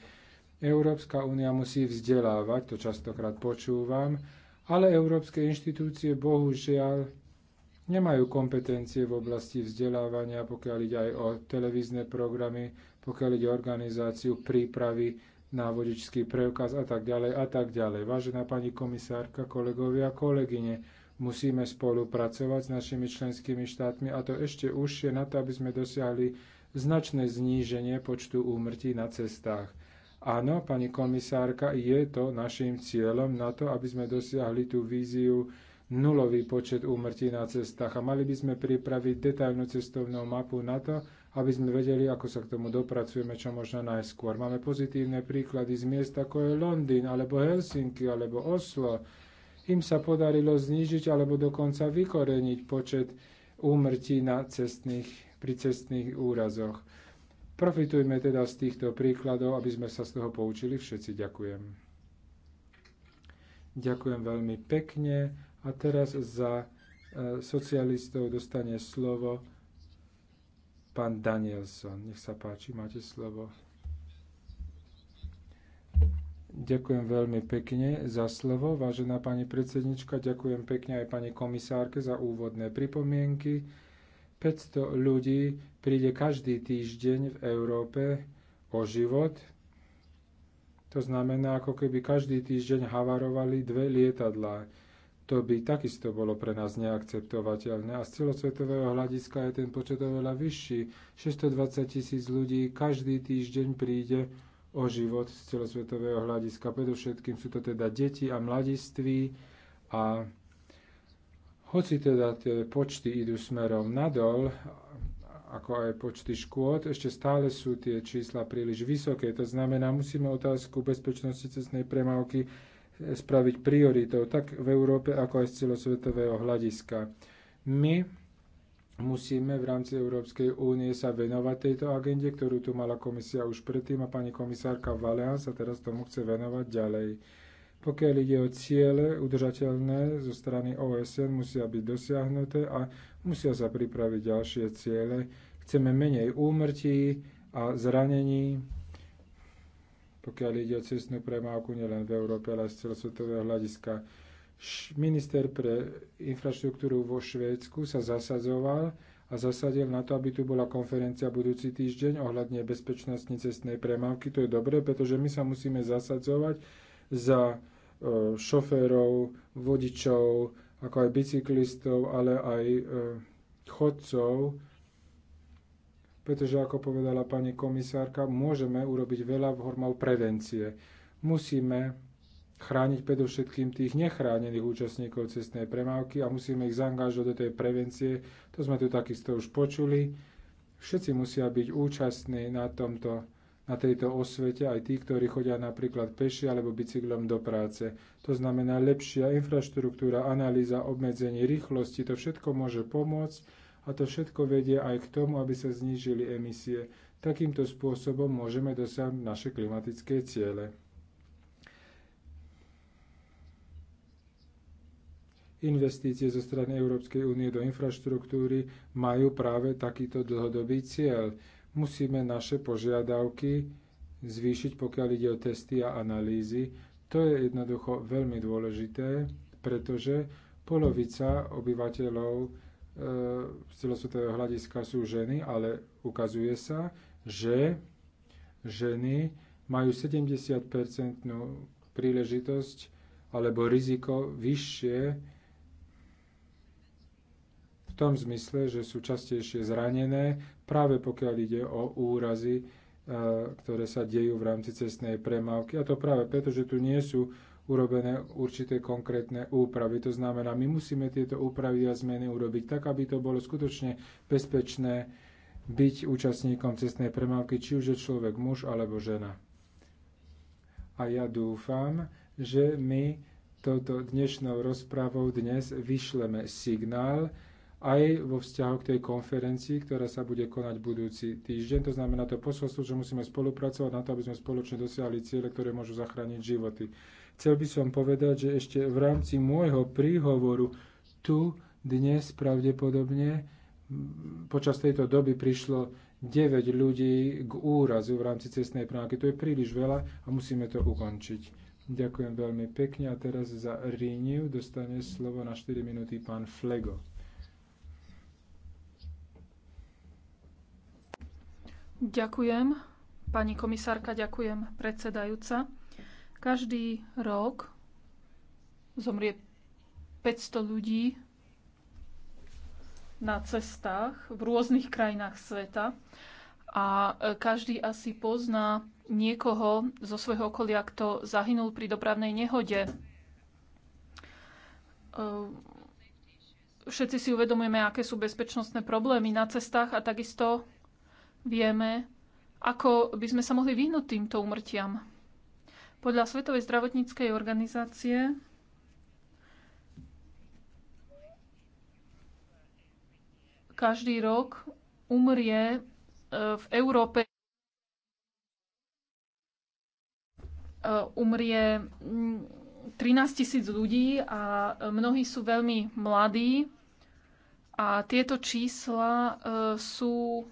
Európska únia musí vzdelávať, to častokrát počúvam, ale európske inštitúcie bohužiaľ nemajú kompetencie v oblasti vzdelávania, pokiaľ ide aj o televízne programy, pokiaľ ide o organizáciu prípravy návodičský preukaz a tak ďalej a tak ďalej. Vážená pani komisárka, kolegovia kolegyne, musíme spolupracovať s našimi členskými štátmi a to ešte už je na to, aby sme dosiahli značné zníženie počtu úmrtí na cestách. Áno, pani komisárka, je to našim cieľom na to, aby sme dosiahli tú víziu nulový počet úmrtí na cestách a mali by sme pripraviť detailnú cestovnú mapu na to, aby sme vedeli, ako sa k tomu dopracujeme čo možno najskôr. Máme pozitívne príklady z miest ako je Londýn, alebo Helsinki, alebo Oslo. Im sa podarilo znížiť alebo dokonca vykoreniť počet úmrtí na cestných, pri cestných úrazoch. Profitujme teda z týchto príkladov, aby sme sa z toho poučili všetci. Ďakujem. Ďakujem veľmi pekne. A teraz za e, socialistov dostane slovo Pán Danielson, nech sa páči, máte slovo. Ďakujem veľmi pekne za slovo, vážená pani predsednička. Ďakujem pekne aj pani komisárke za úvodné pripomienky. 500 ľudí príde každý týždeň v Európe o život. To znamená, ako keby každý týždeň havarovali dve lietadlá to by takisto bolo pre nás neakceptovateľné. A z celosvetového hľadiska je ten počet oveľa vyšší. 620 tisíc ľudí každý týždeň príde o život z celosvetového hľadiska. Predovšetkým sú to teda deti a mladiství. A hoci teda tie počty idú smerom nadol, ako aj počty škôd, ešte stále sú tie čísla príliš vysoké. To znamená, musíme otázku bezpečnosti cestnej premávky spraviť prioritou, tak v Európe, ako aj z celosvetového hľadiska. My musíme v rámci Európskej únie sa venovať tejto agende, ktorú tu mala komisia už predtým a pani komisárka Valean sa teraz tomu chce venovať ďalej. Pokiaľ ide o ciele udržateľné zo strany OSN, musia byť dosiahnuté a musia sa pripraviť ďalšie ciele. Chceme menej úmrtí a zranení, pokiaľ ide o cestnú premávku nielen v Európe, ale aj z celosvetového hľadiska. Minister pre infraštruktúru vo Švédsku sa zasadzoval a zasadil na to, aby tu bola konferencia budúci týždeň ohľadne bezpečnosti cestnej premávky. To je dobré, pretože my sa musíme zasadzovať za e, šoférov, vodičov, ako aj bicyklistov, ale aj e, chodcov, pretože ako povedala pani komisárka, môžeme urobiť veľa v hormov prevencie. Musíme chrániť predovšetkým tých nechránených účastníkov cestnej premávky a musíme ich zaangažovať do tej prevencie. To sme tu takisto už počuli. Všetci musia byť účastní na, tomto, na tejto osvete, aj tí, ktorí chodia napríklad peši alebo bicyklom do práce. To znamená lepšia infraštruktúra, analýza, obmedzenie rýchlosti, to všetko môže pomôcť a to všetko vedie aj k tomu, aby sa znížili emisie. Takýmto spôsobom môžeme dosiahnuť naše klimatické ciele. Investície zo strany Európskej únie do infraštruktúry majú práve takýto dlhodobý cieľ. Musíme naše požiadavky zvýšiť, pokiaľ ide o testy a analýzy. To je jednoducho veľmi dôležité, pretože polovica obyvateľov z e, celosvetového hľadiska sú ženy, ale ukazuje sa, že ženy majú 70 príležitosť alebo riziko vyššie v tom zmysle, že sú častejšie zranené, práve pokiaľ ide o úrazy, e, ktoré sa dejú v rámci cestnej premávky. A to práve preto, že tu nie sú urobené určité konkrétne úpravy. To znamená, my musíme tieto úpravy a zmeny urobiť tak, aby to bolo skutočne bezpečné byť účastníkom cestnej premávky, či už je človek muž alebo žena. A ja dúfam, že my touto dnešnou rozprávou dnes vyšleme signál aj vo vzťahu k tej konferencii, ktorá sa bude konať budúci týždeň. To znamená to posolstvo, že musíme spolupracovať na to, aby sme spoločne dosiahli ciele, ktoré môžu zachrániť životy. Chcel by som povedať, že ešte v rámci môjho príhovoru tu dnes pravdepodobne počas tejto doby prišlo 9 ľudí k úrazu v rámci cestnej pránky. To je príliš veľa a musíme to ukončiť. Ďakujem veľmi pekne a teraz za Renew dostane slovo na 4 minúty pán Flego. Ďakujem, pani komisárka, ďakujem, predsedajúca. Každý rok zomrie 500 ľudí na cestách v rôznych krajinách sveta a e, každý asi pozná niekoho zo svojho okolia, kto zahynul pri dopravnej nehode. E, všetci si uvedomujeme, aké sú bezpečnostné problémy na cestách a takisto vieme, ako by sme sa mohli vyhnúť týmto umrtiam. Podľa Svetovej zdravotníckej organizácie každý rok umrie e, v Európe e, umrie 13 tisíc ľudí a mnohí sú veľmi mladí. A tieto čísla e, sú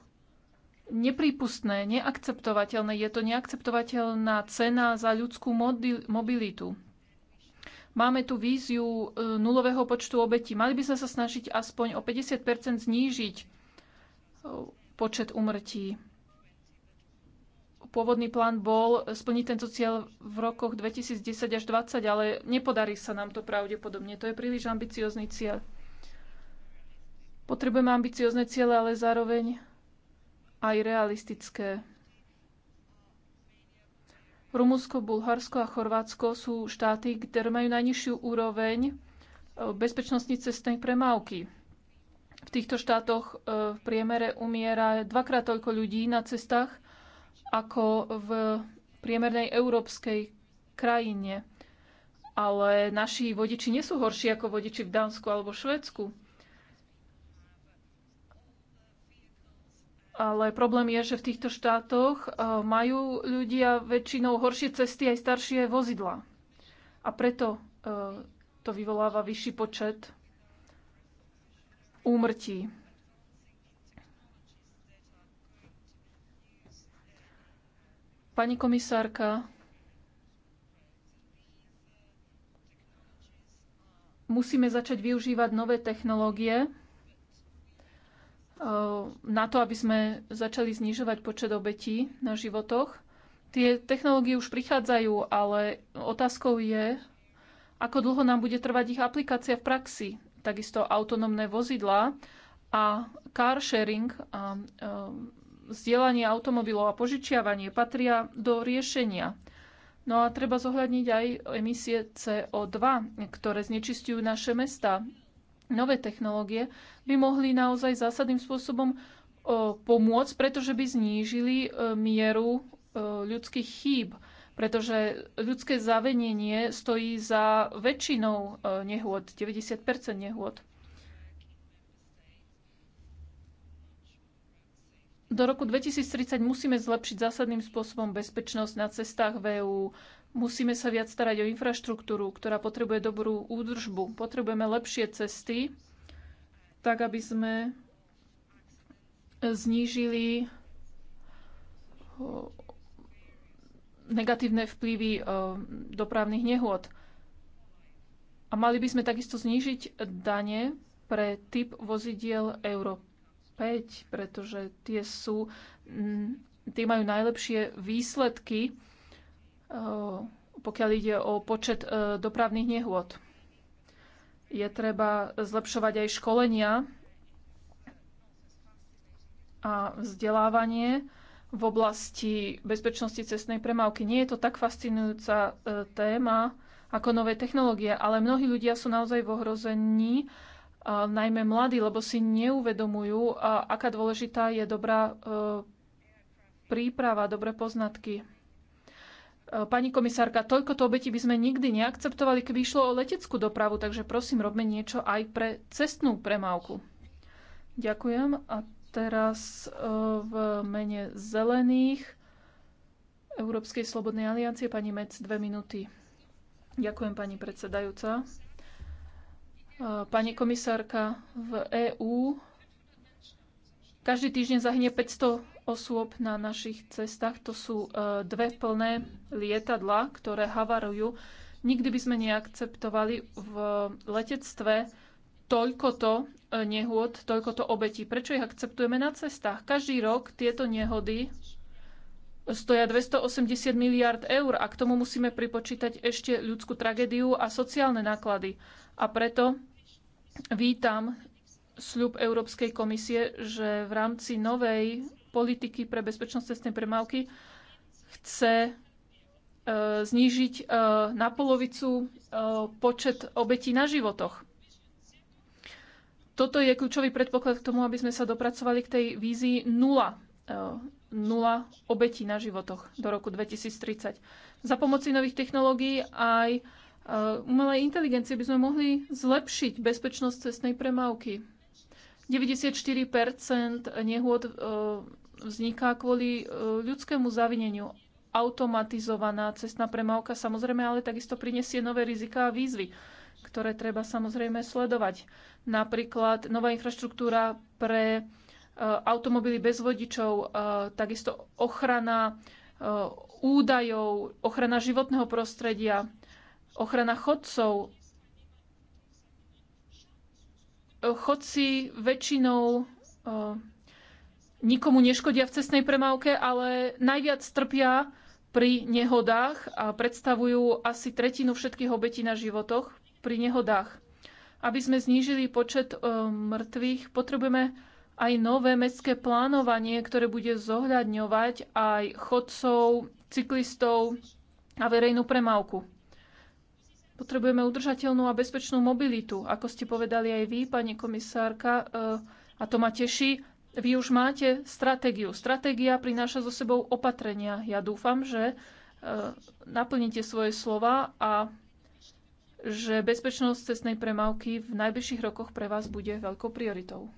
neprípustné, neakceptovateľné. Je to neakceptovateľná cena za ľudskú mobilitu. Máme tu víziu e, nulového počtu obetí. Mali by sme sa snažiť aspoň o 50 znížiť e, počet umrtí. Pôvodný plán bol splniť tento cieľ v rokoch 2010 až 2020, ale nepodarí sa nám to pravdepodobne. To je príliš ambiciózny cieľ. Potrebujeme ambiciozne ciele, ale zároveň aj realistické. Rumunsko, Bulharsko a Chorvátsko sú štáty, ktoré majú najnižšiu úroveň e, bezpečnostní cestnej premávky. V týchto štátoch e, v priemere umiera dvakrát toľko ľudí na cestách ako v priemernej európskej krajine. Ale naši vodiči nie sú horší ako vodiči v Dánsku alebo Švedsku. Ale problém je, že v týchto štátoch eh, majú ľudia väčšinou horšie cesty aj staršie vozidla. A preto eh, to vyvoláva vyšší počet úmrtí. Pani komisárka, musíme začať využívať nové technológie, Ehm, na to, aby sme začali znižovať počet obetí na životoch. Tie technológie už prichádzajú, ale otázkou je, ako dlho nám bude trvať ich aplikácia v praxi. Takisto autonómne vozidlá a car sharing a ehm, zdieľanie automobilov a požičiavanie patria do riešenia. No a treba zohľadniť aj emisie CO2, ktoré znečistujú naše mesta nové technológie by mohli naozaj zásadným spôsobom pomôcť, pretože by znížili e, mieru e, ľudských chýb, pretože ľudské zavenenie stojí za väčšinou e, nehôd, 90 nehôd. Do roku 2030 musíme zlepšiť zásadným spôsobom bezpečnosť na cestách VÚ, Musíme sa viac starať o infraštruktúru, ktorá potrebuje dobrú údržbu. Potrebujeme lepšie cesty, tak aby sme znížili negatívne vplyvy dopravných nehôd. A mali by sme takisto znížiť dane pre typ vozidiel Euro 5, pretože tie sú, tie majú najlepšie výsledky Eh, pokiaľ ide o počet eh, dopravných nehôd. Je treba zlepšovať aj školenia a vzdelávanie v oblasti bezpečnosti cestnej premávky. Nie je to tak fascinujúca eh, téma ako nové technológie, ale mnohí ľudia sú naozaj v ohrození, najmä mladí, lebo si neuvedomujú, aká dôležitá je dobrá príprava, dobré poznatky. E, pani komisárka, toľko to obeti by sme nikdy neakceptovali, keby išlo o leteckú dopravu, takže prosím, robme niečo aj pre cestnú premávku. Ďakujem. A teraz e, v mene zelených Európskej slobodnej aliancie pani Mec, dve minúty. Ďakujem, pani predsedajúca. E, pani komisárka, v EÚ každý týždeň zahynie 500 osôb na našich cestách. To sú e, dve plné lietadla, ktoré havarujú. Nikdy by sme neakceptovali v letectve toľko to e, nehôd, toľko to obetí. Prečo ich akceptujeme na cestách? Každý rok tieto nehody stoja 280 miliard eur a k tomu musíme pripočítať ešte ľudskú tragédiu a sociálne náklady. A preto vítam sľub Európskej komisie, že v rámci novej politiky pre bezpečnosť cestnej premávky chce e, znížiť e, na polovicu e, počet obetí na životoch. Toto je kľúčový predpoklad k tomu, aby sme sa dopracovali k tej vízii nula, nula obetí na životoch do roku 2030. Za pomoci nových technológií aj umelej inteligencie by sme mohli zlepšiť bezpečnosť cestnej premávky. 94 nehôd e, vzniká kvôli e, ľudskému zavineniu. Automatizovaná cestná premávka samozrejme ale takisto prinesie nové rizika a výzvy, ktoré treba samozrejme sledovať. Napríklad nová infraštruktúra pre e, automobily bez vodičov, takisto ochrana údajov, ochrana životného prostredia, ochrana chodcov, chodci väčšinou eh, nikomu neškodia v cestnej premávke, ale najviac trpia pri nehodách a predstavujú asi tretinu všetkých obetí na životoch pri nehodách. Aby sme znížili počet eh, mŕtvych, potrebujeme aj nové mestské plánovanie, ktoré bude zohľadňovať aj chodcov, cyklistov a verejnú premávku. Potrebujeme udržateľnú a bezpečnú mobilitu. Ako ste povedali aj vy, pani komisárka, eh, a to ma teší, vy už máte stratégiu. Stratégia prináša so sebou opatrenia. Ja dúfam, že eh, naplníte svoje slova a že bezpečnosť cestnej premávky v najbližších rokoch pre vás bude veľkou prioritou.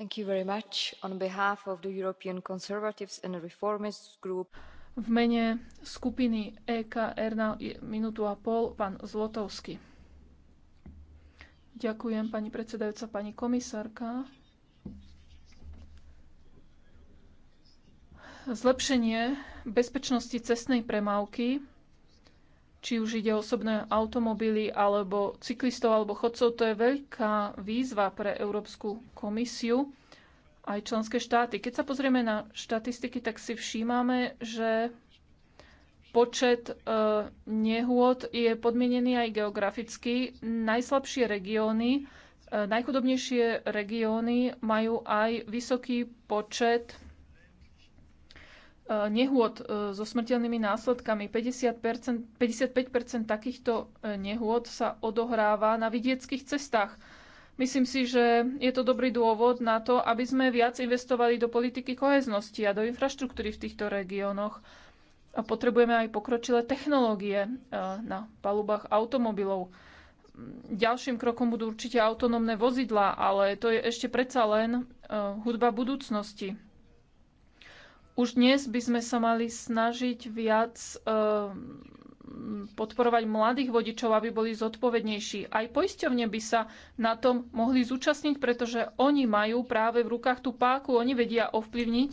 Thank you very much. On behalf of the European Conservatives and Reformists Group, v mene skupiny EKR na minútu a pol pán Zlotovský. Ďakujem, pani predsedajúca, pani komisárka. Zlepšenie bezpečnosti cestnej premávky, či už ide o osobné automobily alebo cyklistov alebo chodcov, to je veľká výzva pre Európsku komisiu aj členské štáty. Keď sa pozrieme na štatistiky, tak si všímame, že počet e, nehôd je podmienený aj geograficky. Najslabšie regióny, e, najchudobnejšie regióny majú aj vysoký počet e, nehôd so smrteľnými následkami. 50%, 55% takýchto nehôd sa odohráva na vidieckých cestách. Myslím si, že je to dobrý dôvod na to, aby sme viac investovali do politiky koheznosti a do infraštruktúry v týchto regiónoch. A potrebujeme aj pokročilé technológie eh, na palubách automobilov. Ďalším krokom budú určite autonómne vozidlá, ale to je ešte predsa len eh, hudba budúcnosti. Už dnes by sme sa mali snažiť viac eh, podporovať mladých vodičov, aby boli zodpovednejší. Aj poisťovne by sa na tom mohli zúčastniť, pretože oni majú práve v rukách tú páku, oni vedia ovplyvniť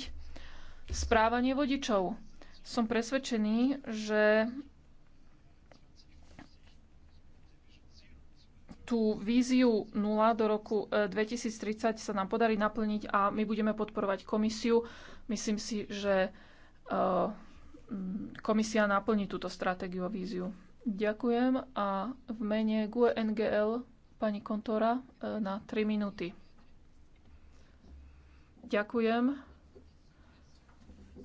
správanie vodičov. Som presvedčený, že tú víziu 0 do roku 2030 e, sa nám podarí naplniť a my budeme podporovať komisiu. Myslím si, že uh, komisia naplní túto stratégiu a víziu. Ďakujem a v mene GUE NGL pani Kontora e, na 3 minúty. Ďakujem.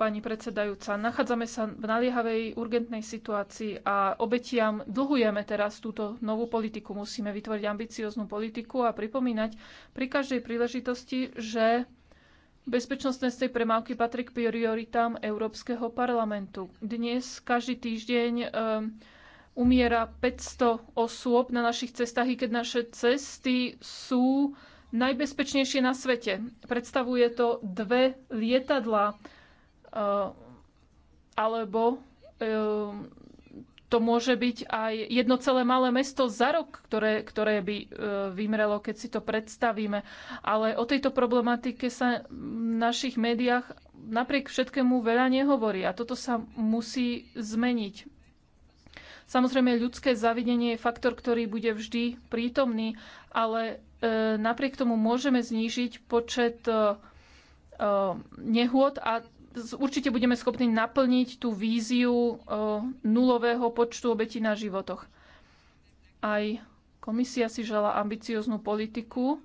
Pani predsedajúca, nachádzame sa v naliehavej urgentnej situácii a obetiam dlhujeme teraz túto novú politiku. Musíme vytvoriť ambicióznu politiku a pripomínať pri každej príležitosti, že Bezpečnostné z tej premávky patrí k prioritám Európskeho parlamentu. Dnes každý týždeň um, umiera 500 osôb na našich cestách, i keď naše cesty sú najbezpečnejšie na svete. Predstavuje to dve lietadla uh, alebo eh, to môže byť aj jedno celé malé mesto za rok, ktoré, ktoré by e, vymrelo, keď si to predstavíme. Ale o tejto problematike sa v našich médiách napriek všetkému veľa nehovorí a toto sa musí zmeniť. Samozrejme, ľudské zavidenie je faktor, ktorý bude vždy prítomný, ale e, napriek tomu môžeme znížiť počet e, nehôd a určite budeme schopní naplniť tú víziu e, nulového počtu obetí na životoch. Aj komisia si žala ambicioznú politiku,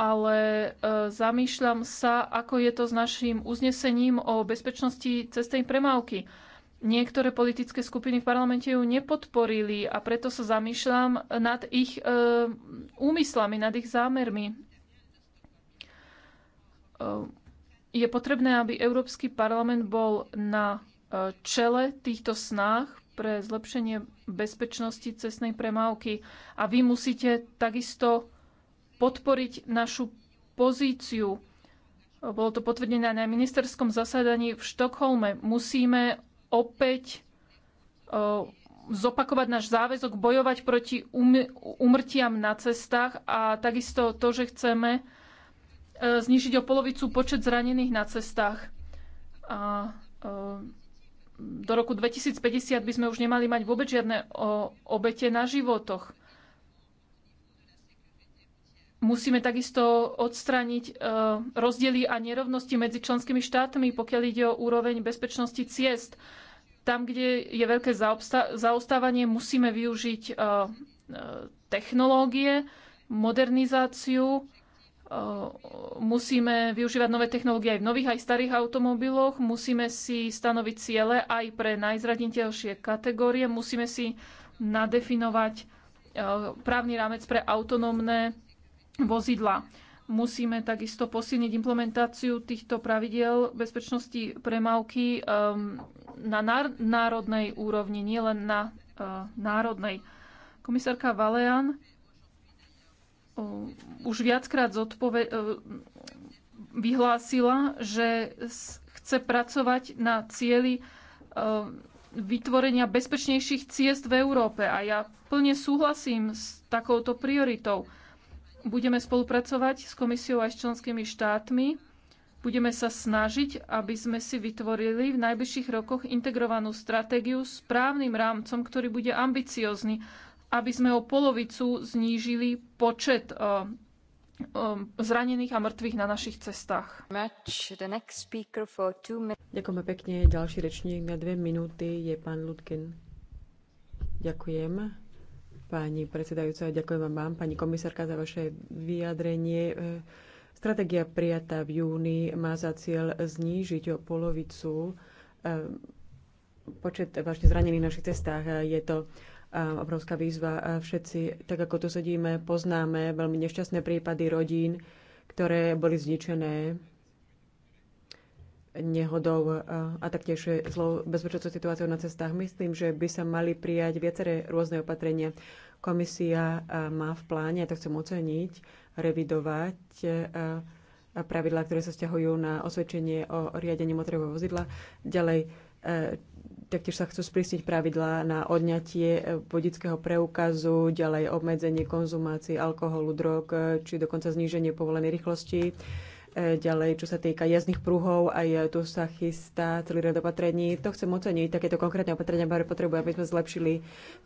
ale e, zamýšľam sa, ako je to s našim uznesením o bezpečnosti cestnej premávky. Niektoré politické skupiny v parlamente ju nepodporili a preto sa zamýšľam nad ich e, úmyslami, nad ich zámermi je potrebné, aby Európsky parlament bol na e, čele týchto snách pre zlepšenie bezpečnosti cestnej premávky. A vy musíte takisto podporiť našu pozíciu. E, bolo to potvrdené na ministerskom zasadaní v Štokholme. Musíme opäť e, zopakovať náš záväzok bojovať proti umrtiam na cestách a takisto to, že chceme E, znižiť o polovicu počet zranených na cestách. A e, do roku 2050 by sme už nemali mať vôbec žiadne e, obete na životoch. Musíme takisto odstrániť rozdiely a nerovnosti medzi členskými štátmi, pokiaľ ide o úroveň bezpečnosti ciest. Tam, kde je veľké zaostávanie, musíme využiť technológie, modernizáciu Eh, musíme využívať nové technológie aj v nových, aj starých automobiloch, musíme si stanoviť ciele aj pre najzraditeľšie kategórie, musíme si nadefinovať eh, právny rámec pre autonómne vozidla. Musíme takisto posilniť implementáciu týchto pravidiel bezpečnosti premávky ehm, na národnej úrovni, nielen na eh, národnej. Komisárka Valean už viackrát zodpove- e, vyhlásila, že chce pracovať na cieli e, vytvorenia bezpečnejších ciest v Európe. A ja plne súhlasím s takouto prioritou. Budeme spolupracovať s komisiou aj s členskými štátmi. Budeme sa snažiť, aby sme si vytvorili v najbližších rokoch integrovanú stratégiu s právnym rámcom, ktorý bude ambiciozný aby sme o polovicu znížili počet eh, eh, zranených a mŕtvych na našich cestách. Ďakujeme pekne. Ďalší rečník na dve minúty je pán Ludkin. Ďakujem. Pani predsedajúca, ďakujem vám, pani komisárka, za vaše vyjadrenie. Eh, stratégia prijatá v júni má za cieľ znížiť o polovicu počet vážne vlastne zranených na našich cestách. Je to obrovská výzva. Všetci, tak ako tu sedíme, poznáme veľmi nešťastné prípady rodín, ktoré boli zničené nehodou a taktiež zlou bezpečnostnou situáciou na cestách. Myslím, že by sa mali prijať viaceré rôzne opatrenia. Komisia má v pláne, a to chcem oceniť, revidovať pravidlá, ktoré sa stiahujú na osvedčenie o riadení motorového vozidla. Ďalej, Taktiež sa chcú sprísniť pravidlá na odňatie eh, vodického preukazu, ďalej obmedzenie konzumácie alkoholu, drog, eh, či dokonca zníženie povolenej rýchlosti. Eh, ďalej, čo sa týka jazdných pruhov, aj tu sa chystá celý rad opatrení. To chcem oceniť, takéto konkrétne opatrenia, ktoré potrebujú, aby sme zlepšili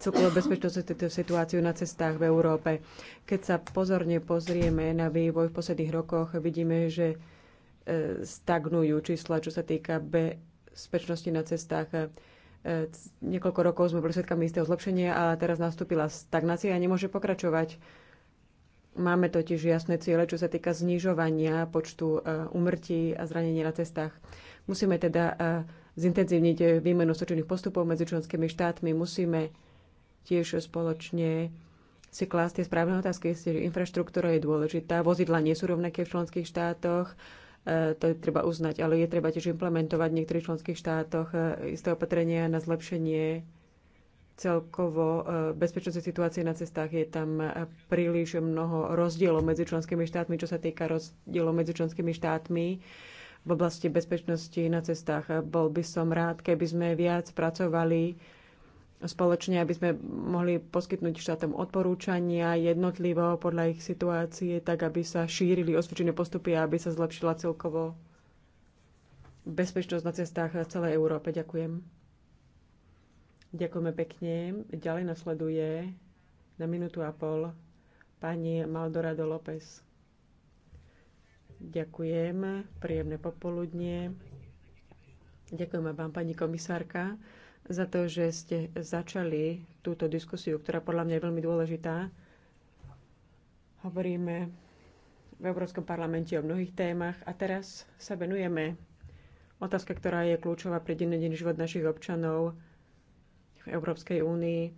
celkovú [COUGHS] bezpečnosť tejto situáciu na cestách v Európe. Keď sa pozorne pozrieme na vývoj v posledných rokoch, vidíme, že stagnujú čísla, čo sa týka bezpečnosti na cestách E, niekoľko rokov sme boli svetkami istého zlepšenia a teraz nastúpila stagnácia a nemôže pokračovať. Máme totiž jasné ciele, čo sa týka znižovania počtu e, umrtí a zranení na cestách. Musíme teda e, zintenzívniť výmenu sočených postupov medzi členskými štátmi. Musíme tiež spoločne si klásť tie správne otázky, že infraštruktúra je dôležitá, vozidla nie sú rovnaké v členských štátoch, Eh, to je treba uznať, ale je treba tiež implementovať v niektorých členských štátoch eh, isté opatrenia na zlepšenie celkovo eh, bezpečnosti situácie na cestách. Je tam príliš mnoho rozdielov medzi členskými štátmi, čo sa týka rozdielov medzi členskými štátmi v oblasti bezpečnosti na cestách. Bol by som rád, keby sme viac pracovali spoločne, aby sme mohli poskytnúť štátom odporúčania jednotlivo podľa ich situácie, tak aby sa šírili osvedčené postupy a aby sa zlepšila celkovo bezpečnosť na cestách v celej Európe. Ďakujem. Ďakujeme pekne. Ďalej nasleduje na minútu a pol pani Maldorado López. Ďakujem. Príjemné popoludnie. Ďakujeme vám, pani komisárka za to, že ste začali túto diskusiu, ktorá podľa mňa je veľmi dôležitá. Hovoríme v Európskom parlamente o mnohých témach a teraz sa venujeme otázka, ktorá je kľúčová pre dennodenný život našich občanov v Európskej únii.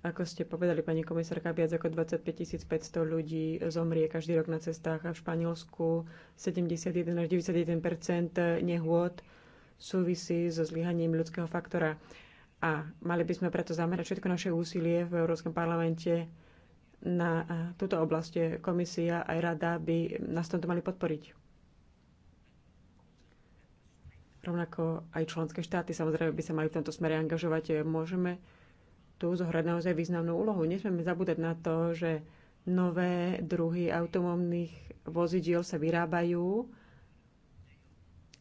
Ako ste povedali, pani komisárka, viac ako 25 500 ľudí zomrie každý rok na cestách a v Španielsku 71 až 91 nehôd súvisí so zlyhaním ľudského faktora. A mali by sme preto zamerať všetko naše úsilie v Európskom parlamente na túto oblasť. Komisia aj rada by nás tomto mali podporiť. Rovnako aj členské štáty samozrejme by sa mali v tomto smere angažovať. Môžeme tu zohrať naozaj významnú úlohu. Nesmieme zabúdať na to, že nové druhy automobilných vozidiel sa vyrábajú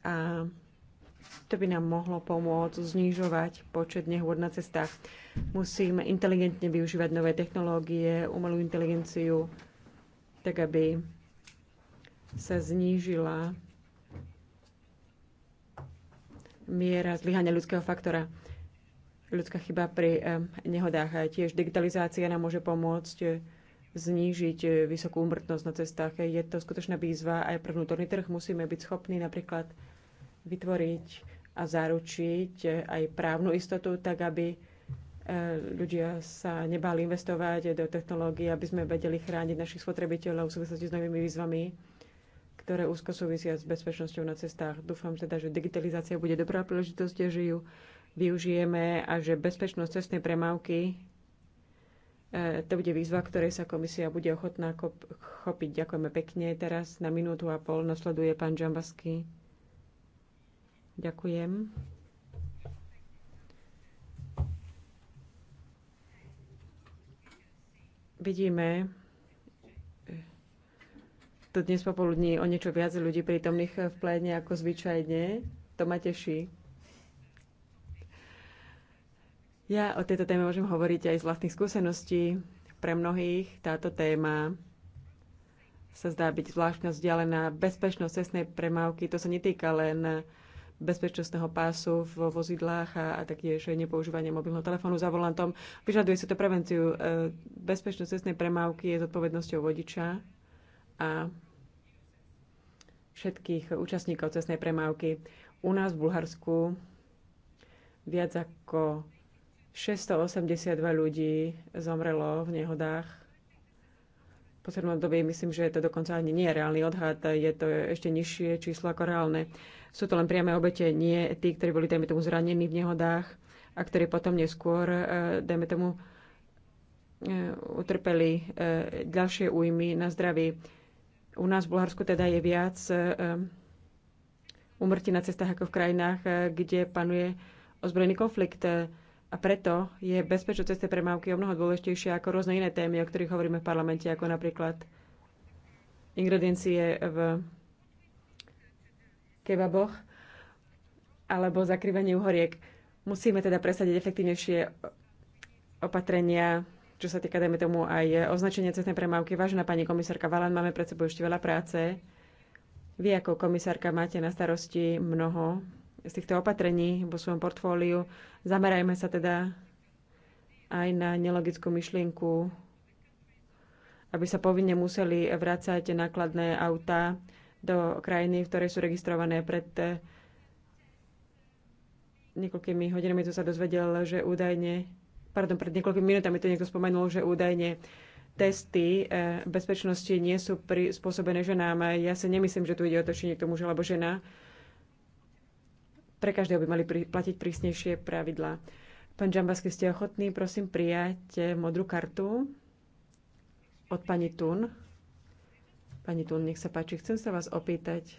a to by nám mohlo pomôcť znižovať počet nehôd na cestách. Musíme inteligentne využívať nové technológie, umelú inteligenciu, tak aby sa znížila miera zlyhania ľudského faktora, ľudská chyba pri eh, nehodách. Tiež digitalizácia nám môže pomôcť eh, znížiť eh, vysokú úmrtnosť na cestách. Je to skutočná výzva aj pre vnútorný trh. Musíme byť schopní napríklad vytvoriť a zaručiť aj právnu istotu, tak aby e, ľudia sa nebali investovať do technológií, aby sme vedeli chrániť našich spotrebiteľov v súvislosti s novými výzvami, ktoré úzko súvisia s bezpečnosťou na cestách. Dúfam teda, že digitalizácia bude dobrá príležitosť, že ju využijeme a že bezpečnosť cestnej premávky e, to bude výzva, ktorej sa komisia bude ochotná chopiť. Ďakujeme pekne. Teraz na minútu a pol nasleduje pán Džambasky. Ďakujem. Vidíme eh, tu dnes popoludní o niečo viac ľudí prítomných v pléne ako zvyčajne. To ma teší. Ja o tejto téme môžem hovoriť aj z vlastných skúseností. Pre mnohých táto téma sa zdá byť zvláštna vzdialená. Bezpečnosť cestnej premávky, to sa netýka len bezpečnostného pásu vo vozidlách a, a taktiež nepoužívanie mobilného telefónu za volantom. Vyžaduje si to prevenciu. E, bezpečnosť cestnej premávky je zodpovednosťou vodiča a všetkých účastníkov cestnej premávky. U nás v Bulharsku viac ako 682 ľudí zomrelo v nehodách. V poslednom dobe myslím, že to dokonca ani nie je reálny odhad, je to ešte nižšie číslo ako reálne. Sú to len priame obete, nie tí, ktorí boli, dajme tomu, zranení v nehodách a ktorí potom neskôr, e, dajme tomu, e, utrpeli e, ďalšie újmy na zdraví. U nás v Bulharsku teda je viac umrtí na cestách ako v krajinách, kde panuje ozbrojený konflikt. A preto je bezpečnosť cestnej premávky o mnoho dôležitejšia ako rôzne iné témy, o ktorých hovoríme v parlamente, ako napríklad ingrediencie v kebaboch alebo zakrývanie uhoriek. Musíme teda presadiť efektívnejšie opatrenia, čo sa týka, dajme tomu, aj označenia cestnej premávky. Vážená pani komisárka Valan, máme pred sebou ešte veľa práce. Vy ako komisárka máte na starosti mnoho z týchto opatrení vo svojom portfóliu. Zamerajme sa teda aj na nelogickú myšlienku, aby sa povinne museli vrácať nákladné autá do krajiny, v ktorej sú registrované. Pred eh, niekoľkými hodinami tu sa dozvedel, že údajne, pardon, pred niekoľkými minutami to niekto spomenul, že údajne testy eh, bezpečnosti nie sú prispôsobené ženám. Ja si nemyslím, že tu ide o to, či niekto muž alebo žena. Pre každého by mali platiť prísnejšie pravidlá. Pán Džambasky, ste ochotní, prosím, prijať eh, modrú kartu od pani Tun. Pani Tún, nech sa páči, chcem sa vás opýtať,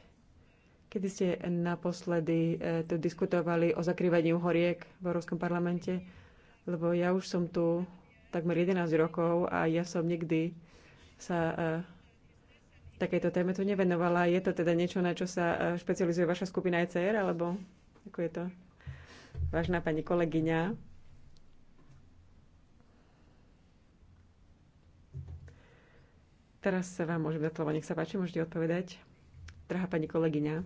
kedy ste naposledy e, tu diskutovali o zakrývaní horiek v Európskom parlamente, lebo ja už som tu takmer 11 rokov a ja som nikdy sa e, takéto téme tu nevenovala. Je to teda niečo, na čo sa e, špecializuje vaša skupina ECR, alebo ako je to? Vážna pani kolegyňa, Teraz sa vám môžem dať slovo. Nech sa páči, môžete odpovedať. Drahá pani kolegyňa,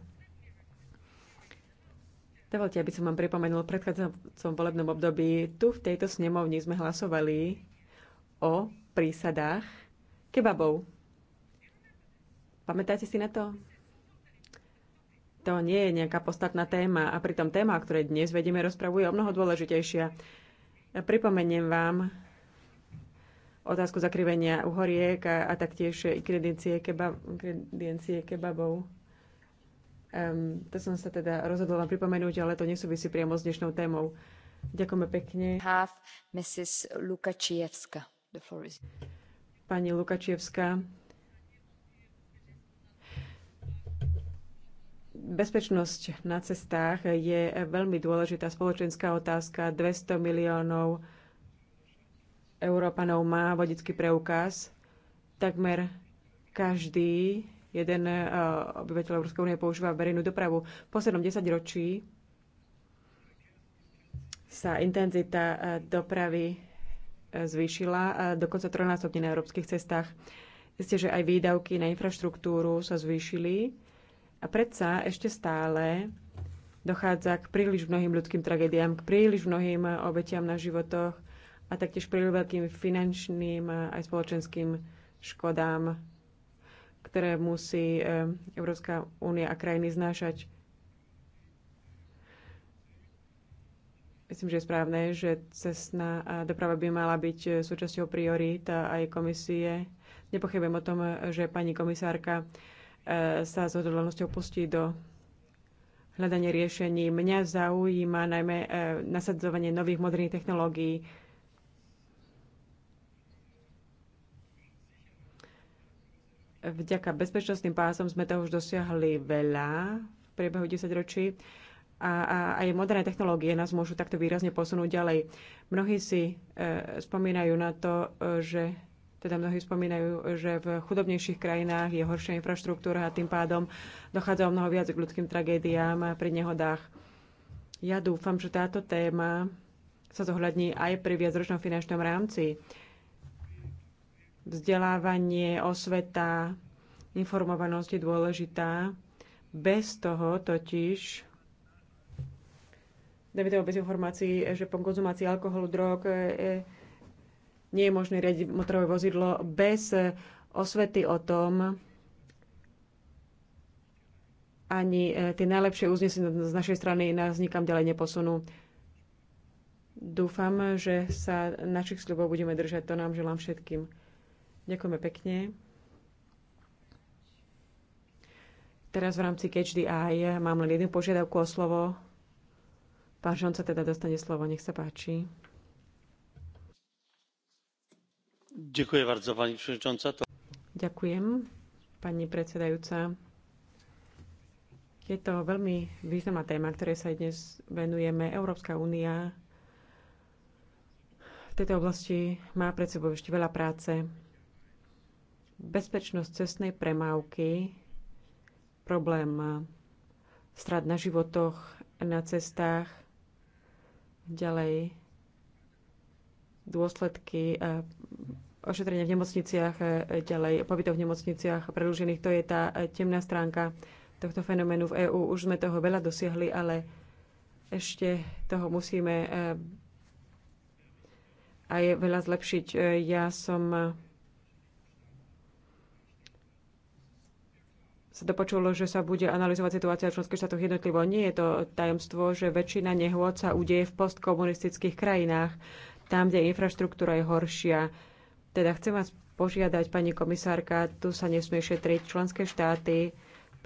dovolte, aby som vám pripomenul, v predchádzajúcom volebnom období tu v tejto snemovni sme hlasovali o prísadách kebabov. Pamätáte si na to? To nie je nejaká podstatná téma a pritom téma, o ktorej dnes vedieme rozpravu, je o mnoho dôležitejšia. Pripomeniem vám, otázku zakrivenia uhoriek a, a taktiež ingrediencie, keba, ingrediencie kebabov. Um, to som sa teda rozhodla vám pripomenúť, ale to nesúvisí priamo s dnešnou témou. Ďakujeme pekne. Mrs. Lukačievska. The floor is... Pani Lukačievska. Bezpečnosť na cestách je veľmi dôležitá spoločenská otázka. 200 miliónov Európanov má vodický preukaz. Takmer každý jeden eh, obyvateľ Európskej únie používa verejnú dopravu. V poslednom desaťročí sa intenzita eh, dopravy eh, zvýšila, dokonca trojnásobne na európskych cestách. Isté, že aj výdavky na infraštruktúru sa zvýšili a predsa ešte stále dochádza k príliš mnohým ľudským tragédiám, k príliš mnohým obetiam na životoch, a taktiež príliš veľkým finančným a aj spoločenským škodám, ktoré musí e, Európska únia a krajiny znášať. Myslím, že je správne, že cestná e, doprava by mala byť e, súčasťou priorít aj komisie. Nepochybujem o tom, že pani komisárka sa s odhodlanosťou pustí do hľadanie riešení. Mňa zaujíma najmä nasadzovanie nových moderných technológií Vďaka bezpečnostným pásom sme toho už dosiahli veľa v priebehu 10 ročí a, a aj moderné technológie nás môžu takto výrazne posunúť ďalej. Mnohí si e, spomínajú na to, e, že teda mnohí spomínajú, že v chudobnejších krajinách je horšia infraštruktúra a tým pádom dochádza o mnoho viac k ľudským tragédiám pri nehodách. Ja dúfam, že táto téma sa zohľadní aj pri viacročnom finančnom rámci. Vzdelávanie, osveta, informovanosť je dôležitá. Bez toho totiž dajme bez informácií, že po konzumácii alkoholu, drog e, e, nie je možné riadiť motorové vozidlo bez osvety o tom, ani e, tie najlepšie uznesenia z našej strany nás nikam ďalej neposunú. Dúfam, že sa našich sľubov budeme držať. To nám želám všetkým. Ďakujeme pekne. Teraz v rámci CatchDI mám len jednu požiadavku o slovo. Pán Žonca teda dostane slovo, nech sa páči. Ďakujem bardzo, pani przewodnicząca. Ďakujem, pani predsedajúca. Je to veľmi významná téma, ktoré sa dnes venujeme. Európska únia v tejto oblasti má pred sebou ešte veľa práce bezpečnosť cestnej premávky, problém eh, strát na životoch, na cestách, ďalej dôsledky eh, ošetrenia v nemocniciach, eh, ďalej pobytov v nemocniciach predlžených. To je tá temná stránka tohto fenoménu v EÚ. Už sme toho veľa dosiahli, ale ešte toho musíme aj veľa zlepšiť. Ja som sa dopočulo, že sa bude analyzovať situácia v členských štátoch jednotlivo. Nie je to tajomstvo, že väčšina nehôd sa udeje v postkomunistických krajinách, tam, kde infraštruktúra je horšia. Teda chcem vás požiadať, pani komisárka, tu sa nesmie šetriť. Členské štáty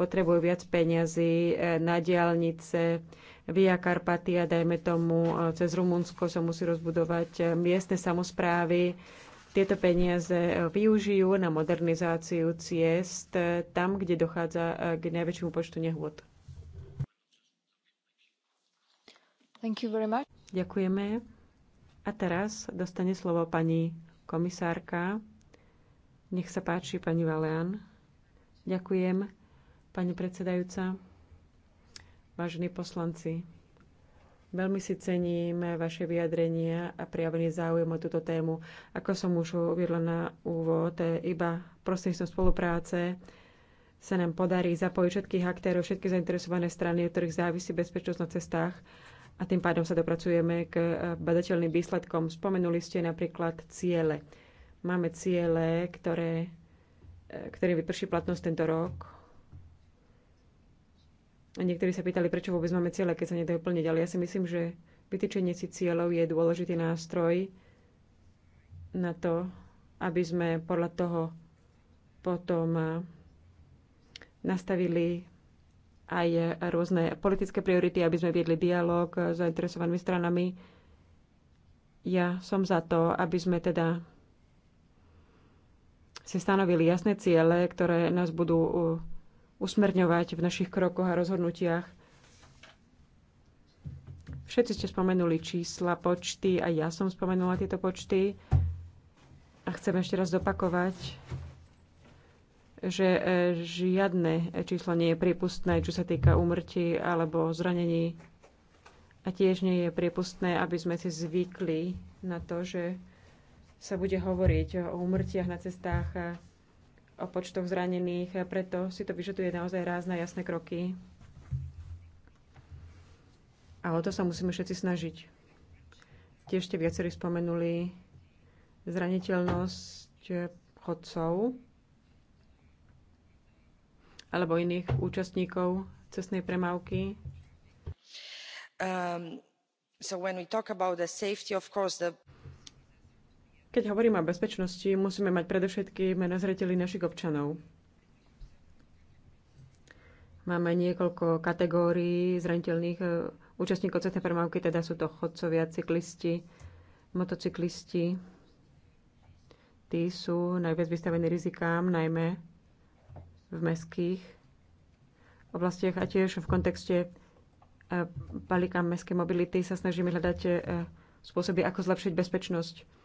potrebujú viac peňazí eh, na diálnice, Via Karpatia, dajme tomu, eh, cez Rumunsko sa musí rozbudovať eh, miestne samozprávy, tieto peniaze eh, využijú na modernizáciu ciest eh, tam, kde dochádza eh, k najväčšiemu počtu nehôd. Thank you very much. Ďakujeme. A teraz dostane slovo pani komisárka. Nech sa páči, pani Valean. Ďakujem, pani predsedajúca, vážení poslanci. Veľmi si cením vaše vyjadrenia a prijavený záujem o túto tému. Ako som už uviedla na úvod, e, iba prostredníctvom spolupráce sa nám podarí zapojiť všetkých aktérov, všetky zainteresované strany, od ktorých závisí bezpečnosť na cestách a tým pádom sa dopracujeme k e, badateľným výsledkom. Spomenuli ste napríklad ciele. Máme ciele, ktoré, e, ktoré vyprší platnosť tento rok a niektorí sa pýtali, prečo vôbec máme cieľe, keď sa nedajú plniť. Ale ja si myslím, že vytýčenie si cieľov je dôležitý nástroj na to, aby sme podľa toho potom eh, nastavili aj rôzne politické priority, aby sme viedli dialog s zainteresovanými stranami. Ja som za to, aby sme teda si stanovili jasné ciele, ktoré nás budú eh, usmerňovať v našich krokoch a rozhodnutiach. Všetci ste spomenuli čísla, počty, a ja som spomenula tieto počty. A chcem ešte raz dopakovať, že e, žiadne číslo nie je prípustné, čo sa týka úmrtí alebo zranení. A tiež nie je prípustné, aby sme si zvykli na to, že sa bude hovoriť o úmrtiach na cestách o počtoch zranených, preto si to vyžaduje naozaj rázne jasné kroky. A o to sa musíme všetci snažiť. Tiež ste viacerí spomenuli zraniteľnosť chodcov alebo iných účastníkov cestnej premávky. Um, so when we talk about the safety, of course the keď hovoríme o bezpečnosti, musíme mať predovšetkým na zreteli našich občanov. Máme niekoľko kategórií zraniteľných e, účastníkov cestnej premávky, teda sú to chodcovia, cyklisti, motocyklisti. Tí sú najviac vystavení rizikám, najmä v mestských oblastiach a tiež v kontexte palikám e, mestskej mobility sa snažíme hľadať e, spôsoby, ako zlepšiť bezpečnosť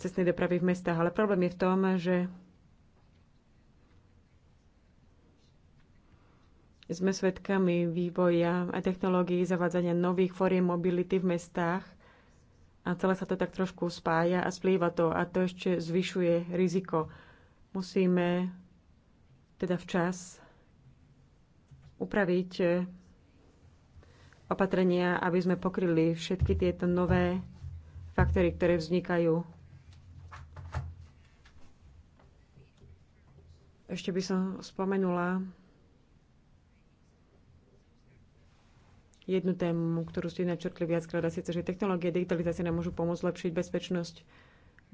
cestnej dopravy v mestách. Ale problém je v tom, že sme svedkami vývoja a technológií zavádzania nových fóriem mobility v mestách a celé sa to tak trošku spája a splýva to a to ešte zvyšuje riziko. Musíme teda včas upraviť opatrenia, aby sme pokryli všetky tieto nové faktory, ktoré vznikajú. Ešte by som spomenula jednu tému, ktorú ste načrtli viackrát, a síce, že technológie a digitalizácie nám môžu pomôcť zlepšiť bezpečnosť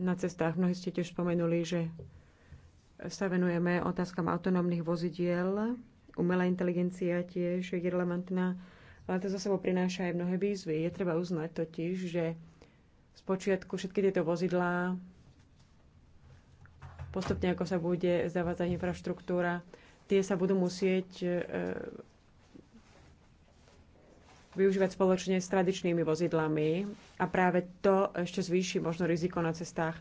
na cestách. Mnohí ste tiež spomenuli, že sa venujeme otázkam autonómnych vozidiel. Umelá inteligencia tiež je relevantná, ale to za sebou prináša aj mnohé výzvy. Je treba uznať totiž, že Spočiatku všetky tieto vozidlá, postupne ako sa bude zavádzať infraštruktúra, tie sa budú musieť e, využívať spoločne s tradičnými vozidlami a práve to ešte zvýši možno riziko na cestách.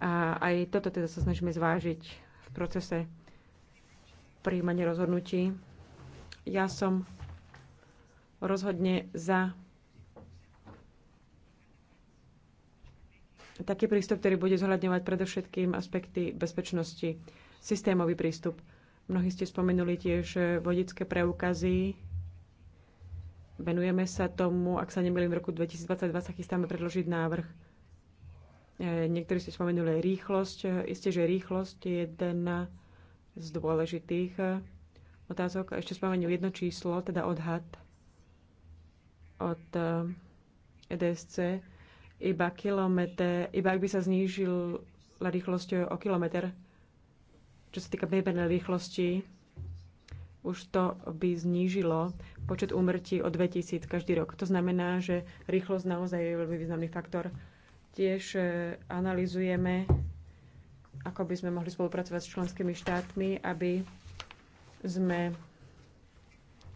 A aj toto teda sa snažíme zvážiť v procese príjmania rozhodnutí. Ja som rozhodne za taký prístup, ktorý bude zohľadňovať predovšetkým aspekty bezpečnosti, systémový prístup. Mnohí ste spomenuli tiež vodické preukazy. Venujeme sa tomu, ak sa nemýlim, v roku 2022 sa chystáme predložiť návrh. E, niektorí ste spomenuli rýchlosť. Isté, že rýchlosť je jedna z dôležitých otázok. Ešte spomenul jedno číslo, teda odhad od EDSC e iba kilometr, iba ak by sa znížila rýchlosť o kilometr, čo sa týka priemernej rýchlosti, už to by znížilo počet úmrtí o 2000 každý rok. To znamená, že rýchlosť naozaj je veľmi významný faktor. Tiež e, analizujeme, ako by sme mohli spolupracovať s členskými štátmi, aby sme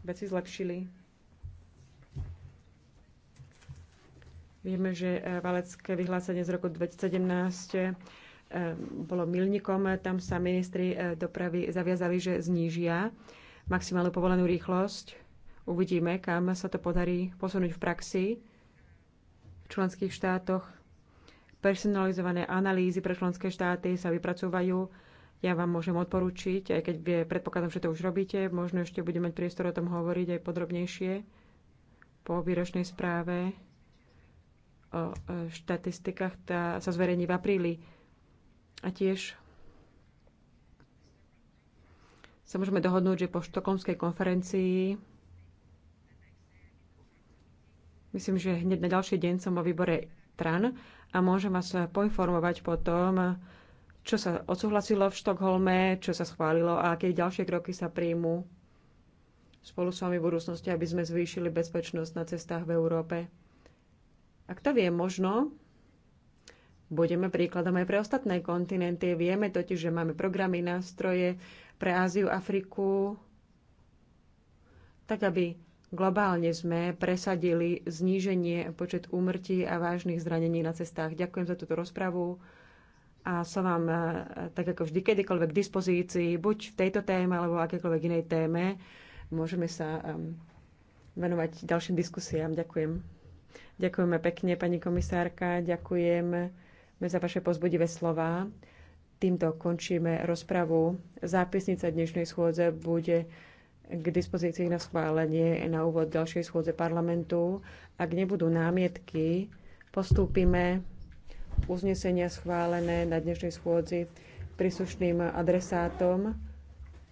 veci zlepšili. Vieme, že e, valecké vyhlásenie z roku 2017 e, bolo milníkom. Tam sa ministri e, dopravy zaviazali, že znížia maximálnu povolenú rýchlosť. Uvidíme, kam sa to podarí posunúť v praxi v členských štátoch. Personalizované analýzy pre členské štáty sa vypracúvajú. Ja vám môžem odporučiť, aj keď predpokladám, že to už robíte, možno ešte budeme mať priestor o tom hovoriť aj podrobnejšie po výročnej správe o e, štatistikách, tá sa zverejní v apríli. A tiež sa môžeme dohodnúť, že po štokholmskej konferencii myslím, že hneď na ďalší deň som vo výbore TRAN a môžem vás poinformovať po tom, čo sa odsúhlasilo v Štokholme, čo sa schválilo a aké ďalšie kroky sa príjmú spolu s vami v budúcnosti, aby sme zvýšili bezpečnosť na cestách v Európe. A kto vie, možno budeme príkladom aj pre ostatné kontinenty. Vieme totiž, že máme programy, nástroje pre Áziu, Afriku, tak aby globálne sme presadili zníženie počet úmrtí a vážnych zranení na cestách. Ďakujem za túto rozpravu a som vám eh, tak ako vždy kedykoľvek k dispozícii, buď v tejto téme alebo akékoľvek inej téme. Môžeme sa venovať ďalším diskusiám. Ďakujem. Ďakujeme pekne, pani komisárka, ďakujeme za vaše pozbudivé slova. Týmto končíme rozpravu. Zápisnica dnešnej schôdze bude k dispozícii na schválenie na úvod ďalšej schôdze parlamentu. Ak nebudú námietky, postúpime uznesenia schválené na dnešnej schôdzi príslušným adresátom,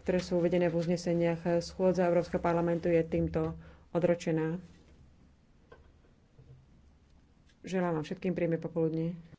ktoré sú uvedené v uzneseniach. Schôdza Európskeho parlamentu je týmto odročená. Želám vám všetkým príjemné popoludne.